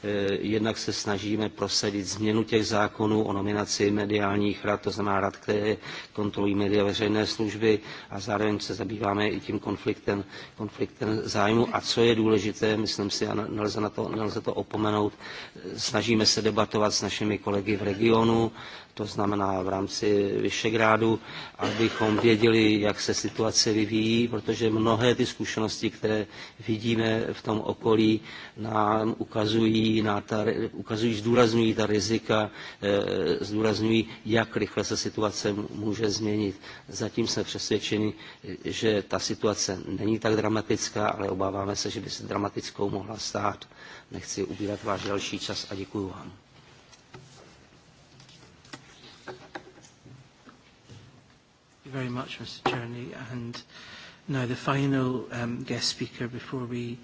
Eh, jednak se snažíme prosadit změnu těch zákonů o nominaci mediálních rad, to znamená rad, které kontrolují média veřejné služby a zároveň se zabýváme i tím konfliktem, konfliktem zájmu. A co je důležité, myslím si, a nelze, na to, nelze to opomenout, eh, snažíme se debatovat s našimi kolegy v regionu, to znamená v rámci Vyšegrádu, abychom věděli, jak se situace vyvíjí, protože mnohé ty zkušenosti, které vidíme v tom okolí, nám ukazují, na ta, ukazují zdůrazňují ta rizika, eh, zdůrazňují, jak rychle se situace může změnit. Zatím jsme přesvědčeni, že ta situace není tak dramatická, ale obáváme se, že by se dramatickou mohla stát. Nechci ubírat váš další čas a děkuji vám. very much, Mr. Czerny. And now the final um, guest speaker before we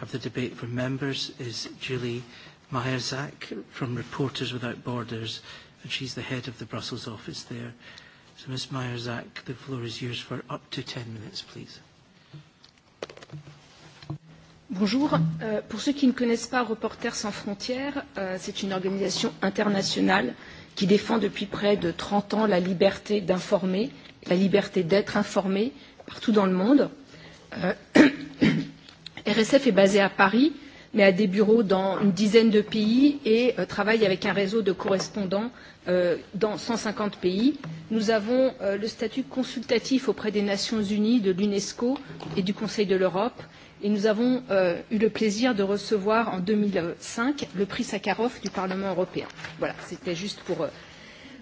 have the debate from members is Julie Myerzak from Reporters Without Borders, and she's the head of the Brussels office there. So, Ms. Myerzak, the floor is yours for up to 10 minutes, please. Bonjour. Euh, pour ceux qui ne connaissent pas Reporters sans frontières, euh, c'est une organisation internationale qui défend depuis près de 30 ans la liberté d'informer la liberté d'être informé partout dans le monde. Euh, [coughs] RSF est basé à Paris, mais a des bureaux dans une dizaine de pays et euh, travaille avec un réseau de correspondants euh, dans 150 pays. Nous avons euh, le statut consultatif auprès des Nations Unies, de l'UNESCO et du Conseil de l'Europe. Et nous avons euh, eu le plaisir de recevoir en 2005 le prix Sakharov du Parlement européen. Voilà, c'était juste pour euh,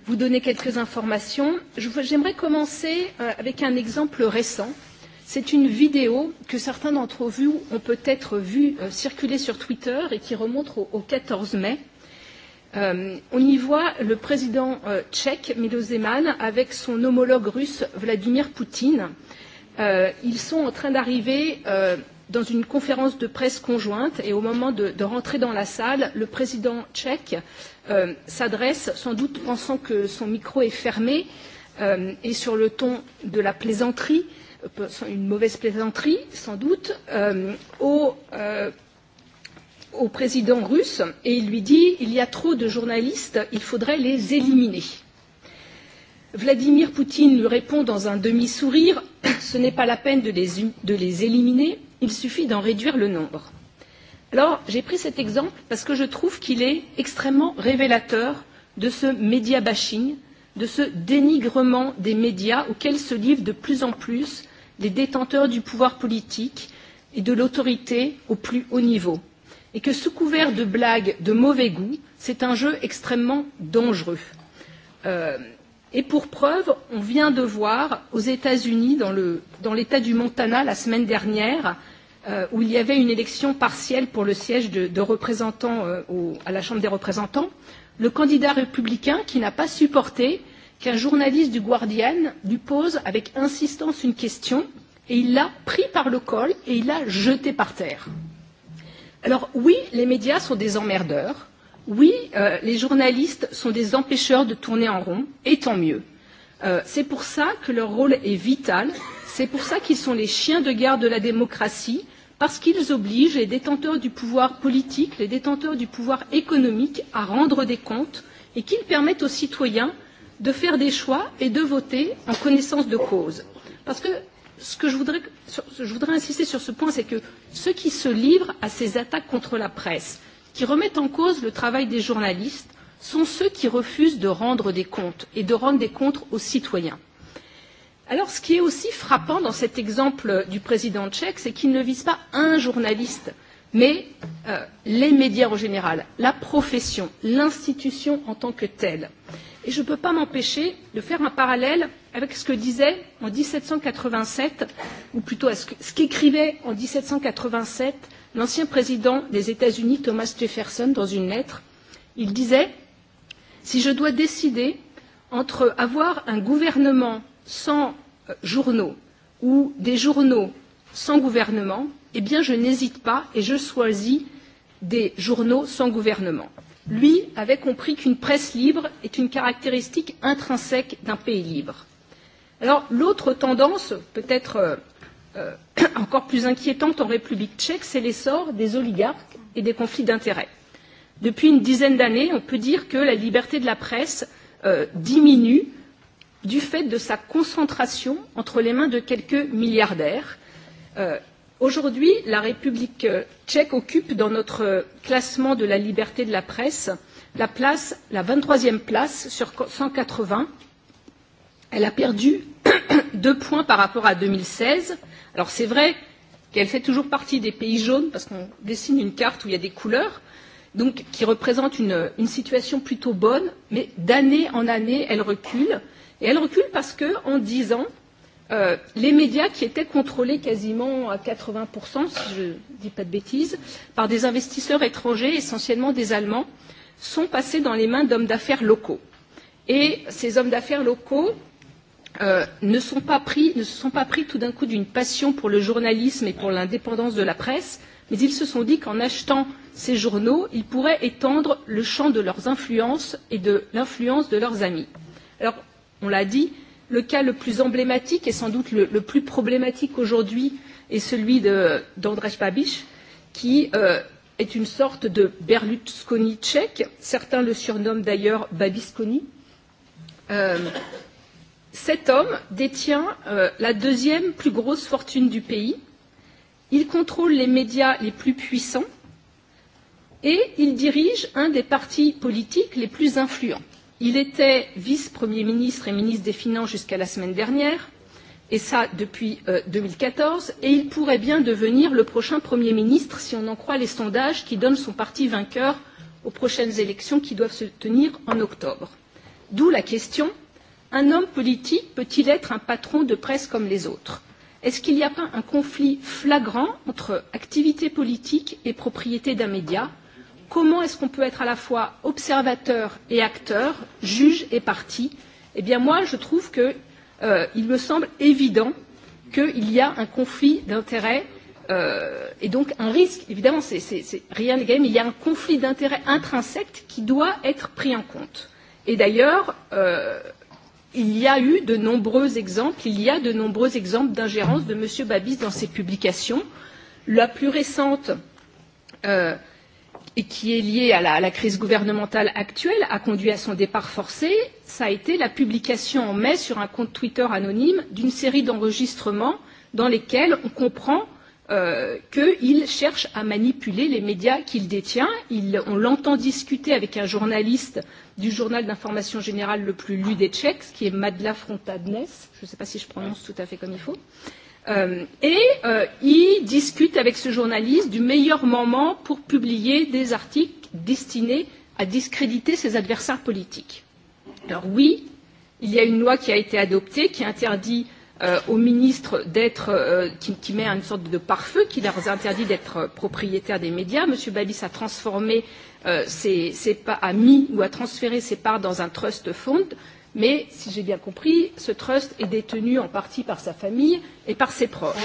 vous donner quelques informations. J'aimerais commencer euh, avec un exemple récent. C'est une vidéo que certains d'entre vous ont peut-être vue euh, circuler sur Twitter et qui remonte au, 14 mai. Euh, on y voit le président euh, tchèque Milo Zeman avec son homologue russe Vladimir Poutine. Euh, ils sont en train d'arriver euh, dans une conférence de presse conjointe et au moment de, de rentrer dans la salle, le président tchèque Euh, s'adresse, sans doute pensant que son micro est fermé, euh, et sur le ton de la plaisanterie, euh, une mauvaise plaisanterie sans doute, euh, au, euh, au président russe, et il lui dit Il y a trop de journalistes, il faudrait les éliminer. Vladimir Poutine lui répond dans un demi-sourire [coughs] Ce n'est pas la peine de les, de les éliminer, il suffit d'en réduire le nombre. Alors, j'ai pris cet exemple parce que je trouve qu'il est extrêmement révélateur de ce média bashing, de ce dénigrement des médias auquel se livrent de plus en plus les détenteurs du pouvoir politique et de l'autorité au plus haut niveau. Et que sous couvert de blagues de mauvais goût, c'est un jeu extrêmement dangereux. Euh, et pour preuve, on vient de voir aux États-Unis, dans l'État du Montana la semaine dernière, euh, où il y avait une élection partielle pour le siège de, de représentants euh, au, à la Chambre des représentants, le candidat républicain qui n'a pas supporté qu'un journaliste du Guardian lui pose avec insistance une question et il l'a pris par le col et il l'a jeté par terre. Alors oui, les médias sont des emmerdeurs, oui, euh, les journalistes sont des empêcheurs de tourner en rond, et tant mieux. Euh, c'est pour ça que leur rôle est vital, c'est pour ça qu'ils sont les chiens de garde de la démocratie, parce qu'ils obligent les détenteurs du pouvoir politique, les détenteurs du pouvoir économique à rendre des comptes et qu'ils permettent aux citoyens de faire des choix et de voter en connaissance de cause. Parce que ce que je voudrais, je voudrais insister sur ce point, c'est que ceux qui se livrent à ces attaques contre la presse, qui remettent en cause le travail des journalistes, sont ceux qui refusent de rendre des comptes et de rendre des comptes aux citoyens. Alors, ce qui est aussi frappant dans cet exemple du président tchèque, c'est qu'il ne vise pas un journaliste, mais euh, les médias en général, la profession, l'institution en tant que telle. Et je ne peux pas m'empêcher de faire un parallèle avec ce que disait en 1787, ou plutôt à ce qu'écrivait en 1787 l'ancien président des États-Unis Thomas Jefferson dans une lettre. Il disait si je dois décider entre avoir un gouvernement sans euh, journaux ou des journaux sans gouvernement, eh bien je n'hésite pas et je choisis des journaux sans gouvernement. Lui avait compris qu'une presse libre est une caractéristique intrinsèque d'un pays libre. Alors l'autre tendance, peut-être euh, euh [coughs] encore plus inquiétante en République tchèque, c'est l'essor des oligarques et des conflits d'intérêts. Depuis une dizaine d'années, on peut dire que la liberté de la presse euh, diminue du fait de sa concentration entre les mains de quelques milliardaires. Euh, Aujourd'hui, la République euh, tchèque occupe dans notre euh, classement de la liberté de la presse la place, la 23e place sur 180. Elle a perdu [coughs] deux points par rapport à 2016. Alors c'est vrai qu'elle fait toujours partie des pays jaunes parce qu'on dessine une carte où il y a des couleurs, donc, qui représente une, une situation plutôt bonne, mais d'année en année, elle recule. Et elle recule parce que, en dix ans, euh, les médias qui étaient contrôlés quasiment à 80%, si je ne dis pas de bêtises, par des investisseurs étrangers, essentiellement des Allemands, sont passés dans les mains d'hommes d'affaires locaux. Et ces hommes d'affaires locaux euh, ne, sont pas pris, ne se sont pas pris tout d'un coup d'une passion pour le journalisme et pour l'indépendance de la presse, mais ils se sont dit qu'en achetant ces journaux, ils pourraient étendre le champ de leurs influences et de l'influence de leurs amis. Alors, on l'a dit, le cas le plus emblématique et sans doute le, le plus problématique aujourd'hui est celui d'Andrzej Babich, qui euh, est une sorte de Berlusconi tchèque. Certains le surnomment d'ailleurs Babisconi. Euh, cet homme détient euh, la deuxième plus grosse fortune du pays. Il contrôle les médias les plus puissants et il dirige un des partis politiques les plus influents. Il était vice-premier ministre et ministre des Finances jusqu'à la semaine dernière, et ça depuis euh, 2014, et il pourrait bien devenir le prochain Premier ministre si on en croit les sondages qui donnent son parti vainqueur aux prochaines élections qui doivent se tenir en octobre. D'où la question, un homme politique peut-il être un patron de presse comme les autres Est-ce qu'il n'y a pas un conflit flagrant entre activité politique et propriété d'un média comment est-ce qu'on peut être à la fois observateur et acteur, juge et parti Eh bien moi, je trouve qu'il euh, me semble évident qu'il y a un conflit d'intérêts euh, et donc un risque. Évidemment, c'est, c'est, c'est rien n'est gagné, mais il y a un conflit d'intérêts intrinsèque qui doit être pris en compte. Et d'ailleurs, euh, il y a eu de nombreux exemples, il y a de nombreux exemples d'ingérence de M. Babis dans ses publications. La plus récente euh, et qui est lié à la, à la crise gouvernementale actuelle a conduit à son départ forcé, ça a été la publication en mai sur un compte Twitter anonyme d'une série d'enregistrements dans lesquels on comprend euh, qu'il cherche à manipuler les médias qu'il détient. Il, on l'entend discuter avec un journaliste du journal d'information générale le plus lu des Tchèques, qui est Madla Frontadnes, je ne sais pas si je prononce tout à fait comme il faut. Euh, Euh, et euh, il discute avec ce journaliste du meilleur moment pour publier des articles destinés à discréditer ses adversaires politiques. Alors oui, il y a une loi qui a été adoptée qui interdit euh, aux ministres d'être, euh, qui, qui met une sorte de pare-feu, qui leur interdit d'être euh, propriétaires des médias. Monsieur Babis a transformé euh, ses, ses a mis ou a transféré ses parts dans un trust fund mais si j'ai bien compris, ce trust est détenu en partie par sa famille et par ses proches.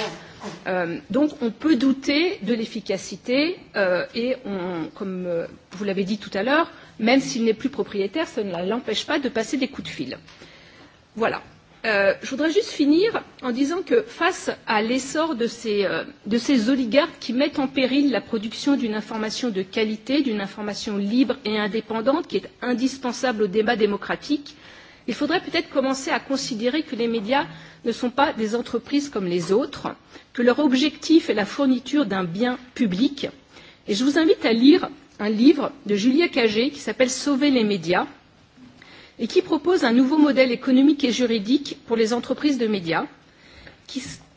Euh, donc on peut douter de l'efficacité euh, et on, comme euh, vous l'avez dit tout à l'heure, même s'il n'est plus propriétaire, ça ne l'empêche pas de passer des coups de fil. Voilà. Euh, je voudrais juste finir en disant que face à l'essor de, euh, de ces oligarques qui mettent en péril la production d'une information de qualité, d'une information libre et indépendante qui est indispensable au débat démocratique, Il faudrait peut-être commencer à considérer que les médias ne sont pas des entreprises comme les autres, que leur objectif est la fourniture d'un bien public. Et je vous invite à lire un livre de Julia Cagé qui s'appelle Sauver les médias et qui propose un nouveau modèle économique et juridique pour les entreprises de médias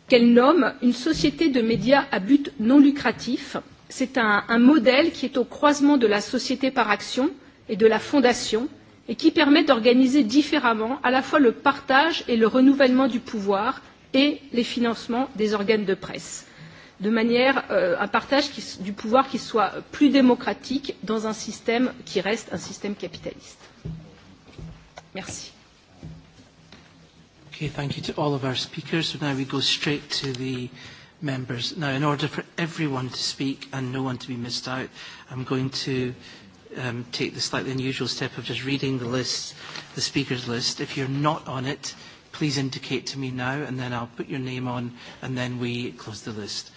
qu'elle nomme une société de médias à but non lucratif. C'est un, un modèle qui est au croisement de la société par action et de la fondation et qui permet d'organiser différemment à la fois le partage et le renouvellement du pouvoir et les financements des organes de presse, de manière euh, un partage qui, du pouvoir qui soit plus démocratique dans un système qui reste un système capitaliste. Merci. Okay, thank you to all of our speakers. So now we go straight to the members. Now, in order for everyone to speak and no one to be missed out, I'm going to um, take the slightly unusual step of just reading the list, the speaker's list. If you're not on it, please indicate to me now, and then I'll put your name on, and then we close the list.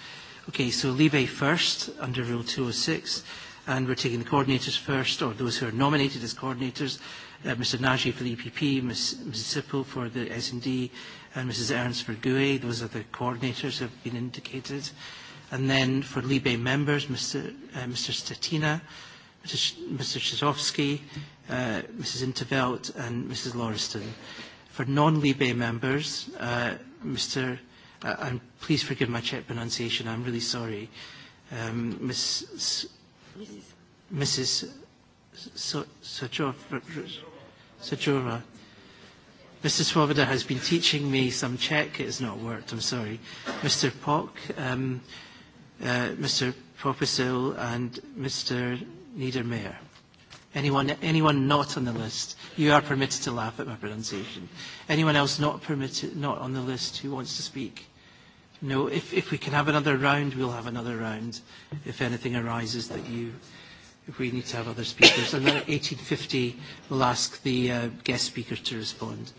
Okay, so Libe first, under Rule 206, and we're taking the coordinators first, or those who are nominated as coordinators, uh, Mr. Naji for the EPP, Ms. Mrs. Sippel for the S&D, and Mrs. Ernst for GUE. Those are the coordinators who have been indicated. And then for Libe members, Mr. Uh, Mr. Statina, Mr. Shizovsky, uh, Mrs. Intervelt and Mrs. Lauriston. For non-Libe members, uh, Mr. Uh, and please forgive my Czech pronunciation, I'm really sorry. Um, Ms. S Mrs. So Mr Swoboda has been teaching me some Czech. It has not worked, I'm sorry. Mr. Pock, um, uh, Mr. Popisil and Mr mayor. Anyone, anyone not on the list? You are permitted to laugh at my pronunciation. Anyone else not permitted, not on the list who wants to speak? No, if, if we can have another round, we'll have another round if anything arises that you, if we need to have other speakers. and then at 18.50, we'll ask the uh, guest speaker to respond.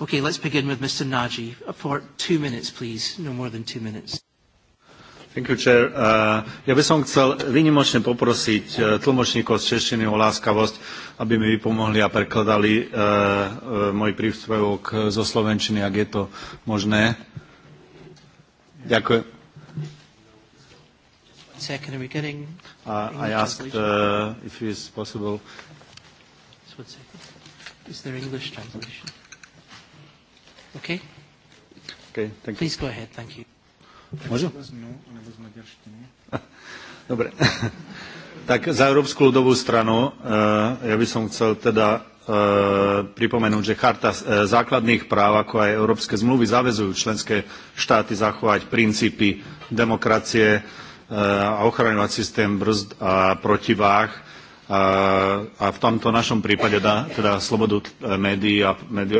Okay, let's begin with Mr. Naji for two minutes, please, no more than two minutes. Thank you, chair. Uh, ja by som chcel výnimočne poprosiť uh, tlmočníkov z češtiny o láskavosť, aby mi vypomohli a prekladali uh, uh, môj príspevok zo slovenčiny, ak je to možné. Ďakujem. Second, are we getting uh, I asked uh, if it is possible. Just one second. Is there English translation? Okay. Okay, thank you. Please go ahead. Thank you. Môžu? [laughs] Dobre. Tak za Európsku ľudovú stranu eh, ja by som chcel teda eh, pripomenúť, že Charta eh, základných práv, ako aj Európske zmluvy, zavezujú členské štáty zachovať princípy demokracie a ochraňovať systém brzd a protiváh a v tomto našom prípade teda slobodu médií a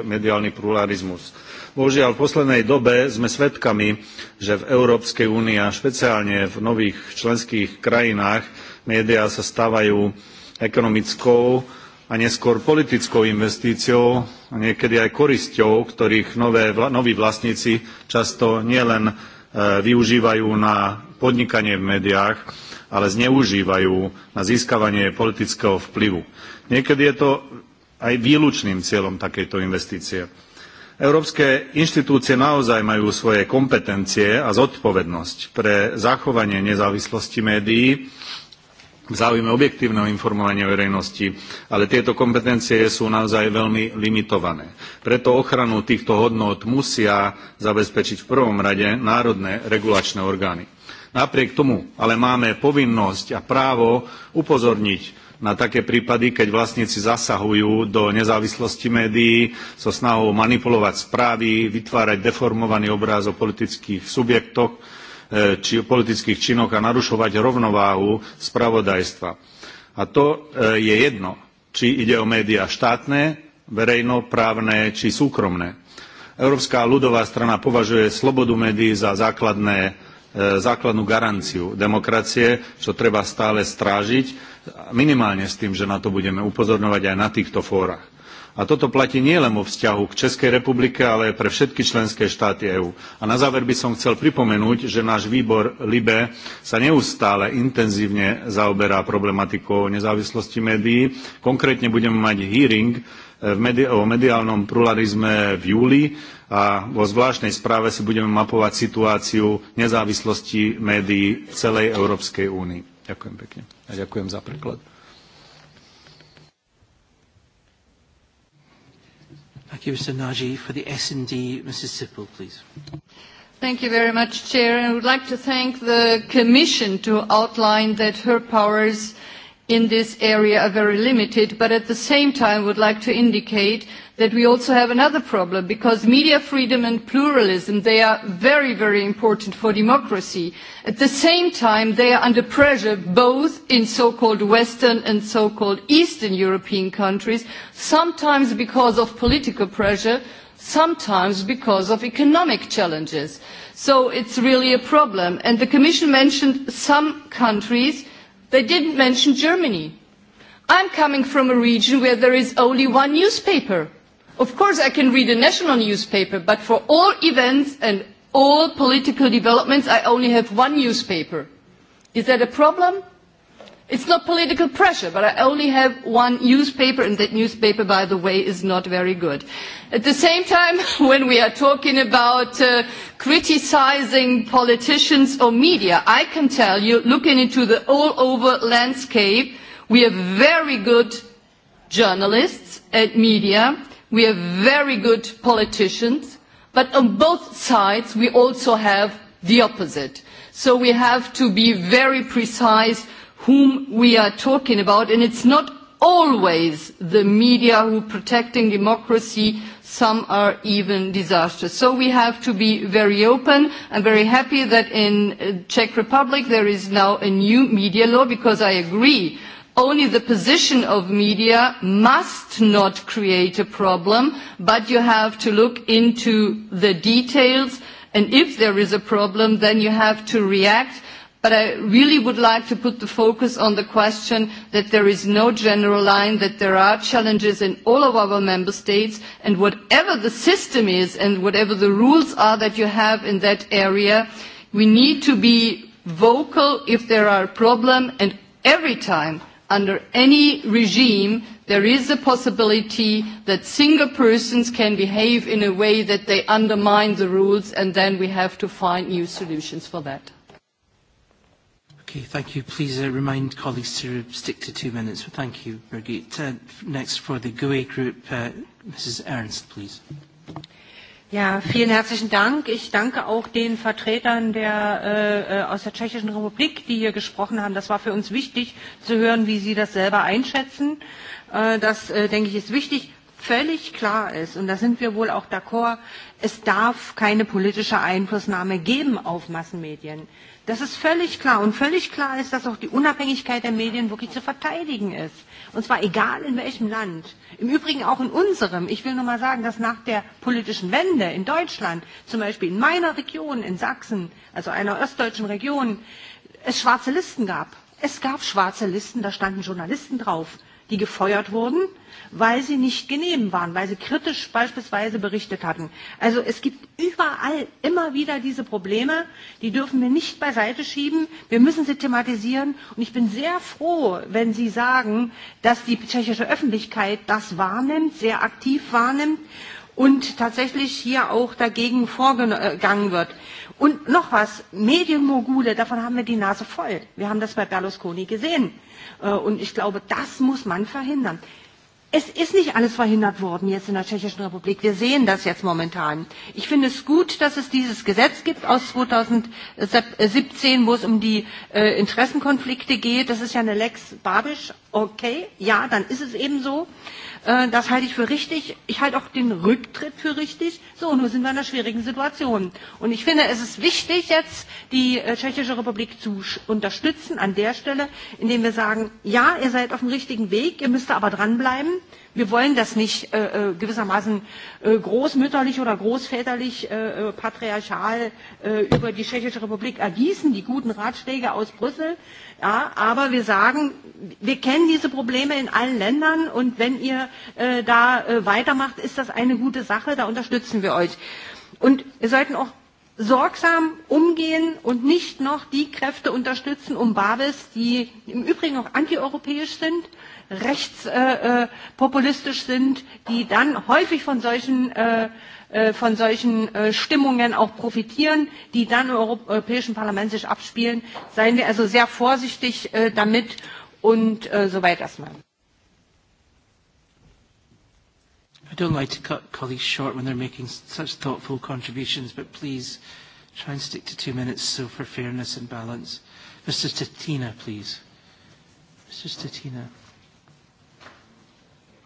mediálny pluralizmus Bohužiaľ, v poslednej dobe sme svedkami, že v Európskej únii a špeciálne v nových členských krajinách médiá sa stávajú ekonomickou a neskôr politickou investíciou a niekedy aj korisťou, ktorých nové, noví vlastníci často nielen e, využívajú na podnikanie v médiách, ale zneužívajú na získavanie politického vplyvu. Niekedy je to aj výlučným cieľom takejto investície. Európske inštitúcie naozaj majú svoje kompetencie a zodpovednosť pre zachovanie nezávislosti médií v záujme objektívneho informovania verejnosti, ale tieto kompetencie sú naozaj veľmi limitované. Preto ochranu týchto hodnot musia zabezpečiť v prvom rade národné regulačné orgány. Napriek tomu ale máme povinnosť a právo upozorniť na také prípady, keď vlastníci zasahujú do nezávislosti médií so snahou manipulovať správy, vytvárať deformovaný obráz o politických subjektoch e, či o politických činoch a narušovať rovnováhu spravodajstva. A to e, je jedno, či ide o médiá štátne, verejnoprávne či súkromné. Európska ľudová strana považuje slobodu médií za základné e, základnú garanciu demokracie, čo treba stále strážiť minimálne s tým, že na to budeme upozorňovať aj na týchto fórach. A toto platí nielen vo vzťahu k Českej republike, ale aj pre všetky členské štáty EÚ. A na záver by som chcel pripomenúť, že náš výbor LIBE sa neustále intenzívne zaoberá problematikou nezávislosti médií. Konkrétne budeme mať hearing e, medi o mediálnom pluralizme v júli a vo zvláštnej správe si budeme mapovať situáciu nezávislosti médií v celej Európskej únii. Ďakujem pekne a ďakujem za preklad. Thank you, Mr. Nagy. For the S&D, Mrs. Sippel, please. Thank you very much, Chair. And I would like to thank the Commission to outline that her powers in this area are very limited, but at the same time would like to indicate that we also have another problem because media freedom and pluralism, they are very, very important for democracy. At the same time, they are under pressure both in so-called Western and so-called Eastern European countries, sometimes because of political pressure, sometimes because of economic challenges. So it's really a problem. And the Commission mentioned some countries. They didn't mention Germany. I'm coming from a region where there is only one newspaper Of course, I can read a national newspaper, but for all events and all political developments, I only have one newspaper. Is that a problem? It's not political pressure, but I only have one newspaper, and that newspaper, by the way, is not very good. At the same time, [laughs] when we are talking about uh, criticizing politicians or media, I can tell you, looking into the all-over landscape, we have very good journalists and media, We have very good politicians, but on both sides we also have the opposite. So we have to be very precise whom we are talking about, and it's not always the media who are protecting democracy. Some are even disastrous. So we have to be very open. I'm very happy that in Czech Republic there is now a new media law because I agree only the position of media must not create a problem, but you have to look into the details. And if there is a problem, then you have to react. But I really would like to put the focus on the question that there is no general line, that there are challenges in all of our member states, and whatever the system is and whatever the rules are that you have in that area, we need to be vocal if there are a problem and every time under any regime, there is a possibility that single persons can behave in a way that they undermine the rules, and then we have to find new solutions for that. Okay, thank you. Please uh, remind colleagues to stick to two minutes. Thank you, Birgit. Uh, next, for the GUE group, uh, Mrs. Ernst, please. Ja, vielen herzlichen Dank. Ich danke auch den Vertretern der, äh, äh, aus der Tschechischen Republik, die hier gesprochen haben. Das war für uns wichtig zu hören, wie Sie das selber einschätzen. Äh, das, äh, denke ich, ist wichtig. Völlig klar ist, und da sind wir wohl auch d'accord, es darf keine politische Einflussnahme geben auf Massenmedien. Das ist völlig klar. Und völlig klar ist, dass auch die Unabhängigkeit der Medien wirklich zu verteidigen ist und zwar egal in welchem Land. Im Übrigen auch in unserem. Ich will nur mal sagen, dass nach der politischen Wende in Deutschland, zum Beispiel in meiner Region, in Sachsen, also einer östdeutschen Region, es schwarze Listen gab. Es gab schwarze Listen, da standen Journalisten drauf die gefeuert wurden, weil sie nicht genehm waren, weil sie kritisch beispielsweise berichtet hatten. Also es gibt überall immer wieder diese Probleme, die dürfen wir nicht beiseite schieben, wir müssen sie thematisieren und ich bin sehr froh, wenn Sie sagen, dass die tschechische Öffentlichkeit das wahrnimmt, sehr aktiv wahrnimmt und tatsächlich hier auch dagegen vorgegangen wird. Und noch was, Medienmogule, davon haben wir die Nase voll. Wir haben das bei Berlusconi gesehen Äh, und ich glaube, das muss man verhindern. Es ist nicht alles verhindert worden jetzt in der Tschechischen Republik. Wir sehen das jetzt momentan. Ich finde es gut, dass es dieses Gesetz gibt aus 2017, wo es um die äh, Interessenkonflikte geht. Das ist ja eine Lex Babisch. Okay, ja, dann ist es eben so. Äh, das halte ich für richtig. Ich halte auch den Rücktritt für richtig. So, nun sind wir in einer schwierigen Situation. Und ich finde, es ist wichtig, jetzt die äh, Tschechische Republik zu unterstützen an der Stelle, indem wir sagen, ja, ihr seid auf dem richtigen Weg, ihr müsst aber dranbleiben. Wir wollen das nicht äh, äh gewissermaßen äh, großmütterlich oder großväterlich, äh, patriarchal äh, über die Tschechische Republik ergießen, die guten Ratschläge aus Brüssel. Ja, aber wir sagen, wir kennen diese Probleme in allen Ländern und wenn ihr äh, da äh, weitermacht, ist das eine gute Sache, da unterstützen wir euch. Und wir sollten auch sorgsam umgehen und nicht noch die Kräfte unterstützen um Babis, die im Übrigen auch antieuropäisch sind, rechtspopulistisch äh, äh, sind, die dann häufig von solchen äh, Äh, von solchen äh, Stimmungen auch profitieren, die dann im Europäischen Parlament sich abspielen. Seien wir also sehr vorsichtig äh, damit und soweit erstmal. I don't like to cut colleagues short when they're making such thoughtful contributions, but please try and stick to two minutes so for fairness and balance. Mr. Tatina, please. Mr. Statina.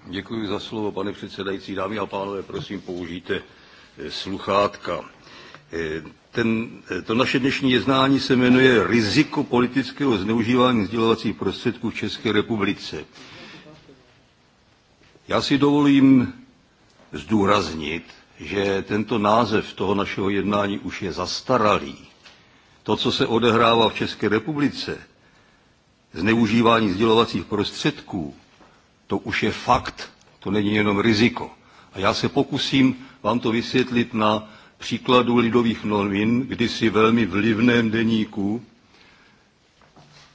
Děkuji za slovo, pane předsedající. Dámy a pánové, prosím, použijte sluchátka. E, ten, e, to naše dnešní jednání se jmenuje Riziko politického zneužívání sdělovacích prostředků v České republice. Já si dovolím zdůraznit, že tento název toho našeho jednání už je zastaralý. To, co se odehrává v České republice, zneužívání sdělovacích prostředků, to už je fakt, to není jenom riziko. A já se pokusím vám to vysvětlit na příkladu lidových novin, kdysi velmi vlivném deníku,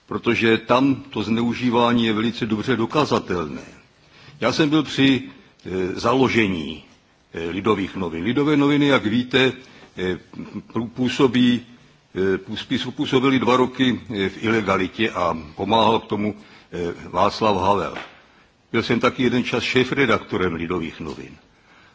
protože tam to zneužívání je velice dobře dokazatelné. Já jsem byl při e, založení e, lidových novin. Lidové noviny, jak víte, e, působí, působili dva roky v ilegalitě a pomáhal k tomu Václav Havel. Byl jsem taky jeden čas šéf-redaktorem Lidových novin.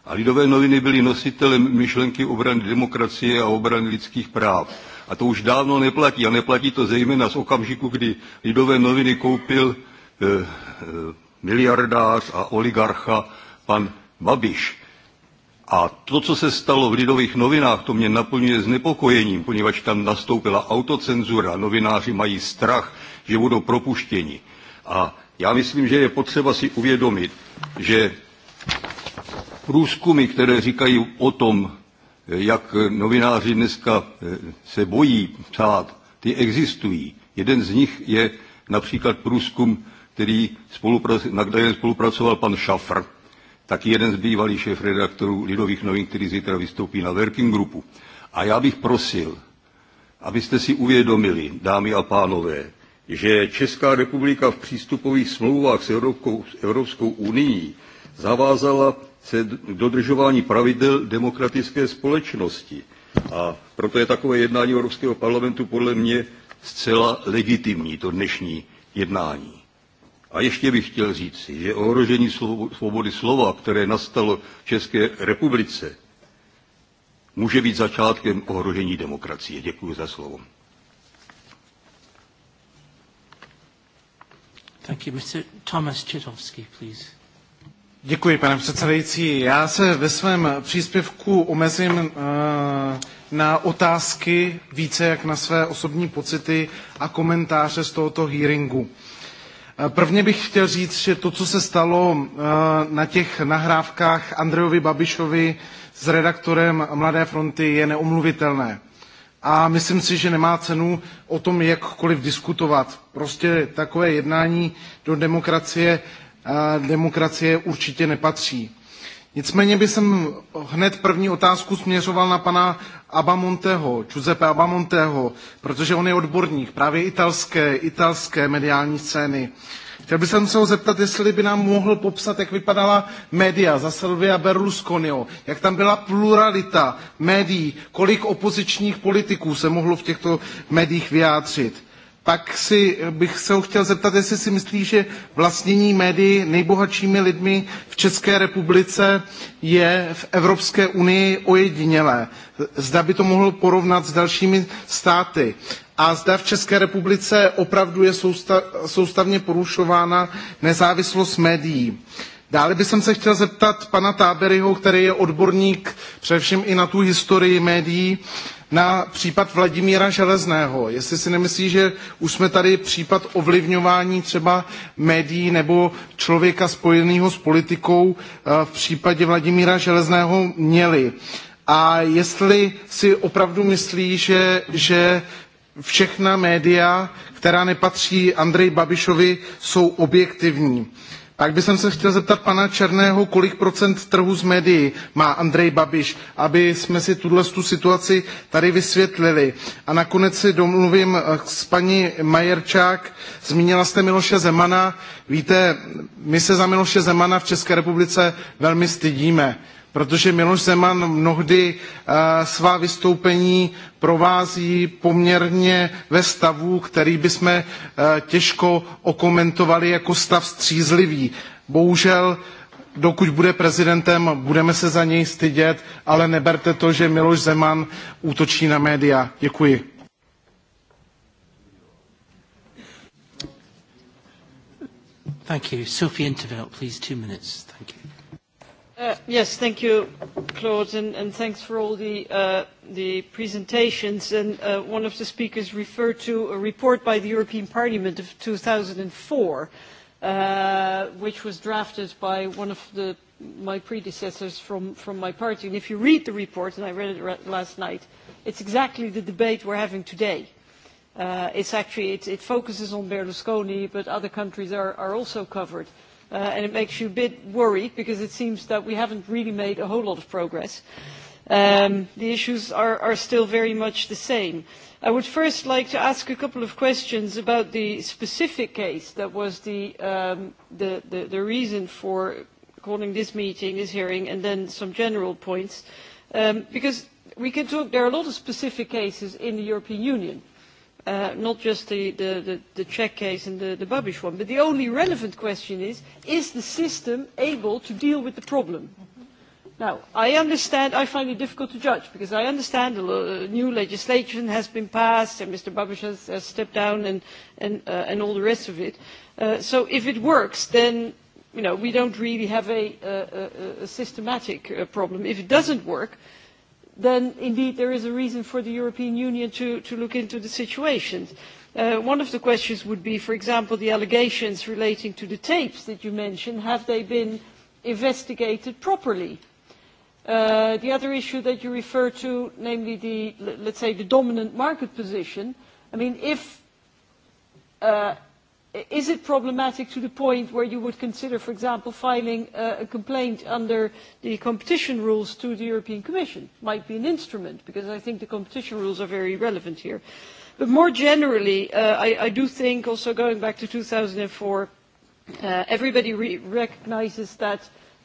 A lidové noviny byly nositelem myšlenky obrany demokracie a obrany lidských práv. A to už dávno neplatí. A neplatí to zejména z okamžiku, kdy lidové noviny koupil eh, eh miliardář a oligarcha pan Babiš. A to, co se stalo v Lidových novinách, to mě naplňuje znepokojením, poněvadž tam nastoupila autocenzura. Novináři mají strach, že budou propuštěni. A já myslím, že je potřeba si uvědomit, že průzkumy, které říkají o tom, jak novináři dneska eh, se bojí psát, ty existují. Jeden z nich je například průzkum, který na kterém spolupracoval pan Šafr, taky jeden z bývalých šéf-redaktorů Lidových novin, který zítra vystoupí na Working Groupu. A já bych prosil, abyste si uvědomili, dámy a pánové, že Česká republika v přístupových smlouvách s Evropskou, Evropskou unii zavázala se k dodržování pravidel demokratické společnosti. A proto je takové jednání Evropského parlamentu podle mě zcela legitimní, to dnešní jednání. A ještě bych chtěl říci, že ohrožení svobody slova, které nastalo v České republice, může být začátkem ohrožení demokracie. Děkuji za slovo. Thank you, Mr. Thomas Chitovsky, please. Děkuji, pane předsedající. Já se ve svém příspěvku omezím eh, na otázky více jak na své osobní pocity a komentáře z tohoto hearingu. Eh, prvně bych chtěl říct, že to, co se stalo eh, na těch nahrávkách Andrejovi Babišovi s redaktorem Mladé fronty, je neomluvitelné. A myslím si, že nemá cenu o tom jakkoliv diskutovat. Prostě takové jednání do demokracie demokracie určitě nepatří. Nicméně by jsem hned první otázku směřoval na pana Abamonteho, Giuseppe Abamonteho, protože on je odborník právě italské, italské mediální scény. Chtěl bych se ho zeptat, jestli by nám mohl popsat, jak vypadala média za Silvia Berlusconiho, jak tam byla pluralita médií, kolik opozičních politiků se mohlo v těchto médiích vyjádřit. Pak si, bych se ho chtěl zeptat, jestli si myslí, že vlastnění médií nejbohatšími lidmi v České republice je v Evropské unii ojedinělé. Zda by to mohl porovnat s dalšími státy. A zda v České republice opravdu je soustavně porušována nezávislost médií. Dále bych se chtěl zeptat pana Táberyho, který je odborník především i na tu historii médií, na případ Vladimíra Železného. Jestli si nemyslí, že už jsme tady případ ovlivňování třeba médií nebo člověka spojeného s politikou eh, v případě Vladimíra Železného měli. A jestli si opravdu myslí, že, že všechna média, která nepatří Andreji Babišovi, jsou objektivní. A jak jsem se chtěl zeptat pana Černého, kolik procent trhu z médií má Andrej Babiš, aby jsme si tuhle situaci tady vysvětlili. A nakonec si domluvím eh, s paní Majerčák, zmínila jste Miloše Zemana. Víte, my se za Miloše Zemana v České republice velmi stydíme protože Miloš Zeman mnohdy eh, svá vystoupení provází poměrně ve stavu, který bychom eh, těžko okomentovali jako stav střízlivý. Bohužel dokud bude prezidentem, budeme se za něj stydět, ale neberte to, že Miloš Zeman útočí na média. Děkuji. Thank you. Sophie Intervelt, please, two minutes. Uh, yes, thank you, Claude, and, and thanks for all the, uh, the presentations. And uh, one of the speakers referred to a report by the European Parliament of 2004, uh, which was drafted by one of the, my predecessors from, from my party. And if you read the report, and I read it last night, it's exactly the debate we're having today. Uh, it's actually, it, it focuses on Berlusconi, but other countries are, are also covered. Uh, Uh, and it makes you a bit worried because it seems that we haven't really made a whole lot of progress. Um, the issues are, are still very much the same. I would first like to ask a couple of questions about the specific case that was the, um, the, the, the reason for calling this meeting, this hearing, and then some general points. Um, because we can talk, there are a lot of specific cases in the European Union Uh, not just the, the, the, the Czech case and the, the Babish one, but the only relevant question is, is the system able to deal with the problem? Now, I understand, I find it difficult to judge, because I understand the uh, new legislation has been passed, and Mr. Babish has, has stepped down, and, and, uh, and all the rest of it. Uh, so if it works, then you know, we don't really have a, a, uh, a systematic uh, problem. If it doesn't work, uh, then indeed there is a reason for the European Union to, look into the situation. Uh, one of the questions would be, for example, the allegations relating to the tapes that you mentioned, have they been investigated properly? Uh, the other issue that you refer to, namely the, let's say, the dominant market position, I mean, if uh, is it problematic to the point where you would consider for example filing a complaint under the competition rules to the european commission might be an instrument because i think the competition rules are very relevant here but more generally uh, I, i do think also going back to two thousand and four uh, everybody re recognises that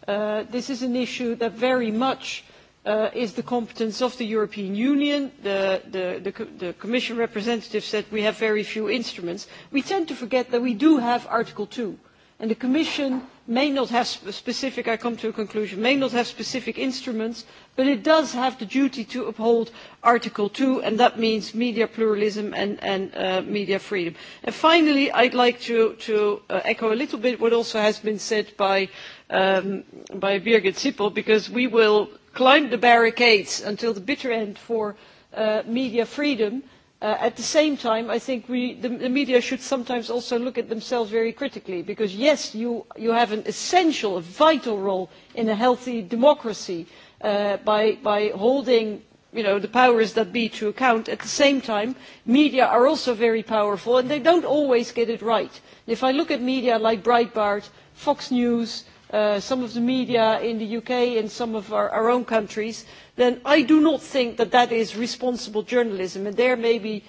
uh, this is an issue that very much Uh, is the competence of the european union the, the, the, the commission representative said we have very few instruments we tend to forget that we do have article two and the commission may not have specific i come to a conclusion may not have specific instruments but it does have the duty to uphold article two and that means media pluralism and, and uh, media freedom. And finally i would like to, to uh, echo a little bit what also has been said by, um, by birgit sippel because we will climbed the barricades until the bitter end for uh, media freedom. Uh, at the same time, I think the, media should sometimes also look at themselves very critically, because yes, you, have an essential, a vital role in a healthy democracy uh, by, holding the powers that be to account. At the same time, media are also very powerful, and they do not always get it right. if I look at media like Breitbart, Fox News, Uh, some of the media in the uk and some of our, our own countries then i do not think that that is responsible journalism and there maybe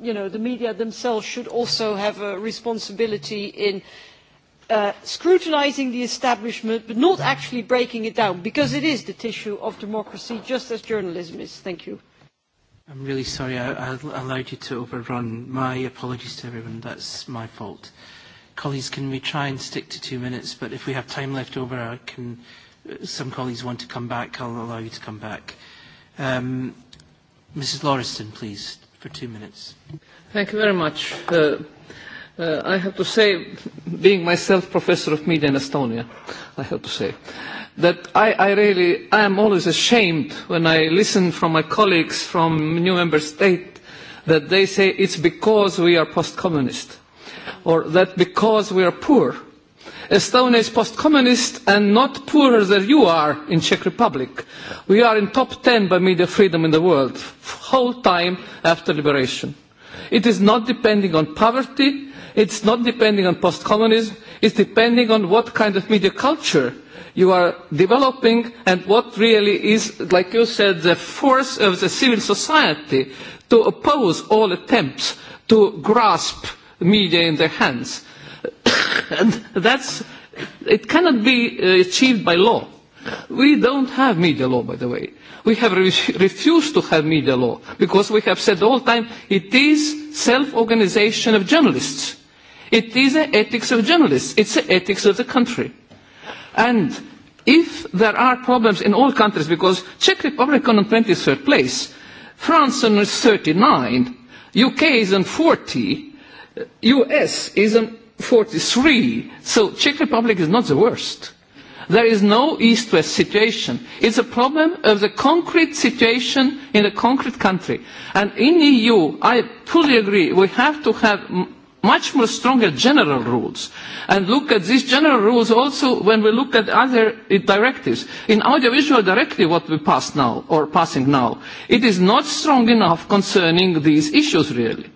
the media themselves should also have a responsibility in uh, scrutinising the establishment but not actually breaking it down because it is the tissue of democracy just as journalism is. thank you. i'm really sorry i, I allowed you to overrun. my apologies to everyone. that's my fault colleagues, can we try and stick to two minutes? But if we have time left over, I can, uh, some colleagues want to come back. I'll allow you to come back. Um, Mrs. Lauriston, please, for two minutes. Thank you very much. Uh, uh, I have to say, being myself professor of media in Estonia, I have to say, that I, I really, I am always ashamed when I listen from my colleagues from new member state that they say it's because we are post-communist or that because we are poor, Estonia is post-communist and not poorer than you are in Czech Republic. We are in top 10 by media freedom in the world, whole time after liberation. It is not depending on poverty, it's not depending on post-communism, it's depending on what kind of media culture you are developing and what really is, like you said, the force of the civil society to oppose all attempts to grasp media in their hands. [coughs] and that's, it cannot be uh, achieved by law. We don't have media law, by the way. We have re refused to have media law because we have said all the time it is self-organization of journalists. It is the ethics of journalists. It's the ethics of the country. And if there are problems in all countries, because Czech Republic on 23rd place, France on 39, UK is on 40, US is on 43, so Czech Republic is not the worst. There is no East-West situation. It's a problem of the concrete situation in a concrete country. And in EU, I fully agree, we have to have much more stronger general rules and look at these general rules also when we look at other uh, directives. In audiovisual directive what we pass now or passing now, it is not strong enough concerning these issues really.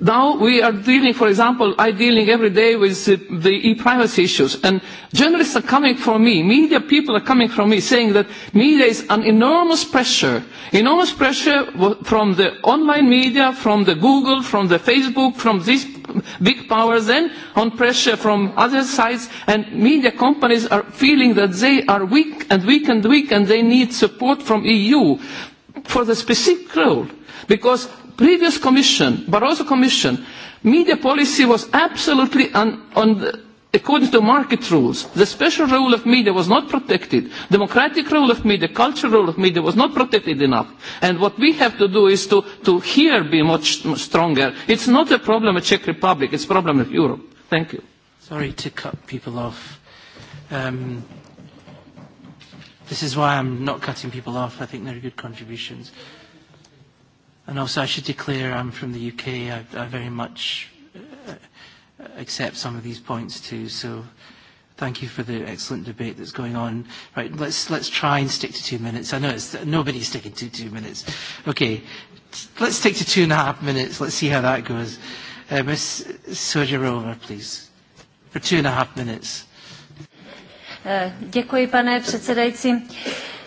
Now we are dealing, for example, I dealing every day with uh, the e-privacy issues, and journalists are coming from me, media people are coming from me, saying that media is an enormous pressure, enormous pressure from the online media, from the Google, from the Facebook, from these big powers, and on pressure from other sides, and media companies are feeling that they are weak and weak and weak, and they need support from EU for the specific role, because previous commission, Barroso commission, media policy was absolutely un, on the, according to market rules. The special role of media was not protected. Democratic role of media, cultural role of media was not protected enough. And what we have to do is to, to here be much stronger. It's not a problem of Czech Republic, it's a problem of Europe. Thank you. Sorry to cut people off. Um, this is why I'm not cutting people off. I think they're good contributions. And also, I should declare I'm from the UK. I, I very much uh, accept some of these points too. So, thank you for the excellent debate that's going on. Right, let's let's try and stick to two minutes. I know it's nobody's sticking to two minutes. Okay, let's stick to two and a half minutes. Let's see how that goes. Uh, Ms. Sojarova, please, for two and a half minutes. Uh, děkuji, pane předsedající. Uh,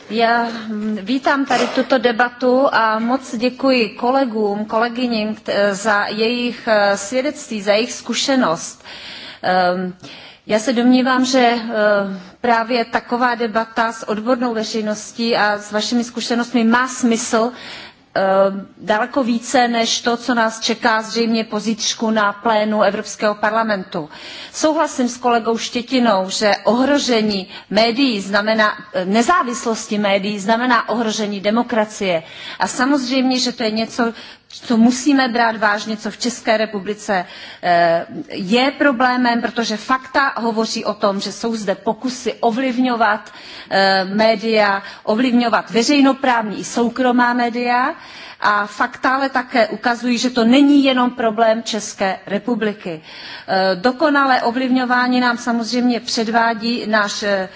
Já hm, vítám tady tuto debatu a moc děkuji kolegům, kolegyním za jejich eh, svědectví, za jejich zkušenost. Ehm, já se domnívám, že eh, právě taková debata s odbornou veřejností a s vašimi zkušenostmi má smysl, Ehm, daleko více než to, co nás čeká zřejmě po zítřku na plénu Evropského parlamentu. Souhlasím s kolegou Štětinou, že ohrožení médií znamená, ehm, nezávislosti médií znamená ohrožení demokracie. A samozřejmě, že to je něco, co musíme brát vážně, co v České republice eh, je problémem, protože fakta hovoří o tom, že jsou zde pokusy ovlivňovat eh, média, ovlivňovat veřejnoprávní i soukromá média a fakta ale také ukazují, že to není jenom problém České republiky. E, dokonalé ovlivňování nám samozřejmě předvádí náš e,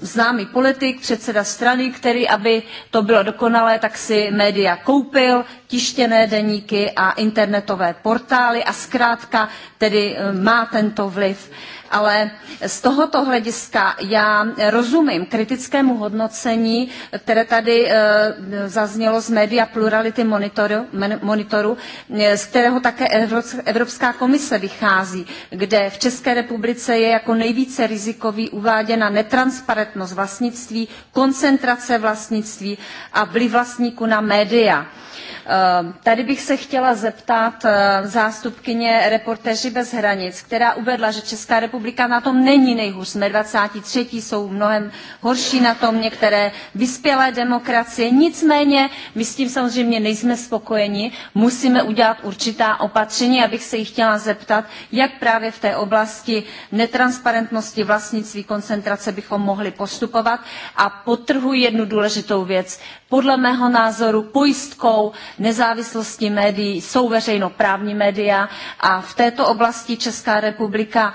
známý politik, předseda strany, který, aby to bylo dokonalé, tak si média koupil, tištěné deníky a internetové portály a zkrátka tedy e, má tento vliv ale z tohoto hlediska já rozumím kritickému hodnocení, které tady eh, zaznělo z média Plurality Monitoru, monitoru eh, z kterého také Evropská komise vychází, kde v České republice je jako nejvíce rizikový uváděna netransparentnost vlastnictví, koncentrace vlastnictví a vliv vlastníků na média. Eh, tady bych se chtěla zeptat zástupkyně Reportéři bez hranic, která uvedla, že Česká republika republika na tom není nejhůř. Jsme 23. jsou mnohem horší na tom některé vyspělé demokracie. Nicméně my s tím samozřejmě nejsme spokojeni. Musíme udělat určitá opatření, abych se jich chtěla zeptat, jak právě v té oblasti netransparentnosti vlastnictví koncentrace bychom mohli postupovat. A potrhuji jednu důležitou věc. Podle mého názoru pojistkou nezávislosti médií jsou veřejnoprávní média a v této oblasti Česká republika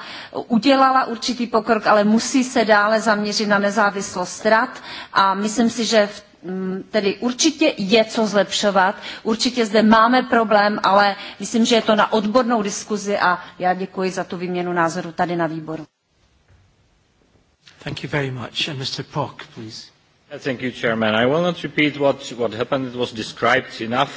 udělala určitý pokrok, ale musí se dále zaměřit na nezávislost rad a myslím si, že v mm, tedy určitě je co zlepšovat, určitě zde máme problém, ale myslím, že je to na odbornou diskuzi a já děkuji za tu výměnu názoru tady na výboru. Thank you very much. And Mr. Pock, please. Thank you, Chairman. I will not repeat what, what happened. It was described enough.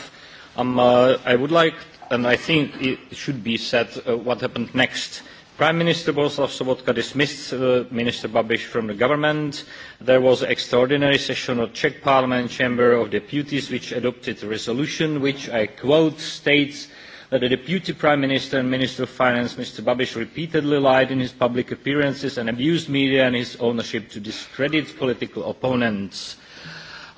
Um, uh, I would like, and I think it should be said, uh, what happened next Prime Minister bohuslav Sobotka dismissed uh, Minister Babiš from the government. There was an extraordinary session of the Czech Parliament Chamber of Deputies which adopted a resolution which, I quote, states that the Deputy Prime Minister and Minister of Finance, Mr. Babiš, repeatedly lied in his public appearances and abused media and his ownership to discredit political opponents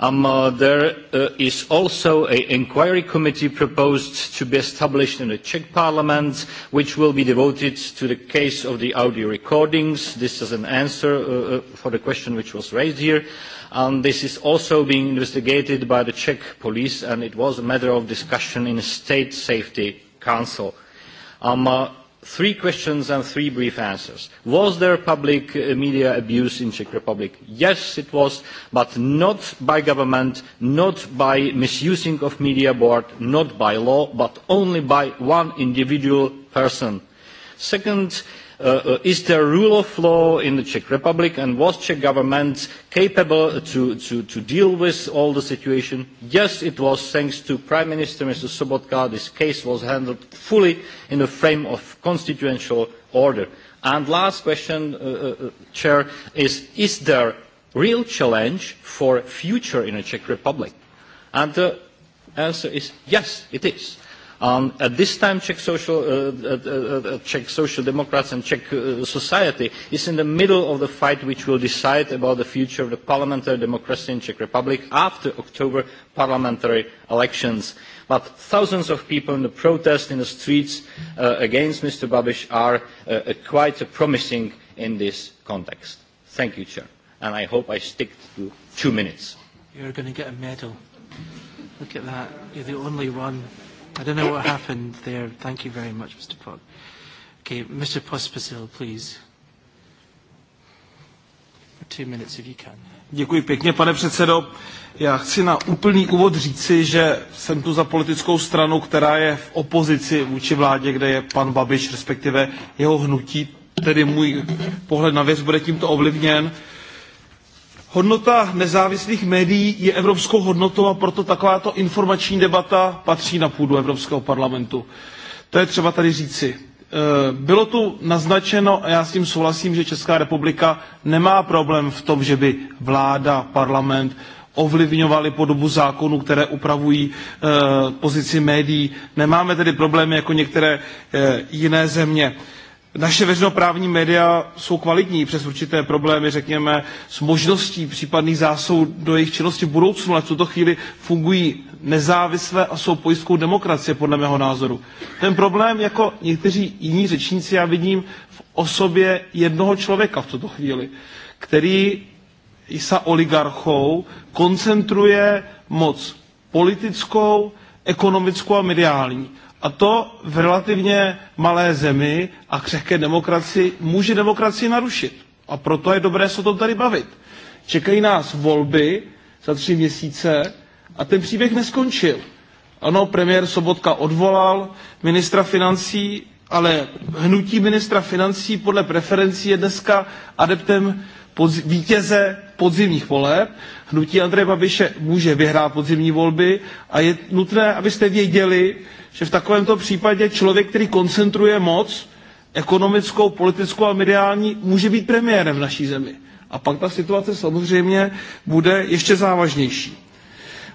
Um, uh, there uh, is also an inquiry committee proposed to be established in the Czech Parliament, which will be devoted to the case of the audio recordings. This is an answer uh, uh for the question which was raised here. Um, this is also being investigated by the Czech police, and it was a matter of discussion in the State Safety Council. Um, uh, Three questions and three brief answers. Was there public uh, media abuse in Czech Republic? Yes, it was, but not by government, not by misusing of media board, not by law, but only by one individual person. Second, uh, Uh, uh, is there rule of law in the Czech Republic and was Czech government capable to, to, to deal with all the situation? Yes, it was thanks to Prime Minister Mr. Sobotka. This case was handled fully in the frame of constitutional order. And last question, uh, uh, uh, Chair, is is there real challenge for future in the Czech Republic? And the answer is yes, it is Um, at this time, Czech social, uh uh, uh, uh, uh, Czech social democrats and Czech uh, society is in the middle of the fight which will decide about the future of the parliamentary democracy in Czech Republic after October parliamentary elections. But thousands of people in the protest in the streets uh, against Mr. Babish are uh, uh, quite uh, promising in this context. Thank you, Chair. And I hope I stick to two minutes. You're going to get a medal. Look at that. You're the only one. I don't know what happened there. Thank you very much, Mr. Pock. Okay, Mr. Pospisil, please. For two minutes, if you can. Děkuji pěkně, pane předsedo. Já chci na úplný úvod říci, že jsem tu za politickou stranu, která je v opozici vůči vládě, kde je pan Babiš, respektive jeho hnutí, tedy můj pohled na věc bude tímto ovlivněn. Uh, Hodnota nezávislých médií je evropskou hodnotou a proto takováto informační debata patří na půdu Evropského parlamentu. To je třeba tady říci. E, bylo tu naznačeno, a já s tím souhlasím, že Česká republika nemá problém v tom, že by vláda, parlament ovlivňovali podobu zákonů, které upravují e, pozici médií. Nemáme tedy problémy jako některé e, jiné země. Naše veřejnoprávní média jsou kvalitní přes určité problémy, řekněme, s možností případných zásahů do jejich činnosti v budoucnu, ale v tuto chvíli fungují nezávisle a jsou pojistkou demokracie, podle mého názoru. Ten problém, jako někteří jiní řečníci, já vidím v osobě jednoho člověka v tuto chvíli, který sa oligarchou koncentruje moc politickou, ekonomickou a mediální a to v relativně malé zemi a křehké demokracii může demokracii narušit. A proto je dobré se o tom tady bavit. Čekají nás volby za tři měsíce a ten příběh neskončil. Ano, premiér Sobotka odvolal ministra financí, ale hnutí ministra financí podle preferencí je dneska adeptem podzi- vítěze podzimních voleb. Hnutí Andreje Babiše může vyhrát podzimní volby a je nutné, abyste věděli, že v takovémto případě člověk, který koncentruje moc, ekonomickou, politickou a mediální, může být premiérem v naší zemi. A pak ta situace samozřejmě bude ještě závažnější.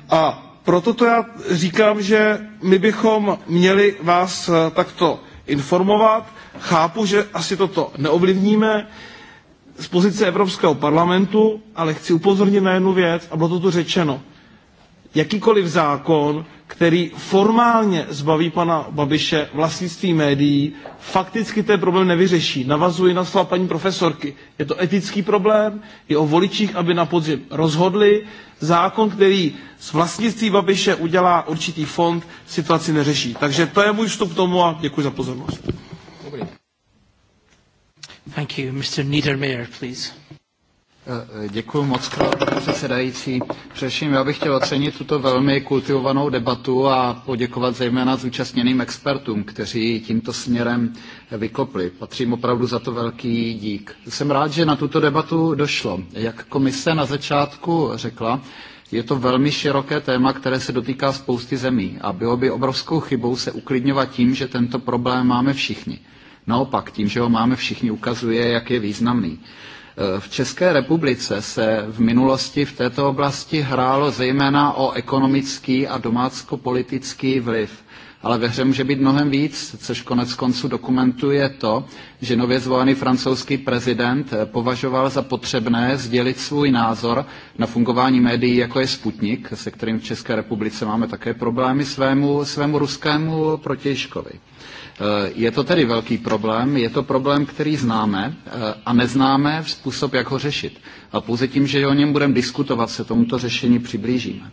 A proto to já říkám, že my bychom měli vás eh, takto informovat. Chápu, že asi toto neovlivníme z pozice Evropského parlamentu, ale chci upozornit na jednu věc a bylo to tu řečeno. Jakýkoliv zákon, který formálně zbaví pana Babiše vlastnictví médií, fakticky ten problém nevyřeší. Navazuji na slova paní profesorky. Je to etický problém, je o voličích, aby na podzim rozhodli. Zákon, který z vlastnictví Babiše udělá určitý fond, situaci neřeší. Takže to je můj vstup k tomu a děkuji za pozornost. Thank you. Mr. Niedermayer, please. Eh, Děkuji moc krát, pane předsedající. Především já bych chtěl ocenit tuto velmi kultivovanou debatu a poděkovat zejména zúčastněným expertům, kteří tímto směrem vykopli. Patřím opravdu za to velký dík. Jsem rád, že na tuto debatu došlo. Jak komise na začátku řekla, je to velmi široké téma, které se dotýká spousty zemí a bylo by obrovskou chybou se uklidňovat tím, že tento problém máme všichni. Naopak, tím, že ho máme všichni, ukazuje, jak je významný. V České republice se v minulosti v této oblasti hrálo zejména o ekonomický a domáckopolitický vliv ale ve hře může být mnohem víc, což konec konců dokumentuje to, že nově zvolený francouzský prezident považoval za potřebné sdělit svůj názor na fungování médií, jako je Sputnik, se kterým v České republice máme také problémy svému, svému ruskému protějškovi. Eh, je to tedy velký problém, je to problém, který známe eh, a neznáme způsob, jak ho řešit. A pouze tím, že o něm budeme diskutovat, se tomuto řešení přiblížíme.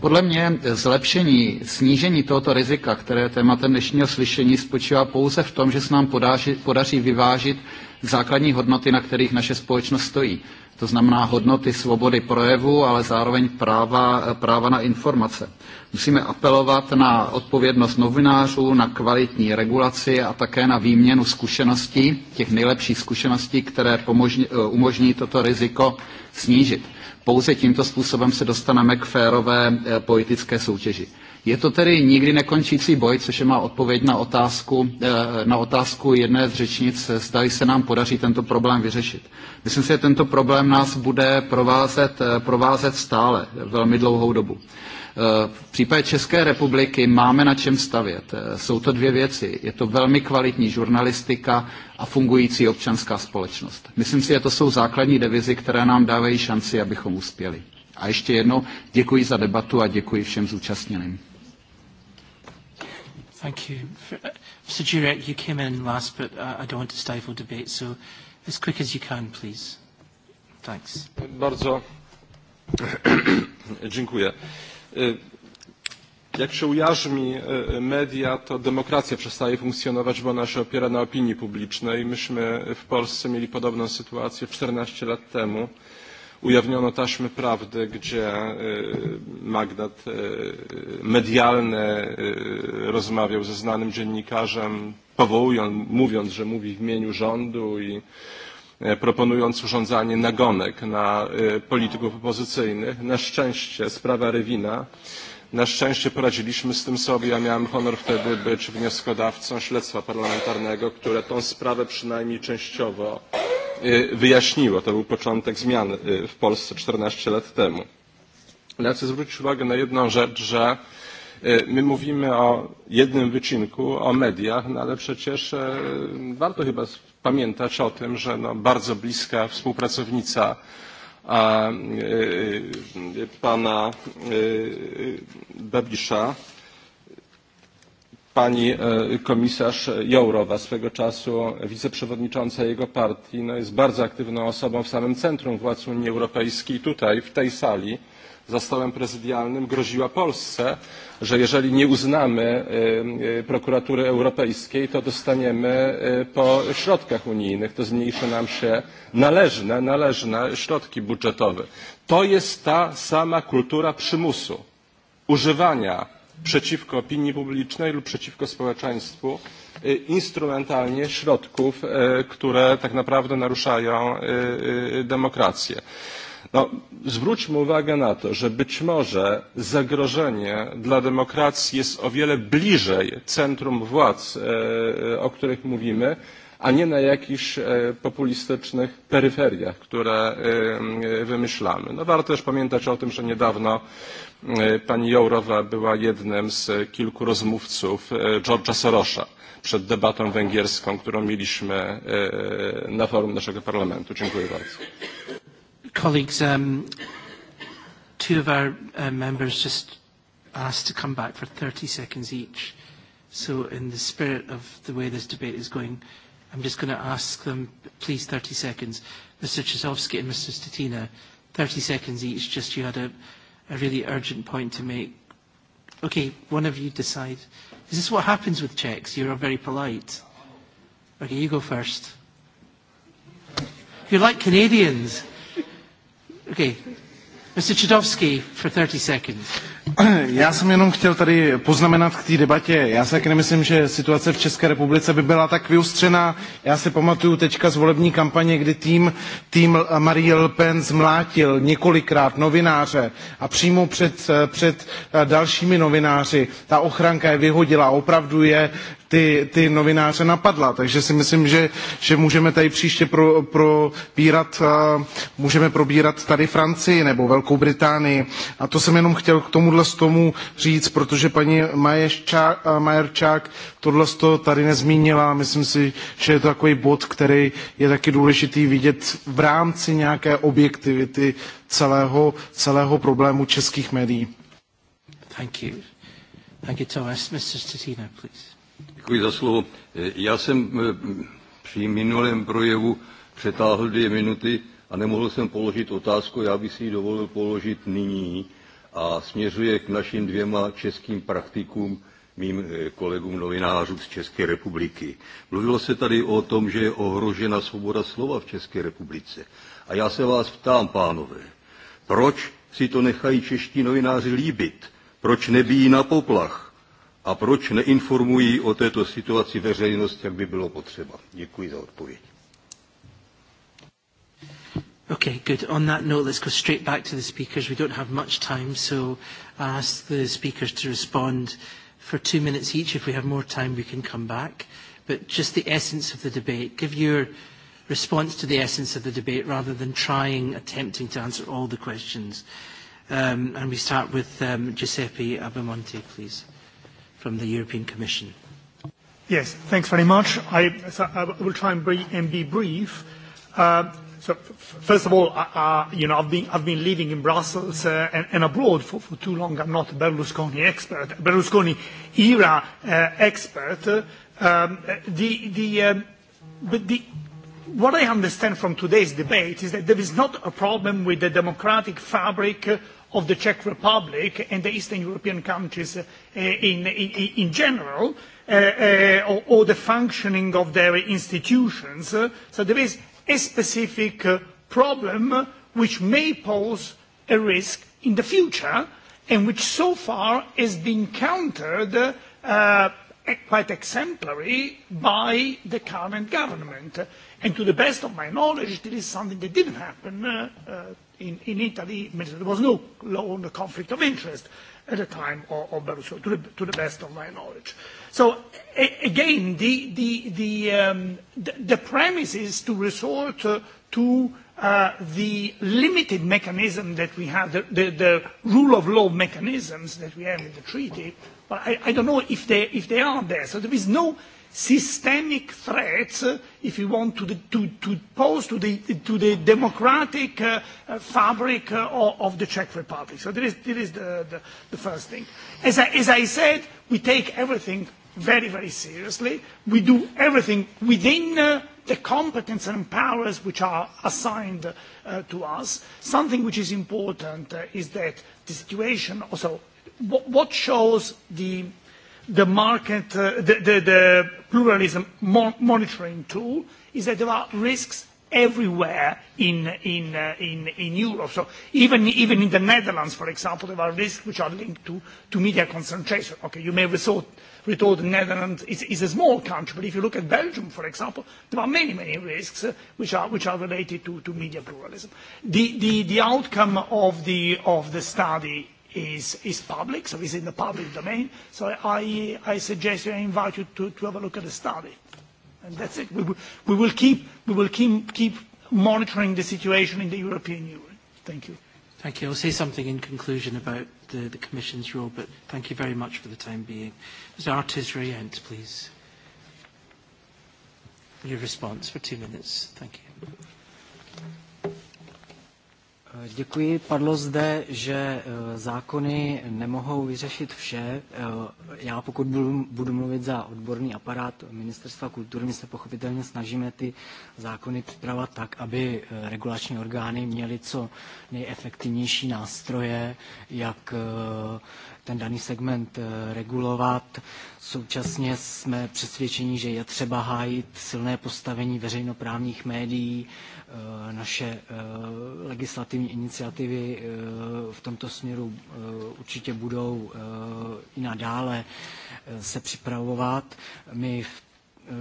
Podle mě eh, zlepšení, snížení tohoto rizika, které tématem dnešního slyšení spočívá pouze v tom, že se nám podaří, podaří vyvážit základní hodnoty, na kterých naše společnost stojí to znamená hodnoty svobody projevu, ale zároveň práva, práva na informace. Musíme apelovat na odpovědnost novinářů, na kvalitní regulaci a také na výměnu zkušeností, těch nejlepších zkušeností, které pomožní, umožní toto riziko snížit. Pouze tímto způsobem se dostaneme k férové eh, politické soutěži. Je to tedy nikdy nekončící boj, což je má odpověď na otázku, eh, na otázku jedné z řečnic, eh, zda se nám podaří tento problém vyřešit. Myslím si, že tento problém nás bude provázet, eh, provázet stále velmi dlouhou dobu. V případě České republiky máme na čem stavět. Jsou to dvě věci. Je to velmi kvalitní žurnalistika a fungující občanská společnost. Myslím si, že to jsou základní devizy, které nám dávají šanci, abychom uspěli. A ještě jednou děkuji za debatu a děkuji všem zúčastněným. Thank you. Mr. Jurek, you came in last, but uh, I don't want to stifle debate, so as quick as you can, please. Thanks. Bardzo [clears throat] dziękuję. E, jak się ujarzmi e, media, to demokracja przestaje funkcjonować, bo ona się opiera na opinii publicznej. Myśmy w Polsce mieli podobną sytuację 14 lat temu ujawniono taśmy prawdy, gdzie e, magnat e, medialny e, rozmawiał ze znanym dziennikarzem, powołując, mówiąc, że mówi w imieniu rządu i proponując urządzanie nagonek na polityków opozycyjnych. Na szczęście sprawa Rywina Na szczęście poradziliśmy z tym sobie. Ja miałem honor wtedy być wnioskodawcą śledztwa parlamentarnego, które tę sprawę przynajmniej częściowo E, wyjaśniło. To był początek zmian e, w Polsce 14 lat temu. Ale ja chcę zwrócić uwagę na jedną rzecz, że e, my mówimy o jednym wycinku, o mediach, no ale przecież warto chyba pamiętać o tym, że no bardzo bliska współpracownica a, pana Babisza pani e, komisarz Jourowa, swego czasu wiceprzewodnicząca jego partii, no jest bardzo aktywną osobą w samym centrum władz Unii Europejskiej. Tutaj, w tej sali, za stołem prezydialnym groziła Polsce, że jeżeli nie uznamy e, e, prokuratury europejskiej, to dostaniemy po środkach unijnych, to zmniejszy nam się należne, należne środki budżetowe. To jest ta sama kultura przymusu, używania przeciwko opinii publicznej lub przeciwko społeczeństwu e, instrumentalnie środków, e, które tak naprawdę naruszają e, demokrację. No, zwróćmy uwagę na to, że być może zagrożenie dla demokracji jest o wiele bliżej centrum władz, o których mówimy, a nie na jakichś populistycznych peryferiach, które wymyślamy. No, warto też pamiętać o tym, że niedawno E, pani Jourowa była jednym z kilku rozmówców e, George'a Sorosza przed debatą węgierską, którą mieliśmy e, na forum naszego parlamentu. Dziękuję bardzo. Colleagues, um, two of our uh, members just asked to come back for 30 seconds each. So in the spirit of the way this debate is going, I'm just going to ask them, please, 30 seconds. Mr. Chisovsky and Mr. 30 seconds each, just you had a a really urgent point to make. Okay, one of you decide. Is this what happens with Czechs? You're very polite. Okay, you go first. You're like Canadians. Okay, Mr. Chudovsky for 30 seconds. [clears throat] Já jsem jenom chtěl tady poznamenat k té debatě. Já si taky nemyslím, že situace v České republice by byla tak vyustřená. Já si pamatuju teďka z volební kampaně, kdy tým, tým Marie Le Pen zmlátil několikrát novináře a přímo před, před eh, dalšími novináři ta ochranka je vyhodila. a Opravdu je ty, ty novináře napadla. Takže si myslím, že, že můžeme tady příště pro, probírat, eh, můžeme probírat tady Francii nebo Velkou Británii. A to jsem jenom chtěl k tomu z tomu říct, protože paní eh, Majerčák tohle tady nezmínila. Myslím si, že je to takový bod, který je taky důležitý vidět v rámci nějaké objektivity celého, celého problému českých médií. Thank you. Thank you, Thomas. Mr. please. Děkuji za slovo. Eh, já jsem eh, při minulém projevu přetáhl dvě minuty a nemohl jsem položit otázku, já bych si ji dovolil položit nyní a směřuje k našim dvěma českým praktikům, mým eh, kolegům novinářům z České republiky. Mluvilo se tady o tom, že je ohrožena svoboda slova v České republice. A já se vás ptám, pánové, proč si to nechají čeští novináři líbit? Proč nebíjí na poplach? A proč neinformují o této situaci veřejnost, jak by bylo potřeba? Děkuji za odpověď. Okay, good. On that note, let's go straight back to the speakers. We don't have much time, so I ask the speakers to respond for two minutes each. If we have more time, we can come back. But just the essence of the debate. Give your response to the essence of the debate rather than trying, attempting to answer all the questions. Um, and we start with um, Giuseppe Abamonte, please, from the European Commission. Yes, thanks very much. I, so I will try and be, and be brief. Uh, so first of all, uh, you know, I've been, I've been living in Brussels uh, and, and abroad for, for too long. I'm not a Berlusconi expert, Berlusconi era uh, expert. Uh, um, the, the, um, but the, what I understand from today's debate is that there is not a problem with the democratic fabric of the Czech Republic and the Eastern European countries uh, in, in, in general, uh, uh, or, or the functioning of their institutions. So there is a specific uh, problem which may pose a risk in the future and which so far has been countered uh, quite exemplary by the current government. And to the best of my knowledge, this is something that didn't happen uh, uh in, in Italy. There was no law on the conflict of interest at the time of, of Berlusconi, to the, to the best of my knowledge. Uh, so again, the, the, the, um, the, the premise is to resort uh, to uh, the limited mechanism that we have, the, the, the rule of law mechanisms that we have in the treaty. But I, I don't know if they, if they are there. So there is no systemic threats, uh, if you want, to, the, to, to pose to the, to the democratic uh, uh, fabric uh, of the Czech Republic. So there is, there is the, the, the first thing. As I, as I said, we take everything very, very seriously. We do everything within uh, the competence and powers which are assigned uh, to us. Something which is important uh, is that the situation also, what, what shows the, the market, uh, the, the, the pluralism monitoring tool is that there are risks everywhere in, in, uh, in, in Europe. So even, even in the Netherlands, for example, there are risks which are linked to, to media concentration. Okay, you may resort we thought the Netherlands is, is a small country, but if you look at Belgium, for example, there are many, many risks uh, which, are, which are related to, to media pluralism. The, the, the outcome of the, of the study is, is public, so it's in the public domain, so I, I suggest you, I invite you to, to have a look at the study. And that's it. We will, we will, keep, we will keep, keep monitoring the situation in the European Union. Thank you. Thank you. I'll say something in conclusion about the, the Commission's role, but thank you very much for the time being. Mr. Artis Rayent, please. Your response for two minutes. Thank you. Děkuji. Padlo zde, že e, zákony nemohou vyřešit vše. E, já pokud budu mluvit za odborný aparát Ministerstva kultury, my se pochopitelně snažíme ty zákony připravovat tak, aby e, regulační orgány měly co nejefektivnější nástroje, jak ten daný segment regulovat. Současně jsme přesvědčeni, že je třeba hájit silné postavení veřejnoprávních médií, Eh, naše eh, legislativní iniciativy eh, v tomto směru určitě budou i nadále se připravovat. My v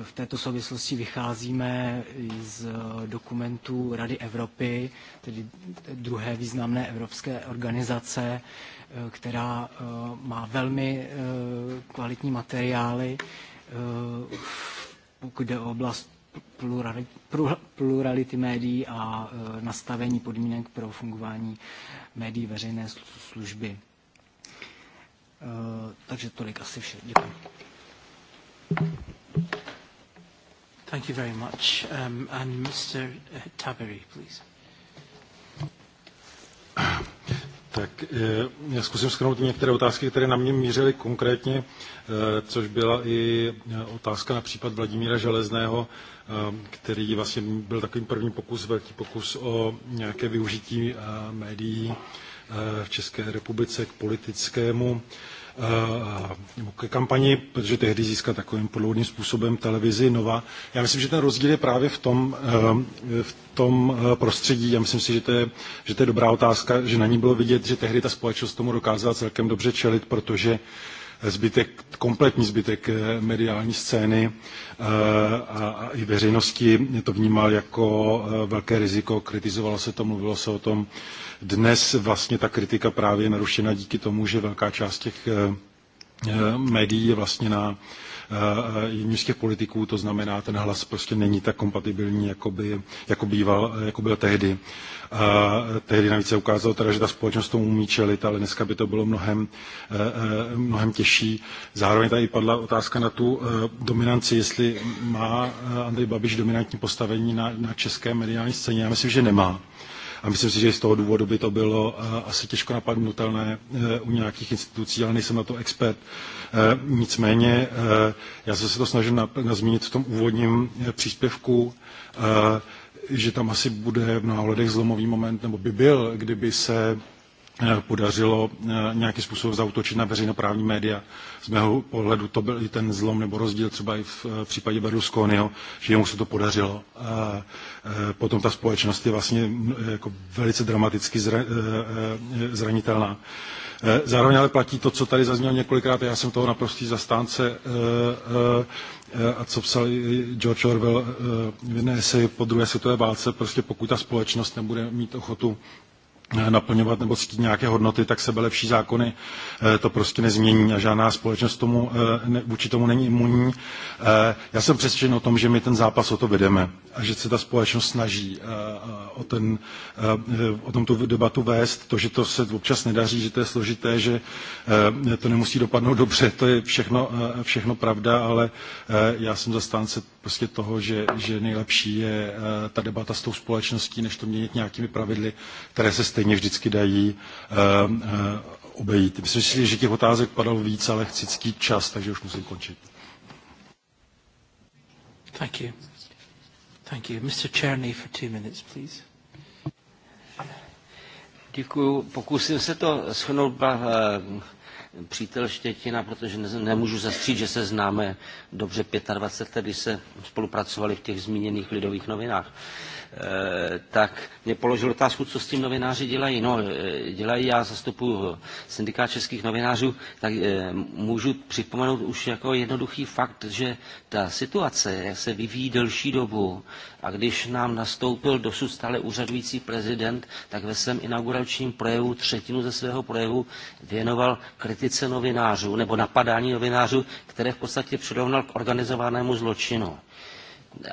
v této souvislosti vycházíme z dokumentů Rady Evropy, tedy druhé významné evropské organizace, která má velmi kvalitní materiály, pokud jde o oblast plurality, médií a e, nastavení podmínek pro fungování médií veřejné služby. E, takže tolik asi vše. Děkuji. Thank you very much. Um, and Mr. Taberi, please. [coughs] Tak e, já zkusím schrnout některé otázky, které na mě mířily konkrétně, e, což byla i e, otázka na případ Vladimíra Železného, který vlastně byl takový první pokus, velký pokus o nějaké využití médií v České republice k politickému. Eh, ke kampani, protože tehdy získá takovým podloudným způsobem televizi Nova. Já myslím, že ten rozdíl je právě v tom, eh, v tom eh, prostředí. Já myslím si, že to, je, že to je dobrá otázka, že na ní bylo vidět, že tehdy ta společnost tomu dokázala celkem dobře čelit, protože zbytek, kompletní zbytek eh, mediální scény eh, a i veřejnosti to vnímal jako eh, velké riziko, kritizovalo se to, mluvilo se o tom. Dnes vlastně ta kritika právě je narušena díky tomu, že velká část těch médií je vlastně na Eh, eh, jedním politiků, to znamená, ten hlas prostě není tak kompatibilní, jako, by, jako, býval, eh, jako byl tehdy. A tehdy navíc se ukázalo teda, že ta společnost tomu umí čelit, ale dneska by to bylo mnohem, mnohem těžší. Zároveň tady padla otázka na tu dominanci, jestli má Andrej Babiš dominantní postavení na, na české mediální scéně. Já myslím, že nemá a myslím si, že z toho důvodu by to bylo eh, asi těžko napadnutelné eh, u nějakých institucí, ale nejsem na to expert. Eh, nicméně já jsem se to snažil nazmínit v tom úvodním příspěvku že tam asi bude v náhledech zlomový moment, nebo by byl, kdyby se Eh, podařilo eh, nějakým způsobem zautočit na veřejnoprávní média. Z mého pohledu to byl i ten zlom nebo rozdíl třeba i v eh, případě Berlusconiho, že jemu se to podařilo. A potom ta společnost je vlastně jako velice dramaticky zranitelná. Zároveň ale platí to, co tady zaznělo několikrát, já jsem toho naprostý zastánce a co psal George Orwell v jedné po druhé světové válce, prostě pokud ta společnost nebude mít ochotu naplňovat nebo cítit nějaké hodnoty, tak sebelepší zákony eh, to prostě nezmění a žádná společnost tomu, eh, ne, vůči tomu není imunní. Eh, já jsem přesvědčen o tom, že my ten zápas o to vedeme a že se ta společnost snaží o, ten, o tom tu debatu vést. To, že to se občas nedaří, že to je složité, že to nemusí dopadnout dobře, to je všechno, všechno pravda, ale já jsem zastánce prostě toho, že, že nejlepší je ta debata s tou společností, než to měnit nějakými pravidly, které se stejně stejně vždycky dají eh, eh, obejít. Myslím si, že těch otázek padalo víc, ale chci ctít čas, takže už musím končit. Thank you. Thank you. Mr. Czerny for two minutes, please. Děkuji. Pokusím se to shrnout eh, přítel Štětina, protože ne, nemůžu zastřít, že se známe dobře 25 let, když se spolupracovali v těch zmíněných lidových novinách. Eh, tak mě položil otázku, co s tím novináři dělají. No, eh, dělají, já zastupuji syndikát českých novinářů, tak eh, můžu připomenout už jako jednoduchý fakt, že ta situace se vyvíjí delší dobu a když nám nastoupil dosud stále úřadující prezident, tak ve svém inauguračním projevu třetinu ze svého projevu věnoval kritice novinářů nebo napadání novinářů, které v podstatě přirovnal k organizovanému zločinu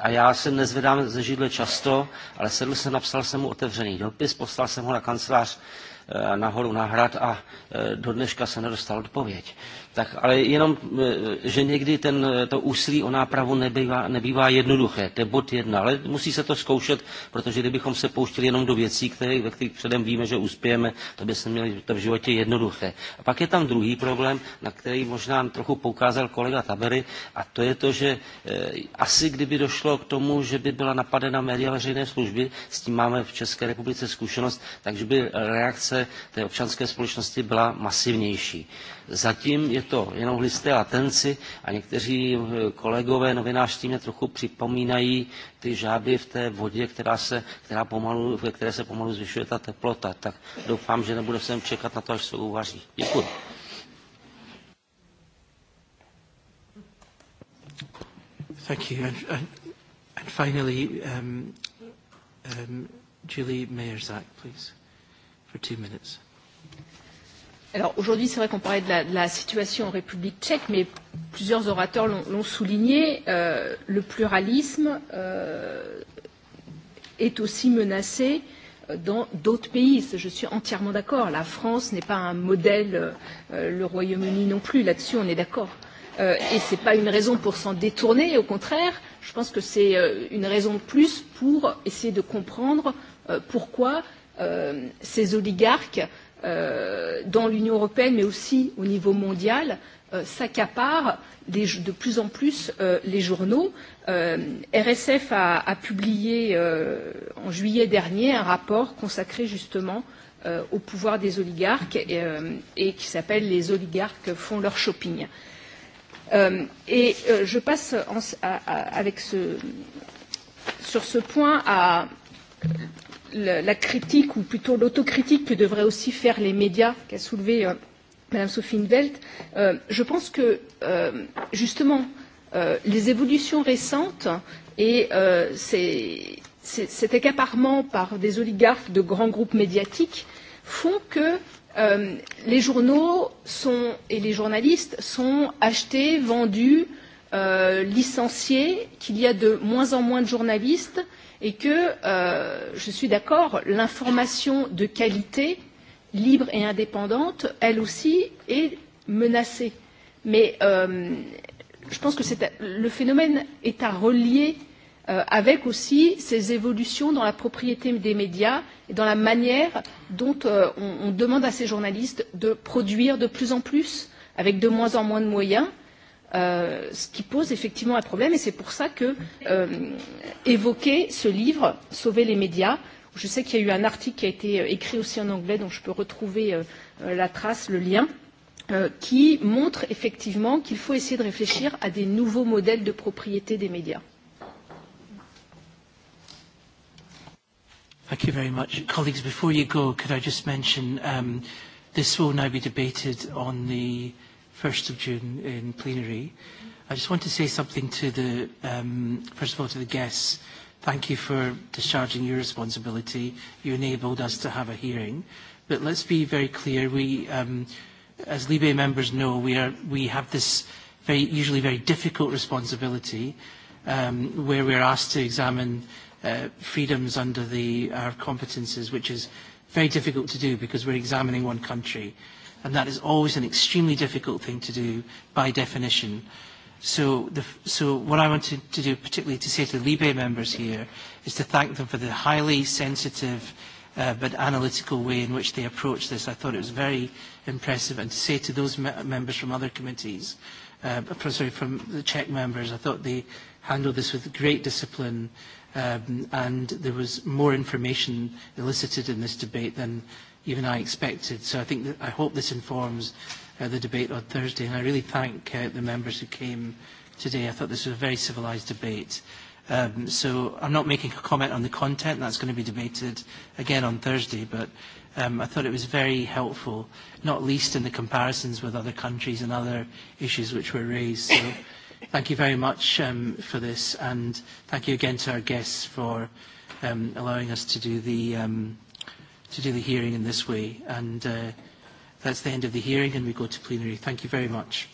a já se nezvedám ze židle často, ale sedl jsem, napsal jsem mu otevřený dopis, poslal jsem ho na kancelář eh, nahoru na hrad a eh, do dneška se nedostal odpověď. Tak ale jenom, e, že někdy ten, e, to úsilí o nápravu nebývá, nebývá jednoduché. To je bod jedna, ale musí se to zkoušet, protože kdybychom se pouštili jenom do věcí, které, ve kterých předem víme, že uspějeme, to by se měli to v životě jednoduché. A pak je tam druhý problém, na který možná trochu poukázal kolega Tabery, a to je to, že e, asi kdyby došlo k tomu, že by byla napadena média veřejné služby, s tím máme v České republice zkušenost, takže by reakce té občanské společnosti byla masivnější. Zatím je to jenom v listé latenci a někteří eh, kolegové novinářští mě trochu připomínají ty žáby v té vodě, která se, která pomalu, ve které se pomalu zvyšuje ta teplota. Tak doufám, že nebude sem čekat na to, až se uvaří. Děkuji. Thank you. And, and, and finally, um, um, Julie Mayerzak, please, for two minutes. Alors aujourd'hui, c'est vrai qu'on parlait de la, de la situation en République tchèque, mais plusieurs orateurs l'ont souligné, euh, le pluralisme euh, est aussi menacé euh, dans d'autres pays. Je suis entièrement d'accord. La France n'est pas un modèle, euh, le Royaume-Uni non plus. Là-dessus, on est d'accord. Euh, et ce n'est pas une raison pour s'en détourner. Au contraire, je pense que c'est euh, une raison de plus pour essayer de comprendre euh, pourquoi euh, ces oligarques Euh, dans l'Union européenne, mais aussi au niveau mondial, euh, s'accapare de plus en plus euh, les journaux. RSF a, a publié en juillet dernier un rapport consacré justement au pouvoir des oligarques et, et qui s'appelle Les oligarques font leur shopping. et je passe en, à, à, avec ce, sur ce point à la, critique, ou plutôt l'autocritique que devraient aussi faire les médias qu'a soulevé euh, Madame Sophie Invelt, euh, je pense que euh, justement euh, les évolutions récentes et euh, ces, ces, cet accaparement par des oligarques de grands groupes médiatiques font que euh, les journaux sont, et les journalistes sont achetés, vendus, euh, licenciés, qu'il y a de moins en moins de journalistes, et que euh, je suis d'accord, l'information de qualité, libre et indépendante, elle aussi est menacée. Mais euh, je pense que le phénomène est à relier euh, avec aussi ces évolutions dans la propriété des médias et dans la manière dont euh, on, on demande à ces journalistes de produire de plus en plus, avec de moins en moins de moyens Euh, ce qui pose effectivement un problème et c'est pour ça que euh, évoquer ce livre Sauver les médias je sais qu'il y a eu un article qui a été euh, écrit aussi en anglais donc je peux retrouver euh, euh, la trace, le lien qui montre effectivement qu'il faut essayer de réfléchir à des nouveaux modèles de propriété des médias. Thank you very much. Colleagues, before you go, could I just mention um, this will now be debated on the 1st of June in plenary. I just want to say something to the, um, first of all, to the guests. Thank you for discharging your responsibility. You enabled us to have a hearing. But let's be very clear. We, um, as Libe members know, we, are, we have this very, usually very difficult responsibility um, where we're asked to examine uh, freedoms under the, our competences, which is very difficult to do because we're examining one country and that is always an extremely difficult thing to do by definition. So, the, so what I wanted to do, particularly to say to the Libe members here, is to thank them for the highly sensitive uh, but analytical way in which they approached this. I thought it was very impressive, and to say to those me members from other committees, uh, from sorry, from the Czech members, I thought they handled this with great discipline, um, and there was more information elicited in this debate than even I expected. So I think that I hope this informs uh, the debate on Thursday. And I really thank uh, the members who came today. I thought this was a very civilised debate. Um, so I'm not making a comment on the content. That's going to be debated again on Thursday. But um, I thought it was very helpful, not least in the comparisons with other countries and other issues which were raised. So thank you very much um, for this. And thank you again to our guests for um, allowing us to do the... Um, to do the hearing in this way. And uh, that's the end of the hearing, and we go to plenary. Thank you very much.